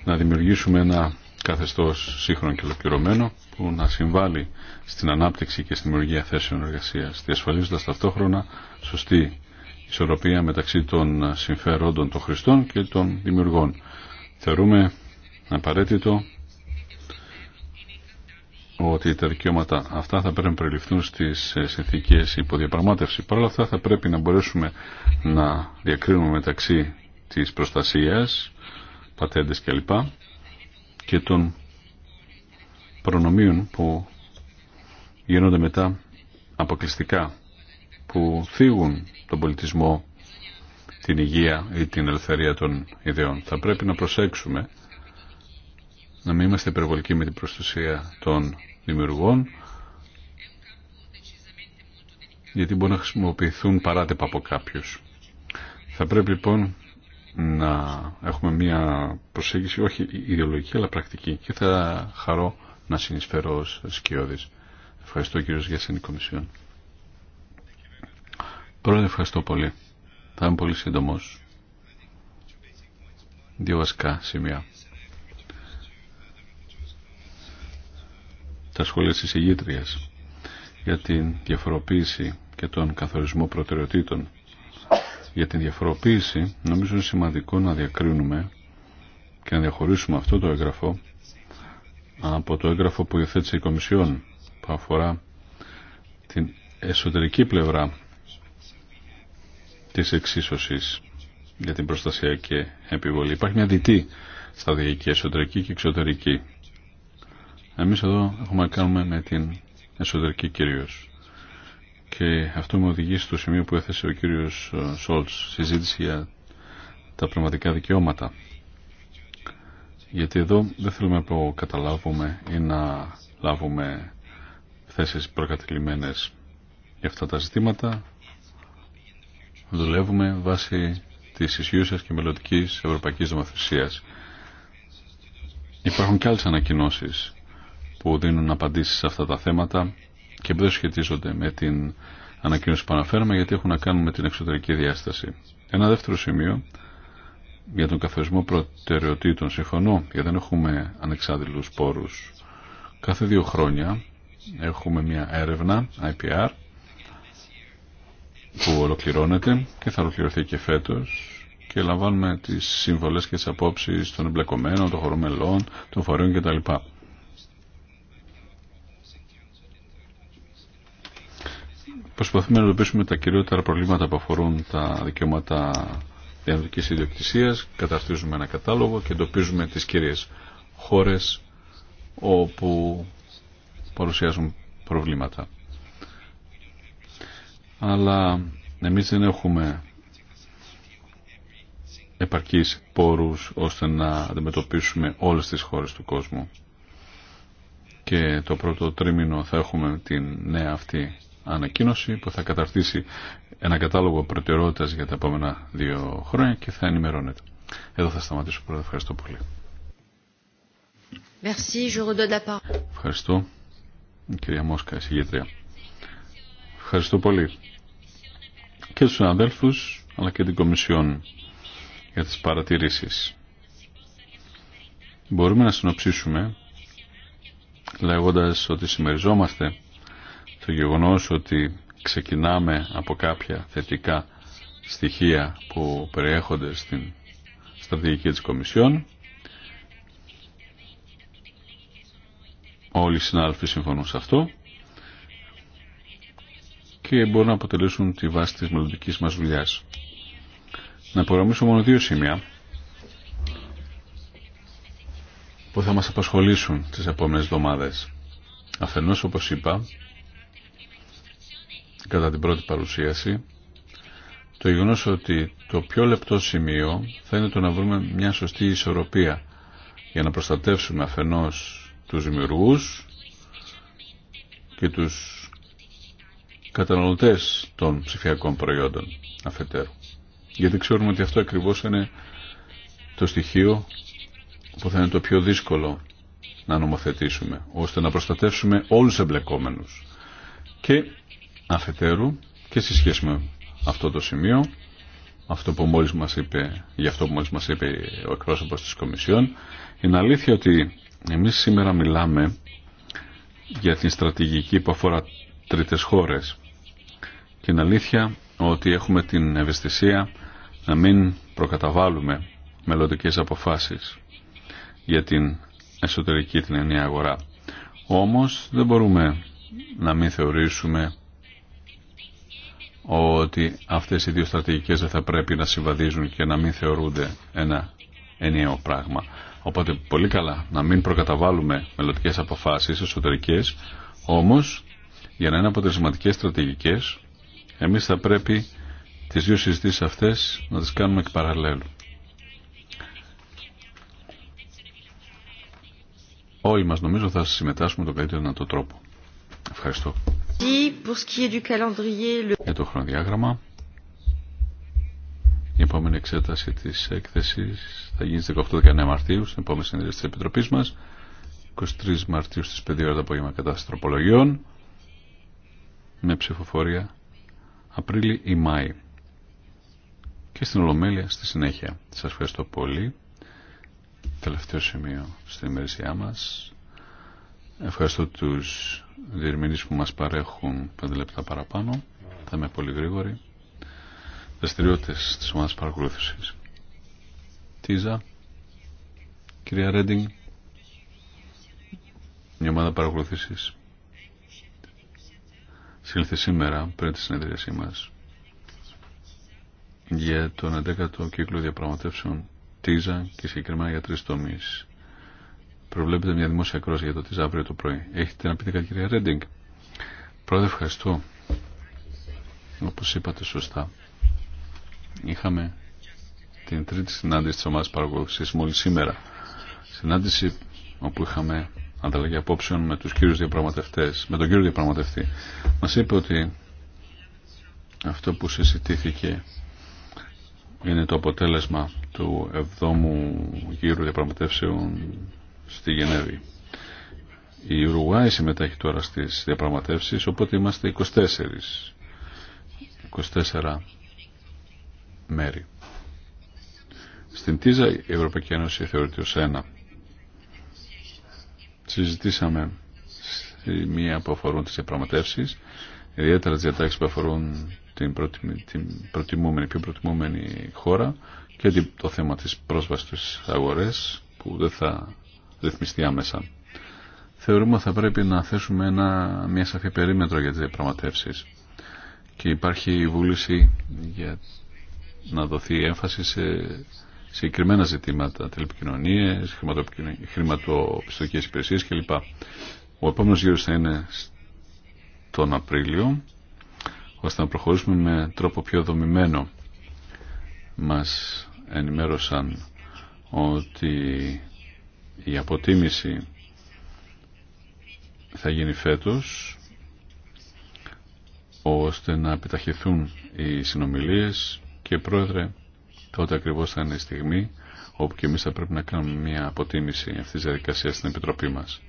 να δημιουργήσουμε ένα καθεστώς σύγχρονο και ολοκληρωμένο που να συμβάλλει στην ανάπτυξη και στη δημιουργία θέσεων εργασίας, διασφαλίζοντας ταυτόχρονα σωστή ισορροπία μεταξύ των συμφερόντων των χρηστών και των δημιουργών. Θεωρούμε απαραίτητο ότι τα δικαιώματα αυτά θα πρέπει να περιληφθούν στις συνθήκες υποδιαπραγμάτευση. Παρ' όλα αυτά θα πρέπει να μπορέσουμε να διακρίνουμε μεταξύ της προστασίας, πατέντες κλπ και των προνομίων που γίνονται μετά αποκλειστικά που φύγουν τον πολιτισμό, την υγεία ή την ελευθερία των ιδεών. Θα πρέπει να προσέξουμε να μην είμαστε υπερβολικοί με την προστασία των δημιουργών γιατί μπορεί να χρησιμοποιηθούν παράτεπα από κάποιους. Θα πρέπει λοιπόν να έχουμε μια προσέγγιση όχι ιδεολογική αλλά πρακτική και θα χαρώ να συνεισφέρω ως σκιώδης. Ευχαριστώ κύριος Γιασένη Κομισιόν. Πρώτα ευχαριστώ πολύ. Θα είμαι πολύ σύντομος. Δύο βασικά σημεία. Τα σχόλια της εισηγήτριας για την διαφοροποίηση και τον καθορισμό προτεραιοτήτων για την διαφοροποίηση νομίζω είναι σημαντικό να διακρίνουμε και να διαχωρίσουμε αυτό το έγγραφο από το έγγραφο που υιοθέτησε η Κομισιόν που αφορά την εσωτερική πλευρά της εξίσωσης για την προστασία και επιβολή. Υπάρχει μια διτή σταδιακή εσωτερική και εξωτερική. Εμείς εδώ έχουμε να κάνουμε με την εσωτερική κυρίως. Και αυτό με οδηγεί στο σημείο που έθεσε ο κύριος ε, Σόλτς, συζήτηση για τα πνευματικά δικαιώματα. Γιατί εδώ δεν θέλουμε να καταλάβουμε ή να λάβουμε θέσεις προκατηλημένες για αυτά τα ζητήματα. Δουλεύουμε βάσει της ισχύουσας και μελλοντική ευρωπαϊκής δημοθεσίας. Υπάρχουν και άλλες ανακοινώσεις που δίνουν απαντήσεις σε αυτά τα θέματα και που δεν σχετίζονται με την ανακοίνωση που αναφέραμε γιατί έχουν να κάνουν με την εξωτερική διάσταση. Ένα δεύτερο σημείο για τον καθορισμό προτεραιοτήτων συμφωνώ γιατί δεν έχουμε ανεξάντηλους πόρους. Κάθε δύο χρόνια έχουμε μια έρευνα IPR που ολοκληρώνεται και θα ολοκληρωθεί και φέτος και λαμβάνουμε τις συμβολές και τις απόψεις των εμπλεκομένων, των χωρομελών, των φορέων κτλ. Προσπαθούμε να εντοπίσουμε τα κυριότερα προβλήματα που αφορούν τα δικαιώματα διανοητικής ιδιοκτησίας, καταρτίζουμε ένα κατάλογο και εντοπίζουμε τις κυρίες χώρες όπου παρουσιάζουν προβλήματα. Αλλά εμείς δεν έχουμε επαρκείς πόρους ώστε να αντιμετωπίσουμε όλες τις χώρες του κόσμου. Και το πρώτο τρίμηνο θα έχουμε την νέα αυτή ανακοίνωση που θα καταρτήσει ένα κατάλογο προτεραιότητας για τα επόμενα δύο χρόνια και θα ενημερώνεται. Εδώ θα σταματήσω πρώτα. Ευχαριστώ πολύ. Ευχαριστώ. Κυρία Μόσκα, εισηγήτρια. Ευχαριστώ πολύ και στους αδέλφους, αλλά και την Κομισιόν για τις παρατηρήσεις. Μπορούμε να συνοψίσουμε λέγοντας ότι συμμεριζόμαστε το γεγονός ότι ξεκινάμε από κάποια θετικά στοιχεία που περιέχονται στην στρατηγική της Κομισιόν. Όλοι οι συνάδελφοι συμφωνούν σε αυτό και μπορούν να αποτελέσουν τη βάση της μελλοντικής μας δουλειάς. Να υπογραμμίσω μόνο δύο σημεία που θα μας απασχολήσουν τις επόμενες εβδομάδες. Αφενός, όπως είπα, κατά την πρώτη παρουσίαση το γεγονό ότι το πιο λεπτό σημείο θα είναι το να βρούμε μια σωστή ισορροπία για να προστατεύσουμε αφενός τους δημιουργούς και τους καταναλωτές των ψηφιακών προϊόντων αφετέρου. Γιατί ξέρουμε ότι αυτό ακριβώς είναι το στοιχείο που θα είναι το πιο δύσκολο να νομοθετήσουμε, ώστε να προστατεύσουμε όλους τους εμπλεκόμενους. Και αφετέρου και σε σχέση με αυτό το σημείο, αυτό που μόλις μας είπε, για αυτό που μόλις μας είπε ο εκπρόσωπος της Κομισιόν, είναι αλήθεια ότι εμείς σήμερα μιλάμε για την στρατηγική που αφορά τρίτες χώρες και είναι αλήθεια ότι έχουμε την ευαισθησία να μην προκαταβάλουμε μελλοντικές αποφάσεις για την εσωτερική την ενιαία αγορά. Όμως δεν μπορούμε να μην θεωρήσουμε ότι αυτές οι δύο στρατηγικές δεν θα πρέπει να συμβαδίζουν και να μην θεωρούνται ένα ενιαίο πράγμα. Οπότε πολύ καλά να μην προκαταβάλουμε μελλοντικές αποφάσεις εσωτερικές, όμως για να είναι αποτελεσματικές στρατηγικές εμείς θα πρέπει τις δύο συζητήσεις αυτές να τις κάνουμε εκ παραλέλου. Όλοι μας νομίζω θα συμμετάσχουμε τον καλύτερο δυνατό τρόπο. Ευχαριστώ. Για το χρονοδιάγραμμα, η επόμενη εξέταση της έκθεσης θα γίνει στις 18-19 Μαρτίου, στην επόμενη συνέντευξη της Επιτροπής μας, 23 Μαρτίου στις 5 ώρα το απόγευμα κατάσταση τροπολογιών, με ψηφοφορία Απρίλη ή Μάη και στην Ολομέλεια στη συνέχεια. Σας ευχαριστώ πολύ. Τελευταίο σημείο στην ημερησιά μας. Ευχαριστώ τους διερμηνείς που μας παρέχουν πέντε λεπτά παραπάνω. Θα είμαι πολύ γρήγορη. Δεστηριότητε της ομάδας παρακολούθησης. Τίζα, κυρία Ρέντινγκ, η ομάδα παρακολούθησης σύλθε σήμερα πριν τη συνεδρίασή μας για τον 11ο κύκλο διαπραγματεύσεων ΤΙΖΑ και συγκεκριμένα για τρεις τομείς προβλέπετε μια δημόσια κρόση για το τι αύριο το πρωί. Έχετε να πείτε κάτι κυρία Ρέντινγκ. Πρόεδρε ευχαριστώ. Όπως είπατε σωστά. Είχαμε την τρίτη συνάντηση τη ομάδα παραγωγής μόλι σήμερα. Συνάντηση όπου είχαμε ανταλλαγή απόψεων με τους κύριους διαπραγματευτές, με τον κύριο διαπραγματευτή. Μας είπε ότι αυτό που συζητήθηκε είναι το αποτέλεσμα του 7ου γύρου διαπραγματεύσεων στη Γενέβη. Η Ουρουγουάη συμμετέχει τώρα στις διαπραγματεύσεις, οπότε είμαστε 24. 24 μέρη. Στην Τίζα η Ευρωπαϊκή Ένωση θεωρείται ως ένα. Συζητήσαμε μία που αφορούν τις διαπραγματεύσεις, ιδιαίτερα τις διατάξεις που αφορούν την, προτιμούμενη, πιο προτιμούμενη χώρα και το θέμα της πρόσβασης στις αγορές που δεν θα ρυθμιστεί άμεσα. Θεωρούμε ότι θα πρέπει να θέσουμε ένα, μια σαφή περίμετρο για τις διαπραγματεύσει. Και υπάρχει η βούληση για να δοθεί έμφαση σε συγκεκριμένα ζητήματα, τηλεπικοινωνίες, χρηματοπιστωτικές υπηρεσίες κλπ. Ο επόμενος γύρος θα είναι τον Απρίλιο, ώστε να προχωρήσουμε με τρόπο πιο δομημένο. Μας ενημέρωσαν ότι η αποτίμηση θα γίνει φέτος ώστε να επιταχυθούν οι συνομιλίες και πρόεδρε τότε ακριβώς θα είναι η στιγμή όπου και εμείς θα πρέπει να κάνουμε μια αποτίμηση αυτής της διαδικασίας στην Επιτροπή μας.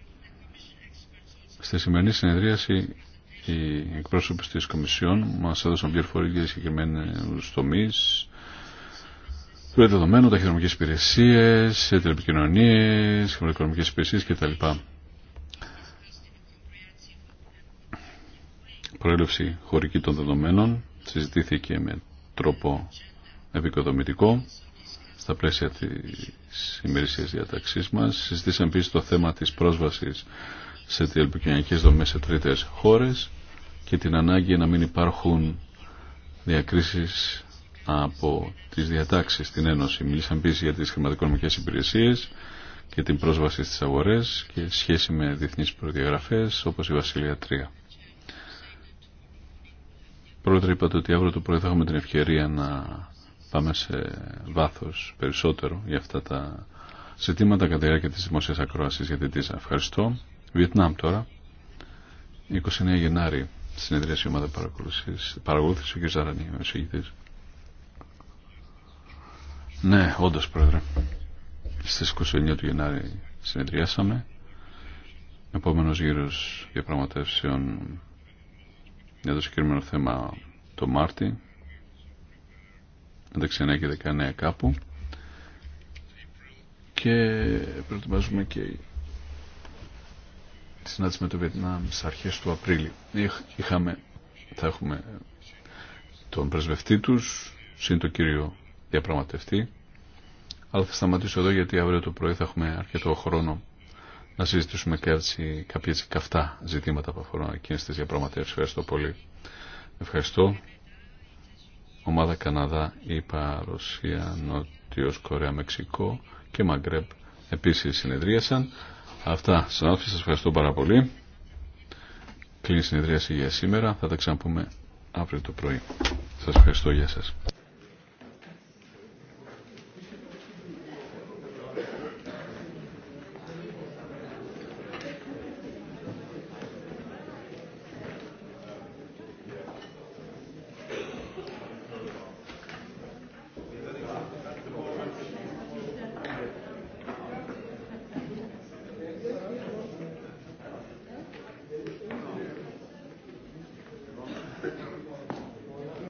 Στη σημερινή συνεδρίαση οι εκπρόσωποι της Κομισιόν μας έδωσαν πληροφορίες για συγκεκριμένους τομείς δεδομένων, υπηρεσίε, χρηματοοικονομικέ υπηρεσίε κτλ. Προέλευση χωρική των δεδομένων συζητήθηκε με τρόπο επικοδομητικό στα πλαίσια τη ημερησία διαταξή μα. Συζητήσαμε επίση το θέμα τη πρόσβαση σε τηλεπικοινωνικέ δομέ σε τρίτες χώρες και την ανάγκη να μην υπάρχουν διακρίσεις από τις διατάξεις στην Ένωση. Μιλήσαμε επίσης για τις χρηματοοικονομικές υπηρεσίες και την πρόσβαση στις αγορές και σχέση με διεθνείς προδιαγραφές όπως η Βασιλεία 3. Πρόεδρε, είπατε ότι αύριο το πρωί θα έχουμε την ευκαιρία να πάμε σε βάθος περισσότερο για αυτά τα ζητήματα κατά τη διάρκεια της δημόσιας ακρόασης για την ΤΙΖΑ. Ευχαριστώ. Βιετνάμ τώρα. 29 Γενάρη συνεδρίαση ομάδα παρακολούθηση ο κ. Ζαρανίου, ο ναι, όντω πρόεδρε. Στις 29 του Γενάρη συνεδριάσαμε. επόμενο γύρος διαπραγματεύσεων για το συγκεκριμένο θέμα το Μάρτι εντάξει 9 και 19 κάπου και προετοιμάζουμε και τη συνάντηση με το Βιετνάμ στι αρχές του Απρίλη. Είχαμε, θα έχουμε τον πρεσβευτή τους, συν το κύριο διαπραγματευτεί. Αλλά θα σταματήσω εδώ γιατί αύριο το πρωί θα έχουμε αρκετό χρόνο να συζητήσουμε και έτσι, κάποια έτσι καυτά ζητήματα που αφορούν εκείνε τι διαπραγματεύσει. Ευχαριστώ πολύ. Ευχαριστώ. Ομάδα Καναδά, ΙΠΑ, Ρωσία, Νότιος Κορέα, Μεξικό και Μαγκρέπ Επίση συνεδρίασαν. Αυτά συνάδελφοι, Σα ευχαριστώ πάρα πολύ. Κλείνει η συνεδρίαση για σήμερα. Θα τα ξαναπούμε αύριο το πρωί. Σα ευχαριστώ. Γεια σας.